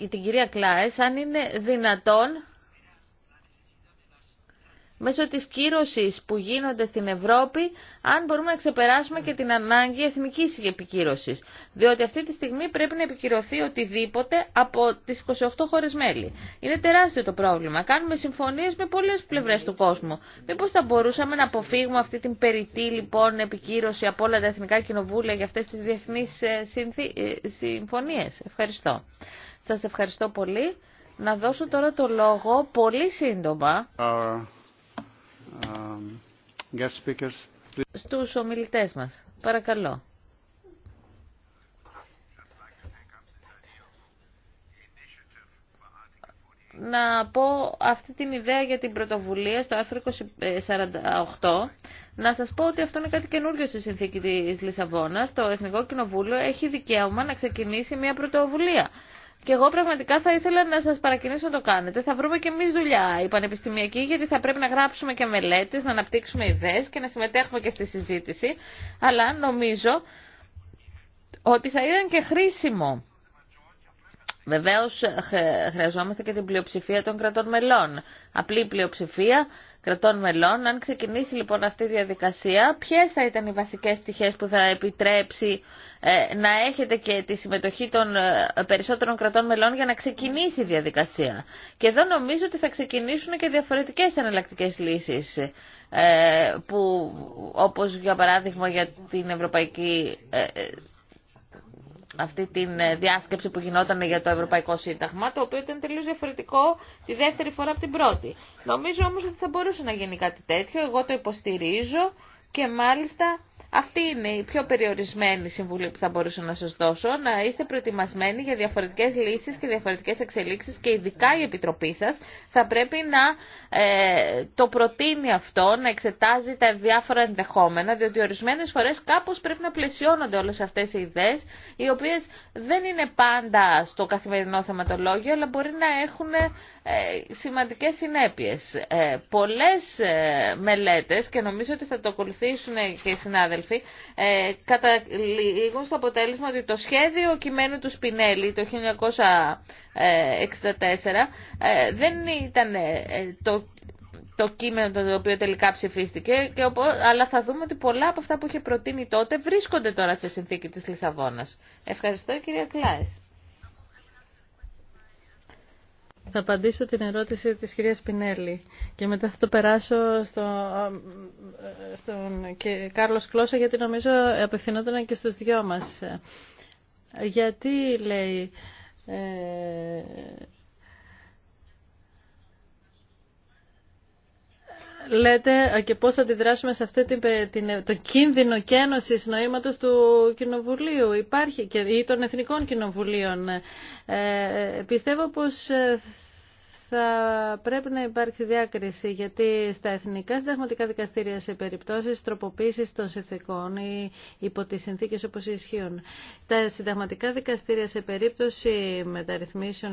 την κυρία Κλάες αν είναι δυνατόν μέσω της κύρωσης που γίνονται στην Ευρώπη, αν μπορούμε να ξεπεράσουμε και την ανάγκη εθνικής επικύρωσης. Διότι αυτή τη στιγμή πρέπει να επικυρωθεί οτιδήποτε από τις 28 χώρες μέλη. Είναι τεράστιο το πρόβλημα. Κάνουμε συμφωνίες με πολλές πλευρές του κόσμου. Μήπως θα μπορούσαμε να αποφύγουμε αυτή την περιττή λοιπόν επικύρωση από όλα τα εθνικά κοινοβούλια για αυτές τις διεθνείς ε, ε, συμφωνίες. Ευχαριστώ. Σας ευχαριστώ πολύ. Να δώσω τώρα το λόγο πολύ σύντομα. Um, guest speakers. Στους ομιλητές μας. Παρακαλώ. να πω αυτή την ιδέα για την πρωτοβουλία στο άρθρο 48. Ε, να σας πω ότι αυτό είναι κάτι καινούριο στη συνθήκη της Λισαβόνας. Το Εθνικό Κοινοβούλιο έχει δικαίωμα να ξεκινήσει μια πρωτοβουλία. Και εγώ πραγματικά θα ήθελα να σας παρακινήσω να το κάνετε. Θα βρούμε και εμεί δουλειά, η πανεπιστημιακή, γιατί θα πρέπει να γράψουμε και μελέτε, να αναπτύξουμε ιδέε και να συμμετέχουμε και στη συζήτηση. Αλλά νομίζω ότι θα ήταν και χρήσιμο. Βεβαίω χρειαζόμαστε και την πλειοψηφία των κρατών μελών. Απλή πλειοψηφία κρατών μελών. Αν ξεκινήσει λοιπόν αυτή η διαδικασία, ποιε θα ήταν οι βασικές πτυχέ που θα επιτρέψει ε, να έχετε και τη συμμετοχή των ε, περισσότερων κρατών μελών για να ξεκινήσει η διαδικασία. Και εδώ νομίζω ότι θα ξεκινήσουν και διαφορετικές εναλλακτικέ λύσεις ε, που όπως για παράδειγμα για την Ευρωπαϊκή ε, αυτή τη ε, διάσκεψη που γινόταν για το Ευρωπαϊκό Σύνταγμα, το οποίο ήταν τελείω διαφορετικό τη δεύτερη φορά από την πρώτη. Νομίζω όμως ότι θα μπορούσε να γίνει κάτι τέτοιο, εγώ το υποστηρίζω και μάλιστα αυτή είναι η πιο περιορισμένη συμβουλή που θα μπορούσα να σας δώσω, να είστε προετοιμασμένοι για διαφορετικές λύσεις και διαφορετικές εξελίξεις και ειδικά η Επιτροπή σας θα πρέπει να ε, το προτείνει αυτό, να εξετάζει τα διάφορα ενδεχόμενα, διότι ορισμένες φορές κάπως πρέπει να πλαισιώνονται όλες αυτές οι ιδέες, οι οποίες δεν είναι πάντα στο καθημερινό θεματολόγιο, αλλά μπορεί να έχουν ε, σημαντικές συνέπειες. Ε, πολλές ε, μελέτες, και νομίζω ότι θα το ακολουθήσουν και οι συνάδελφοι, καταλήγουν στο αποτέλεσμα ότι το σχέδιο κειμένου του Σπινέλη το 1964 δεν ήταν το το κείμενο το οποίο τελικά ψηφίστηκε, και αλλά θα δούμε ότι πολλά από αυτά που είχε προτείνει τότε βρίσκονται τώρα στη συνθήκη της Λισαβόνας. Ευχαριστώ κυρία Κλάης. Θα απαντήσω την ερώτηση της κυρίας Πινέλη και μετά θα το περάσω στο, στον και Κάρλος Κλώσσα γιατί νομίζω απευθυνόταν και στους δυο μας. Γιατί λέει ε, λέτε ε, και πώς θα αντιδράσουμε σε αυτο ε, το κίνδυνο κένωσης νοήματος του Κοινοβουλίου υπάρχει ή των Εθνικών Κοινοβουλίων. Ε, ε πιστεύω πως θα πρέπει να υπάρξει διάκριση γιατί στα εθνικά συνταγματικά δικαστήρια σε περιπτώσεις τροποποίησης των συνθήκων ή υπό τις συνθήκες όπως ισχύουν. Τα συνταγματικά δικαστήρια σε περίπτωση μεταρρυθμίσεων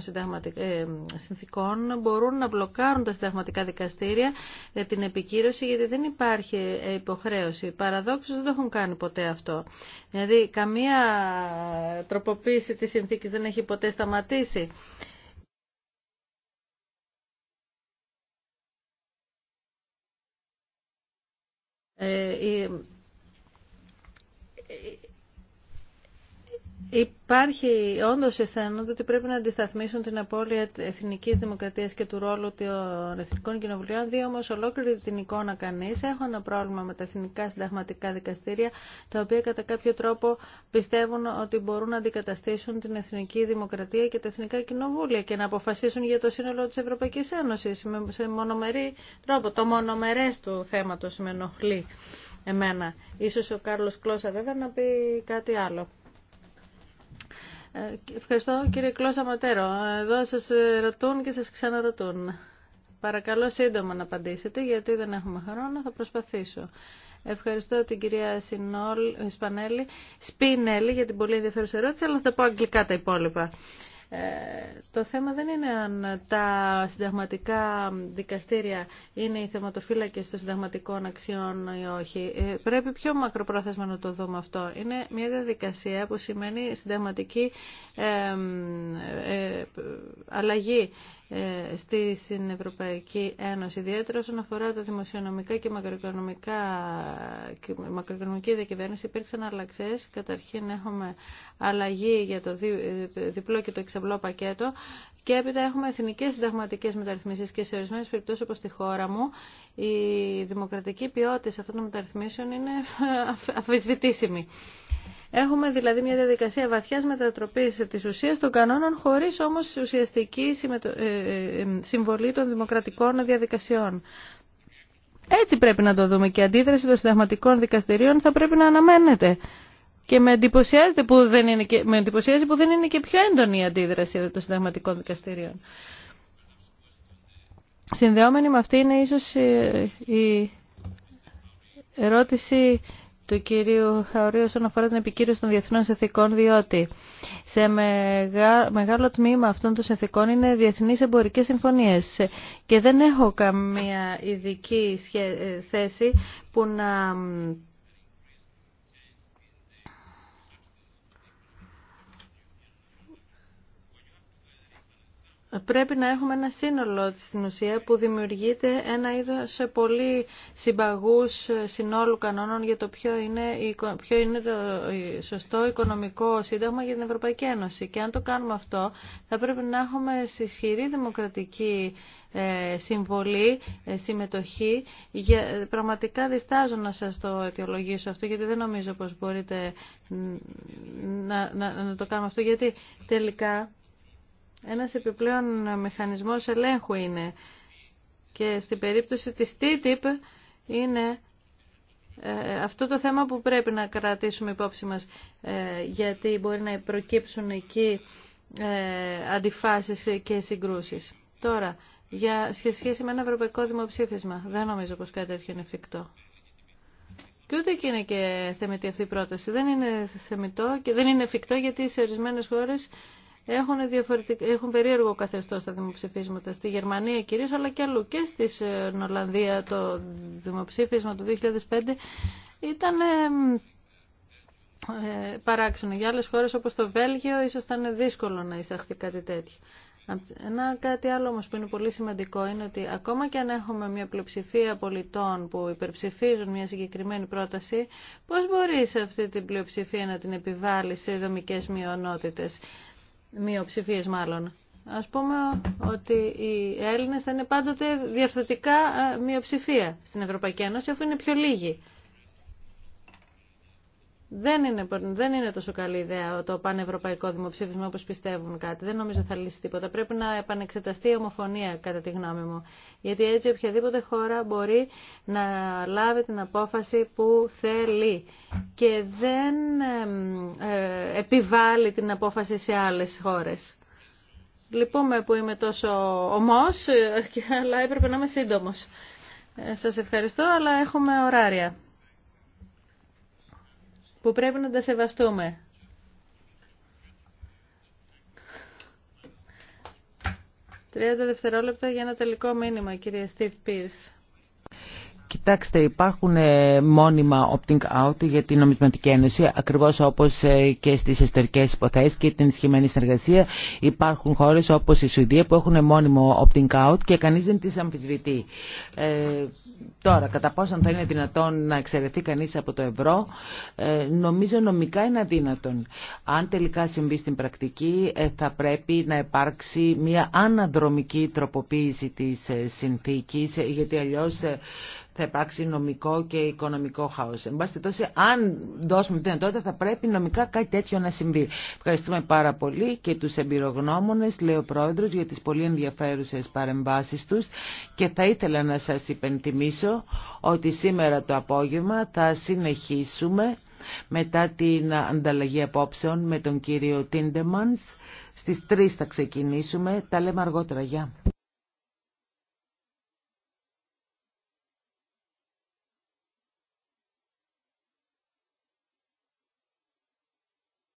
ε, συνθήκων μπορούν να μπλοκάρουν τα συνταγματικά δικαστήρια για την επικύρωση γιατί δεν υπάρχει υποχρέωση. Παραδόξως δεν το έχουν κάνει ποτέ αυτό. Δηλαδή καμία τροποποίηση της συνθήκης δεν έχει ποτέ σταματήσει. ε, Υπάρχει, όντω αισθάνονται ότι πρέπει να αντισταθμίσουν την απώλεια εθνική δημοκρατία και του ρόλου των εθνικών κοινοβουλίων. Δύο όμω ολόκληρη την εικόνα κανεί, Έχω ένα πρόβλημα με τα εθνικά συνταγματικά δικαστήρια, τα οποία κατά κάποιο τρόπο πιστεύουν ότι μπορούν να αντικαταστήσουν την εθνική δημοκρατία και τα εθνικά κοινοβούλια και να αποφασίσουν για το σύνολο τη Ευρωπαϊκή Ένωση. σε μονομερή τρόπο. Το μονομερέ του θέματο με ενοχλεί εμένα. Ίσως ο Κάρλο Κλώσσα βέβαια να πει κάτι άλλο. Ε, ευχαριστώ κύριε Κλώσσα Ματέρο. Εδώ σας ε, ρωτούν και σας ξαναρωτούν. Παρακαλώ σύντομα να απαντήσετε γιατί δεν έχουμε χρόνο. Θα προσπαθήσω. Ευχαριστώ την κυρία Σινόλ, Σπανέλη, Σπινέλη για την πολύ ενδιαφέρουσα ερώτηση, αλλά θα πω αγγλικά τα υπόλοιπα. Ε, το θέμα δεν είναι αν τα συνταγματικά δικαστήρια είναι οι θεματοφύλακες των συνταγματικών αξιών ή όχι. Ε, πρέπει πιο μακροπρόθεσμα να το δούμε αυτό. Είναι μια διαδικασία που σημαίνει συνταγματική ε, αλλαγή ε, στην Ευρωπαϊκή Ένωση, ιδιαίτερα όσον αφορά τα δημοσιονομικά και μακροοικονομικά μακροοικονομική διακυβέρνηση υπήρξαν αλλαξές. Καταρχήν έχουμε αλλαγή για το ε, διπλό και το εξαπλό πακέτο και έπειτα έχουμε εθνικές συνταγματικές μεταρρυθμίσεις και σε ορισμένες περιπτώσεις όπως στη χώρα μου η δημοκρατική ποιότητα αυτών των μεταρρυθμίσεων είναι αφισβητήσιμη. Έχουμε δηλαδή μια διαδικασία βαθιάς μετατροπής της ουσίας των κανόνων χωρίς όμως ουσιαστική ε, ε, ε, συμβολή των δημοκρατικών διαδικασιών. Έτσι πρέπει να το δούμε και η αντίδραση των συνταγματικών δικαστηρίων θα πρέπει να αναμένεται. Και με, που δεν είναι και εντυπωσιάζει που δεν είναι και πιο έντονη η αντίδραση των συνταγματικών δικαστηρίων. Συνδεόμενη με αυτή είναι ίσως η ερώτηση του κύριου Χαωρή όσον αφορά την επικύρωση των διεθνών συνθηκών, διότι σε μεγάλο τμήμα αυτών των εθικών είναι διεθνείς εμπορικές συμφωνίες και δεν έχω καμία ειδική θέση που να Πρέπει να έχουμε ένα σύνολο στην ουσία που δημιουργείται ένα είδος πολύ συμπαγούς συνόλου κανόνων για το ποιο είναι, είναι το σωστό οικονομικό σύνταγμα για την Ευρωπαϊκή Ένωση. Και αν το κάνουμε αυτό θα πρέπει να έχουμε ισχυρή δημοκρατική ε, συμβολή, ε, συμμετοχή. Για, πραγματικά διστάζω να σας το αιτιολογήσω αυτό γιατί δεν νομίζω πως μπορείτε να, να το κάνουμε αυτό γιατί τελικά ένας επιπλέον μηχανισμός ελέγχου είναι και στην περίπτωση της TTIP είναι ε, αυτό το θέμα που πρέπει να κρατήσουμε υπόψη μας ε, γιατί μπορεί να προκύψουν εκεί ε, αντιφάσεις και συγκρούσεις. Τώρα, για σε σχέση με ένα ευρωπαϊκό δημοψήφισμα, δεν νομίζω πως κάτι τέτοιο είναι εφικτό. Και ούτε και είναι και θεμητή αυτή η πρόταση. Δεν είναι θεμητό και δεν είναι εφικτό γιατί σε ορισμένε χώρες έχουν, διαφορετικ... έχουν περίεργο καθεστώς τα δημοψηφίσματα στη Γερμανία κυρίως αλλά και αλλού και στην Ολλανδία το δημοψήφισμα του 2005 ήταν ε, παράξενο. Για άλλες χώρες όπως το Βέλγιο ίσως ήταν δύσκολο να εισαχθεί κάτι τέτοιο. Ένα κάτι άλλο όμως που είναι πολύ σημαντικό είναι ότι ακόμα και αν έχουμε μια πλειοψηφία πολιτών που υπερψηφίζουν μια συγκεκριμένη πρόταση, πώς μπορεί αυτή την πλειοψηφία να την επιβάλλει σε δομικές μειονότητες μειοψηφίε μάλλον. Ας πούμε ότι οι Έλληνε θα είναι πάντοτε διαρθωτικά ε, μειοψηφία στην Ευρωπαϊκή Ένωση, αφού είναι πιο λίγοι. Δεν είναι, δεν είναι τόσο καλή ιδέα το πανευρωπαϊκό δημοψήφισμα όπως πιστεύουν κάτι. Δεν νομίζω θα λύσει τίποτα. Πρέπει να επανεξεταστεί η ομοφωνία κατά τη γνώμη μου. Γιατί έτσι οποιαδήποτε χώρα μπορεί να λάβει την απόφαση που θέλει και δεν ε, επιβάλλει την απόφαση σε άλλες χώρες. Λυπούμε που είμαι τόσο ομός, ε, αλλά έπρεπε να είμαι σύντομος. Ε, σας ευχαριστώ, αλλά έχουμε ωράρια που πρέπει να τα σεβαστούμε. Τρία δευτερόλεπτα για ένα τελικό μήνυμα, κυρία Steve Pierce. Κοιτάξτε, υπάρχουν ε, μόνιμα opting out για την νομισματική ένωση, ακριβώς όπως ε, και στις εσωτερικές υποθέσεις και την ισχυμένη συνεργασία. Υπάρχουν χώρες όπως η Σουηδία που έχουν μόνιμο opting out και κανείς δεν τις αμφισβητεί. Ε, τώρα, κατά πόσον θα είναι δυνατόν να εξαιρεθεί κανείς από το ευρώ, ε, νομίζω νομικά είναι αδύνατον. Αν τελικά συμβεί στην πρακτική, ε, θα πρέπει να υπάρξει μια αναδρομική τροποποίηση της συνθήκης, γιατί αλλιώς θα υπάρξει νομικό και οικονομικό χάος. Εν πάση αν δώσουμε την δυνατότητα θα πρέπει νομικά κάτι τέτοιο να συμβεί. Ευχαριστούμε πάρα πολύ και τους εμπειρογνώμονες, λέει ο Πρόεδρος, για τις πολύ ενδιαφέρουσες παρεμβάσεις τους και θα ήθελα να σας υπενθυμίσω ότι σήμερα το απόγευμα θα συνεχίσουμε μετά την ανταλλαγή απόψεων με τον κύριο Τίντεμανς. Στις 3 θα ξεκινήσουμε. Τα λέμε αργότερα. Γεια.